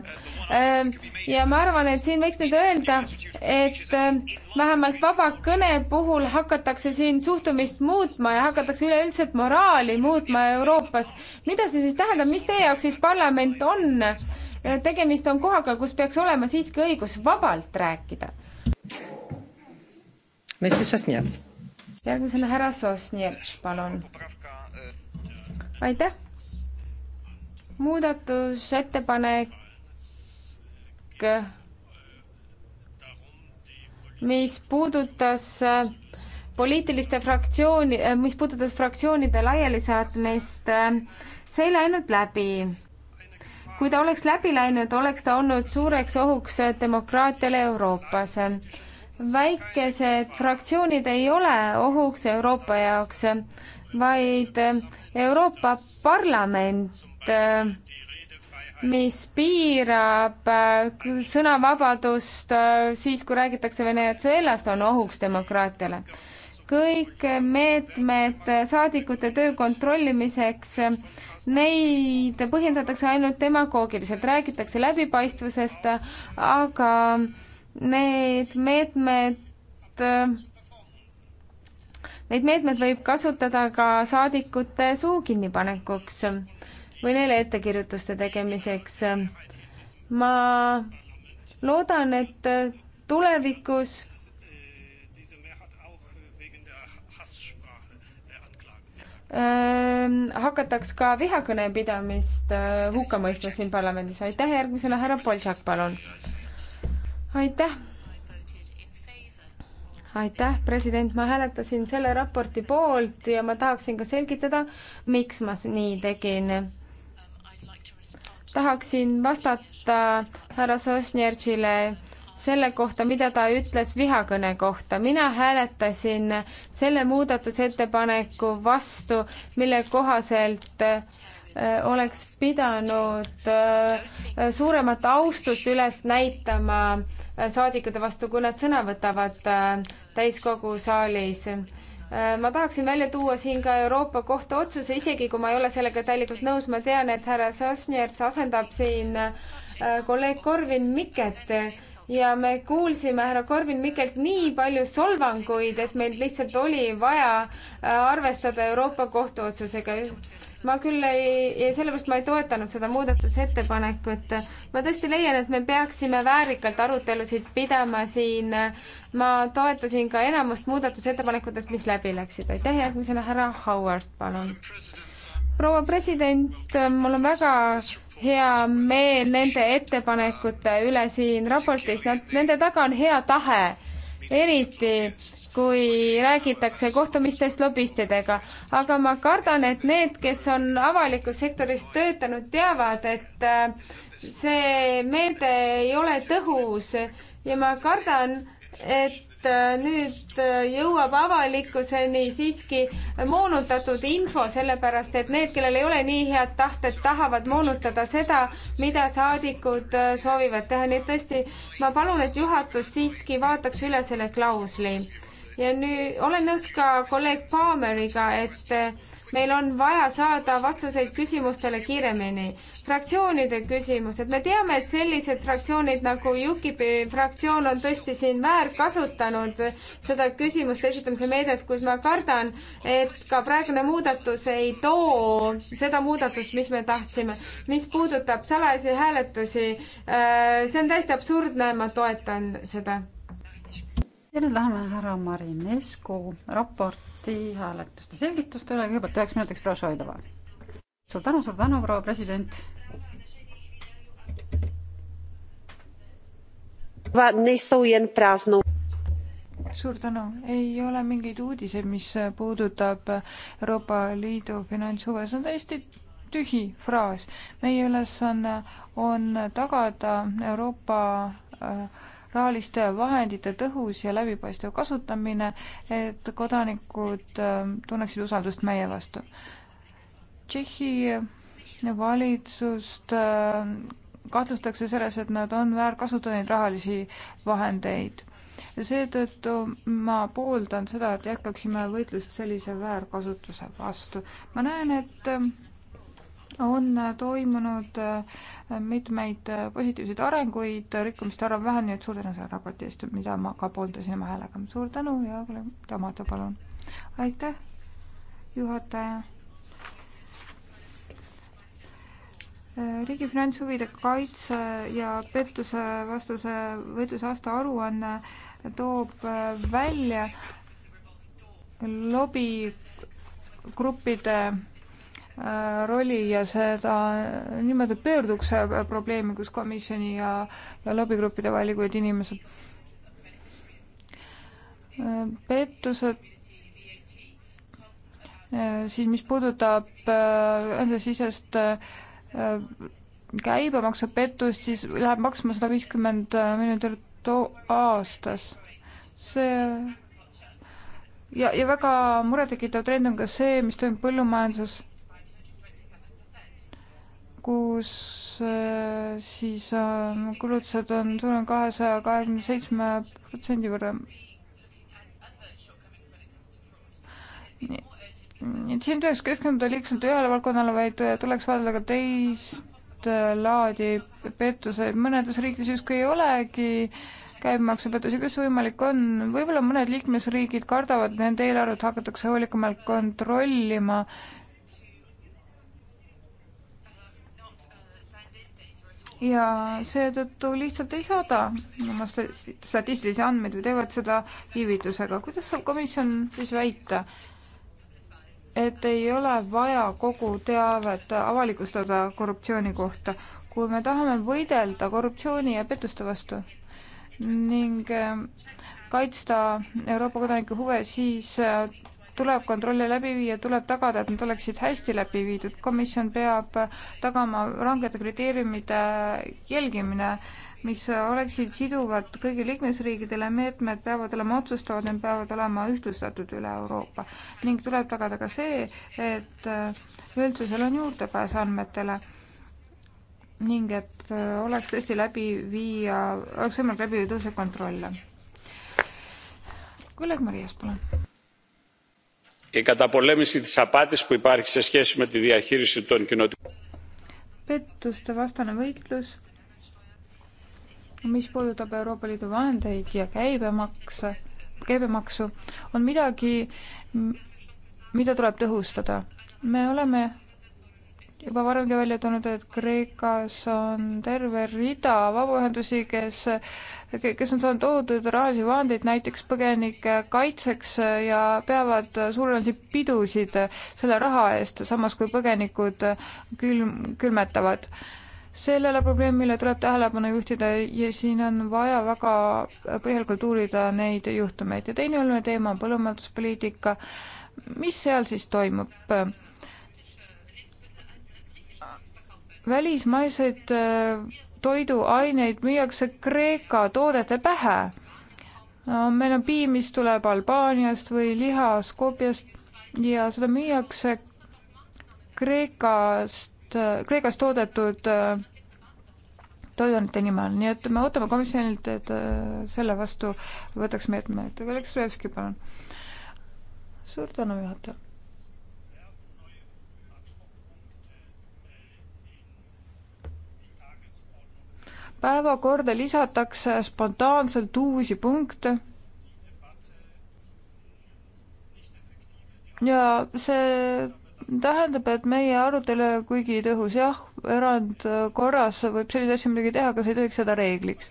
Ehm, ja ma arvan, et siin võiks nüüd öelda, et ehm, vähemalt vaba kõne puhul hakatakse siin suhtumist muutma ja hakatakse üleüldiselt moraali muutma Euroopas. mida see siis tähendab, mis teie jaoks siis parlament on? Ehm, tegemist on kohaga, kus peaks olema siiski õigus vabalt rääkida. järgmisena härra Sosnjev, palun. aitäh. muudatusettepanek mis puudutas poliitiliste fraktsiooni, mis puudutas fraktsioonide laialisaatmist, see ei läinud läbi. kui ta oleks läbi läinud, oleks ta olnud suureks ohuks demokraatiale Euroopas. väikesed fraktsioonid ei ole ohuks Euroopa jaoks, vaid Euroopa Parlament mis piirab äh, sõnavabadust äh, siis, kui räägitakse Venezuelast, on ohuks demokraatiale. kõik meetmed saadikute töö kontrollimiseks, neid põhjendatakse ainult demagoogiliselt, räägitakse läbipaistvusest, aga need meetmed äh, Neid meetmeid võib kasutada ka saadikute suu kinnipanekuks või neile ettekirjutuste tegemiseks. ma loodan, et tulevikus ähm, hakataks ka vihakõne pidamist äh, hukka mõistma siin parlamendis. aitäh, järgmisena härra Boltšak, palun. aitäh. aitäh, president, ma hääletasin selle raporti poolt ja ma tahaksin ka selgitada, miks ma nii tegin tahaksin vastata härra Sosnjertšile selle kohta, mida ta ütles vihakõne kohta. mina hääletasin selle muudatusettepaneku vastu, mille kohaselt äh, oleks pidanud äh, suuremat austust üles näitama äh, saadikute vastu, kui nad sõna võtavad täiskogu saalis Äh, ma tahaksin välja tuua siin ka Euroopa Kohtu otsuse, isegi kui ma ei ole sellega täielikult nõus, ma tean, et härra Sosnjerts asendab siin äh, kolleeg Korvin Mikket ja me kuulsime härra Korvin Mikkelt nii palju solvanguid, et meil lihtsalt oli vaja äh, arvestada Euroopa Kohtu otsusega. ma küll ei, ja sellepärast ma ei toetanud seda muudatusettepanekut. ma tõesti leian, et me peaksime väärikalt arutelusid pidama siin. ma toetasin ka enamust muudatusettepanekutest, mis läbi läksid. aitäh, järgmisena härra Howard, palun. proua president, mul on väga hea meel nende ettepanekute üle siin raportis, nad, nende taga on hea tahe, eriti kui räägitakse kohtumistest lobistidega. aga ma kardan, et need, kes on avalikus sektoris töötanud, teavad, et äh, see meede ei ole tõhus ja ma kardan, et et äh, nüüd äh, jõuab avalikkuseni siiski moonutatud info, sellepärast et need, kellel ei ole nii head tahtet, tahavad moonutada seda, mida saadikud äh, soovivad teha, nii et tõesti, ma palun, et juhatus siiski vaataks üle selle klausli. ja nüüd olen nõus ka kolleeg Palmeriga, et meil on vaja saada vastuseid küsimustele kiiremini. fraktsioonide küsimused, me teame, et sellised fraktsioonid nagu UKIP-i fraktsioon on tõesti siin väärkasutanud seda küsimuste esitamise meedet, kuid ma kardan, et ka praegune muudatus ei too seda muudatust, mis me tahtsime. mis puudutab salajasi hääletusi, äh, see on täiesti absurdne, ma toetan seda ja nüüd läheme härra Marinescu raport kiiresti hääletuste selgitustele, kõigepealt üheks minutiks proua Šoidova. suur tänu, suur tänu, proua president. suur tänu, ei ole mingeid uudiseid, mis puudutab Euroopa Liidu finantshuve, see on täiesti tühi fraas. meie ülesanne on, on tagada Euroopa äh, rahaliste vahendite tõhus ja läbipaistev kasutamine, et kodanikud ähm, tunneksid usaldust meie vastu. Tšehhi valitsust ähm, kahtlustatakse selles, et nad on väärkasutanud neid rahalisi vahendeid ja seetõttu ma pooldan seda, et jätkaksime võitlust sellise väärkasutuse vastu. ma näen, et ähm, on toimunud äh, mitmeid äh, positiivseid arenguid, rikkumiste arv vähenenud, suur tänu selle raporti eest, mida ma ka pooldasin oma häälega. suur tänu ja Tamato, palun. aitäh, juhataja. Äh, riigi finantshuvide kaitse ja pettuse vastase võitluse aasta aruanne toob välja lobigruppide Äh, rolli ja seda niimoodi pöörduks äh, probleemi, kus komisjoni ja, ja lobigruppide valikuid inimesed. Äh, pettused siis mis puudutab endasisest käibemaksupettust, siis läheb maksma sada viiskümmend miljonit eurot aastas. see ja, ja väga murettekitav trend on ka see, mis toimub põllumajanduses kus äh, siis ähm, kulutused on suurenenud kahesaja kahekümne seitsme protsendi võrra. nii et siin tuleks keskenduda lihtsalt ühele valdkonnale, vaid äh, tuleks vaadata ka teist äh, laadi pettuseid. mõnedes riikides justkui ei olegi käibemaksupettusi, kas võimalik on, võib-olla mõned liikmesriigid kardavad, et nende eelarvet hakatakse hoolikamalt kontrollima ja seetõttu lihtsalt ei saada oma statistilisi andmeid või teevad seda viivitusega. kuidas saab komisjon siis väita, et ei ole vaja kogu teavet avalikustada korruptsiooni kohta, kui me tahame võidelda korruptsiooni ja pettuste vastu ning äh, kaitsta Euroopa kodanike huve, siis äh, tuleb kontrolle läbi viia, tuleb tagada, et nad oleksid hästi läbi viidud. komisjon peab tagama rangete kriteeriumide jälgimine, mis oleksid siduvad kõigi liikmesriigidele, meetmed peavad olema otsustavad, need peavad olema ühtlustatud üle Euroopa. ning tuleb tagada ka see, et üldsusel on juurdepääs andmetele ning et oleks tõesti läbi viia, oleks võimalik läbi viia tõhusaid kontrolle. kolleeg Marias, palun και καταπολέμηση της απάτης που υπάρχει σε σχέση με τη διαχείριση των κοινοτικών. Pettuste vastane võitlus, mis puudutab Euroopa Liidu vahendeid ja käibemakse, käibemaksu, on midagi, mida tuleb tõhustada. me oleme juba varemgi välja tulnud, et Kreekas on terve rida vabaühendusi, kes, kes on saanud tohutuid rahalisi vahendeid näiteks põgenike kaitseks ja peavad suurelisi pidusid selle raha eest, samas kui põgenikud külm, külmetavad. sellele probleemile tuleb tähelepanu juhtida ja siin on vaja väga põhjalikult uurida neid juhtumeid ja teine oluline teema on põllumajanduspoliitika. mis seal siis toimub? välismaiseid äh, toiduaineid müüakse Kreeka toodete pähe. meil on piim, mis tuleb Albaaniast või liha Skopjast ja seda müüakse Kreekast, äh, Kreekas toodetud äh, toiduainete nimel, nii et me ootame komisjonilt, et selle vastu võtaks meetmeid. Oleg Sõjevski, palun. suur tänu, juhataja päevakorda lisatakse spontaanselt uusi punkte. ja see tähendab, et meie arutelu kuigi tõhus, jah, erandkorras võib selliseid asju muidugi teha, aga see ei tohiks seda reegliks.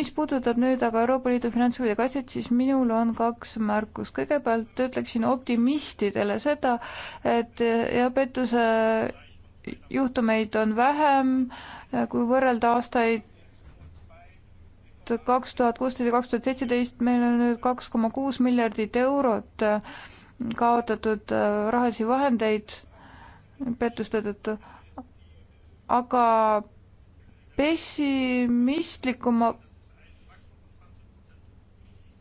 mis puudutab nüüd aga Euroopa Liidu finantshuvide kaitset, siis minul on kaks märkust. kõigepealt ütleksin optimistidele seda, et ja pettuse juhtumeid on vähem, kui võrrelda aastaid kaks tuhat kuusteist ja kaks tuhat seitseteist meil on nüüd kaks koma kuus miljardit eurot äh, kaotatud äh, rahalisi vahendeid pettuste tõttu. aga pessimistlikuma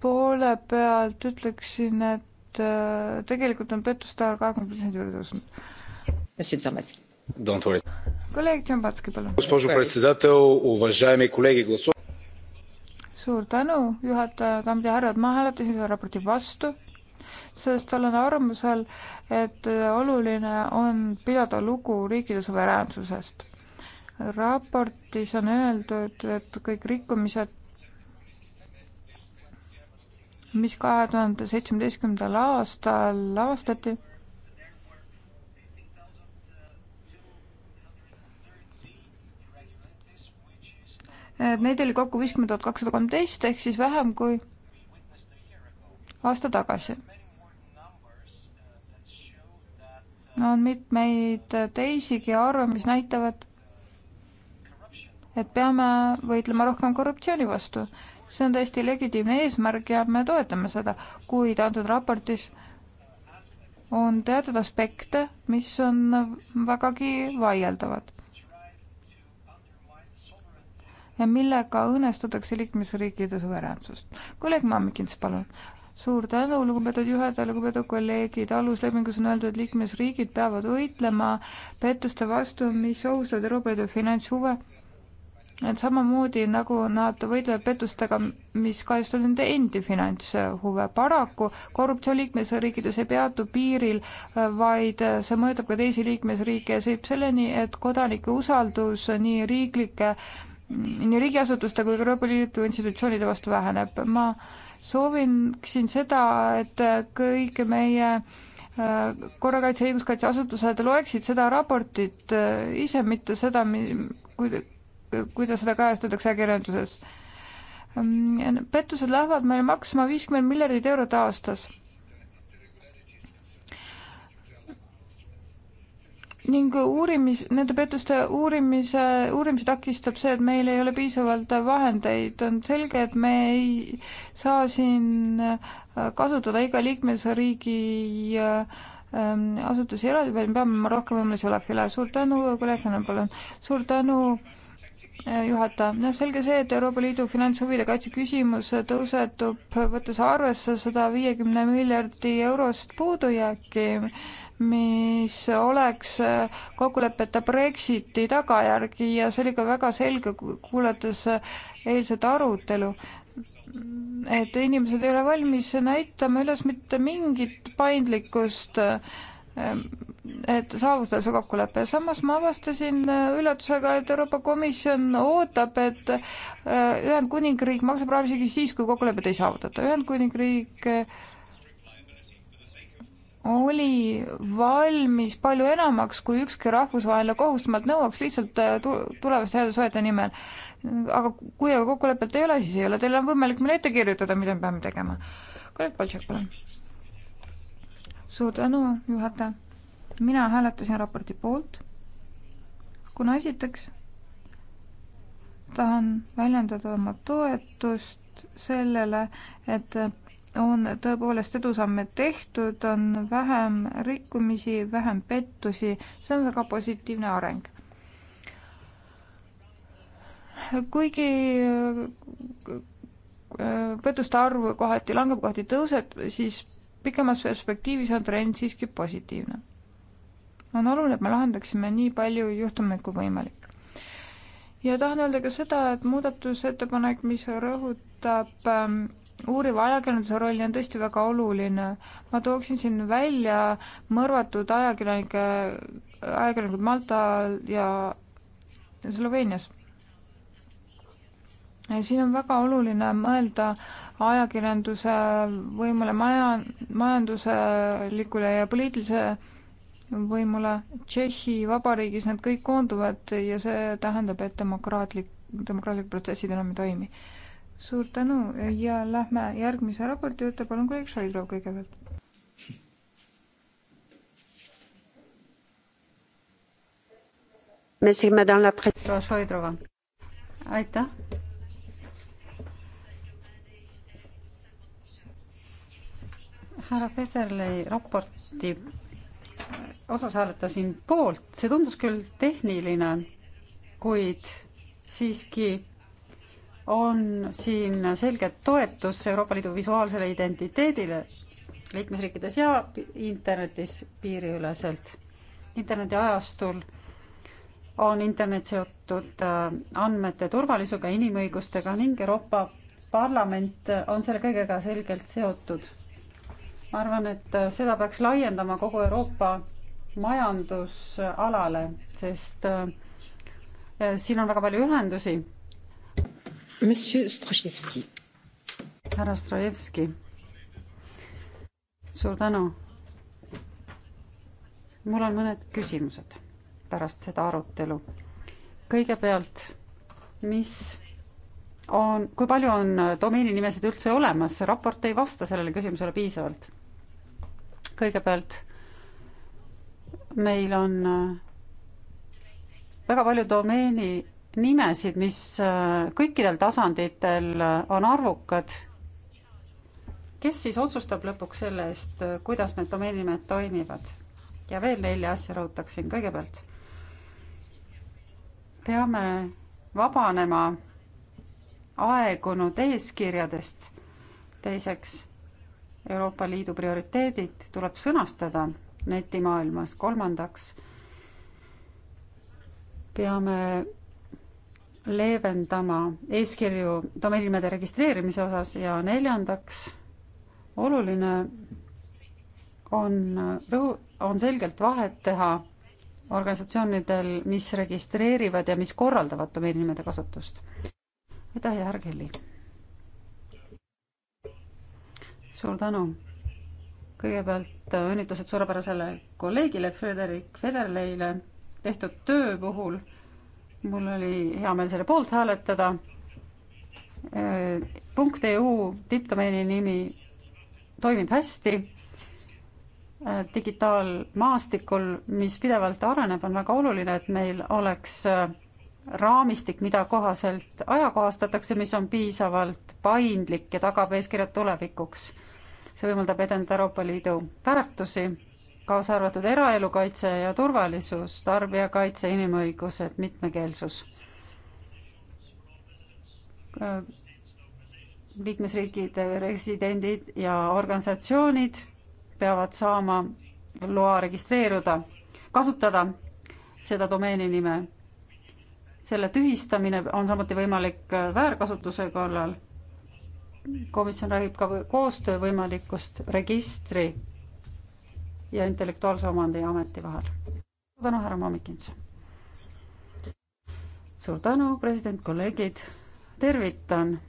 poole pealt ütleksin, et äh, tegelikult on pettuste arv kahekümne protsendi juurde tõusnud. kolleeg Tšambatski, palun suur tänu, juhataja, daamid ja härrad, ma hääletasin selle raporti vastu, sest olen arvamusel, et oluline on pidada lugu riikide suveräänsusest. raportis on öeldud, et kõik rikkumised, mis kahe tuhande seitsmeteistkümnendal aastal avastati, Äh, neid oli kokku viiskümmend tuhat kakssada kolmteist ehk siis vähem kui aasta tagasi. on mitmeid teisigi arve, mis näitavad, et peame võitlema rohkem korruptsiooni vastu. see on täiesti legitiimne eesmärk ja me toetame seda, kuid antud raportis on teatud aspekte, mis on vägagi vaieldavad ja millega õõnestatakse liikmesriikide suveräänsust. kolleeg Mammikins, palun. suur tänu, lugupeetud juhataja, lugupeetud kolleegid, aluslepingus on öeldud, et liikmesriigid peavad võitlema pettuste vastu, mis ohustavad Euroopa Liidu finantshuve et samamoodi nagu nad võitlevad pettustega, mis kahjustavad nende endi finantshuve. paraku korruptsioon liikmesriikides ei peatu piiril, vaid see mõjutab ka teisi liikmesriike ja see viib selleni, et kodanike usaldus nii riiklike nii riigiasutuste kui ka Euroopa Liidu institutsioonide vastu väheneb. ma sooviksin seda, et kõik meie äh, korrakaitse- ja õiguskaitseasutused loeksid seda raportit äh, ise, mitte seda, kuidas seda kajastatakse ajakirjanduses. Mm, pettused lähevad meil maksma viiskümmend miljardit eurot aastas ning uurimis, nende pettuste uurimise, uurimisi takistab see, et meil ei ole piisavalt vahendeid. on selge, et me ei saa siin äh, kasutada iga liikmesriigi äh, ähm, asutusi eraldi, vaid me peame rohkem võimalusi Olafile. suur tänu, kolleeg Hanno, palun. suur tänu äh, juhataja, noh selge see, et Euroopa Liidu finantshuvide kaitse küsimus tõusetub, võttes arvesse seda viiekümne miljardi eurost puudujääki, mis oleks kokkulepete Brexiti tagajärg ja see oli ka väga selge, kuulates eilset arutelu, et inimesed ei ole valmis näitama üles mitte mingit paindlikkust, et saavutada see kokkulepe. samas ma avastasin üllatusega, et Euroopa Komisjon ootab, et äh, Ühendkuningriik maksab raha isegi siis, kui kokkulepet ei saavutata. Ühendkuningriik oli valmis palju enamaks, kui ükski rahvusvaheline kohus temalt nõuaks lihtsalt äh, tulevaste heade suhete nimel. aga kui aga kokkulepet ei ole, siis ei ole teil enam võimalik meile ette kirjutada, mida me peame tegema. kolleeg Paltšak, palun. suur tänu, juhataja. mina hääletasin raporti poolt, kuna esiteks tahan väljendada oma toetust sellele, et on tõepoolest edusamme tehtud, on vähem rikkumisi, vähem pettusi, see on väga positiivne areng. kuigi äh, pettuste arv kohati langeb, kohati tõuseb, siis pikemas perspektiivis on trend siiski positiivne. on oluline, et me lahendaksime nii palju juhtumeid kui võimalik. ja tahan öelda ka seda, et muudatusettepanek, mis rõhutab ähm, uuriva ajakirjanduse roll on tõesti väga oluline. ma tooksin siin välja mõrvatud ajakirjanike, ajakirjanikud Maltal ja Sloveenias. siin on väga oluline mõelda ajakirjanduse võimule maja, majanduslikule ja poliitilise võimule Tšehhi Vabariigis, need kõik koonduvad ja see tähendab, et demokraatlik, demokraatlikud protsessid enam ei toimi suur tänu ja lähme järgmise raporti juurde, palun kolleeg Šailov kõigepealt. proua Šoidrova, aitäh. härra Federley raporti osas hääletasin poolt, see tundus küll tehniline, kuid siiski on siin selge toetus Euroopa Liidu visuaalsele identiteedile liikmesriikides ja internetis piiriüleselt. internetiajastul on internet seotud äh, andmete turvalisusega, inimõigustega ning Euroopa Parlament on selle kõigega selgelt seotud. ma arvan, et äh, seda peaks laiendama kogu Euroopa majandusalale, sest äh, siin on väga palju ühendusi härra Strojevski, suur tänu. mul on mõned küsimused pärast seda arutelu. kõigepealt, mis on, kui palju on domeeninimesid üldse olemas, see raport ei vasta sellele küsimusele piisavalt. kõigepealt meil on väga palju domeeni nimesid, mis äh, kõikidel tasanditel äh, on arvukad. kes siis otsustab lõpuks selle eest, äh, kuidas need domeenimed toimivad? ja veel nelja asja rõhutaksin kõigepealt. peame vabanema aegunud eeskirjadest. teiseks, Euroopa Liidu prioriteedid tuleb sõnastada netimaailmas. kolmandaks, peame leevendama eeskirju domeenimede registreerimise osas ja neljandaks oluline on rõhu-, on selgelt vahet teha organisatsioonidel, mis registreerivad ja mis korraldavad domeenimede kasutust. aitäh ja härra Kelly! suur tänu! kõigepealt õnnitlused suurepärasele kolleegile Frederik Federleile tehtud töö puhul mul oli hea meel selle poolt hääletada. Äh, punkt EU tippdomeeni nimi toimib hästi. Äh, digitaalmaastikul, mis pidevalt areneb, on väga oluline, et meil oleks äh, raamistik, mida kohaselt ajakohastatakse, mis on piisavalt paindlik ja tagab eeskirjad tulevikuks. see võimaldab edendada Euroopa Liidu väärtusi kaasa arvatud eraelukaitse ja turvalisus, tarbijakaitse, inimõigused, mitmekeelsus. liikmesriikide residendid ja organisatsioonid peavad saama loa registreeruda, kasutada seda domeeni nime. selle tühistamine on samuti võimalik äh, väärkasutuse korral. komisjon räägib ka koostöö võimalikust registri ja intellektuaalse omandi ameti vahel. suur tänu, härra Mamikins. suur tänu, president, kolleegid. tervitan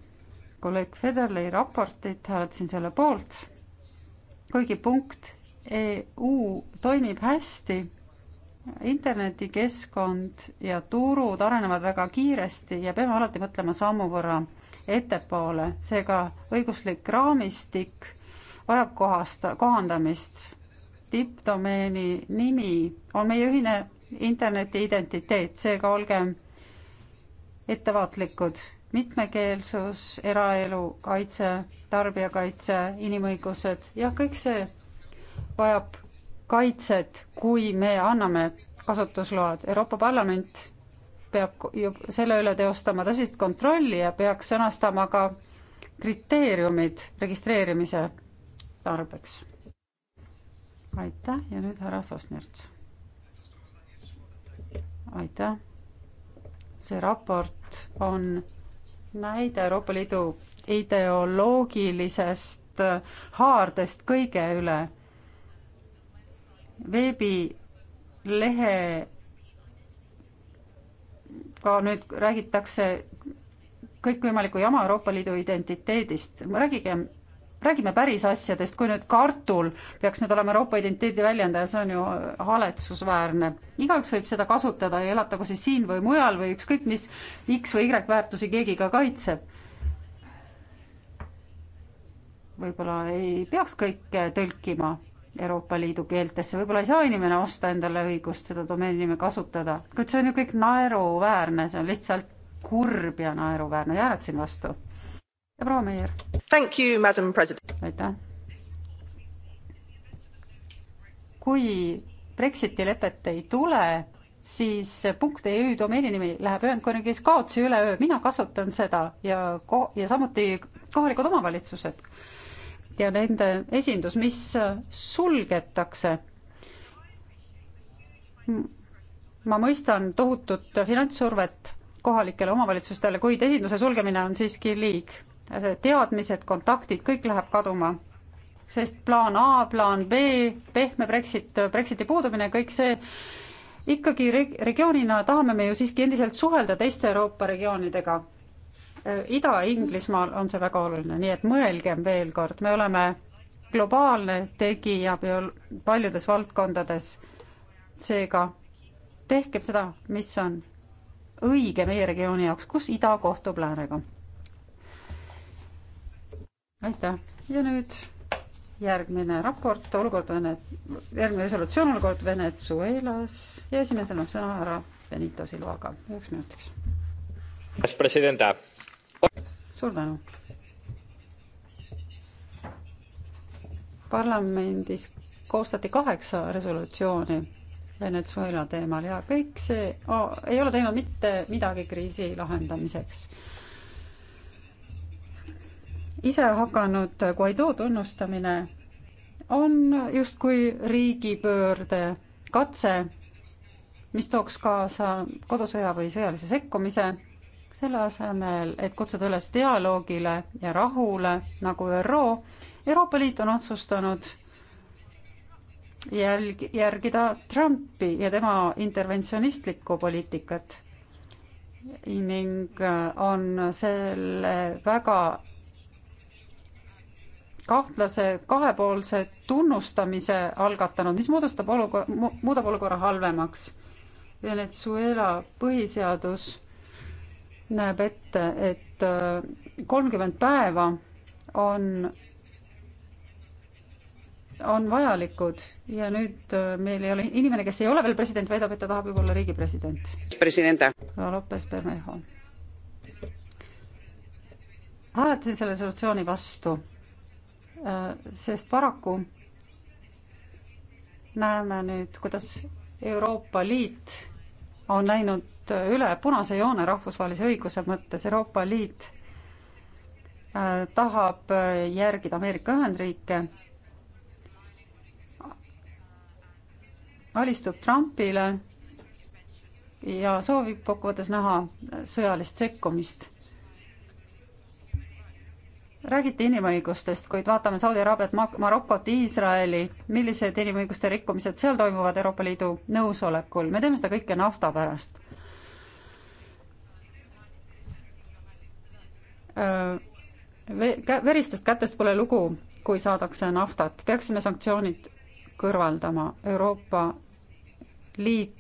kolleeg Federley raportit, hääletasin selle poolt. kuigi punkt EU toimib hästi, internetikeskkond ja turud arenevad väga kiiresti ja peame alati mõtlema sammu võrra ettepoole, seega õiguslik raamistik vajab kohast, kohandamist tippdomeeni nimi on meie ühine interneti identiteet, seega olgem ettevaatlikud. mitmekeelsus, eraelu kaitse, tarbijakaitse, inimõigused, jah, kõik see vajab kaitset, kui me anname kasutusload. Euroopa Parlament peab ju selle üle teostama tõsist kontrolli ja peaks sõnastama ka kriteeriumid registreerimise tarbeks aitäh ja nüüd härra Sosnjärts. aitäh. see raport on näide Euroopa Liidu ideoloogilisest haardest kõige üle. veebilehe ka nüüd räägitakse kõikvõimalikku jama Euroopa Liidu identiteedist, rääkige räägime päris asjadest, kui nüüd kartul peaks nüüd olema Euroopa identiteedi väljendaja, see on ju haletsusväärne. igaüks võib seda kasutada ja elatagu siis siin või mujal või ükskõik mis X või Y väärtusi keegi ka kaitseb. võib-olla ei peaks kõike tõlkima Euroopa Liidu keeltesse, võib-olla ei saa inimene osta endale õigust seda domeeninime kasutada, kuid see on ju kõik naeruväärne, see on lihtsalt kurb ja naeruväärne ja hääletasin vastu ja proua Meier. aitäh. kui Brexiti lepet ei tule, siis punkt EÜ domeeni nimi läheb Ühendkuningriigis kaotsi üleöö, mina kasutan seda ja ko-, ja samuti kohalikud omavalitsused ja nende esindus, mis sulgetakse. ma mõistan tohutut finantssurvet kohalikele omavalitsustele, kuid esinduse sulgemine on siiski liig teadmised, kontaktid, kõik läheb kaduma. sest plaan A, plaan B, pehme Brexit, Brexiti puudumine, kõik see ikkagi reg-, regioonina tahame me ju siiski endiselt suhelda teiste Euroopa regioonidega. Ida-Inglismaal on see väga oluline, nii et mõelgem veel kord, me oleme globaalne tegija paljudes valdkondades, seega tehkem seda, mis on õige meie regiooni jaoks, kus ida kohtub läänega aitäh ja nüüd järgmine raport, olukord Vene, järgmine resolutsioon, olukord Venezuelas ja esimene sõna, sõna härra Benito Silvaga, üheks minutiks. suur tänu. parlamendis koostati kaheksa resolutsiooni Venezuela teemal ja kõik see oh, ei ole teinud mitte midagi kriisi lahendamiseks ise hakanud Guaido tunnustamine on justkui riigipöörde katse, mis tooks kaasa kodusõja või sõjalise sekkumise, selle asemel, et kutsuda üles dialoogile ja rahule, nagu ÜRO, Euroopa Liit on otsustanud jälg-, järgida Trumpi ja tema interventsionistlikku poliitikat ning äh, on selle väga kahtlase kahepoolse tunnustamise algatanud, mis moodustab olukorra, muudab olukorra halvemaks. Venezuela põhiseadus näeb ette, et äh, kolmkümmend päeva on, on vajalikud ja nüüd äh, meil ei ole, inimene, kes ei ole veel president, väidab, et ta tahab juba olla riigi president. president. Lopez Bermejo hääletasin selle resolutsiooni vastu sest paraku näeme nüüd, kuidas Euroopa Liit on läinud üle punase joone rahvusvahelise õiguse mõttes, Euroopa Liit äh, tahab äh, järgida Ameerika Ühendriike, alistub Trumpile ja soovib kokkuvõttes näha äh, sõjalist sekkumist räägiti inimõigustest, kuid vaatame Saudi Araabiat, Marokot, Iisraeli, millised inimõiguste rikkumised seal toimuvad Euroopa Liidu nõusolekul, me teeme seda kõike nafta pärast. veristest kätest pole lugu, kui saadakse naftat, peaksime sanktsioonid kõrvaldama, Euroopa Liit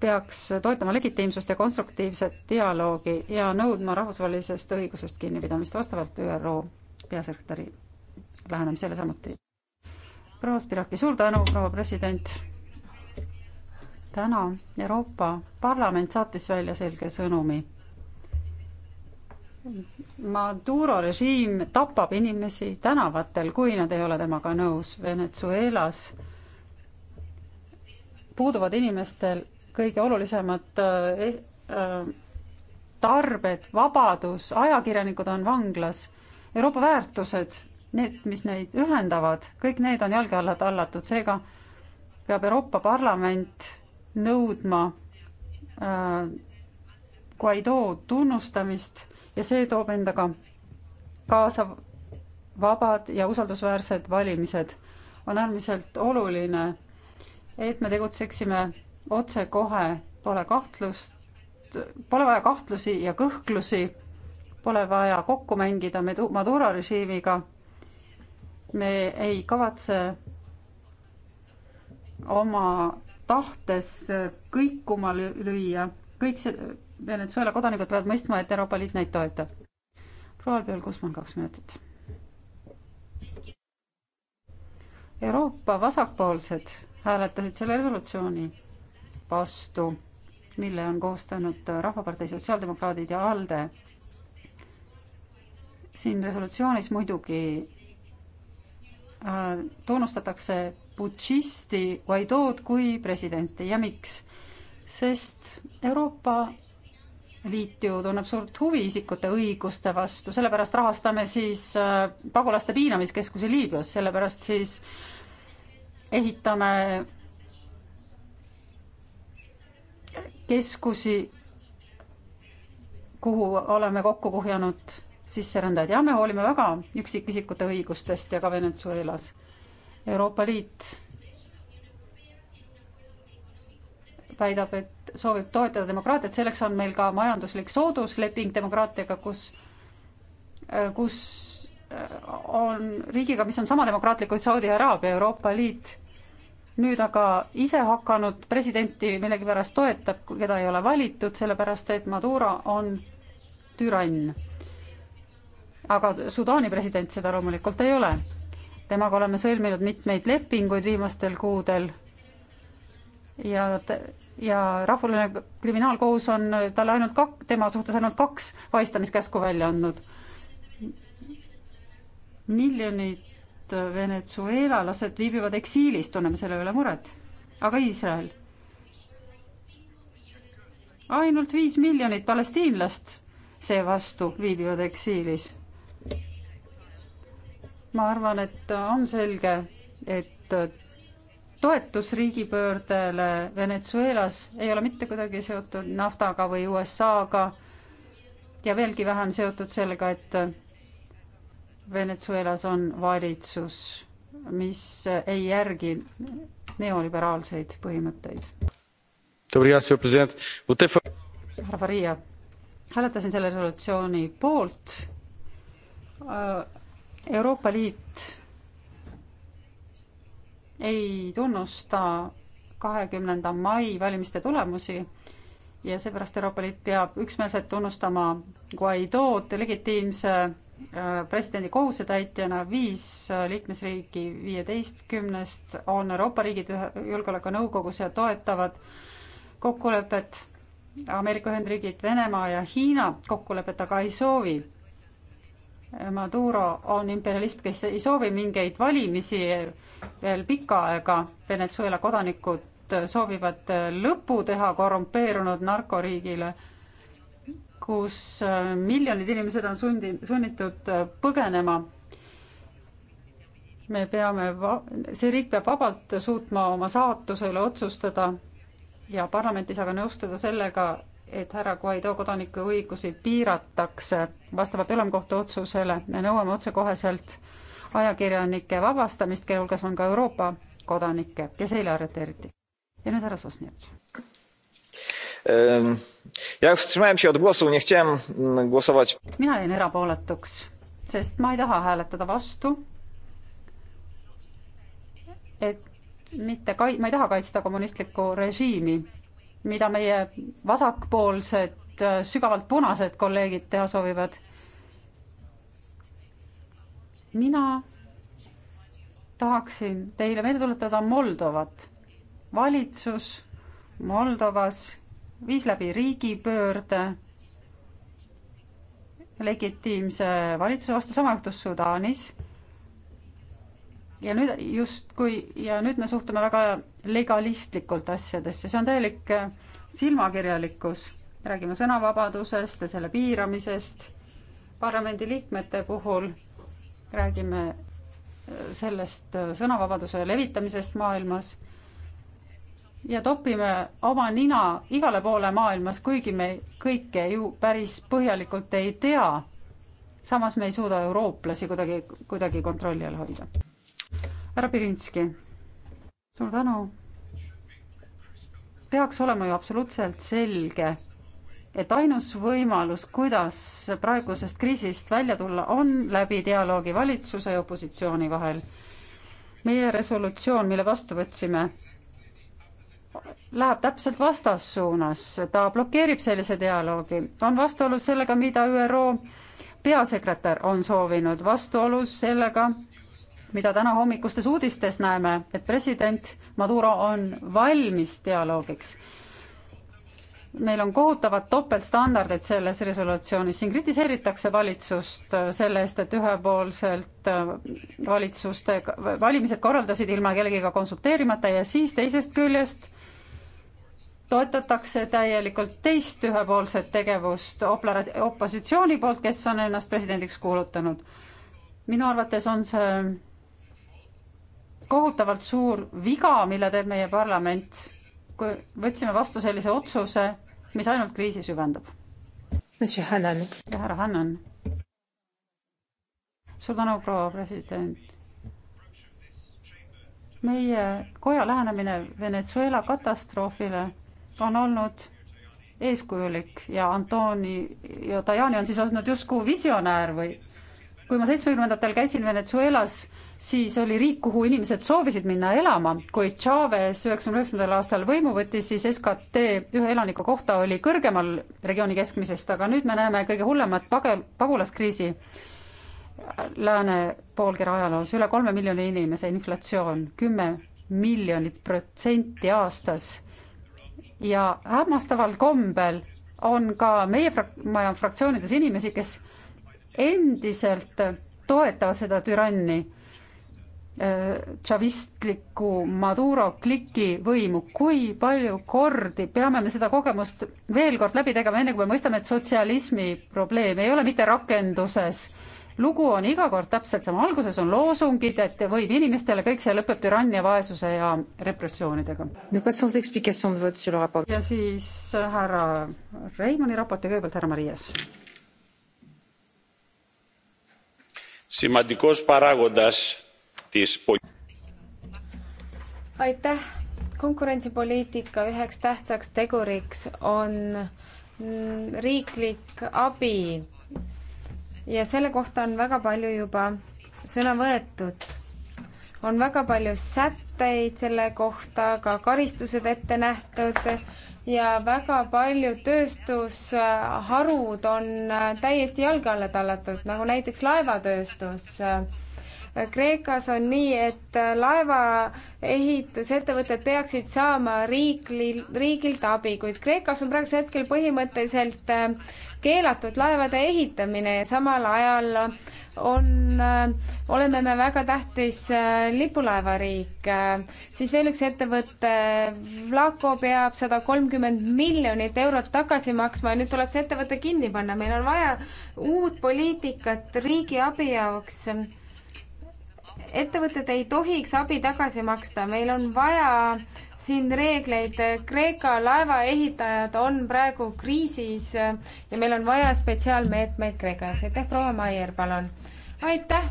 peaks toetama legitiimsust ja konstruktiivset dialoogi ja nõudma rahvusvahelisest õigusest kinnipidamist vastavalt ÜRO peasekretäri lähenemisele samuti. proua Spiraki, suur tänu, proua president. täna Euroopa Parlament saatis välja selge sõnumi. Maduro režiim tapab inimesi tänavatel, kui nad ei ole temaga nõus. Venezuelas puuduvad inimestel kõige olulisemad eh, eh, tarbed, vabadus, ajakirjanikud on vanglas, Euroopa väärtused, need, mis neid ühendavad, kõik need on jalge alla tallatud, seega peab Euroopa Parlament nõudma eh, Guaido tunnustamist ja see toob endaga kaasa vabad ja usaldusväärsed valimised. on äärmiselt oluline, et me tegutseksime otsekohe, pole kahtlust, pole vaja kahtlusi ja kõhklusi, pole vaja kokku mängida Maduro režiimiga. me ei kavatse oma tahtes kõikuma lüüa, kõik see, Venezuela kodanikud peavad mõistma, et Euroopa Liit neid toetab. proua Albiol Kusman, kaks minutit. Euroopa vasakpoolsed hääletasid selle resolutsiooni vastu, mille on koostanud Rahvapartei Sotsiaaldemokraadid ja ALDE. siin resolutsioonis muidugi äh, tunnustatakse putšisti Guaidood kui presidenti ja miks? sest Euroopa Liit ju tunneb suurt huvi isikute õiguste vastu, sellepärast rahastame siis äh, pagulaste piinamiskeskusi Liibüas, sellepärast siis ehitame keskusi, kuhu oleme kokku kuhjanud sisserändajaid ja me hoolime väga üksikisikute õigustest ja ka Venezuelas. Euroopa Liit väidab, et soovib toetada demokraatiat, selleks on meil ka majanduslik soodusleping demokraatiaga, kus, kus on riigiga, mis on sama demokraatlik kui Saudi Araabia, Euroopa Liit nüüd aga ise hakanud presidenti millegipärast toetab, keda ei ole valitud, sellepärast et Maduro on türann. aga Sudaani president seda loomulikult ei ole. temaga oleme sõlminud mitmeid lepinguid viimastel kuudel ja, ja rahvusvaheline kriminaalkohus on talle ainult kak-, tema suhtes ainult kaks vaistamiskäsku välja andnud. miljonid tuhat venezuelalaset viibivad eksiilis, tunneme selle üle muret. aga Iisrael? ainult viis miljonit palestiinlast seevastu viibivad eksiilis. ma arvan, et on selge, et toetus riigipöördele Venezuelas ei ole mitte kuidagi seotud naftaga või USA-ga ja veelgi vähem seotud sellega, et Venezuelas on valitsus, mis ei järgi neoliberaalseid põhimõtteid. härra Faria, hääletasin selle resolutsiooni poolt. Äh, Euroopa Liit ei tunnusta kahekümnenda mai valimiste tulemusi ja seepärast Euroopa Liit peab üksmeelselt tunnustama Guaidood legitiimse presidendi kohusetäitjana viis liikmesriigi viieteistkümnest on Euroopa riigid Julgeolekunõukogus ja toetavad kokkulepet. Ameerika Ühendriigid, Venemaa ja Hiina kokkulepet aga ei soovi. Maduro on imperialist, kes ei soovi mingeid valimisi veel pikka aega. Venezuela kodanikud soovivad lõpu teha korrumpeerunud narkoriigile kus äh, miljonid inimesed on sundi, sunnitud äh, põgenema. me peame, see riik peab vabalt suutma oma saatuse üle otsustada ja parlament ei saa ka nõustuda sellega, et härra Guaido kodanikuõigusi piiratakse vastavalt ülemkohtu otsusele. me nõuame otsekoheselt ajakirjanike vabastamist, kelle hulgas on ka Euroopa kodanikke, kes eile arreteeriti. ja nüüd härra Sosnitš ja wstrzymałem się od głosu, nie chciałem mm, głosować. mina jäin erapooletuks, sest ma ei taha hääletada vastu. et mitte kai-, ma ei taha kaitsta kommunistlikku režiimi, mida meie vasakpoolsed äh, sügavalt punased kolleegid teha soovivad. mina tahaksin teile meelde tuletada Moldovat. valitsus Moldovas viis läbi riigipöörde legitiimse valitsuse vastu, sama juhtus Sudaanis. ja nüüd justkui ja nüüd me suhtume väga legalistlikult asjadesse, see on täielik äh, silmakirjalikkus. räägime sõnavabadusest ja selle piiramisest. parlamendiliikmete puhul räägime äh, sellest äh, sõnavabaduse levitamisest maailmas ja topime oma nina igale poole maailmas, kuigi me kõike ju päris põhjalikult ei tea. samas me ei suuda eurooplasi kuidagi, kuidagi kontrolli all hoida. härra Pirinski, suur tänu. peaks olema ju absoluutselt selge, et ainus võimalus, kuidas praegusest kriisist välja tulla, on läbi dialoogi valitsuse ja opositsiooni vahel. meie resolutsioon, mille vastu võtsime läheb täpselt vastassuunas, ta blokeerib sellise dialoogi, on vastuolus sellega, mida ÜRO peasekretär on soovinud, vastuolus sellega, mida täna hommikustes uudistes näeme, et president Maduro on valmis dialoogiks. meil on kohutavad topeltstandardid selles resolutsioonis, siin kritiseeritakse valitsust selle eest, et ühepoolselt äh, valitsuste, valimised korraldasid ilma kellegiga konsulteerimata ja siis teisest küljest toetatakse täielikult teist ühepoolset tegevust opositsiooni poolt, kes on ennast presidendiks kuulutanud. minu arvates on see kohutavalt suur viga, mille teeb meie parlament, kui võtsime vastu sellise otsuse, mis ainult kriisi süvendab. ja härra Hannan. suur tänu, proua president meie koja lähenemine Venezuela katastroofile on olnud eeskujulik ja Antoni ja Tajani on siis olnud justkui visionäär või kui ma seitsmekümnendatel käisin Venezuelas, siis oli riik, kuhu inimesed soovisid minna elama, kui Chavez üheksakümne üheksandal aastal võimu võttis, siis SKT ühe elaniku kohta oli kõrgemal regiooni keskmisest, aga nüüd me näeme kõige hullemat page-, pagulaskriisi lääne poolkera ajaloos, üle kolme miljoni inimese inflatsioon, kümme miljonit protsenti aastas ja hämmastaval kombel on ka meie frak-, maja fraktsioonides inimesi, kes endiselt toetavad seda türanni äh, tšavistliku Maduro kliki võimu, kui palju kordi peame me seda kogemust veel kord läbi tegema, enne kui me mõistame, et sotsialismi probleem ei ole mitte rakenduses äh, lugu on iga kord täpselt sama, alguses on loosungid, et võib inimestele, kõik see lõpeb türannia, vaesuse ja repressioonidega. ja siis härra Reimanni raport ja kõigepealt härra Marias. aitäh, konkurentsipoliitika üheks tähtsaks teguriks on riiklik abi ja selle kohta on väga palju juba sõna võetud. on väga palju sätteid selle kohta, ka karistused ette nähtud ja väga paljud tööstusharud on täiesti jalge alla tallatud, nagu näiteks laevatööstus Kreekas on nii, et laevaehitusettevõtted peaksid saama riikli, riigilt abi, kuid Kreekas on praegusel hetkel põhimõtteliselt äh, keelatud laevade ehitamine ja samal ajal on, äh, oleme me väga tähtis äh, lipulaevariik. siis veel üks ettevõte, Vlaco peab sada kolmkümmend miljonit eurot tagasi maksma ja nüüd tuleb see ettevõte kinni panna, meil on vaja uut poliitikat riigi abi jaoks ettevõtted ei tohiks abi tagasi maksta, meil on vaja siin reegleid. Kreeka laevaehitajad on praegu kriisis ja meil on vaja spetsiaalmeetmeid Kreeka jaoks. aitäh, proua Maier, palun. aitäh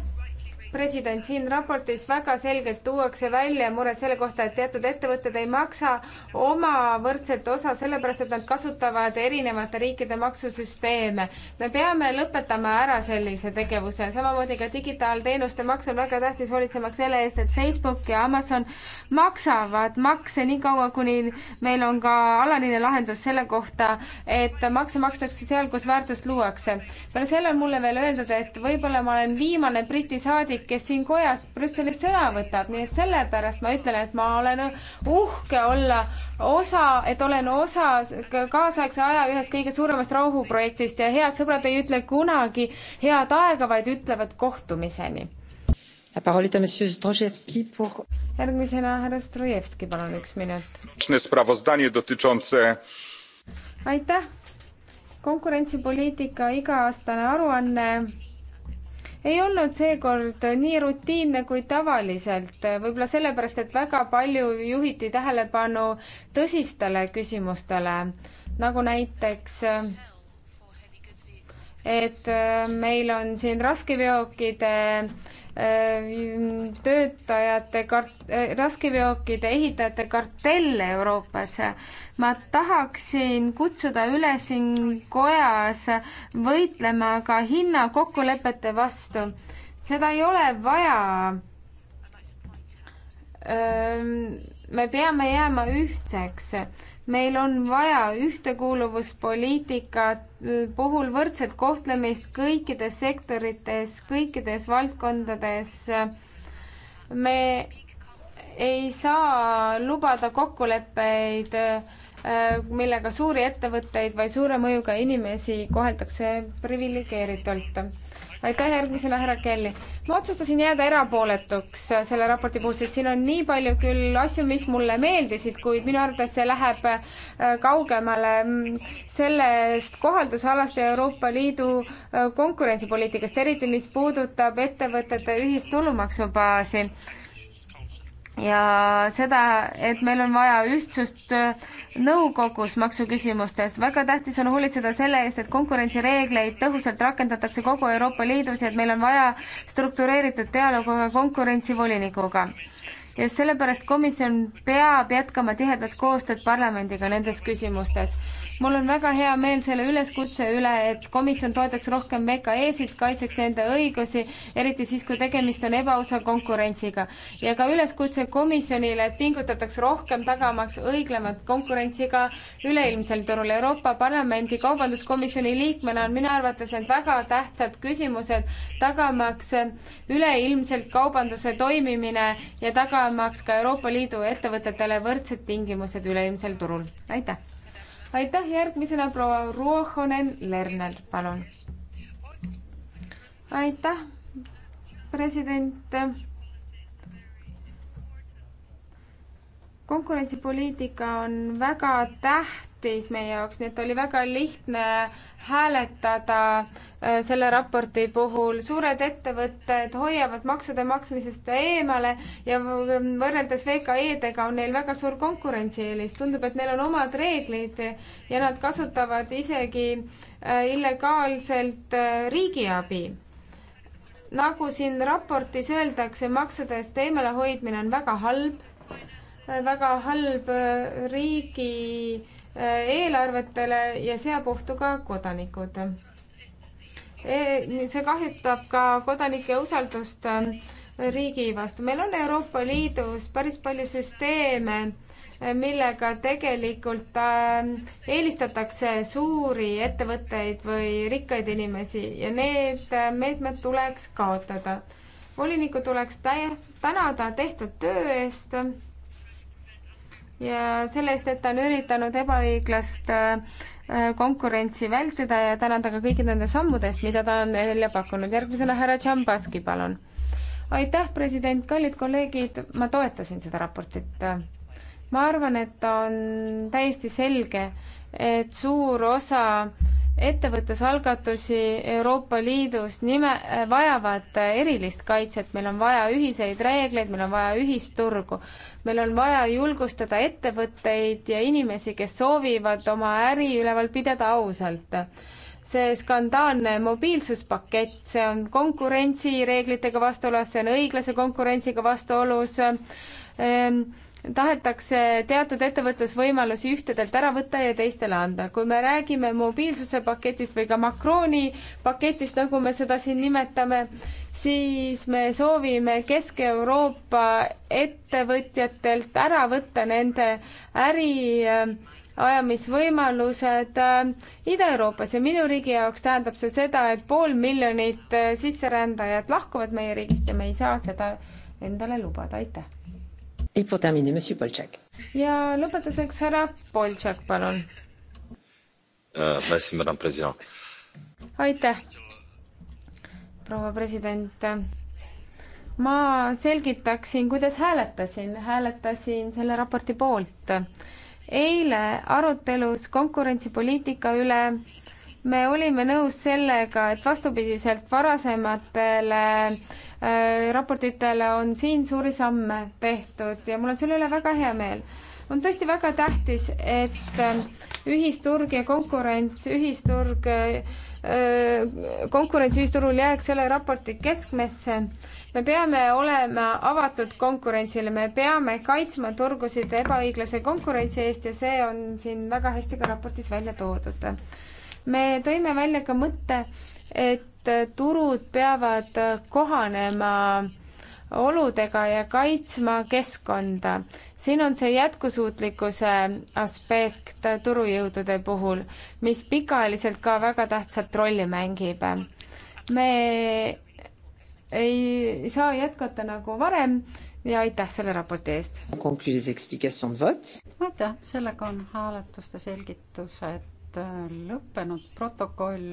president, siin raportis väga selgelt tuuakse välja mured selle kohta, et teatud ettevõtted ei maksa oma võrdset osa, sellepärast et nad kasutavad erinevate riikide maksusüsteeme. me peame lõpetama ära sellise tegevuse, samamoodi ka digitaalteenuste maks on väga tähtis, hoolitsemaks selle eest, et Facebook ja Amazon maksavad makse niikaua, kuni meil on ka alaline lahendus selle kohta, et makse makstakse seal, kus väärtust luuakse. peale selle on mulle veel öeldud, et võib-olla ma olen viimane Briti saadik, kolleeg, kes siin kojas Brüsselis sõna võtab, nii et sellepärast ma ütlen, et ma olen uhke olla osa, et olen osa kaasaegse aja ühest kõige suuremast rahuprojektist ja head sõbrad ei ütle kunagi head aega, vaid ütlevad kohtumiseni. järgmisena härra Strojevski, palun üks minut. aitäh konkurentsipoliitika iga-aastane aruanne ei olnud seekord nii rutiinne kui tavaliselt, võib-olla sellepärast, et väga palju juhiti tähelepanu tõsistele küsimustele, nagu näiteks et meil on siin raskeveokide Äh, töötajate kart-, äh, raskeveokite ehitajate kartell Euroopas. ma tahaksin kutsuda üles siin kojas võitlema ka hinnakokkulepete vastu. seda ei ole vaja. Äh, me peame jääma ühtseks. meil on vaja ühtekuuluvuspoliitikat puhul võrdset kohtlemist kõikides sektorites, kõikides valdkondades. me ei saa lubada kokkuleppeid Äh, millega suuri ettevõtteid või suure mõjuga inimesi koheldakse priviligeeritult. aitäh järgmisele, härra Kelly. ma otsustasin jääda erapooletuks selle raporti puhul, sest siin on nii palju küll asju, mis mulle meeldisid, kuid minu arvates see läheb äh, kaugemale mm, sellest kohaldusalast ja Euroopa Liidu äh, konkurentsipoliitikast, eriti mis puudutab ettevõtete ühist tulumaksubaasi ja seda, et meil on vaja ühtsust äh, nõukogus maksuküsimustes. väga tähtis on hoolitseda selle eest, et konkurentsireegleid tõhusalt rakendatakse kogu Euroopa Liidus ja et meil on vaja struktureeritud dialoogi konkurentsivolinikuga. just sellepärast komisjon peab jätkama tihedat koostööd parlamendiga nendes küsimustes mul on väga hea meel selle üleskutse üle, et komisjon toetaks rohkem VKE-sid, kaitseks nende õigusi, eriti siis, kui tegemist on ebaausa konkurentsiga. ja ka üleskutse komisjonile, et pingutataks rohkem, tagamaks õiglemat konkurentsi ka üleilmsel turul. Euroopa Parlamendi Kaubanduskomisjoni liikmena on minu arvates need väga tähtsad küsimused, tagamaks üleilmselt kaubanduse toimimine ja tagamaks ka Euroopa Liidu ettevõtetele võrdsed tingimused üleilmsel turul. aitäh! aitäh, järgmisena proua Ruohonen Lerner, palun. aitäh, president. konkurentsipoliitika on väga tähtis tähtis meie jaoks, nii et oli väga lihtne hääletada äh, selle raporti puhul. suured ettevõtted hoiavad maksude maksmisest eemale ja äh, võrreldes VKE-dega on neil väga suur konkurentsieelis. tundub, et neil on omad reeglid ja nad kasutavad isegi äh, illegaalselt riigiabi nagu siin raportis öeldakse, maksudest eemalehoidmine on väga halb, väga halb riigi eelarvetele ja seab ohtu ka kodanikud. E, see kahjutab ka kodanike usaldust äh, riigi vastu. meil on Euroopa Liidus päris palju süsteeme, äh, millega tegelikult äh, eelistatakse suuri ettevõtteid või rikkaid inimesi ja need meetmed tuleks kaotada. volinikku tuleks tänada tehtud töö eest ja selle eest, et ta on üritanud ebaõiglast äh, konkurentsi vältida ja tänan ta ka kõigi nende sammude eest, mida ta on välja pakkunud. järgmisena härra Tšambaski, palun. aitäh, president, kallid kolleegid, ma toetasin seda raportit. ma arvan, et on täiesti selge, et suur osa ettevõtlusalgatusi Euroopa Liidus nime, vajavad erilist kaitset, meil on vaja ühiseid reegleid, meil on vaja ühisturgu. meil on vaja julgustada ettevõtteid ja inimesi, kes soovivad oma äri üleval pidada ausalt. see skandaalne mobiilsuspakett, see on konkurentsireeglitega vastuolus, see on õiglase konkurentsiga vastuolus ähm, tahetakse teatud ettevõtlusvõimalusi ühtedelt ära võtta ja teistele anda. kui me räägime mobiilsuse paketist või ka Macroni paketist, nagu me seda siin nimetame, siis me soovime Kesk-Euroopa ettevõtjatelt ära võtta nende äri ajamisvõimalused äh, Ida-Euroopas ja minu riigi jaoks tähendab see seda, et pool miljonit äh, sisserändajat lahkuvad meie riigist ja me ei saa seda endale lubada, aitäh! Et pour terminer, Monsieur Polchak. ja lõpetuseks härra Polchak, palun uh,. Merci, madame president. aitäh, proua president. ma selgitaksin, kuidas hääletasin. hääletasin selle raporti poolt. eile arutelus konkurentsipoliitika üle me olime nõus sellega, et vastupidiselt varasematele äh, raportitele on siin suuri samme tehtud ja mul on selle üle väga hea meel. on tõesti väga tähtis, et äh, ühisturg ja konkurents, ühisturg, äh, konkurents ühisturul jääks selle raporti keskmesse. me peame olema avatud konkurentsile, me peame kaitsma turgusid ebaõiglase konkurentsi eest ja see on siin väga hästi ka raportis välja toodud me tõime välja ka mõtte, et turud peavad kohanema oludega ja kaitsma keskkonda. siin on see jätkusuutlikkuse aspekt turujõudude puhul, mis pikaajaliselt ka väga tähtsat rolli mängib. me ei saa jätkata nagu varem ja aitäh selle raporti eest. aitäh, sellega on hääletuste selgitused nüüd äh, lõppenud, protokoll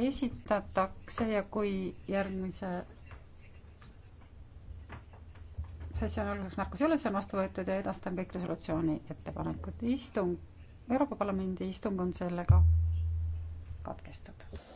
esitatakse ja kui järgmise sessiooni alguseks märkusi ei ole, see on vastu võetud ja edastan kõik resolutsiooni ettepanekud. istung, Euroopa Parlamendi istung on sellega katkestatud.